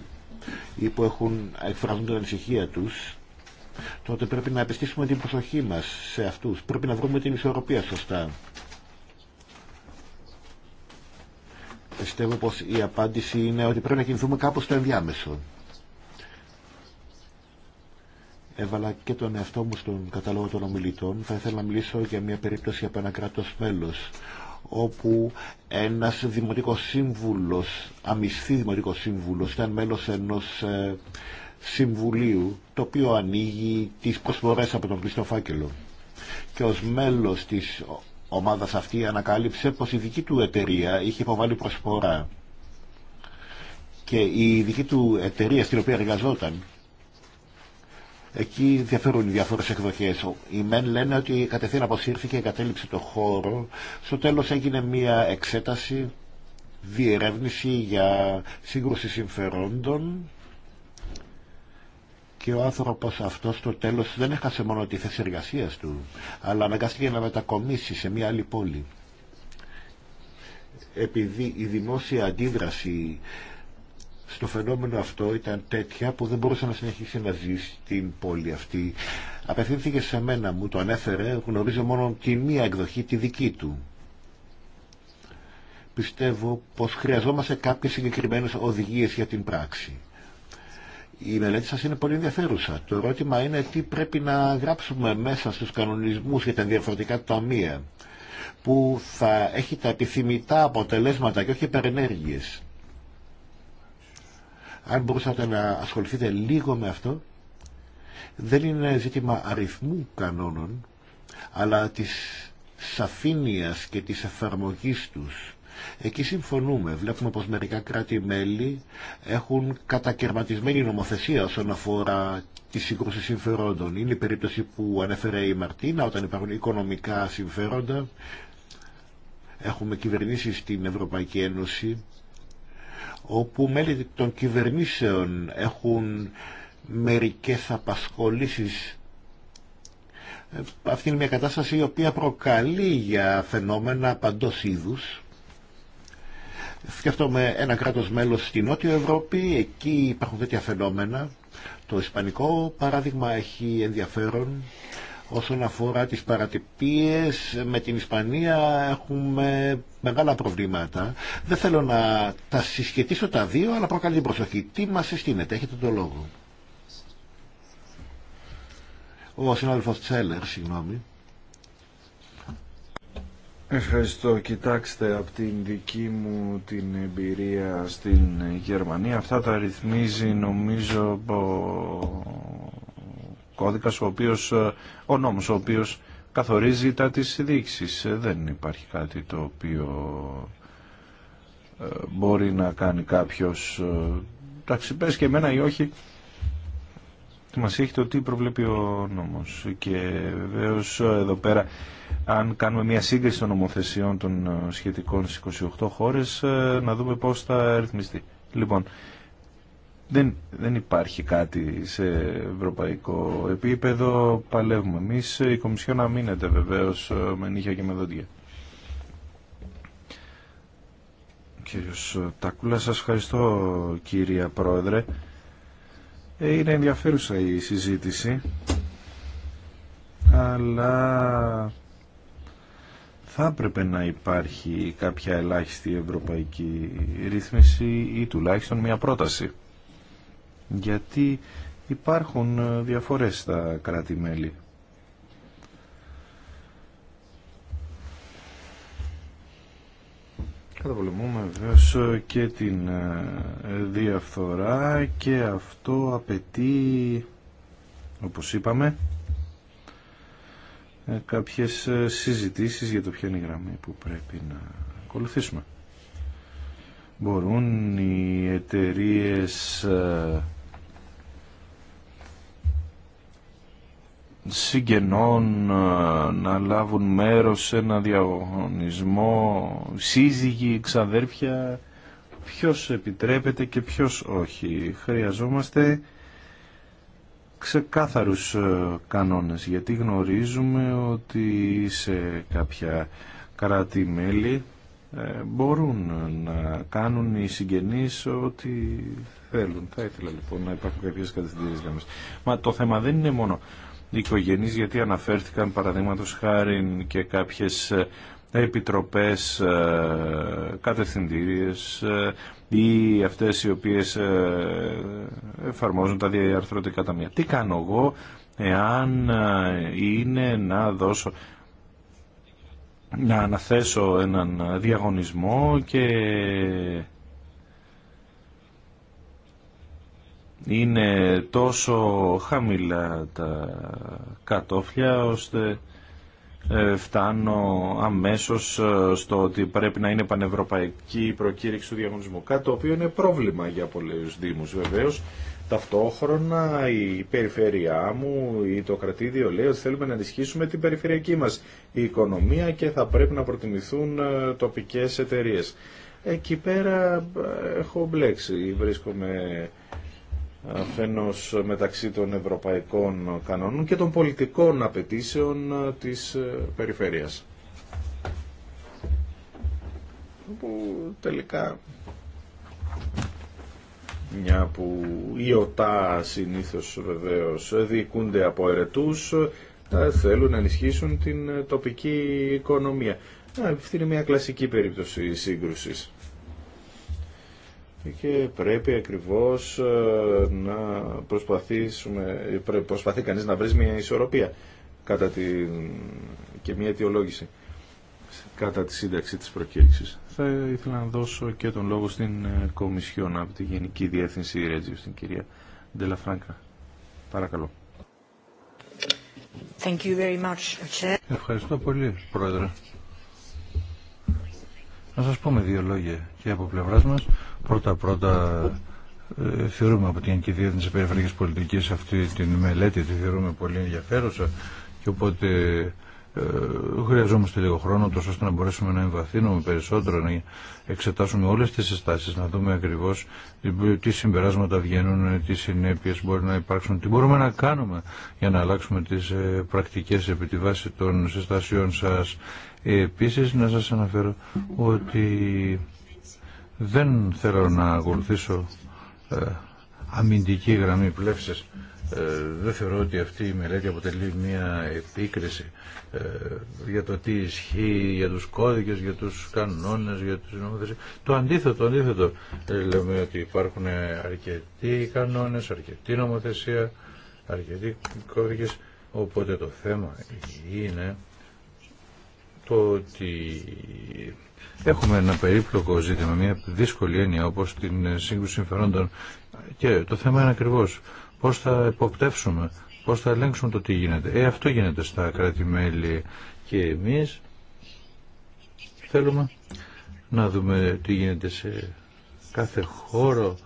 ή που έχουν εκφράζουν την ανησυχία τους, τότε πρέπει να επιστήσουμε την προσοχή μας σε αυτούς. Πρέπει να βρούμε την ισορροπία σωστά. Πιστεύω πως η απάντηση είναι ότι πρέπει να κινηθούμε κάπως στο ενδιάμεσο έβαλα και τον εαυτό μου στον κατάλογο των ομιλητών. Θα ήθελα να μιλήσω για μια περίπτωση από ένα κράτος μέλος όπου ένας δημοτικός σύμβουλος, αμυστή δημοτικός σύμβουλος, ήταν μέλος ενός ε, συμβουλίου το οποίο ανοίγει τις προσφορές από τον κλειστό φάκελο. Και ως μέλος της ομάδας αυτή ανακάλυψε πως η δική του εταιρεία είχε υποβάλει προσφορά και η δική του εταιρεία στην οποία εργαζόταν Εκεί διαφέρουν οι διάφορες εκδοχές. Οι μεν λένε ότι κατευθείαν αποσύρθηκε, εγκατέλειψε το χώρο. Στο τέλος έγινε μια εξέταση, διερεύνηση για σύγκρουση συμφερόντων και ο άνθρωπο αυτός στο τέλος δεν έχασε μόνο τη θέση εργασία του, αλλά αναγκάστηκε να μετακομίσει σε μια άλλη πόλη. Επειδή η δημόσια αντίδραση στο φαινόμενο αυτό ήταν τέτοια που δεν μπορούσε να συνεχίσει να ζει στην πόλη αυτή. Απευθύνθηκε σε μένα, μου το ανέφερε, γνωρίζω μόνο τη μία εκδοχή, τη δική του. Πιστεύω πως χρειαζόμαστε κάποιες συγκεκριμένες οδηγίες για την πράξη. Η μελέτη σας είναι πολύ ενδιαφέρουσα. Το ερώτημα είναι τι πρέπει να γράψουμε μέσα στους κανονισμούς για τα διαφορετικά ταμεία που θα έχει τα επιθυμητά αποτελέσματα και όχι υπερενέργειες. Αν μπορούσατε να ασχοληθείτε λίγο με αυτό, δεν είναι ζήτημα αριθμού κανόνων, αλλά της σαφήνειας και της εφαρμογής τους. Εκεί συμφωνούμε. Βλέπουμε πως μερικά κράτη-μέλη έχουν κατακαιρματισμένη νομοθεσία όσον αφορά τη σύγκρουση συμφερόντων. Είναι η περίπτωση που ανέφερε η Μαρτίνα όταν υπάρχουν οικονομικά συμφέροντα. Έχουμε κυβερνήσει στην Ευρωπαϊκή Ένωση όπου μέλη των κυβερνήσεων έχουν μερικές απασχολήσεις. Ε, αυτή είναι μια κατάσταση η οποία προκαλεί για φαινόμενα παντός είδους. Σκέφτομαι ένα κράτος μέλος στη Νότια Ευρώπη, εκεί υπάρχουν τέτοια φαινόμενα. Το ισπανικό παράδειγμα έχει ενδιαφέρον Όσον αφορά τις παρατυπίες με την Ισπανία έχουμε μεγάλα προβλήματα. Δεν θέλω να τα συσχετίσω τα δύο, αλλά προκαλεί την προσοχή. Τι μας συστήνεται, έχετε τον λόγο. Ο συνάδελφος Τσέλερ, συγγνώμη. Ευχαριστώ. Κοιτάξτε από την δική μου την εμπειρία στην Γερμανία. Αυτά τα ρυθμίζει νομίζω κώδικας, ο οποίος, ε, ο νόμος ο οποίος καθορίζει τα της διοίκησης. Ε, δεν υπάρχει κάτι το οποίο ε, μπορεί να κάνει κάποιος εντάξει και εμένα ή όχι Μα έχει το τι προβλέπει ο νόμος και βεβαίω εδώ πέρα αν κάνουμε μια σύγκριση των νομοθεσιών των σχετικών στι 28 χώρες να δούμε πώς θα ρυθμιστεί. Λοιπόν, δεν, δεν υπάρχει κάτι σε ευρωπαϊκό επίπεδο. Παλεύουμε εμεί. Η Κομισιόν αμήνεται βεβαίω ε, με νύχια και με δόντια. Κύριο Τάκουλα, σα ευχαριστώ κύριε Πρόεδρε. Ε, είναι ενδιαφέρουσα η συζήτηση, αλλά θα έπρεπε να υπάρχει κάποια ελάχιστη ευρωπαϊκή ρύθμιση ή τουλάχιστον μια πρόταση γιατί υπάρχουν ε, διαφορές στα κράτη-μέλη. Καταπολεμούμε βεβαίω ε, και την ε, διαφθορά και αυτό απαιτεί, όπως είπαμε, κάποιες συζητήσεις για το ποια είναι η γραμμή που πρέπει να ακολουθήσουμε. Μπορούν οι εταιρείες συγγενών ε, να λάβουν μέρος σε ένα διαγωνισμό, σύζυγοι, ξαδέρφια, ποιος επιτρέπεται και ποιος όχι. Χρειαζόμαστε ξεκάθαρους ε, κανόνες, γιατί γνωρίζουμε ότι σε κάποια κράτη-μέλη ε, μπορούν να κάνουν οι συγγενείς ό,τι θέλουν. Θα ήθελα λοιπόν να υπάρχουν κάποιες κατευθυντήριες γραμμές. Μα το θέμα δεν είναι μόνο γιατί αναφέρθηκαν παραδείγματος χάρη και κάποιες ε, επιτροπές ε, κατευθυντήριες ε, ή αυτές οι οποίες εφαρμόζουν τα διαρθρωτικά ταμεία. Τι κάνω εγώ εάν είναι να δώσω να αναθέσω έναν διαγωνισμό και είναι τόσο χαμηλά τα κατόφλια ώστε ε, φτάνω αμέσως ε, στο ότι πρέπει να είναι πανευρωπαϊκή η προκήρυξη του διαγωνισμού. Κάτι το οποίο είναι πρόβλημα για πολλούς Δήμους βεβαίως. Ταυτόχρονα η περιφέρειά μου ή το κρατήδιο λέει ότι θέλουμε να ενισχύσουμε την περιφερειακή μας η οικονομία και θα πρέπει να προτιμηθούν ε, τοπικές εταιρείες. Εκεί πέρα έχω μπλέξει, βρίσκομαι αφενός μεταξύ των ευρωπαϊκών κανόνων και των πολιτικών απαιτήσεων της ε, περιφέρειας. Που τελικά μια που οι ΟΤΑ συνήθως βεβαίως διοικούνται από αιρετούς ε, θέλουν να ενισχύσουν την τοπική οικονομία. Ε, αυτή είναι μια κλασική περίπτωση σύγκρουσης και πρέπει ακριβώς ε, να προσπαθήσουμε, προσπαθεί κανείς να βρει μια ισορροπία κατά τη, και μια αιτιολόγηση κατά τη σύνταξη της προκήρυξης. Θα ήθελα να δώσω και τον λόγο στην ε, Κομισιόν από τη Γενική Διεύθυνση Ρέτζιου, στην κυρία Ντελαφράγκα. Παρακαλώ. Thank you very much, Ευχαριστώ πολύ, Πρόεδρε. Να σας πούμε δύο λόγια και από πλευράς μας. Πρώτα-πρώτα ε, θεωρούμε από την Γενική Διεύθυνση Περιφερειακής Πολιτικής αυτή την μελέτη, τη θεωρούμε πολύ ενδιαφέρουσα και οπότε ε, χρειαζόμαστε λίγο χρόνο τόσο ώστε να μπορέσουμε να εμβαθύνουμε περισσότερο, να εξετάσουμε όλες τις συστάσεις, να δούμε ακριβώς τι συμπεράσματα βγαίνουν, τι συνέπειες μπορεί να υπάρξουν, τι μπορούμε να κάνουμε για να αλλάξουμε τις ε, πρακτικές επί τη βάση των συστασιών σας. Επίσης να σας αναφέρω ότι δεν θέλω να ακολουθήσω ε, αμυντική γραμμή πλεύσης. Ε, δεν θεωρώ ότι αυτή η μελέτη αποτελεί μια επίκριση ε, για το τι ισχύει, για τους κώδικες, για τους κανόνες, για τους νομοθεσίες. Το αντίθετο, το αντίθετο. Λέμε ότι υπάρχουν αρκετοί κανόνες, αρκετή νομοθεσία, αρκετοί κώδικες. Οπότε το θέμα είναι το ότι έχουμε ένα περίπλοκο ζήτημα, μια δύσκολη έννοια όπως την σύγκρουση συμφερόντων και το θέμα είναι ακριβώς πώς θα εποπτεύσουμε, πώς θα ελέγξουμε το τι γίνεται. Ε, αυτό γίνεται στα κράτη-μέλη και εμείς θέλουμε να δούμε τι γίνεται σε κάθε χώρο,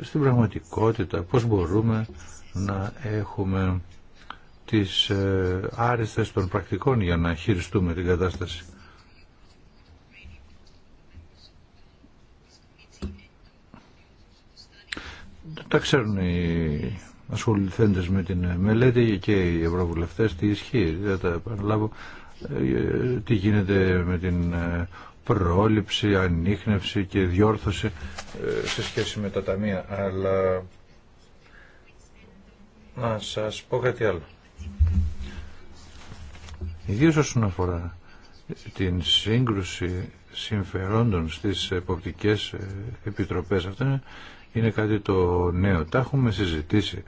στην πραγματικότητα, πώς μπορούμε να έχουμε τις ε, άριστες των πρακτικών για να χειριστούμε την κατάσταση. Τα ξέρουν οι ασχοληθέντες με την μελέτη και οι ευρωβουλευτές τι ισχύει. Δεν τα επαναλάβω. Ε, τι γίνεται με την ε, πρόληψη, ανείχνευση και διόρθωση σε σχέση με τα ταμεία. Αλλά να σας πω κάτι άλλο. Ιδίω όσον αφορά την σύγκρουση συμφερόντων στις εποπτικές ε, επιτροπές. Αυτό είναι κάτι το νέο. Τα έχουμε συζητήσει.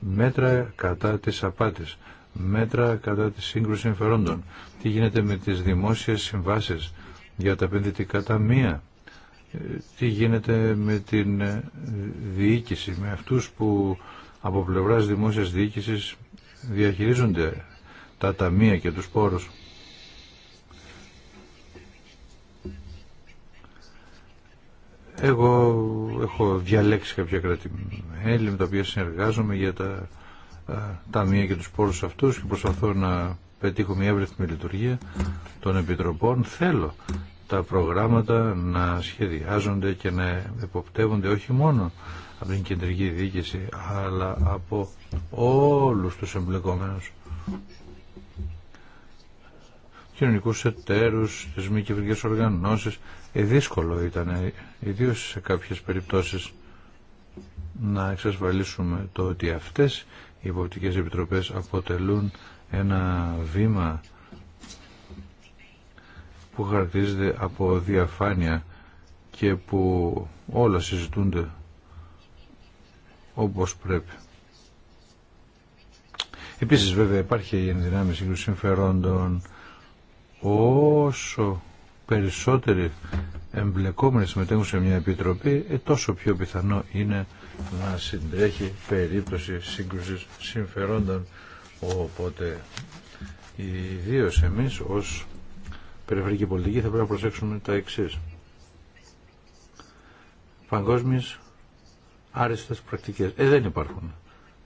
Μέτρα κατά της απάτης. Μέτρα κατά της σύγκρουσης συμφερόντων. Τι γίνεται με τις δημόσιες συμβάσεις για τα επενδυτικά ταμεία. Ε, τι γίνεται με την ε, διοίκηση, με αυτούς που από πλευράς δημόσιας διοίκησης διαχειρίζονται τα ταμεία και τους πόρους. Εγώ έχω διαλέξει κάποια κρατημέλη με τα οποία συνεργάζομαι για τα ταμεία και τους πόρους αυτούς και προσπαθώ να πετύχω μια εύρεθμη λειτουργία των επιτροπών. Θέλω τα προγράμματα να σχεδιάζονται και να εποπτεύονται όχι μόνο από την κεντρική διοίκηση, αλλά από όλους τους εμπλεκόμενους κοινωνικούς εταίρους, τις μη κυβερνικές οργανώσεις. Ε, δύσκολο ήταν, ε, ιδίω σε κάποιες περιπτώσεις, να εξασφαλίσουμε το ότι αυτές οι υποπτικές επιτροπές αποτελούν ένα βήμα που χαρακτηρίζεται από διαφάνεια και που όλα συζητούνται όπως πρέπει. Επίσης βέβαια υπάρχει η ενδυνάμιση σύγκρουση συμφερόντων όσο περισσότεροι εμπλεκόμενοι συμμετέχουν σε μια επιτροπή ε, τόσο πιο πιθανό είναι να συντρέχει περίπτωση σύγκρουσης συμφερόντων οπότε ιδίω εμείς ως περιφερική πολιτική θα πρέπει να προσέξουμε τα εξής παγκόσμιες άριστες πρακτικές. Ε, δεν υπάρχουν.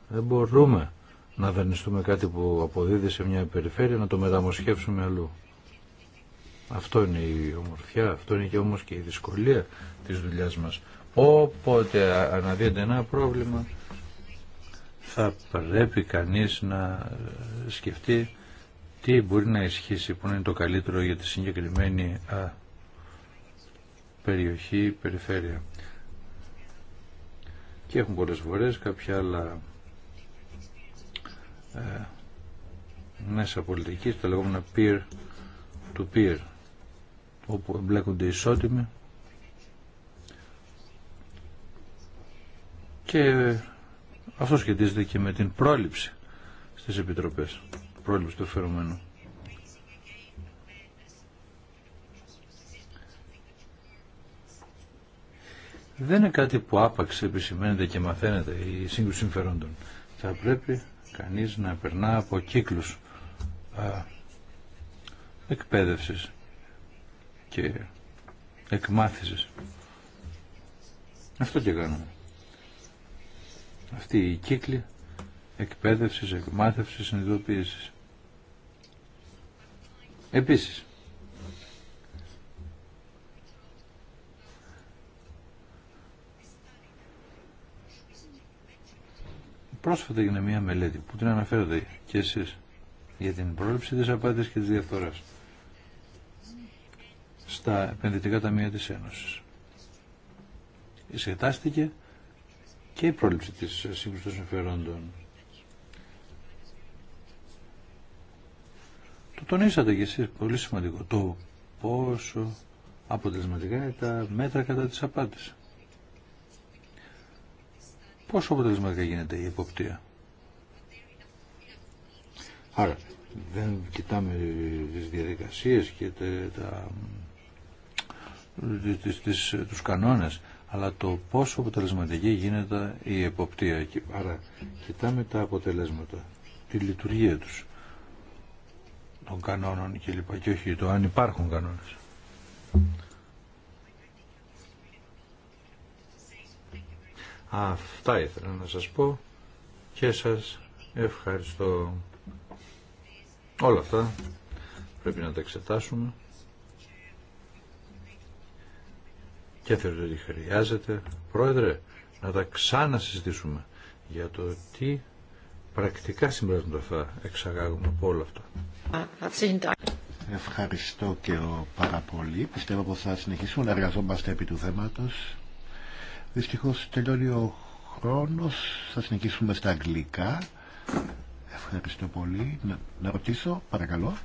Δεν μπορούμε να δανειστούμε κάτι που αποδίδει σε μια περιφέρεια, να το μεταμοσχεύσουμε αλλού. Αυτό είναι η ομορφιά, αυτό είναι και όμως και η δυσκολία της δουλειάς μας. Όποτε αναδύεται ένα πρόβλημα, θα πρέπει κανείς να ε, σκεφτεί τι μπορεί να ισχύσει, που είναι το καλύτερο για τη συγκεκριμένη περιοχή, περιφέρεια και έχουν πολλές φορές κάποια άλλα ε, μέσα πολιτικής, τα λεγόμενα peer to peer, όπου εμπλέκονται ισότιμοι και αυτό σχετίζεται και με την πρόληψη στις επιτροπές, πρόληψη του φαινομένου. δεν είναι κάτι που άπαξ επισημαίνεται και μαθαίνεται η σύγκρουση συμφερόντων. Θα πρέπει κανείς να περνά από κύκλους α, εκπαίδευσης και εκμάθησης. Αυτό και κάνουμε. Αυτή η κύκλη εκπαίδευσης, εκμάθευσης, συνειδητοποίησης. Επίσης, Πρόσφατα έγινε μια μελέτη που την αναφέρατε και εσεί για την πρόληψη της απάτης και τη διαφθορά στα επενδυτικά ταμεία τη Ένωση. Εισετάστηκε και η πρόληψη της σύγκρουση των συμφερόντων. Το τονίσατε και εσείς, πολύ σημαντικό, το πόσο αποτελεσματικά είναι τα μέτρα κατά της απάτης πόσο αποτελεσματικά γίνεται η εποπτεία. Άρα δεν κοιτάμε τις διαδικασίες και τα, τις, τους κανόνες, αλλά το πόσο αποτελεσματική γίνεται η εποπτεία. Άρα κοιτάμε τα αποτελέσματα, τη λειτουργία τους των κανόνων κλπ. Και, όχι το αν υπάρχουν κανόνες. Αυτά ήθελα να σας πω και σας ευχαριστώ. Όλα αυτά πρέπει να τα εξετάσουμε και θεωρείτε ότι χρειάζεται, Πρόεδρε, να τα ξανασυζητήσουμε για το τι πρακτικά συμπεράσματα θα εξαγάγουμε από όλα αυτά. Ευχαριστώ και ο πάρα πολύ. Πιστεύω πως θα συνεχίσουμε να εργαζόμαστε επί του θέματος. Δυστυχώς τελειώνει ο χρόνος. Θα συνεχίσουμε στα αγγλικά. Ευχαριστώ πολύ. Να, να ρωτήσω, παρακαλώ.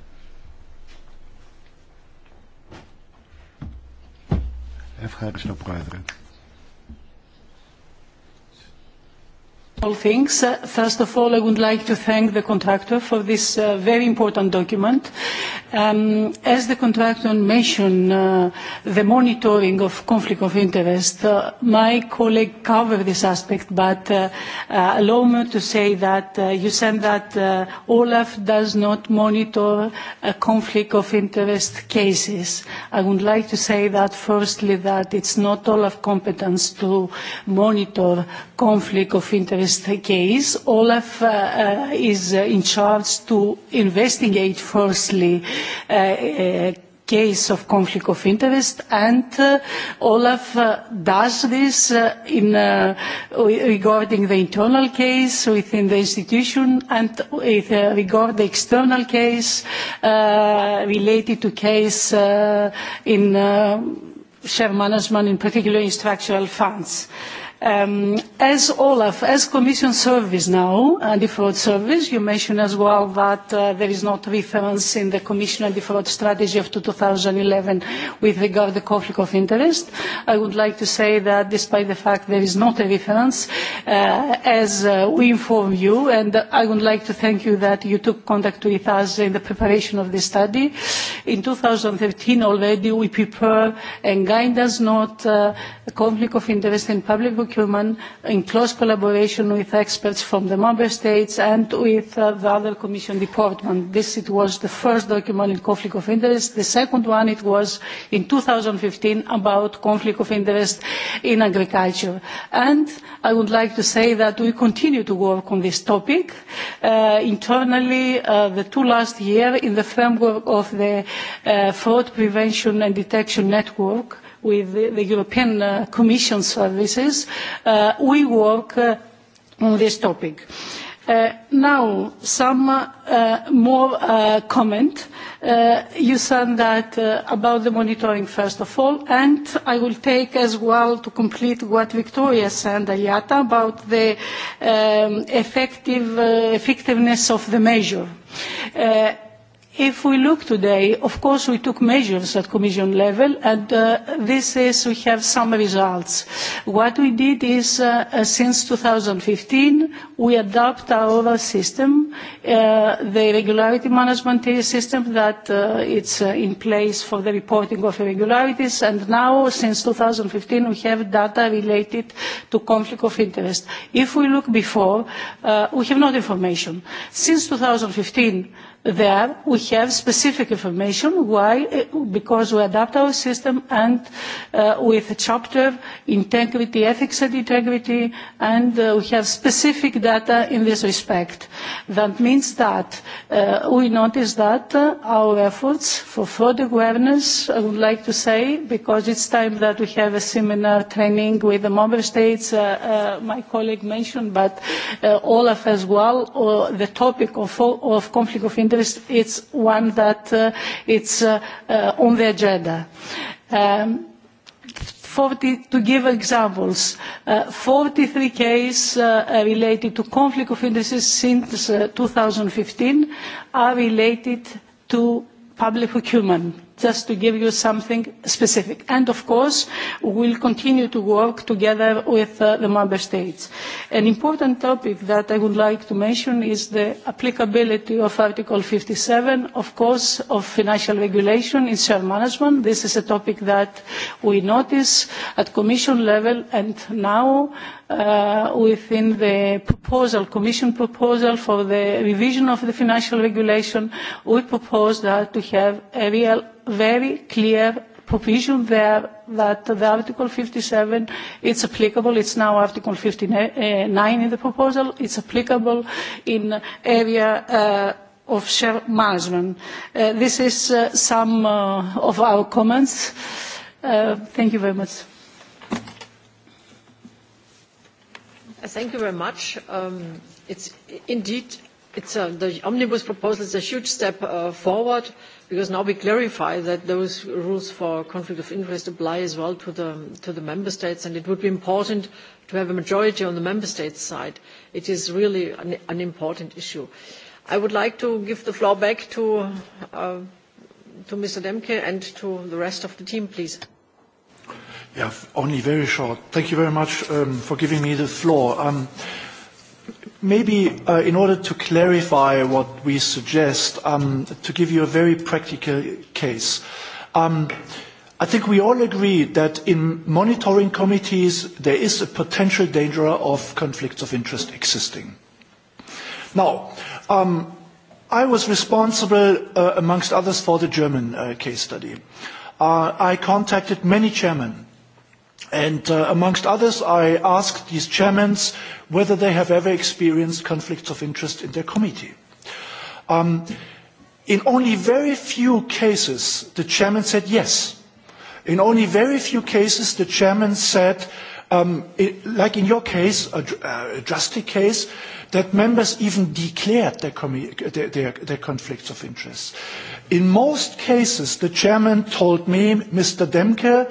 Ευχαριστώ, Πρόεδρε. things. First of all, I would like to thank the contractor for this very important document. As the contractor mentioned, the monitoring of conflict of interest, my colleague covered this aspect, but allow me to say that you said that Olaf does not monitor conflict of interest cases. I would like to say that firstly that it's not OLAF's competence to monitor conflict of interest this case. Olaf is in charge to investigate firstly a case of conflict of interest and Olaf does this in regarding the internal case within the institution and regarding the external case related to case in share management in particular in structural funds. As Olaf, as Commission Service now, anti-fraud service, you mentioned as well that there is not reference in the Commission anti-fraud strategy of 2011 with regard to conflict of interest. I would like to say that despite the fact there is not a reference, as we inform you, and I would like to thank you that you took contact with us in the preparation of this study. In 2013 already we prepared a not a conflict of interest in public procurement in close collaboration with experts from the member states and with the other commission department. This was the first document in conflict of interest. The second one it was in 2015 about conflict of interest in agriculture. And I would like to say that we continue to work on this topic internally the two last year in the framework of the fraud prevention and detection network with the European Commission services, we work on this topic. Now, some more comment. You said that about the monitoring, first of all, and I will take as well to complete what Victoria said, Aliata, about the effectiveness of the measure. If we look today, of course we took measures at Commission level and this is we have some results. What we did is since 2015 we adopt our system, the regularity management system that it's in place for the reporting of irregularities and now since 2015 we have data related to conflict of interest. If we look before, we have no information. Since 2015 there we have specific information why because we adapt our system and with a chapter integrity ethics and integrity and we have specific data in this respect that means that we notice that our efforts for fraud awareness i would like to say because it's time that we have a seminar training with the member states my colleague mentioned but all of as well the topic of conflict of interest it's one that it's on the agenda. To give examples, 43 cases related to conflict of interest since 2015 are related to public procurement just to give you something specific. And of course, we will continue to work together with the member states. An important topic that I would like to mention is the applicability of Article 57, of course, of financial regulation in share management. This is a topic that we notice at Commission level and now within the proposal, Commission proposal for the revision of the financial regulation, we propose that to have a real very clear provision there that the Article 57 it's applicable. It's now Article 59 in the proposal. It's applicable in area of share management. This is some of our comments. Thank you very much. Thank you very much. It's indeed, it's the omnibus proposal is a huge step forward because now we clarify that those rules for conflict of interest apply as well to the member states and it would be important to have a majority on the member states side. It is really an important issue. I would like to give the floor back to Mr. Demke and to the rest of the team, please. Yeah, only very short. Thank you very much for giving me the floor. Maybe in order to clarify what we suggest, to give you a very practical case. I think we all agree that in monitoring committees there is a potential danger of conflicts of interest existing. Now, I was responsible, amongst others, for the German case study. I contacted many chairmen And amongst others, I asked these chairmen whether they have ever experienced conflicts of interest in their committee. In only very few cases, the chairman said yes. In only very few cases, the chairman said, like in your case, a drastic case, that members even declared their conflicts of interest. In most cases, the chairman told me, Mr. Demke,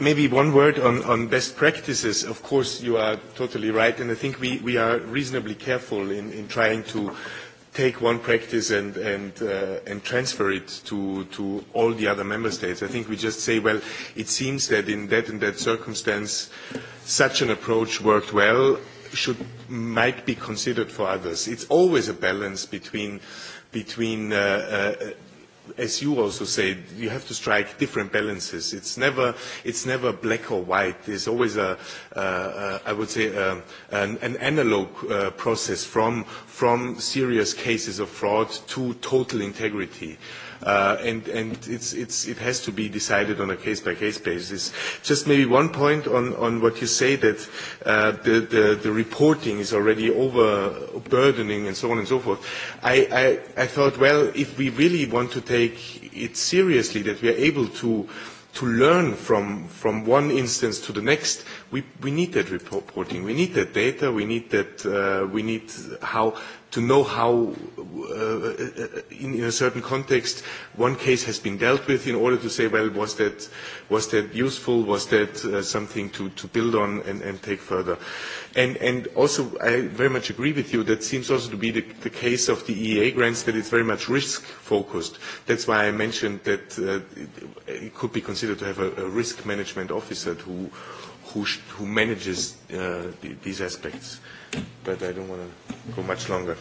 Maybe one word on best practices. Of course, you are totally right, and I think we are reasonably careful in trying to take one practice and transfer it to all the other member states. I think we just say, well, it seems that in that and that circumstance, such an approach worked well, should might be considered for others. It's always a balance between between as you also say, you have to strike different balances. It's never, it's never black or white. There's always a, I would say, an analog process from from serious cases of fraud to total integrity and and it's it's it has to be decided on a case by case basis. Just maybe one point on on what you say that the the reporting is already overburdening and so on and so forth. I I I thought well if we really want to take it seriously that we are able to to learn from from one instance to the next we we need that reporting we need that data we need that we need how to know how in a certain context one case has been dealt with in order to say well was that was that useful was that something to to build on and and take further and and also i very much agree with you that seems also to be the case of the eea grants that it's very much risk focused that's why i mentioned that it could be considered to have a risk management officer who who who manages these aspects. But I don't want to go much longer.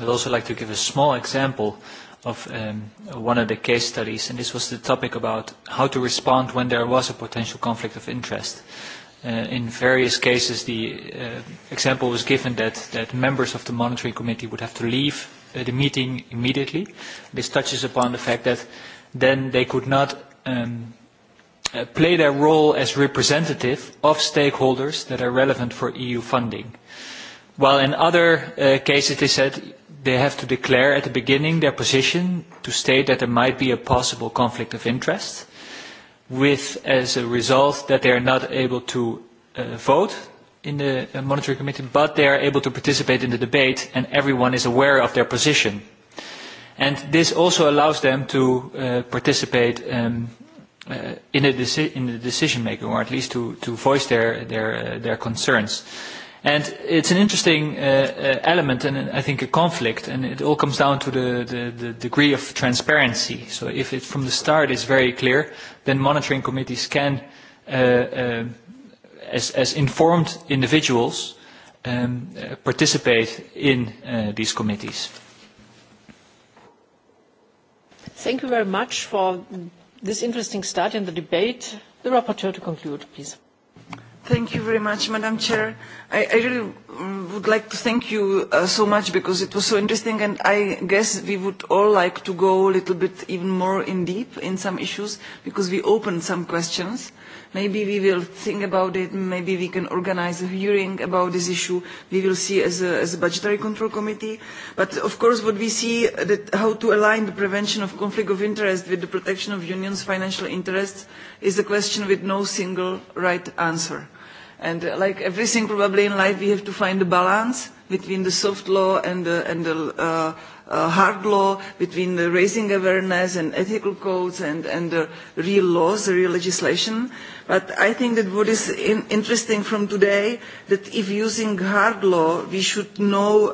I'd also like to give a small example of one of the case studies, and this was the topic about how to respond when there was a potential conflict of interest. In various cases, the example was given that that members of the monitoring committee would have to leave the meeting immediately. This touches upon the fact that then they could not play their role as representative of stakeholders that are relevant for EU funding. While in other cases they said they have to declare at the beginning their position to state that there might be a possible conflict of interest, with as a result that they are not able to vote in the Monetary committee, but they are able to participate in the debate and everyone is aware of their position. And this also allows them to participate in the decision making or at least to to voice their their their concerns and it's an interesting element and i think a conflict and it all comes down to the the degree of transparency so if it from the start is very clear then monitoring committees can as as informed individuals participate in these committees Thank you very much for this interesting start in the debate. The rapporteur to conclude, please. Thank you very much, Madam Chair. I really would like to thank you so much because it was so interesting and I guess we would all like to go a little bit even more in deep in some issues because we opened some questions Maybe we will think about it. Maybe we can organize a hearing about this issue. We will see as a budgetary control committee. But of course, what we see that how to align the prevention of conflict of interest with the protection of unions' financial interests is a question with no single right answer. And like everything probably in life, we have to find a balance between the soft law and the hard law between the raising awareness and ethical codes and and the real laws the real legislation but i think that what is interesting from today that if using hard law we should know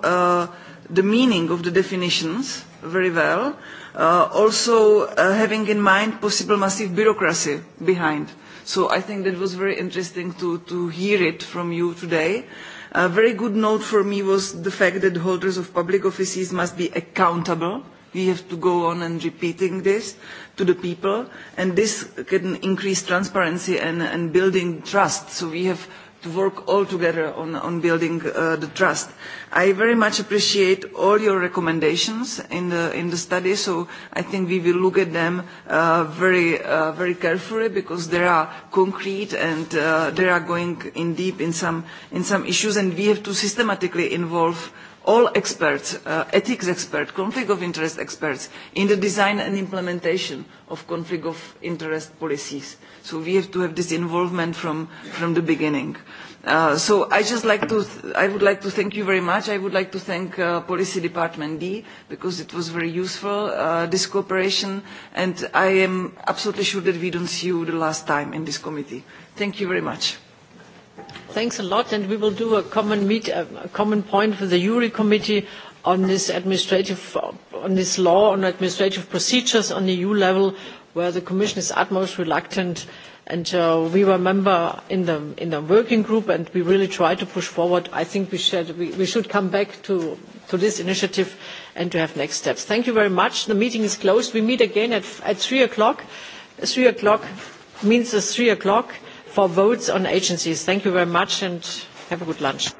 the meaning of the definitions very well also having in mind possible massive bureaucracy behind so i think that was very interesting to to hear it from you today A very good note for me was the fact that holders of public offices must be accountable. We have to go on and repeating this to the people, and this can increase transparency and building trust. So we have to work all together on building the trust. I very much appreciate all your recommendations in the study, so I think we will look at them very very carefully because they are concrete and they are going in deep in some in some issues and we have to systematically involve all experts, ethics experts, conflict of interest experts in the design and implementation of conflict of interest policies. So we have to have this involvement from from the beginning. So I just like to, I would like to thank you very much. I would like to thank Policy Department D because it was very useful this cooperation, and I am absolutely sure that we don't see you the last time in this committee. Thank you very much. Thanks a lot, and we will do a common meet, a common point for the URI Committee on this administrative, on this law on administrative procedures on EU level where the Commission is utmost reluctant. And we were a member in the working group and we really tried to push forward. I think we should come back to this initiative and to have next steps. Thank you very much. The meeting is closed. We meet again at 3 o'clock. 3 o'clock means it's 3 o'clock for votes on agencies. Thank you very much and have a good lunch.